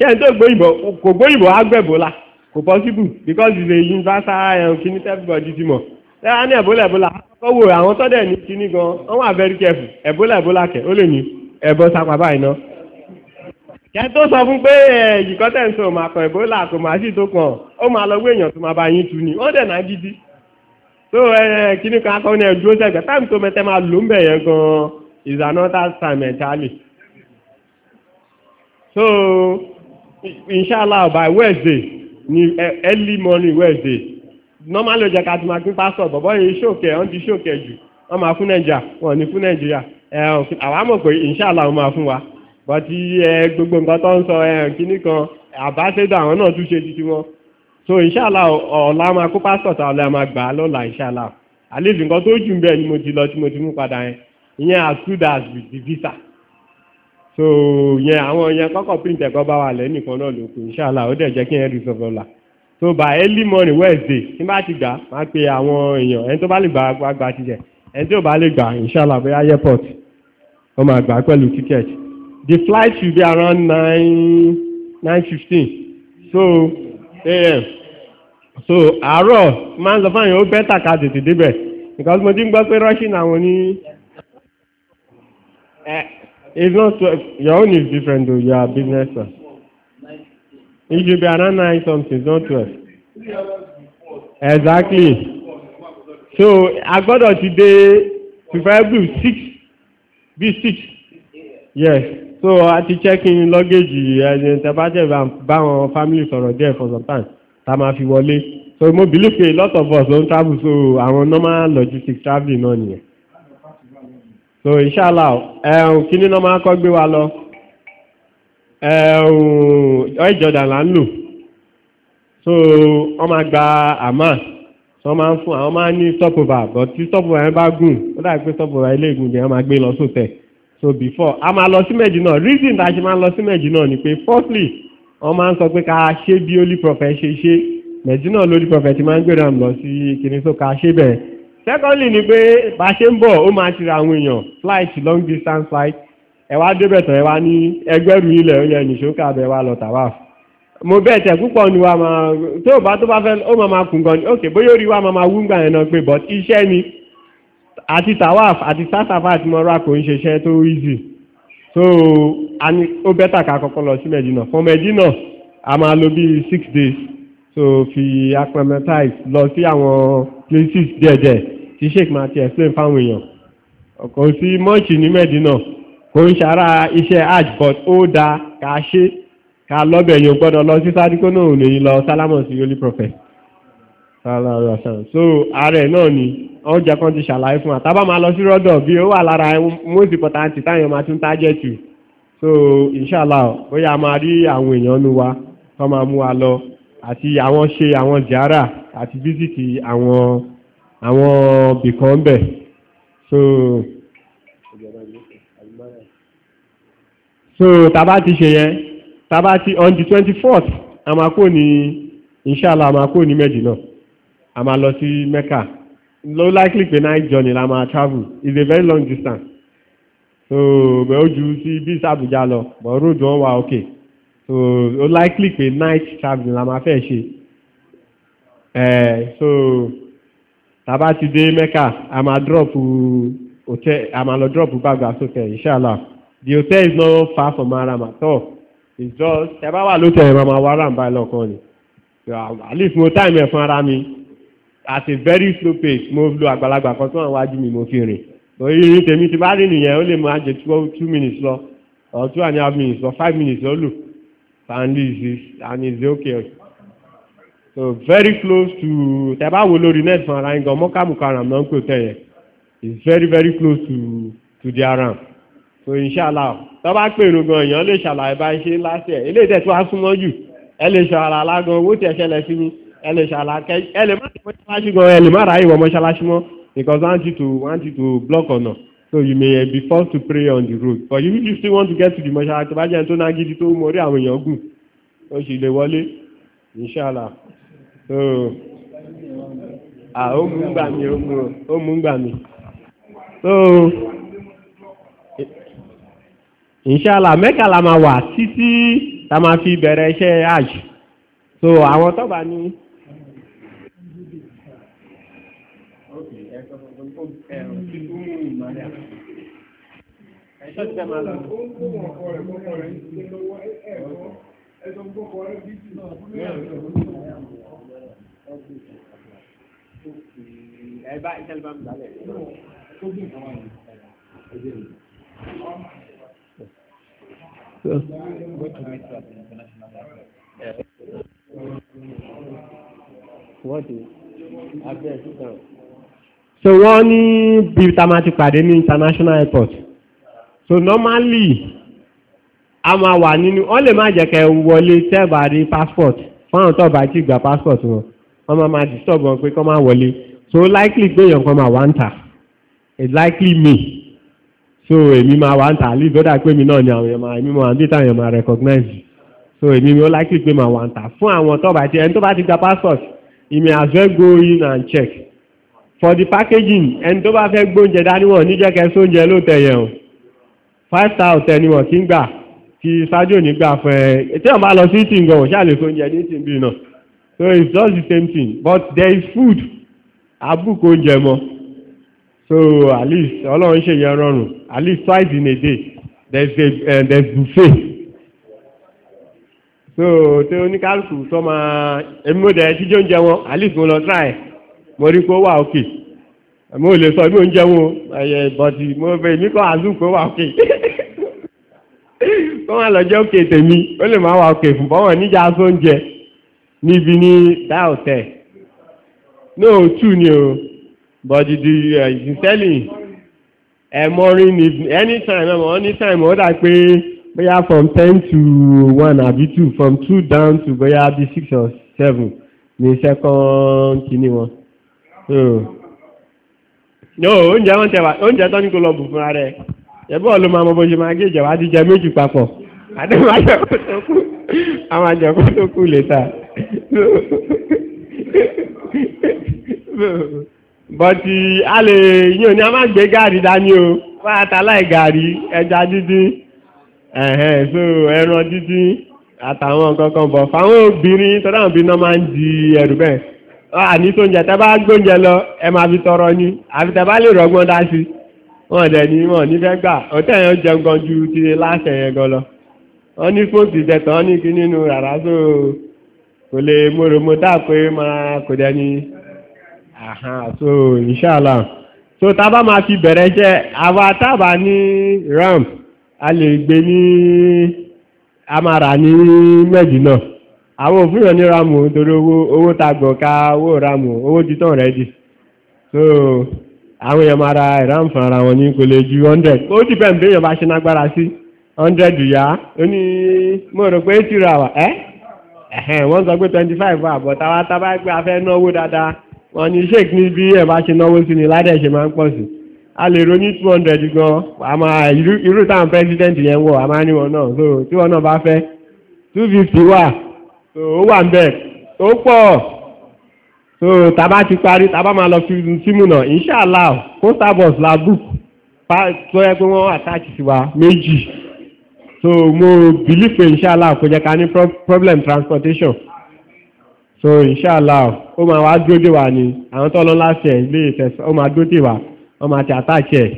ṣé ẹni tó gbóyìnbó kò gbóyìnbó agbẹ̀bó la kò possible because it's a universal ẹ̀hún kí ní everybody ti mọ̀ ẹ̀hán ní ẹ̀bólà ẹ̀bólà kọ́ wo àwọn tọ́dẹ̀ ní kíní gan wọ́n wà very careful ẹ̀bólà ẹ̀bólà kẹ̀ ó lè ní ẹ̀bọ sapá báyìí ná. kẹ́ tó sọ fún pé ẹ̀yìnkọ́ eh, tẹ̀ ń sọ máa kọ ẹ̀bólà kò máa sì tó kàn ó máa lọ gbé èèyàn tó máa bá yín tu ni wọ́n dẹ̀ náà gidi. tó ẹ kíní kan akọ ní ẹ̀dúró sẹ́gbẹ̀ẹ́ táìmù another time entirely. so inshallah by wednesday ni eh, early morning wednesday normally ọjà ká ti máa pín pásọ bọ̀bọ́ yìí ṣòkè ọ̀n ti ṣòkè jù wọ́n máa fún nàìjíríà wọ́n ní fún nàìjíríà eh, àwa mọ̀ pé inshallah wọ́n máa fún wa bọ́tí eh, gbogbo nǹkan tó ń sọ kínní kan àbáṣẹ́dọ̀ àwọn náà tún ṣe títí wọn so inshallah ọ̀la máa kó pásọ̀ tá ọ̀la máa gbà á lọ́la inshallah àlejò nǹkan tó jù ń bẹ́ẹ̀ ni mo ti lọ tí mo ti mú padà yẹn ìyẹn as good as with the visa so yẹn àwọn yẹn kọ́kọ́ print ẹ̀kọ́ bá wà lẹ́nìkan náà ló kù inshallah ó dẹ̀ jẹ́ kí yẹn rí sọ̀rọ̀ là so by early morning wednesday tí bá ti gbà máa pe àwọn èèyàn ẹni tó bá lè gbà wá gba tiẹ̀ ẹni tí ò bá lè gbà inshallah bóyá airport ó máa gbà pẹ̀lú ticket the flight should be around nine nine fifteen so am so àárọ̀ máa ń sọ fún àwọn ó bẹ́tà ká tètè débẹ̀ because mo ti ń gbọ́ pé rushing àwọn ní. Eh, It's not 12. Your own is different though. You are a business man. It should be around 9 something, not 12. Exactly. So, I got out today, preferably six, B6. Yes. So, I ti check in luggage and the party bá our family sọ̀rọ̀ there for some time. Ta ma fi wọlé. So, mo believe pé a lot of us don't travel so àwọn normal logistics traveling náà nìyẹn so ìṣàlá ẹ̀hùn kí nínú máa kọ́ gbé wa lọ ẹ̀hùn ọ̀ìjọdà là ń lò so wọ́n máa gba àmà wọ́n máa ń fún àwọn máa ní stọ́pùbà bọ̀ tí stọ́pùbà yẹn bá gùn ó dàbí pé stọ́pùbà ilé ìgùn jẹ́ máa gbé lọ sóòtẹ̀ so before a máa lọ sí Mẹ́dínà reason tá a ṣe máa lọ sí Mẹ́dínà ni pé firstly wọ́n máa ń sọ pé ká ṣe bí holy prophet ṣe ṣe Mẹ́dínà lórí prophet máa ń gbéra lọ sí kìnìún so ká ṣe bẹ́ẹ̀ secondly ni pé bá ṣe ń bọ̀ ó máa ti àwọn èèyàn flight long distance flight ẹ wá débẹ̀tàn ẹ wá ní ẹgbẹ́rù ilẹ̀ ó yẹ nìṣó káàbẹ̀ lọ tàwa mo bẹ́ẹ̀ púpọ̀ ni wa máa tó bá tó bá fẹ́ ó máa máa kùn gan ni ok bóyá orí wa máa máa wúngbà yẹn náà pé but iṣẹ́ ni àti tawaf àti sasafa àti mọ́ra kò ń ṣeṣẹ́ tó easy so a ní ó bẹ́tà ká kọ́kọ́ lọ sí Medina fún Medina a máa lò bí six days so fi acclimatize lọ sí àwọn places díẹ̀díẹ̀ tí sheik máa ti explain fáwọn èèyàn kò sí mọ́ọ̀ṣì ní mẹ́dínà kò ń ṣara iṣẹ́ hajj ó da ká ṣe ká lọ́bẹ̀ yóò gbọ́dọ̀ lọ sí sádíkó náà lọ sálámọ̀ sí prophet so ààrẹ náà ni ọjà kan ti ṣàlàyé fún àtàbà máa lọ sí rọ́dọ̀ bí ó wà lára most important táyàn máa tún tájẹ̀tù so inshallah bóyá máa rí àwọn èèyàn nu wa tó máa mú wa lọ àti àwọn ṣe àwọn ziara àti físìtì àwọn àwọn bìkan bẹ̀ so so tàbá ti ṣe yẹn tàbá ti on the 24th, a máa kó ní inshallah a máa kó ní Medina a máa lọ sí Mecca low likely pé night journey la máa travel is a very long distance so bẹ̀ ó ju sí bí sàbújá lọ but road wọn wà okay so ó likely pé night travel la máa fẹ́ ṣe ẹ̀ eh, so tàbá ti dé mẹ́kà a máa drop hotel a lọ drop bag asókè inshallah the hotel is not far from aram at all it's just ẹ bá wà lóòótọ́ ẹ̀ máa wá aram báyìí lọ́kàn ni at least mo time ẹ̀ fún ara mi at a very slow pace mo lo àgbàlagbà kan tó wà wájú mi mo fi rìn ìrìn tèmi ti bá rìn nìyẹn ó lè máa jẹ two minutes lọ or two and a half minutes or five minutes lọ lò and it's and it's okay so very close to tẹ́bá wo lórí net fún ara nǹkan mọ́kàmùkà aram náà ń pè tẹ́ is very very close to to the aram so inshallah tọ́ bá pè irun gan èèyàn lè ṣàlàyé bá ṣe last year eléyìí tẹ̀ tó wá súnmọ́ jù ẹ lè ṣọ ara alágan owó tí ẹ ṣẹlẹ̀ sí mi ẹ lè ṣàlà kẹ ẹ lè má ti mọ́ṣáláṣí gan ẹ lè má ráyè wọ mọ́ṣáláṣí mọ́ because want you to want you to block ọ̀nà so you may be forced to pray on the road but you still want to get to the mọ́ṣáláṣí tó bá jẹ́ tó náà gidi tó mọ orí àwọn èèyàn gùn ó sì lè wọlé inshallah à ó mú gbà mí ó mú ó inshallah mẹ́kà la máa wà títí ta máa fi bẹ̀rẹ̀ iṣẹ́ hajj so àwọn tó bá ní. Ẹ̀sọ́ ti dẹ́ máa lọ ẹ bá ìṣẹ̀lẹ̀ bá mi gbálẹ̀ So, so wọ́n ní bí tàmà ti pàdé ní international airport so normally a máa wà nínú wọ́n lè má jẹ́ kẹ́ wọlé tẹ́bà rí passport fáwọn tó bá ti gba passport wọn wọ́n máa máa disturb wọn pé kọ́ máa wọlé so likely pé èèyàn kan máa wá ń tà it's likely me so èmi máa wá ń tà àlè ìgbọ́dà pé mi náà ni àwọn èèyàn máa èmi máa dé táwọn èèyàn máa recognize so èmi mi ó likely pé máa wá ń tà fún àwọn tó bá ti ẹni tó bá ti gba passport you may as go in and check for the packaging ẹni tó bá fẹ́ gbóúnjẹ dání wọn níjẹ́ kẹ́ sóúnjẹ ló tẹ̀yẹ̀ o five thousand ni wọ́n ti ń gbà ti ṣáájú òní gbà fún ẹ tí wọ́n bá lọ sí ìtì nǹkan ò ṣáà lè sóúnjẹ ní ìtì bí náà so it's just the same thing but there is food abúkò oúnjẹ mọ́ so at least ọlọ́run ṣe yẹn rọrùn at least twice in a day there's a uh, there's buffet so tí oníkálùkù tó máa èmi ò dẹ̀ jíjẹ oúnjẹ wọn at least mo lọ try mo rí pé ó wà òkè mo lè sọ bí oúnjẹ wọn ẹ̀yẹ bọ̀tì mo fẹ́ èmi kọ́ àzú pé ó wà òkè kọ́ máa lọ jẹ́ òkè tèmi ó lè máa wà òkè fún bọ́wọ̀n níjà sóúnjẹ níbi ní dáòtẹ̀ no two ni o but the uh, selling ẹ morning evening anytime ọmọ anytime ó dà pé bóyá from ten to one àbí two from two down to bóyá bí six or seven ní second kìíní wọn. no oúnjẹ wọn tẹwà oúnjẹ tó ní kó lọ bù fúnra rẹ̀ ẹ̀bọ́ ló máa mọ bó ṣe máa gé ìjẹ̀wá jíjẹ méjì papọ̀ àdéhùn àjẹkù tó kù àwọn àjẹkù tó kù lè ta bọ̀tì a lè yín ò ní a máa gbé gàrí dání o wá àtàláì gàrí ẹja dídín ẹ̀hẹ́n so ẹran dídín àtàwọn kankan bọ̀ fáwọn obìnrin tọ́lá òbí náà máa ń di ẹ̀rù bẹ́ẹ̀ àní tó ń jẹ tẹ́ bá gbóúnjẹ lọ ẹ máa fi tọrọ ni àfi tẹ́ bá lè rọgbọ́n dá sí wọ́n dẹ̀ ní wọ́n ní fẹ́ gbà ọ̀tẹ́ yẹn jẹun gan ju ti láṣẹ yẹn gan lọ wọ́n ní fóònù ti tẹ̀tàn ní kí nínú yàrá so. kò lè mọ̀rọ̀mọ̀ dáa pé máa kò dẹni àhán so inṣàlá so tá ma fi bẹ̀rẹ̀ jẹ́ àwa tábà ní ram a lè gbé ní amara ní mẹ́jìnà àwọn òfúnyàn ní ramu torí owó owó tagbọ̀ ká owó ramu owó títàn rẹ̀ dì so àwọn èèyàn máa ra ìram fún ara wọn ní kò lè ju 100 ó dìbẹ̀ ń bí èèyàn bá ṣe nágbára sí 100 yá ó ní mo rò pé tí ra ẹ́ ẹ̀hẹ́n wọ́n sọ pé twenty five wà bọ̀ táwa tábà pé a fẹ́ náwó dáadáa wọ́n ní sheik ní bí ẹ̀ bá ṣe náwó sí ni ládẹ̀ ṣe máa ń pọ̀ sí a lè ro ní two hundred gan àmọ́ irú táwọn president yẹn wọ̀ àmọ́ níwọ̀n náà so tí wọ́n náà bá fẹ́ 250, wà so ó wà ń bẹ̀ ó pọ̀ so tábà ti parí tábà máa lọ fi símù náà inshallah costa bus la book tó yẹ pé wọ́n attach sí wa méjì so mo believe pé inshallah kò jẹ́ ká ní problem transportation so inshallah ó máa wá dúró dè ni àwọn tọ́lọ́ láti ẹ̀ ilé ìfẹsẹ̀ ó máa dúró dè wá wọ́n máa ti àtàkì ẹ̀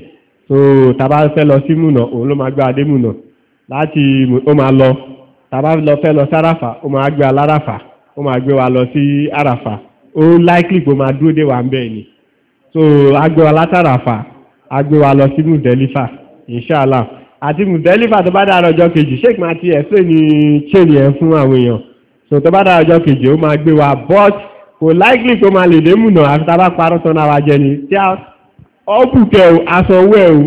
so tàbá fẹ́ lọ sí múnà òun ló máa gbé adé múnà láti ó máa lọ tàbá lọ fẹ́ lọ sáràfà ó máa gbé aláràfà ó máa gbé wa lọ sí àràfà ó likely pé ó máa dúró dè wá ni so agbé wa látàràfà agbé wa lọ sí mùdẹ́lífà inshallah àti mùtẹ́lífà tó bá dára ọjọ́ kejì sheik máa ti ẹ̀fẹ́ ní chéènì ẹ̀ fún àwọn èèyàn so tó bá dára ọjọ́ kejì ó máa gbé wa but kò likely tó máa lè dé múnà àfi tá a bá parọ́ tán náà wá jẹ ni tí a ó bùkẹ́ o aṣọ owó ẹ̀ o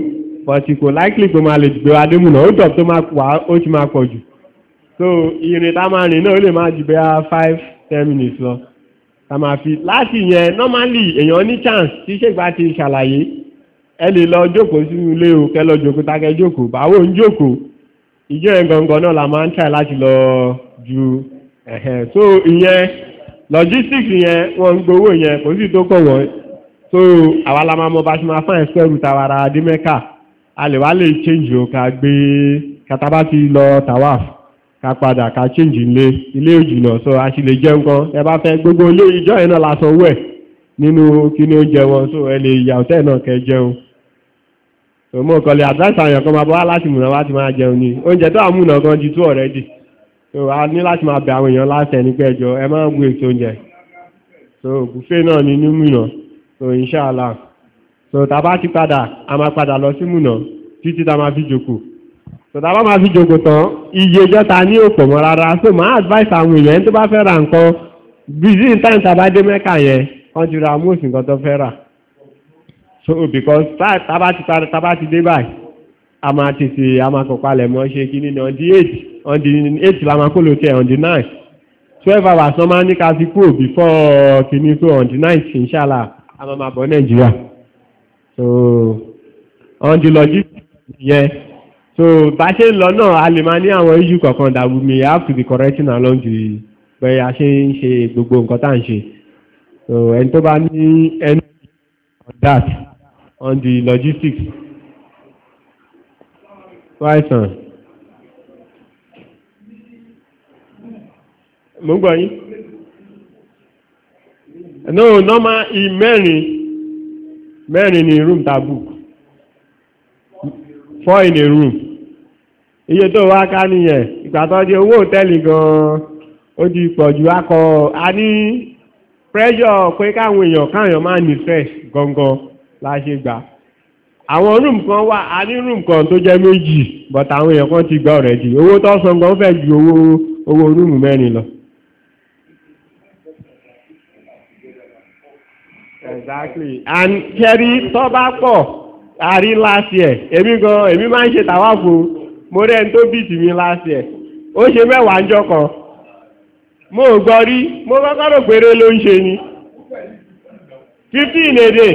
but kò likely tó máa lè gbé wa dé múnà ó dọ̀ tó máa wà ó ti máa pọ̀ jù so ìrìn tá a máa rìn náà ó lè máa jù bẹ́ẹ̀ five ten minutes lọ tá a máa fi láti yẹn normally èèyàn ní chance tí sheik bá ti ṣàlàyé ẹ lọ jókòó sínú ilé o kẹ lọ jókòó tákẹ jókòó báwo ń jókòó ìjọ yẹn gangan náà la máa ń tẹ̀ láti lọ ju so ìyẹn logistics yẹn wọn ń gbowó yẹn kò sí tó so àwa la máa mọ bá ṣe máa fún o ká gbé katabá ti lọ tawaf ká padà ká change ilé ilé òjìnà so a sì lè jẹun kan ẹ bá gbogbo ilé ìjọ yẹn náà la sanwó ẹ̀ nínú kí wọn so ẹ lè yà náà òmò kọlẹ̀ àdáṣà àyàn kan máa bọ́ láti múnà wá ti máa jẹun ní oúnjẹ tó àmúnà kan ju tó ọ̀rẹ́ dì a ní láti máa bẹ àwọn èèyàn láṣẹ ní pẹ́jọ ẹ máa ń gbé ètò oúnjẹ so bùfẹ́ náà ni ní múnà so inṣàlá so tá bá ti padà a máa padà lọ sí múnà títí tá máa fi jókòó so tá bá máa fi jókòó tán iye ìjọta ní òpò mọ́ rárá so máa advice àwọn èèyàn tó bá fẹ́ ra nǹkan bìzín táyìn tàbá dé mẹ́kà yẹn wọ́n ti ra mọ́ọ̀sì nǹkan tó fẹ́ rà so because tábà ti parí tábà ti dé báyìí a máa tètè a máa kọ̀ palẹ̀ mọ́ ṣe kí nínú ọdí eight ọdí eight la máa kó ló tẹ ọdí nine twelve hours wọ́n máa ní ká fi kúrò before kìíní so ọdí nine inshallah a máa máa bọ̀ nàìjíríà so ọdí lọ́jí yẹn so bá ṣe ń lọ náà a lè máa ní àwọn issue kọ̀ọ̀kan that we may have to be correcting along the pé a ṣe ń ṣe gbogbo nǹkan tá à ń ṣe so ẹni tó bá ní ẹni on that on the logistics. Why, sir? Mo ń gbọ́ yín. No, normal i mẹ́rin, mẹ́rin ni room ta book. Four in a room. Iye tó wá ká nìyẹn, ìgbà tó di owó òtẹ́ẹ̀lì gan-an, ó di pọ̀jù akọ, a ní pressure pé káwọn èèyàn káwọn máa nífẹ̀ẹ́ gangan. láṣe gbà àwọn rúùmù kan wà a ní rúùmù kan tó jẹ méjì but àwọn èèyàn kan ti gbà ọ̀rẹ́ jì owó tó san gan fẹ́ ju owó owó rúùmù mẹ́rin lọ. exactly and kẹrí Toba bá pọ̀ rí last year èmi gan èmi máa ń ṣe tàwáfù mo rẹ́ ń tó bìtì mi last year ó ṣe mẹ́wàá kan mo gbọ́ rí mo kọ́kọ́ rò péré ló ń ṣe ni fifteen èdè.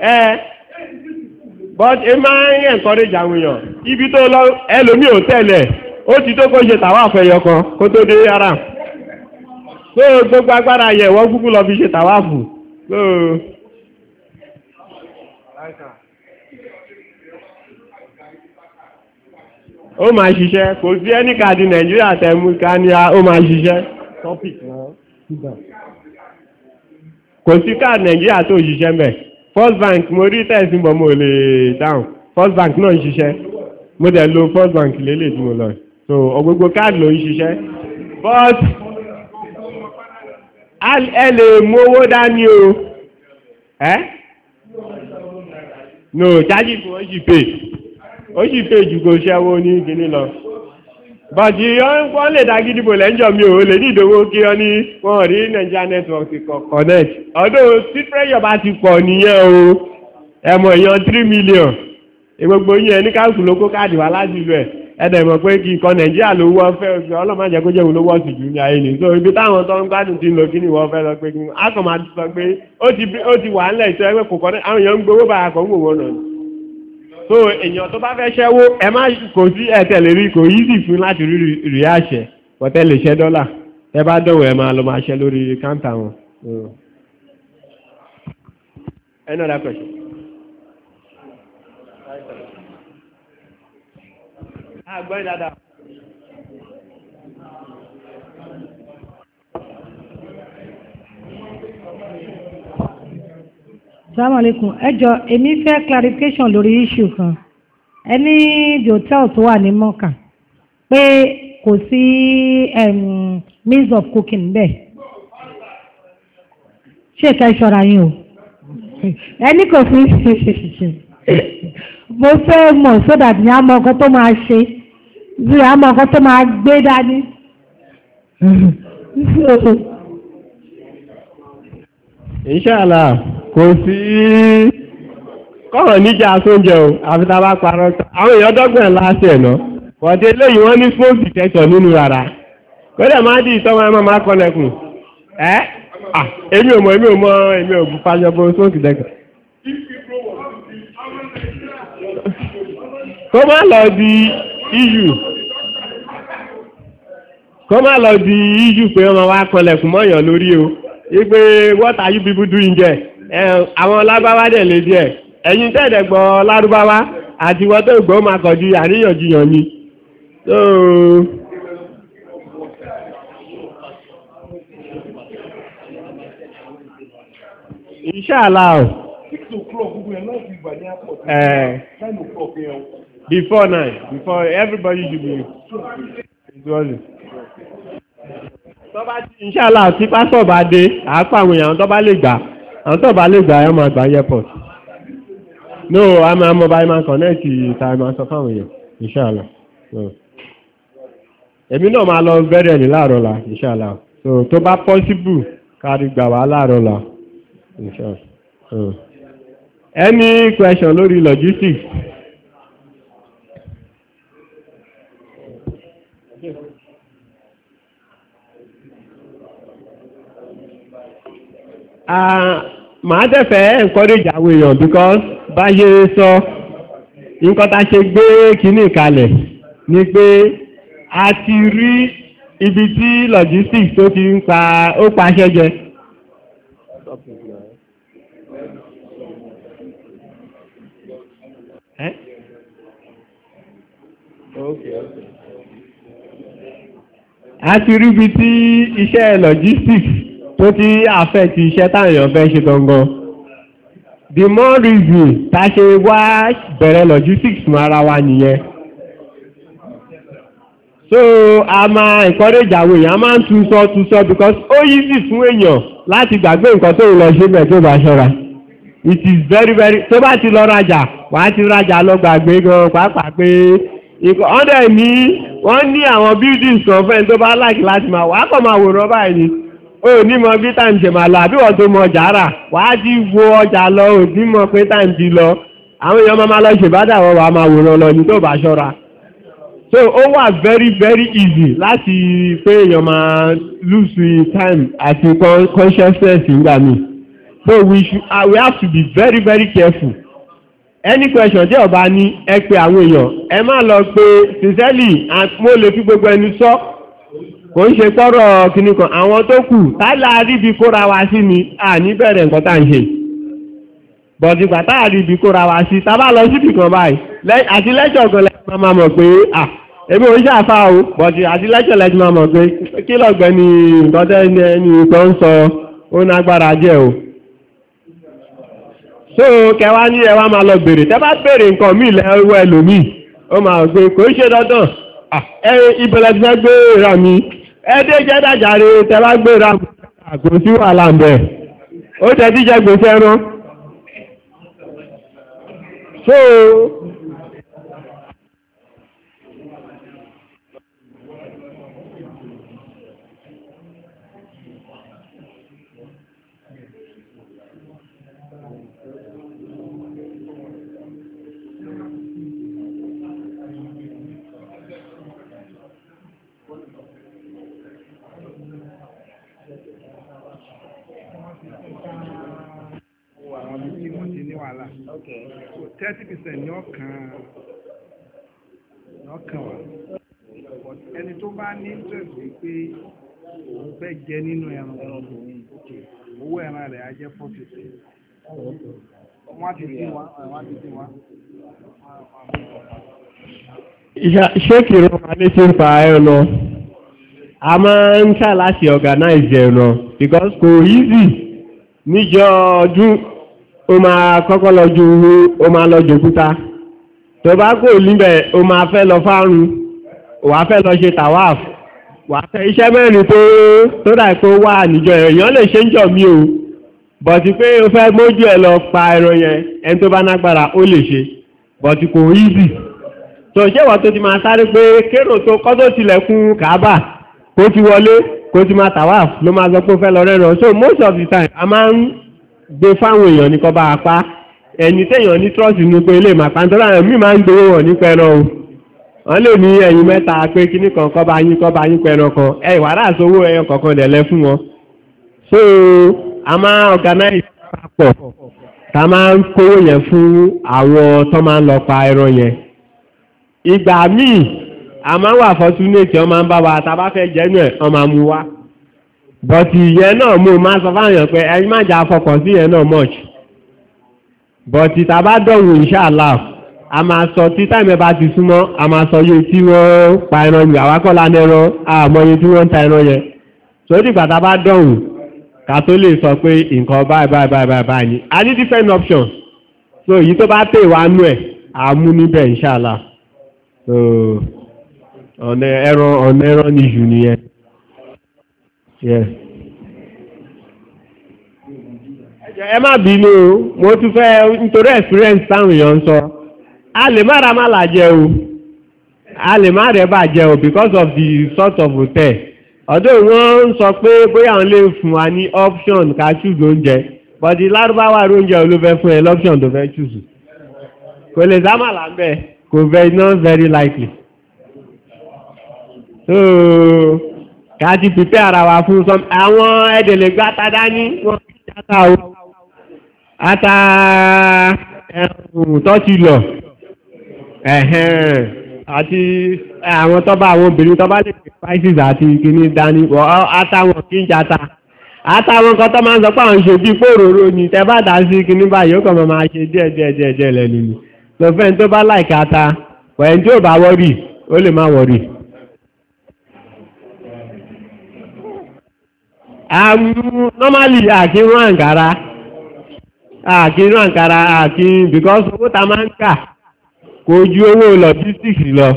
ẹ́ but ẹ máa ń ibi tó lọ Elomi ò e, ó ti tó kó ṣe tàwa àfẹyọ kan kó tó dé ara so gbogbo agbára yẹ wọ́n kúkú lọ fi ṣe tàwa fù so. ó máa ṣiṣẹ́ kò sí ẹni káàdì nàìjíríà tẹ̀mú ká a ó máa ṣiṣẹ́ kò sí káàdì first bank mo rí tẹ̀sí bọ̀ mo lè dáhùn first bank náà ń ṣiṣẹ́ mo dẹ̀ lo first bank lélẹ̀ tí mo lọ so ọgbogbo káàdì ló ń ṣiṣẹ́ but ẹ lè mówó dání o ẹ́ no charges wọ́n ṣì pay ó ṣì pay jù kò ṣẹ́wó ní kinní lọ bàjì wọ́n lè dá gidi bò lẹ́jọ́ mi ò lè ní ìdòwò kí wọ́n ní wọ́n rí Nigeria network ti kọ̀ connect ọdún tí pressure bá ti pọ̀ nìyẹn o ẹ̀mọ̀ èèyàn three million gbogbo yín ẹni káàkù ló kó káàdì wá láti ibẹ̀ ẹ̀dẹ̀ mọ̀ pé kí ikọ̀ Nàìjíríà ló wọ́ fẹ́ ọ̀sẹ̀ ọlọ́mọdé kó jẹ́ olówó ọ̀sìn jù ní ayé ni so ibi táwọn tó ń gbádùn ti ń lọ kí ni wọ́n fẹ́ lọ pé kí ni a kàn máa sọ pé ó ti wà ńlẹ̀ ìṣẹ́ pé kò kọ́ àwọn èèyàn ń gbowó báyà kọ́ ń wò náà so èèyàn tó bá fẹ́ ṣẹ́wó ẹ má kò sí ẹ̀tẹ̀lẹ̀ rí kò yí sì fún láti rí rí àṣẹ pọ̀tẹ́lẹ̀ ṣẹ́ dọ́là ẹ bá dọ̀wọ̀ ẹ máa lọ máa ṣẹ́ lórí káńtà wọn. Another question. Ah, go ahead, Adam. Assalamu alaikum ẹjọ́ èmi fẹ́ clarification lórí issue kan ẹni the hotel tó wà ní mọ́kà pé kò sí means of cooking bẹ́ẹ̀ ṣé ìka ìṣọ́ra yín o ẹni kò fi mo fẹ́ mọ̀ so that ní àmọ́ ọkọ tó máa ṣe bí àmọ́ ọkọ tó máa gbé dání. [laughs] Inshallah. kò sí kọ́rọ̀ níjà sóúnjẹ o àfi tá a bá parọ́ tán àwọn èèyàn dọ́gbọ̀n láṣẹ ẹ̀ náà bọ̀dé lẹ́yìn wọ́n ní fóònù dìtẹ́tọ̀ nínú rárá kódà máa dì ìtọ́wọ́ ẹ̀ máa kọ́lẹ̀kùn ẹ́ èmi ò èmi ò èmi ò bu dìtẹ́tọ̀. kó má lọ di EU kó má lọ di EU pé wọ́n máa wá kọ́lẹ̀kùn mọ́yàn lórí o wípé what are you àwọn lábáwá dẹ̀ lè díẹ̀ ẹ̀yin tẹ́ẹ̀dẹ̀ gbọ́ lárúbáwá àti wọ́n tó gbọ́ máa kọjú àríyànjiyàn ni Ìṣàlá ọ̀. Before nine, before everybody should be in Tọ́bá tí ìṣàlá tí pásọ̀ bá dé, àápàwọn èèyàn tọ́bá lè gbà àwọn tó bá lè gbà ẹ máa gbà airport no a máa mọ báyìí máa connect ìta máa sọ fáwọn èèyàn inṣàlá èmi náà máa lọ bẹ̀rẹ̀ ní láàárọ̀ la inṣàlá so tó bá possible kárí gbà wá láàárọ̀ la inṣàlá any question lórí logistics. màá tẹ́fẹ́ encourage àwọn èèyàn because báyé sọ nǹkan tá ṣe gbé kíní kalẹ̀ ni pé a ti rí ibi tí logistics tó ti ń pa ó pa aṣẹ́ Okay, okay. A ti rí ibi tí iṣẹ́ logistics tó ti àfẹ́ ti iṣẹ́ táyàn fẹ́ ṣe gangan the more reason tá ṣe wá bẹ̀rẹ̀ logistics mọ́ ara wa nìyẹn so a máa encourage àwọn èèyàn a máa ń tún sọ tún sọ because ó easy fún èèyàn láti gbàgbé nǹkan tó lọ ṣe bẹ̀ tó bá ṣọ́ra it is very very tó bá ti lọ rajà wà á ti rajà lọ gbàgbé gan pàápàá pé ọ̀dẹ̀ ní wọ́n ní àwọn buildings kan fẹ́ tó bá láàkì láti máa wà á kàn máa wòran báyìí o bí táǹtì mà lọ àbí wọ́n tó mọ ọjà rà wàá ti wo ọjà lọ ò ní pé táǹtì lọ àwọn èèyàn máa lọ ṣèbádà wọn wàá máa wòran lọ ní tó bá ṣọ́ra so ó wà very very easy láti pé èèyàn máa lose time àti consciousness nígbà míì so we should uh, we have to be very very careful any question tí ọba ní ẹ pé àwọn èèyàn ẹ má lọ pé sincerely mo lè fi gbogbo ẹni sọ. So, kò ń ṣe pọ́rọ̀ kìíní kan àwọn tó kù tálà ríbi kóra wa sí ni a ní bẹ̀rẹ̀ nǹkan tá ń ṣe bọ̀dìgbà táà ríbi kóra wa sí tábà lọ síbì kan báyìí àti lẹ́jọ̀ gan lẹ́jọ̀ máa mọ̀ pé à èmi ò ń ṣàfà o bọ̀dì àti lẹ́jọ̀ lẹ́jọ̀ máa mọ̀ pé kí lọ́gbẹ́ ni nǹkan tẹ́ni ẹni tó ń sọ ó nágbára jẹ́ o so kẹwa ní ẹwà máa lọ bèrè tẹ bá bèrè nǹkan míì lẹ́wọ́ ẹlòmíì ó máa gbé kò ń ṣe dandan ẹ ìbẹ̀lẹ̀ ti fẹ́ gbé ra mi ẹdẹ jẹ́ dàjàre tẹ́lágbèrè àgbò sí wàhálà ó thirty percent ní ọkàn ọkàn wa ẹni tó bá ní interest wípé òun fẹ́ jẹ nínú ẹran ọ̀hún owó ẹran rẹ̀ á jẹ́ four percent wọ́n á ti dín wa wọ́n á ti dín wa. ṣé kìrò wà ní tí ń fa ẹ lọ a máa ń ṣàlàṣì organize ẹ lọ because kò easy níjọ ọdún ó máa kọ́kọ́ lọ ju hu ó máa lọ jòkúta tó bá kò níbẹ̀ ó máa fẹ́ lọ fárun wàá fẹ́ lọ ṣe tàwáàf wàá fẹ́ iṣẹ́ mẹ́rin tó tó dà kó wà níjọ èèyàn lè ṣe ń jọ mí o bọ̀tí pé o fẹ́ mójú ẹ̀ lọ pa ẹran yẹn ẹni tó bá nágbára ó lè ṣe bọ̀tí kò easy tó ṣé wọ́n tó ti máa sáré pé kérò tó kọ́ tó tilẹ̀kùn kàábà kó ti wọlé kó ti máa tàwáàf ló máa sọ pé ó fẹ́ lọ rẹ́rọ̀ so most of the time a máa ń gbé fáwọn èèyàn ní kọba apá ẹni tẹ́yàn ní trọ́ọ̀sì ní pé ilé ìmọ̀ pàǹtọ́lá rẹ̀ mímọ̀ ń gbowó wọ̀ ní pẹran o wọ́n lè ní ẹ̀yìn mẹ́ta pé kíní kan kọba yín kọba yín pẹran kan ẹ ìwàrà àsowó ẹyọ kọ̀ọ̀kan dẹ̀lẹ́ fún so a máa organize papọ̀ ta máa ń kówó yẹn fún àwọn tó máa ń lọ yẹn ìgbà míì a máa wà ọmọ bá wa bá fẹ́ ẹ̀ but ìyẹn náà mo máa sọ fáyàn pé ẹni má jà fọkàn sí ìyẹn náà much but ìtàbá dọ̀wù inshallah a máa sọ tí táìmẹ̀ bá ti súnmọ́ a máa sọ yé tí wọ́n pa ẹran yìí àwákọ́lá nẹran àmọ́ yé tí wọ́n ń ta ẹran yẹn sórí ìgbà tá a bá dọ̀wù ká tó lè sọ pé nǹkan báyìí báyìí báyìí báyìí báyìí ni a ní different options so èyí tó bá tè wá nú ẹ̀ a mú níbẹ̀ inshallah ọ̀nà ẹran ọ̀nà ẹran ni jù nìyẹn. yes. ẹ má bínú o mo tún fẹ́ nítorí experience táwọn èèyàn ń sọ a lè má ra má là jẹ o a lè má bà jẹ o because of the sort of hotel ọ̀dọ̀ wọ́n ń sọ pé bóyá àwọn lè fún wa ní option ká choose oúnjẹ but the lárúbáwá oúnjẹ olófẹ́ fún ẹ lọ́pṣọ̀n tó fẹ́ choose. kò lè sáàmà lábẹ́ kò very not very likely. So, káàdì pípẹ́ ara wa fún sọm àwọn ẹ̀dẹ̀lẹ̀gbẹ́ atada ní wọ́n fi ata o ata ẹ̀rùn tó ti lọ àti àwọn tọ́ba àwọn obìnrin tọ́ba lè fi spices àti kìíní dání àtàwọn kí n jata àtàwọn nǹkan tó máa ń sọ pé àwọn ìṣòbí pòròrò ni tẹ bá dá sí kìíní báyìí ó kàn máa ṣe díẹ̀ díẹ̀ díẹ̀ díẹ̀ lẹ́nu ni lọ́fẹ́ni tó bá láìka ata pẹ̀lú tí ò bá wọ́rì ó lè má wọ́rì. um, normally àkínrún àǹkárá àkínrún àǹkárá àkín because owó ta máa ń kà kò ju owó logistics lọ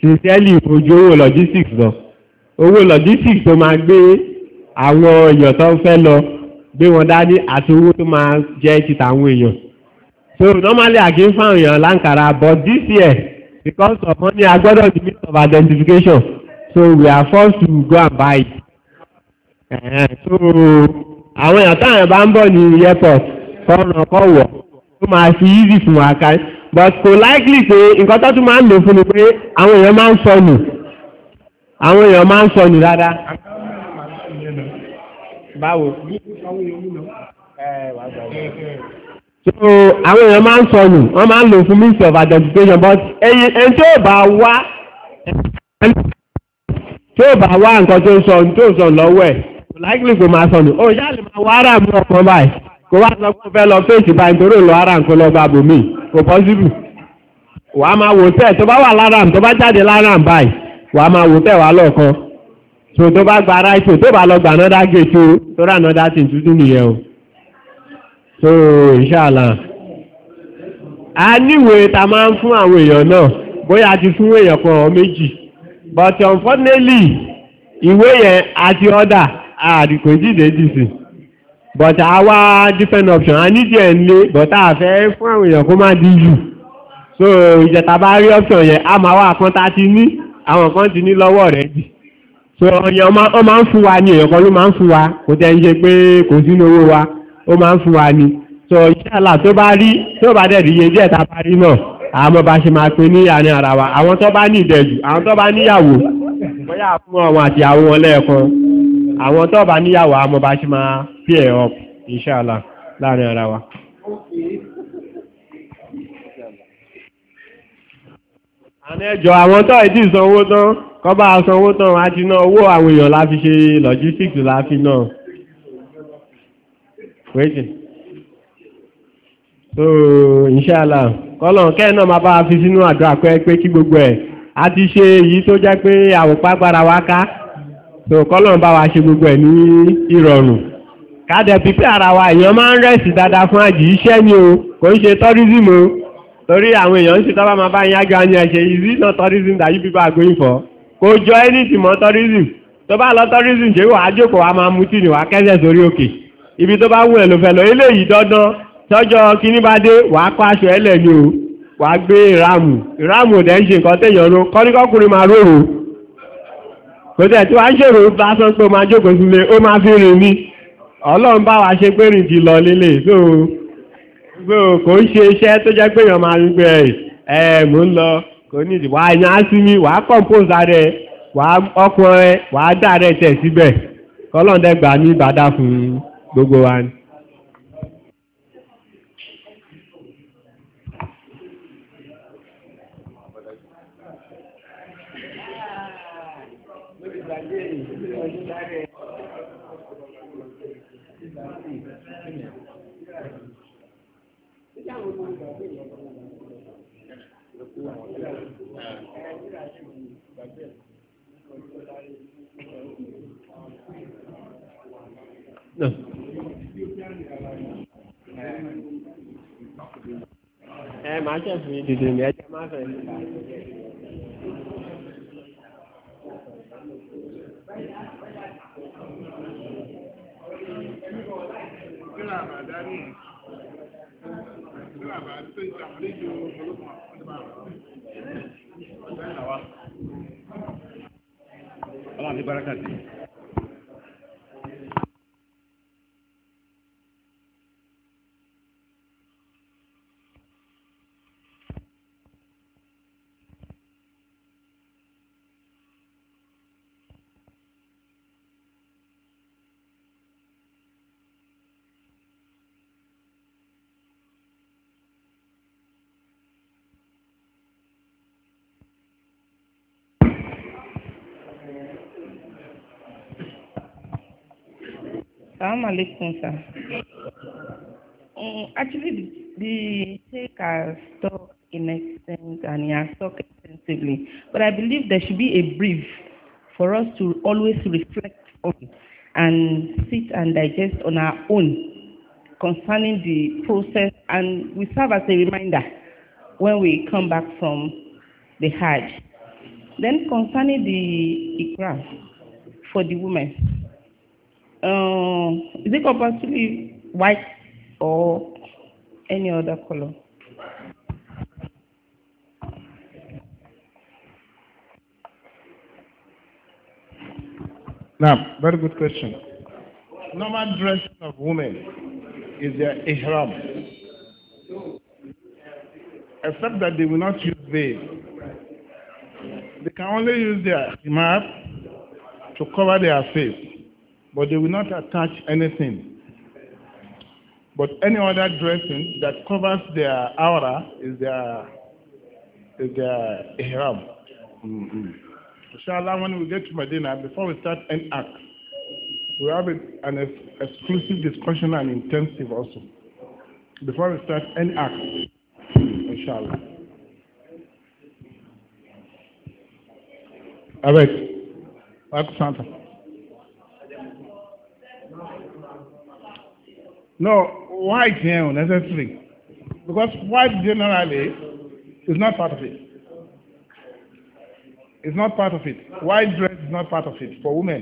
sincerely kò ju owó logistics lọ owó logistics tó máa gbé àwọn èèyàn tó ń fẹ́ lọ gbé wọn dání àti owó tó máa jẹ́ ti tàwọn èèyàn so normally àkín fáwọn èèyàn láǹkárá but this year because of money agbọ́dọ̀ the means of identification so we are forced to go and buy it tó àwọn èèyàn táwọn bá ń bọ̀ ní airport kọ́nà kọ́ wọ̀ tó máa fi easy fún wa ká but kò likely pé nǹkan tó tún máa ń lò fún ni pé àwọn èèyàn máa ń sọnù àwọn èèyàn máa ń sọnù dáadáa. báwo so àwọn èèyàn máa ń sọnù wọ́n máa ń lò fún means of identification but ẹni tó bá wá tó bá wá nǹkan tó ń sọ tó ń sọ lọ́wọ́ ẹ̀ láìpẹ́ kò máa sọnù ó yá lè máa wá ara mú ọkàn báyìí kò wá sọ pé fẹ́ lọ fèsì báyìí torí ìlú ara nǹkan lọ gba bòmí kò pọ́sibù wà á máa wò tẹ́ tó bá wà lára tó bá jáde lára báyìí wà á máa wò tẹ́ wà lọ́ọ̀kan tó tó bá gba ara ètò tó bá lọ gbà náà dá gètò tó rà náà dá sí tuntun nìyẹn o tó ìṣàlà a níwèé ta máa ń fún àwọn èèyàn náà bóyá a ti fún èèyàn kan méjì but unfortunately ìwé yẹn àti ọ̀dà àdìkò ìdíje dìsì but àwa different option a ní díẹ̀ nílé but a fẹ́ fún àwọn èèyàn kó má di jù so ìjẹta bá rí option yẹn a máa wà kan tá ti ní àwọn kan ti ní lọ́wọ́ rẹ̀ jì so èèyàn ó máa ń fún wa ni èèyàn kan ló máa ń fún wa kò tẹ́ ń ṣe pé kò sínú owó wa ó máa ń fún wa ni so ìṣàlà tó bá rí tó bá dẹ̀ rí iye díẹ̀ tá a bá rí náà àmọ́ bá ṣe máa pín ní àárín ara wa àwọn tó bá ní ìdẹ̀jù àwọn tó bá níyàwó bóyá fún ọmọ àti àwọn ọlẹ́ẹ̀kan àwọn tó bá níyàwó àmọ́ bá ṣe máa pí ẹ̀ ọ̀p inṣàlá láàrin ara wa. àní ẹjọ́ àwọn tó ìdí ìsanwó tán kọ́ bá sanwó tán a ti ná owó àwọn èèyàn la fi ṣe logistics la fi náà. wẹ́jì so inṣàlá kọ́lọ̀ kẹ́ẹ̀ náà máa bá fi sínú àdúrà pé kí gbogbo ẹ̀ a ti ṣe èyí tó jẹ́ pé àwòpá gbára wa ká. tó kọ́lọ̀ bá wa ṣe gbogbo ẹ̀ ní ìrọ̀rùn kádẹ pípẹ́ ara wa èèyàn máa ń dáadáa fún àjì iṣẹ́ ni o kò ń ṣe tourism o torí àwọn èèyàn ń ṣe tọ́ba máa bá yín ágbá ni ẹ̀ ìrí tourism that you people are going kò jọ anything mọ́ tourism tó bá lọ tourism ṣe wà á jókòó wa máa wà kẹ́sẹ̀ òkè ibi tó bá wù ẹ̀ ló fẹ́ lọ eléyìí dandan tọ́jọ́ wà kọ́ aṣọ ẹlẹ́ni o wà gbé ò kò tẹ́ tí wá ṣèrò bá sọ pé máa jókòó sílé ó máa fi rìn ní ọlọ́run bá wa ṣe pé rìn ti lọ lílé so kò ń ṣe iṣẹ́ tó jẹ́ pé èèyàn máa ń gbé ẹ̀ mò lọ kò ní ìdí wàá yan ásímí wàá kọ̀ǹpóòsì rẹ wàá ọkùnrin rẹ wàá dà rẹ tẹ̀ síbẹ̀ ní fún gbogbo wa ni. ẹ máa ṣẹ̀fún yìí dìde ní ẹjẹ́ máa fẹ́. Ọlọ́run ti bára kàdé. Assalamu alaikum, sir. Um, actually, the take a talked in extent and he has extensively, but I believe there should be a brief for us to always reflect on and sit and digest on our own concerning the process, and we serve as a reminder when we come back from the Hajj. Then concerning the Ikram for the women. Um, is it compulsory white or any other color? Now, very good question. Normal dressing of women is their ihram, except that they will not use veil. They can only use their himab to cover their face but they will not attach anything. But any other dressing that covers their aura is their is their ihram. Mm -hmm. Inshallah, when we get to Medina, before we start any act, we have an ex exclusive discussion and intensive also. Before we start any act, inshallah. All right. Welcome, Santa. no white yẹn ò because white generally is not part of it It's not part of it white dress is not part of it for women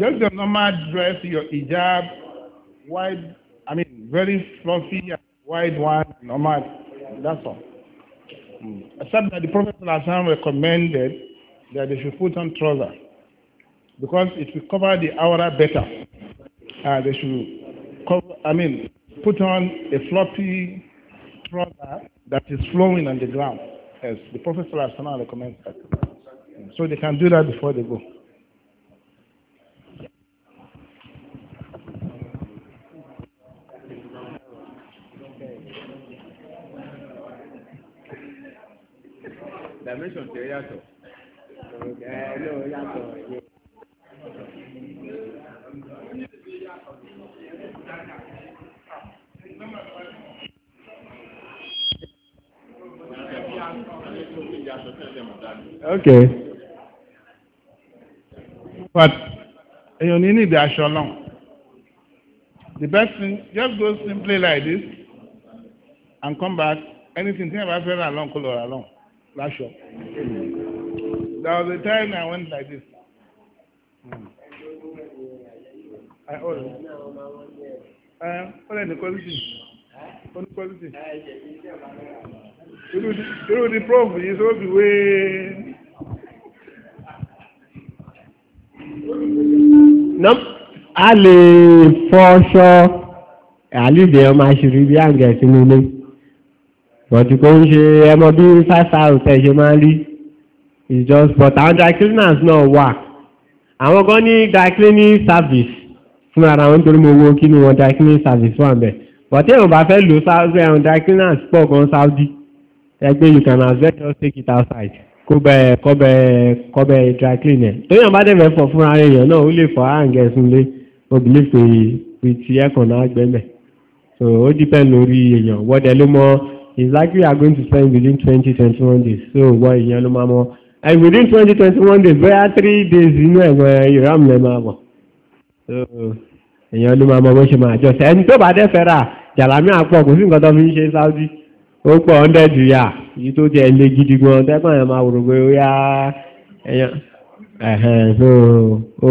just the normal dress your hijab white I mean very fluffy and wide one normal that's all hmm. except that the Prophet recommended that they should put on trousers because it will cover the aura better. Uh, they should cover, I mean, put on a floppy trouser that is flowing on the ground. Yes, the Prophet recommends that. So they can do that before they go. Dimension ti yàtọ̀. Ẹ ló yàtọ̀. Okay. But you need the assurance. The best thing, just go simply like this and come back. Anything, think about further along, color along. That's sure. There was a time I went like this. Mm. I ordered ọ̀rẹ́ ní quality ọ̀ní quality irú ni prof yìí tó bí wé a lè fọṣọ àlìdè ọmọ àṣírí bí àǹgẹ̀ sínú ilé bọ̀tí kò ń ṣe ẹmọ bí five ṣe máa rí it's just but àwọn dry cleaners náà wà àwọn kan ní dry cleaning service fún ara wọn torí mo wo kí ni wọn diakinis service wà bẹ̀ bọ̀tí ẹ̀rùn bá fẹ́ lò sáwọ́sẹ̀ ẹ̀rùn diakinis pọ̀ gan Saudi ẹgbẹ́ you can as well just take it outside kọ́bẹ̀ kọ́bẹ̀ kọ́bẹ̀ dry clean ẹ̀ tó yàn bá dẹ̀ fẹ́ fọ̀ fúnra rẹ̀ yàn náà ó lè fọ̀ àǹgẹ̀ súnlé ó bìlí pé ti ẹ̀kàn náà gbẹ́mẹ̀ so ó depend lórí èèyàn wọ́dẹ̀ ló mọ is likely are going to spend within twenty twenty one days so wọ èèyàn ló máa mọ and within twenty twenty one days bóyá three days inú ẹ̀gbọ́n ìrànlẹ́ máa wọ̀. èèyàn ló máa mọ bó ṣe máa jọ sẹ ẹni tó bá dẹ́ fẹ́ àpọ̀ kò sí nǹkan fi ń ṣe Saudi ó pọ̀ hundred yà yìí tó jẹ́ ilé gidi gan tẹ́gbọ̀n yẹn máa wòrò pé ó yá ẹ̀yàn ó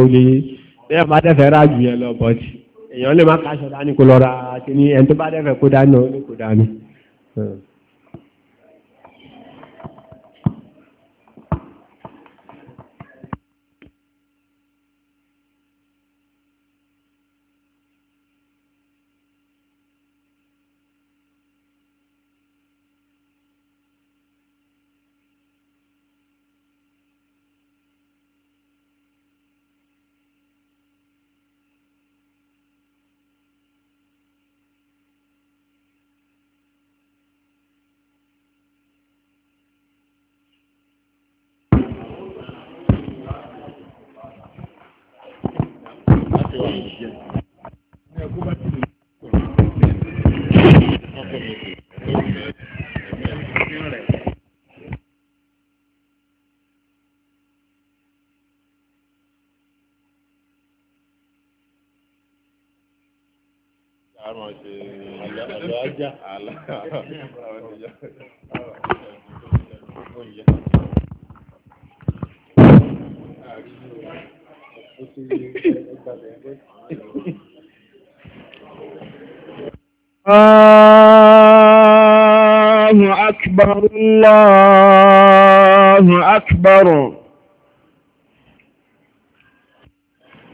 lè bá dẹ́ fẹ́ rà jù yẹn lọ èèyàn lè má dání kó lọ ra ẹni tó bá dẹ́ fẹ́ kó a ṣe àlọ́ ajá àlọ́ ajá. الله أكبر الله أكبر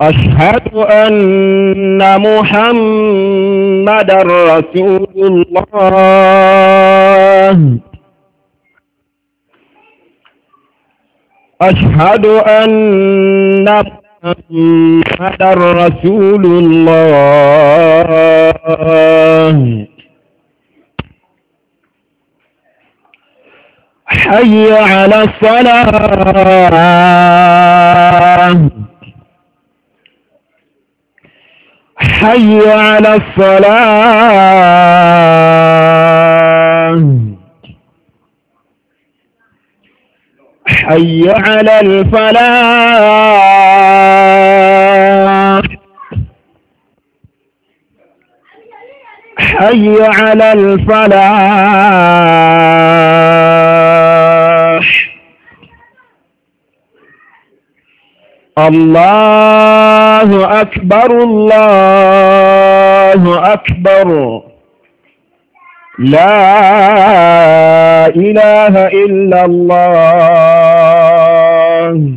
أشهد أن محمد رسول الله أشهد أن محمد رسول الله حي على الصلاة حي على الصلاة حي على الفلاح حي على الفلاح الله أكبر الله أكبر لا إله إلا الله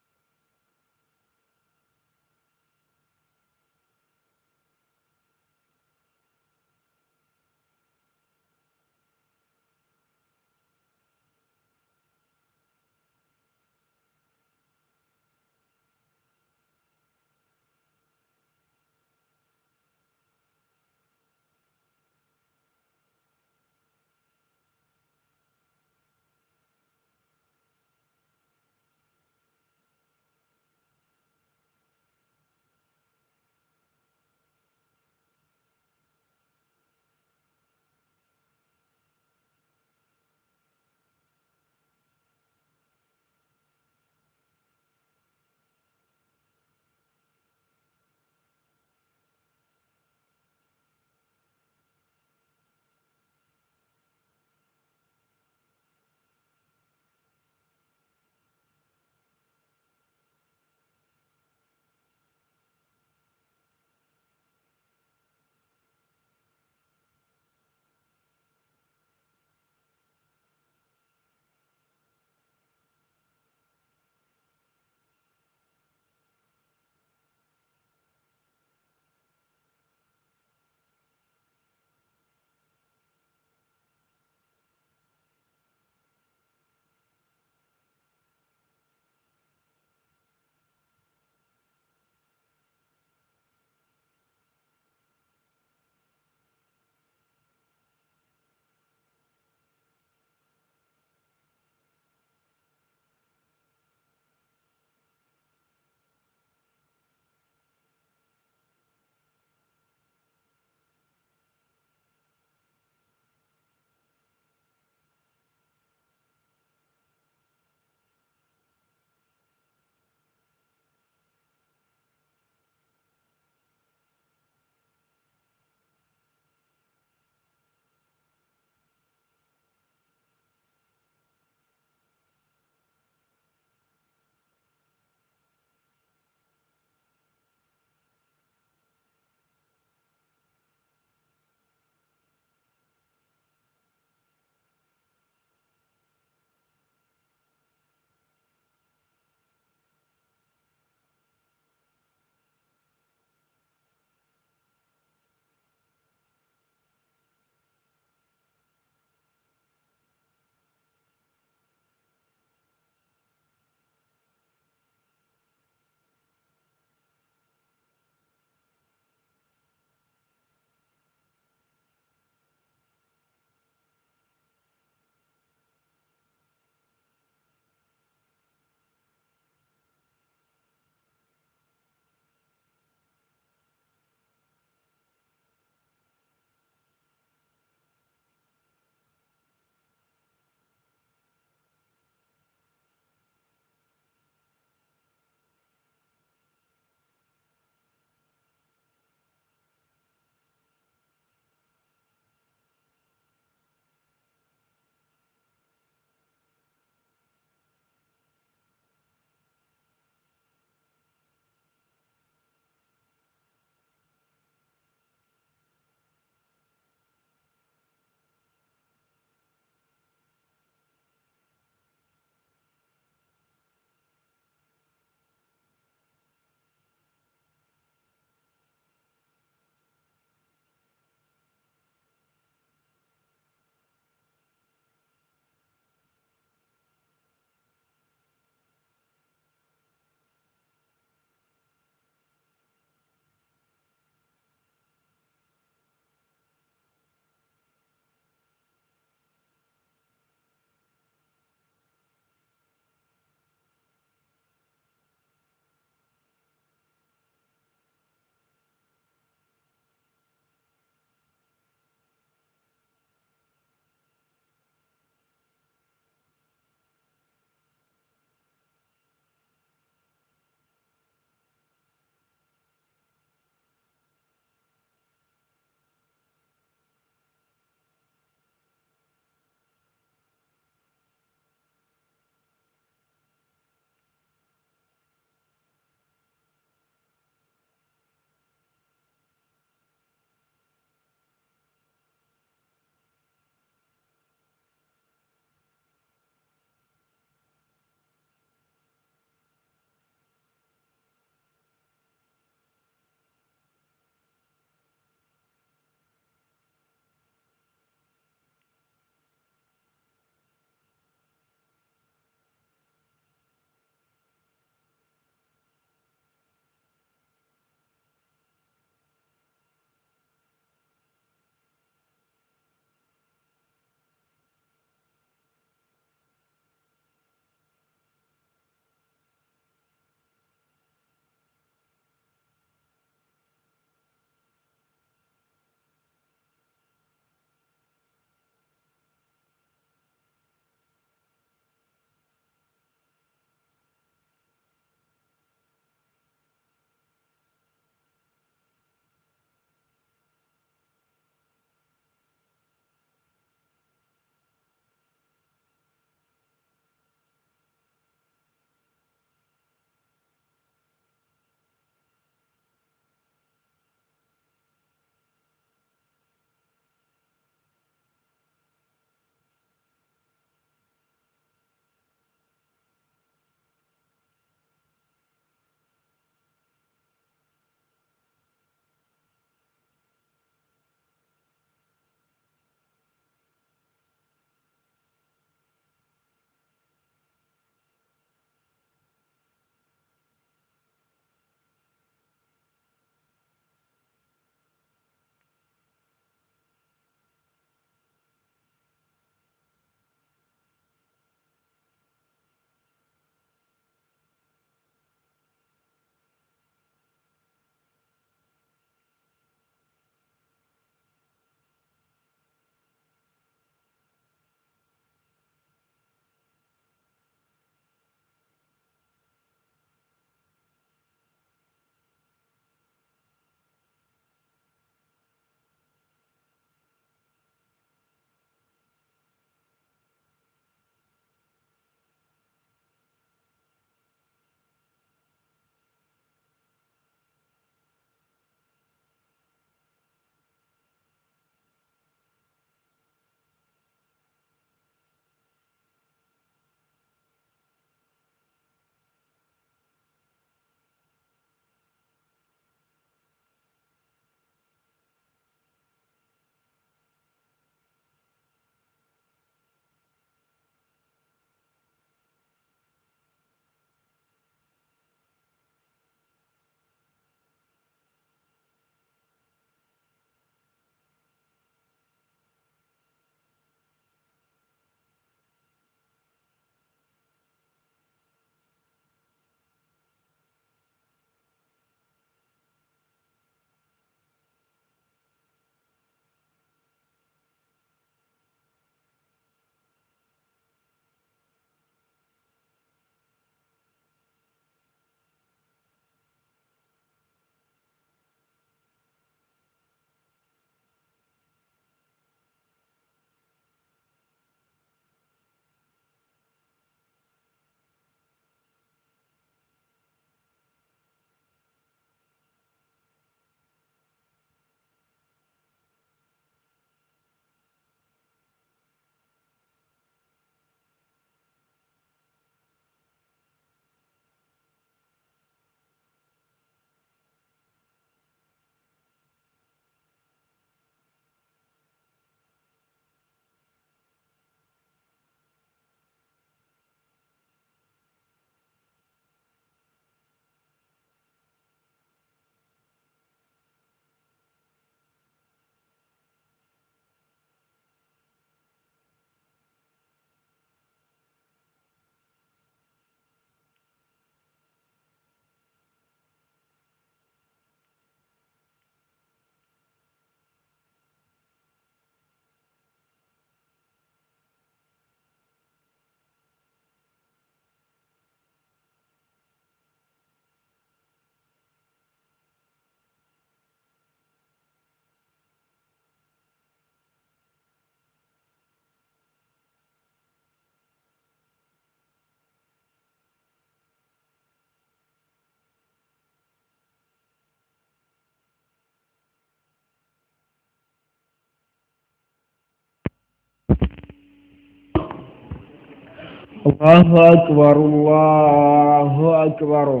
الله أكبر الله أكبر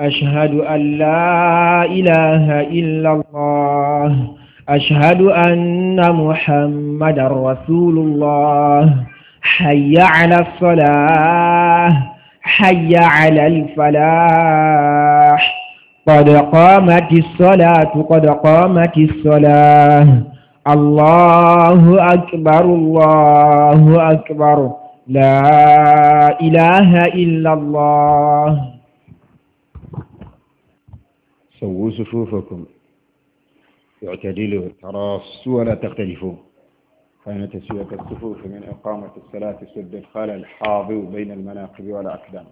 أشهد أن لا إله إلا الله أشهد أن محمد رسول الله حي على الصلاة حي على الفلاح قد قامت الصلاة قد قامت الصلاة الله أكبر الله أكبر لا إله إلا الله سووا صفوفكم اعتدلوا تراصوا ولا تختلفوا فإن تسوية الصفوف من إقامة الصلاة سد الخلل حاضر بين المناقب والأقدام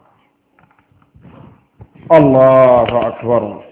الله أكبر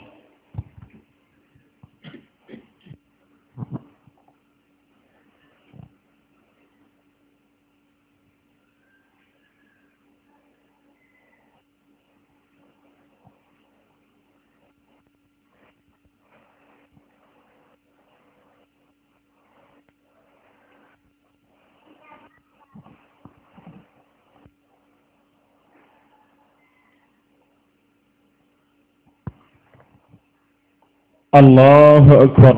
الله أكبر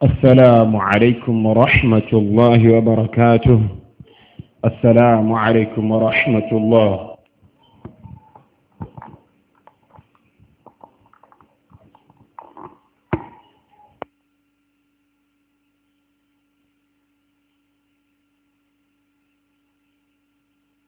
السلام عليكم ورحمة الله وبركاته السلام عليكم ورحمة الله